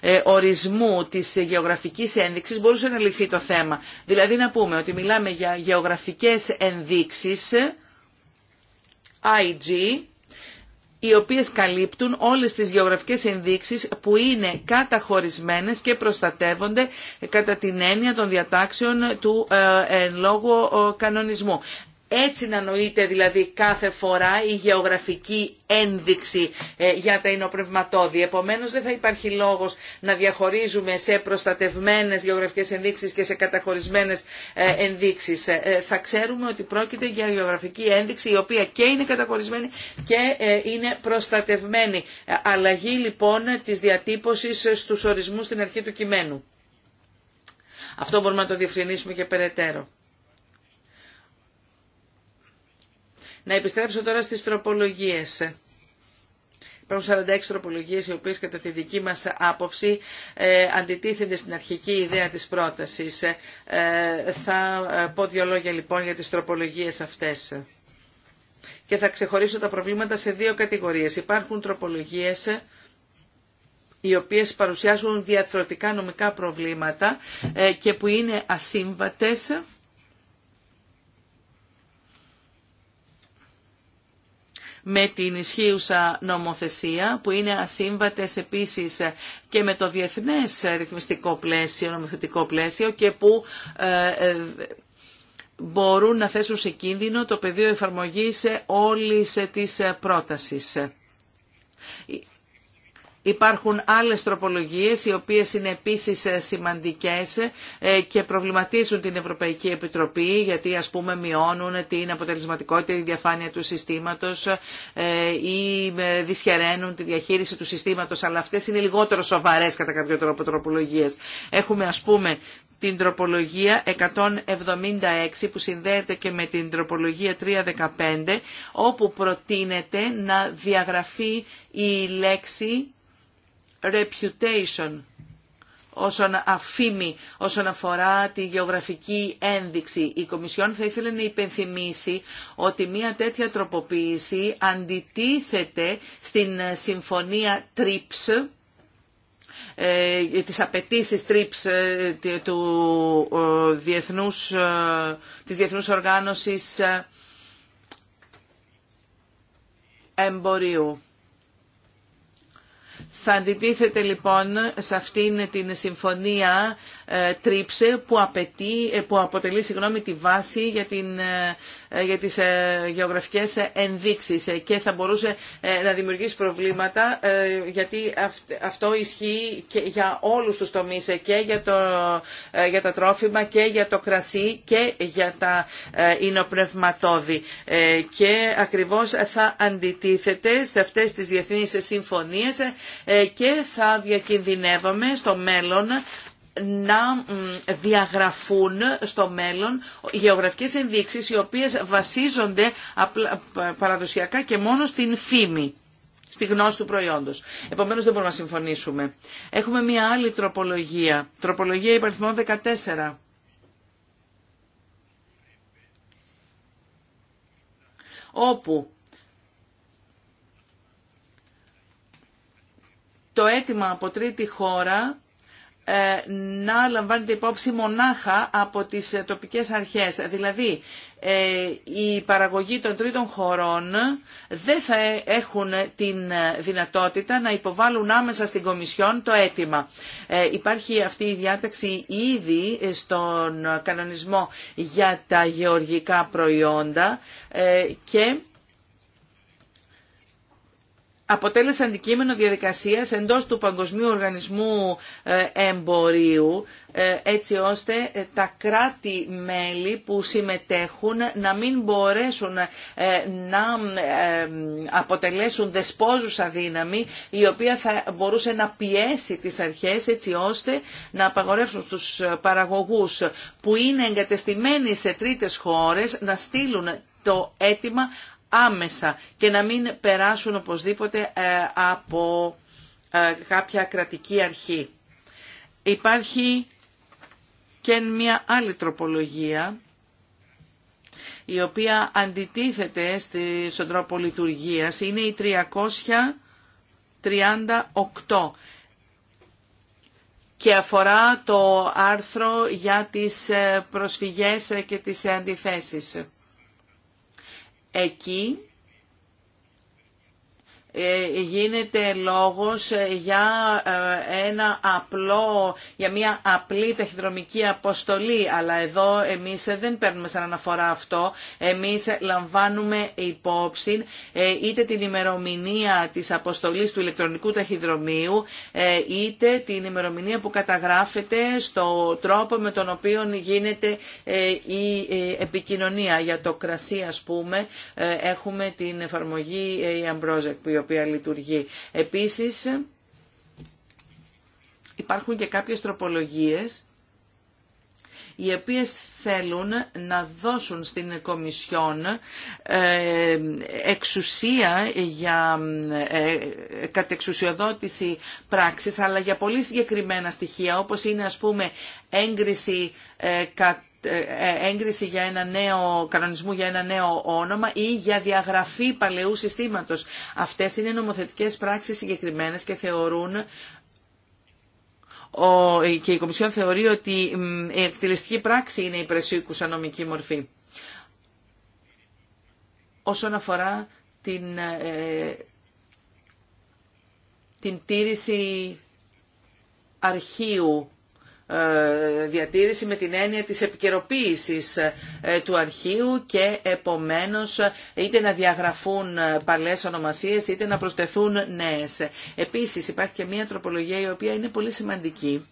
ε, ορισμού της γεωγραφικής ένδειξης μπορούσε να λυθεί το θέμα. Δηλαδή να πούμε ότι μιλάμε για γεωγραφικές ενδείξεις IG οι οποίες καλύπτουν όλες τις γεωγραφικές ενδείξεις που είναι καταχωρισμένες και προστατεύονται κατά την έννοια των διατάξεων του λόγου ε, λόγω κανονισμού. Έτσι να νοείται δηλαδή κάθε φορά η γεωγραφική ένδειξη ε, για τα εινοπνευματόδη. Επομένως δεν θα υπάρχει λόγος να διαχωρίζουμε σε προστατευμένες γεωγραφικές ενδείξεις και σε καταχωρισμένες ε, ενδείξεις. Ε, θα ξέρουμε ότι πρόκειται για γεωγραφική ένδειξη η οποία και είναι καταχωρισμένη και είναι προστατευμένη. Αλλαγή λοιπόν της διατύπωσης στους ορισμούς στην αρχή του κειμένου. Αυτό μπορούμε να το διευκρινίσουμε και περαιτέρω. Να επιστρέψω τώρα στις τροπολογίες. Υπάρχουν 46 τροπολογίες οι οποίες κατά τη δική μας άποψη ε, αντιτίθενται στην αρχική ιδέα της πρότασης. Ε, θα πω δύο λόγια λοιπόν για τις τροπολογίες αυτές. Και θα ξεχωρίσω τα προβλήματα σε δύο κατηγορίες. Υπάρχουν τροπολογίες οι οποίες παρουσιάζουν διαθρωτικά νομικά προβλήματα ε, και που είναι ασύμβατες με την ισχύουσα νομοθεσία που είναι ασύμβατες επίσης και με το διεθνές ρυθμιστικό πλαίσιο, νομοθετικό πλαίσιο και που ε, ε, μπορούν να θέσουν σε κίνδυνο το πεδίο εφαρμογής όλης της πρότασης. Υπάρχουν άλλες τροπολογίες οι οποίες είναι επίσης ε, σημαντικές ε, και προβληματίζουν την Ευρωπαϊκή Επιτροπή γιατί ας πούμε μειώνουν την αποτελεσματικότητα, τη διαφάνεια του συστήματος ε, ή δυσχεραίνουν τη διαχείριση του συστήματος αλλά αυτές είναι λιγότερο σοβαρές κατά κάποιο τρόπο τροπολογίες. Έχουμε ας πούμε την τροπολογία 176 που συνδέεται και με την τροπολογία 315 όπου προτείνεται να διαγραφεί η λέξη reputation όσον αφήμη, όσον αφορά τη γεωγραφική ένδειξη. Η Κομισιόν θα ήθελε να υπενθυμίσει ότι μια τέτοια τροποποίηση αντιτίθεται στην συμφωνία TRIPS, ε, τις απαιτήσεις TRIPS ε, του διεθνούς, ε, της Διεθνούς Οργάνωσης Εμπορίου. Θα αντιτίθεται λοιπόν σε αυτήν την συμφωνία ε, τρίψε που, απαιτεί, ε, που αποτελεί συγγνώμη, τη βάση για, την, ε, για τις γεωγραφικές ενδείξεις και θα μπορούσε να δημιουργήσει προβλήματα γιατί αυτό ισχύει και για όλους τους τομείς και για, το, για τα τρόφιμα και για το κρασί και για τα υνοπνευματόδη και ακριβώς θα αντιτίθεται σε αυτές τις διεθνείς συμφωνίες και θα διακινδυνεύαμε στο μέλλον να διαγραφούν στο μέλλον γεωγραφικές ενδείξεις οι οποίες βασίζονται παραδοσιακά και μόνο στην φήμη στη γνώση του προϊόντος. Επομένως δεν μπορούμε να συμφωνήσουμε. Έχουμε μια άλλη τροπολογία, τροπολογία υπαριθμών 14. όπου το αίτημα από τρίτη χώρα ε, να λαμβάνεται υπόψη μονάχα από τις ε, τοπικές αρχές. Δηλαδή, οι ε, παραγωγοί των τρίτων χωρών δεν θα έχουν την δυνατότητα να υποβάλουν άμεσα στην Κομισιόν το αίτημα. Υπάρχει αυτή η διάταξη ήδη στον κανονισμό για τα γεωργικά προϊόντα και Αποτέλεσε αντικείμενο διαδικασίας εντός του Παγκοσμίου Οργανισμού ε, Εμπορίου ε, έτσι ώστε ε, τα κράτη-μέλη που συμμετέχουν να μην μπορέσουν να αποτελέσουν δεσπόζουσα δύναμη η οποία θα μπορούσε να πιέσει τις αρχές έτσι ώστε να απαγορεύσουν στους παραγωγούς που είναι εγκατεστημένοι σε τρίτες χώρες να στείλουν το αίτημα άμεσα και να μην περάσουν οπωσδήποτε ε, από ε, κάποια κρατική αρχή. Υπάρχει και μια άλλη τροπολογία η οποία αντιτίθεται στον τρόπο λειτουργίας. Είναι η 338 και αφορά το άρθρο για τις ε, προσφυγές και τις αντιθέσεις. Εκεί ε, γίνεται λόγος ε, για ε, ένα απλό, για μια απλή ταχυδρομική αποστολή, αλλά εδώ εμείς δεν παίρνουμε σαν αναφορά αυτό, εμείς λαμβάνουμε υπόψη είτε την ημερομηνία της αποστολής του ηλεκτρονικού ταχυδρομείου, είτε την ημερομηνία που καταγράφεται στο τρόπο με τον οποίο γίνεται η επικοινωνία. Για το κρασί, ας πούμε, έχουμε την εφαρμογή που οποία λειτουργεί. Επίσης υπάρχουν και κάποιες τροπολογίες οι οποίες θέλουν να δώσουν στην Κομισιόν ε, εξουσία για ε, ε, κατεξουσιοδότηση πράξης, αλλά για πολύ συγκεκριμένα στοιχεία, όπως είναι ας πούμε έγκριση κατ ε, ε, έγκριση για ένα νέο κανονισμό για ένα νέο όνομα ή για διαγραφή παλαιού συστήματος. Αυτές είναι νομοθετικές πράξεις συγκεκριμένες και θεωρούν και η Κομισιόν θεωρεί ότι η εκτελεστική πράξη είναι η πρεσίκουσα νομική μορφή. Όσον αφορά την, ε, την τήρηση αρχείου ε, διατήρηση με την έννοια της επικαιροποίηση ε, του αρχείου και επομένως ε, είτε να διαγραφούν παλές ονομασίες είτε να προσθεθούν νέες. Επίσης υπάρχει και μια τροπολογία η οποία είναι πολύ σημαντική.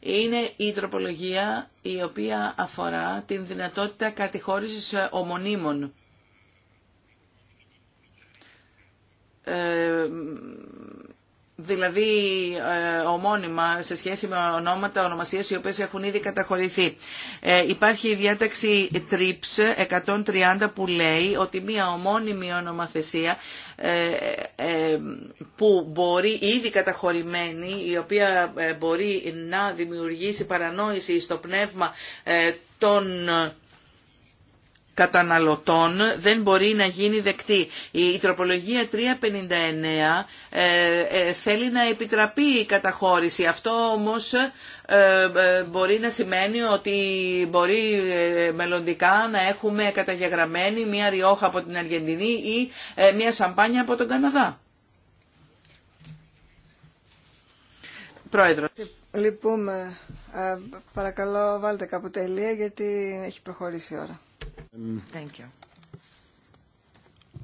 είναι η τροπολογία η οποία αφορά την δυνατότητα κατηχώρησης ομονίμων. Ε, δηλαδή ε, ομώνυμα σε σχέση με ονόματα, ονομασίες οι οποίες έχουν ήδη καταχωρηθεί. Ε, υπάρχει η διάταξη TRIPS 130 που λέει ότι μία ομώνυμη ονομαθεσία που μπορεί ήδη καταχωρημένη, η οποία μπορεί να δημιουργήσει παρανόηση στο πνεύμα των καταναλωτών δεν μπορεί να γίνει δεκτή. Η τροπολογία 359 ε, ε, θέλει να επιτραπεί η καταχώρηση. Αυτό όμως ε, μπορεί να σημαίνει ότι μπορεί μελλοντικά να έχουμε καταγεγραμμένη μία ριόχα από την Αργεντινή ή μία σαμπάνια από τον Καναδά. Πρόεδρο. Λυπούμε. παρακαλώ βάλτε κάπου τελεία γιατί έχει προχωρήσει η ώρα. Thank you.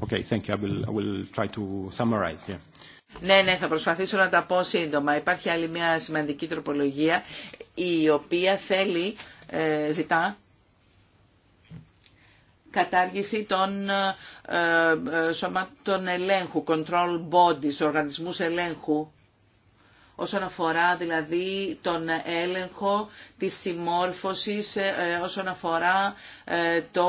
Okay, thank you. I will, try to summarize. Yeah. Ναι, ναι, θα προσπαθήσω να τα πω σύντομα. Υπάρχει άλλη μια σημαντική τροπολογία η οποία θέλει, ε, ζητά κατάργηση των ε, ε, σωμάτων ελέγχου, control bodies, οργανισμούς ελέγχου όσον αφορά δηλαδή τον έλεγχο της συμμόρφωσης, ε, ε, όσον αφορά ε, το...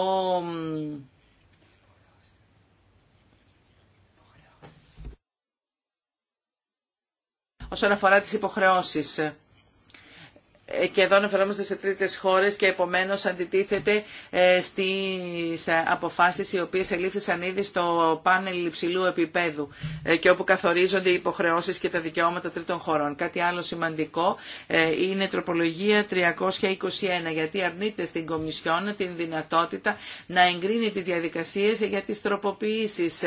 όσον αφορά τις υποχρεώσεις. Ε, και εδώ αναφερόμαστε σε τρίτες χώρες και επομένως αντιτίθεται ε, στις ε, αποφάσεις οι οποίες ελήφθησαν ήδη στο πάνελ υψηλού επίπεδου και όπου καθορίζονται οι υποχρεώσεις και τα δικαιώματα τρίτων χωρών. Κάτι άλλο σημαντικό είναι η τροπολογία 321 γιατί αρνείται στην Κομισιόν την δυνατότητα να εγκρίνει τις διαδικασίες για τις τροποποιήσεις.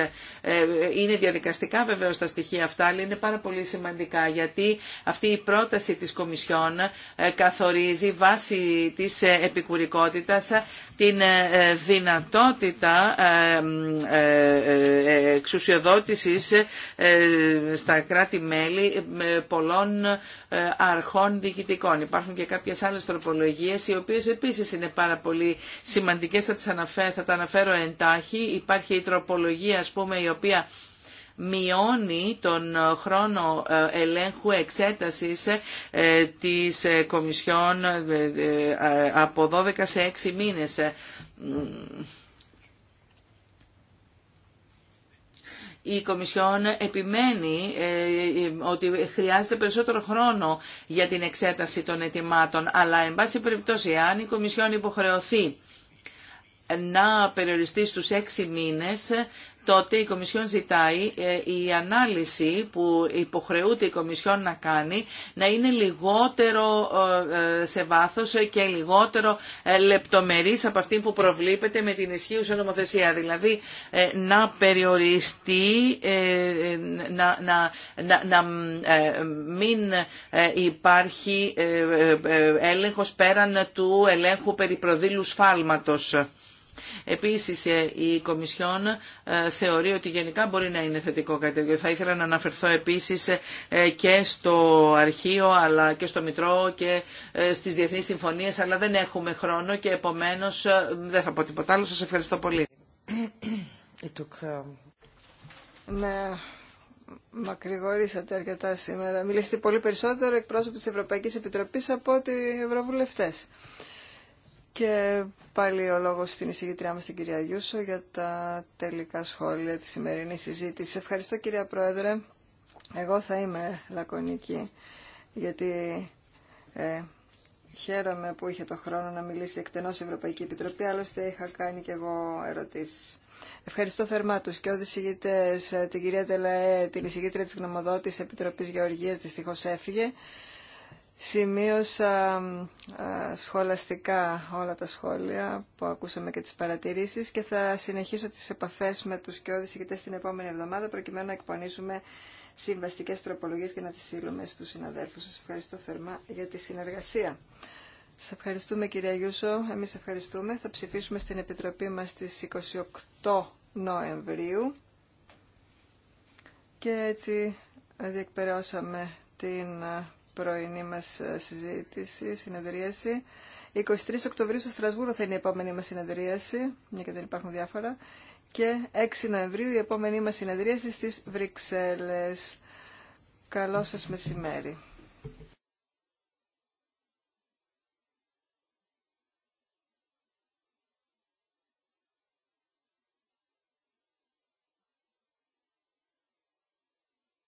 Είναι διαδικαστικά βεβαίως τα στοιχεία αυτά αλλά είναι πάρα πολύ σημαντικά γιατί αυτή η πρόταση της Κομισιόν καθορίζει βάση της ε, επικουρικότητας ε, την ε, δυνατότητα εξουσιοδότησης στα κράτη-μέλη πολλών αρχών διοικητικών. Υπάρχουν και κάποιες άλλες τροπολογίες οι οποίες επίσης είναι πάρα πολύ σημαντικές. Θα, τα αναφέρω εντάχει. Υπάρχει η τροπολογία ας πούμε η οποία μειώνει τον ε, χρόνο ε, ελέγχου εξέτασης ε, της Κομισιόν από 12 σε 6 μήνες. Η Κομισιόν επιμένει ότι χρειάζεται περισσότερο χρόνο για την εξέταση των ετοιμάτων, αλλά, εν πάση περιπτώσει, αν η Κομισιόν υποχρεωθεί να περιοριστεί στους 6 μήνες τότε η Κομισιόν ζητάει ε, η ανάλυση που υποχρεούται η Κομισιόν να κάνει να είναι λιγότερο ε, ε, σε βάθος και λιγότερο λεπτομερής από αυτή που προβλήπεται με την ισχύουσα νομοθεσία. Δηλαδή να περιοριστεί, να, να, να, μην υπάρχει έλεγχος πέραν του ελέγχου περί προδήλου σφάλματος. Επίσης ε, η Κομισιόν ε, θεωρεί ότι γενικά μπορεί να είναι θετικό κάτι τέτοιο. Θα ήθελα να αναφερθώ επίσης ε, και στο αρχείο αλλά και στο Μητρό και στις διεθνείς συμφωνίες αλλά δεν έχουμε χρόνο και επομένως δεν θα πω τίποτα άλλο. Σας ευχαριστώ πολύ. Um, με μακρηγορήσατε αρκετά σήμερα. Μιλήσατε πολύ περισσότερο εκπρόσωποι της Ευρωπαϊκής Επιτροπής από ότι ευρωβουλευτές. Και πάλι ο λόγος στην εισηγητριά μας την κυρία Γιούσο για τα τελικά σχόλια της σημερινή συζήτηση. Ευχαριστώ κυρία Πρόεδρε. Εγώ θα είμαι λακωνική γιατί ε, χαίρομαι που είχε το χρόνο να μιλήσει εκτενώς η Ευρωπαϊκή Επιτροπή, άλλωστε είχα κάνει και εγώ ερωτήσεις. Ευχαριστώ θερμά τους και όδη την κυρία Τελαέ, την εισηγήτρια της γνωμοδότης Επιτροπής Γεωργίας, δυστυχώς έφυγε. Σημείωσα σχολαστικά όλα τα σχόλια που ακούσαμε και τις παρατηρήσεις και θα συνεχίσω τις επαφές με τους και ηγητές την επόμενη εβδομάδα προκειμένου να εκπονήσουμε συμβαστικές τροπολογίες και να τις στείλουμε στους συναδέλφους. Σας ευχαριστώ θερμά για τη συνεργασία. Σας ευχαριστούμε κυρία Γιούσο, εμείς ευχαριστούμε. Θα ψηφίσουμε στην Επιτροπή μας στις 28 Νοεμβρίου και έτσι διεκπαιρεώσαμε την πρωινή μας ε, συζήτηση, συνεδρίαση. 23 Οκτωβρίου στο Στρασβούρο θα είναι η επόμενή μας συνεδρίαση, μια και δεν υπάρχουν διάφορα. Και 6 Νοεμβρίου η επόμενή μας συνεδρίαση στις Βρυξέλλες. Καλό σας μεσημέρι.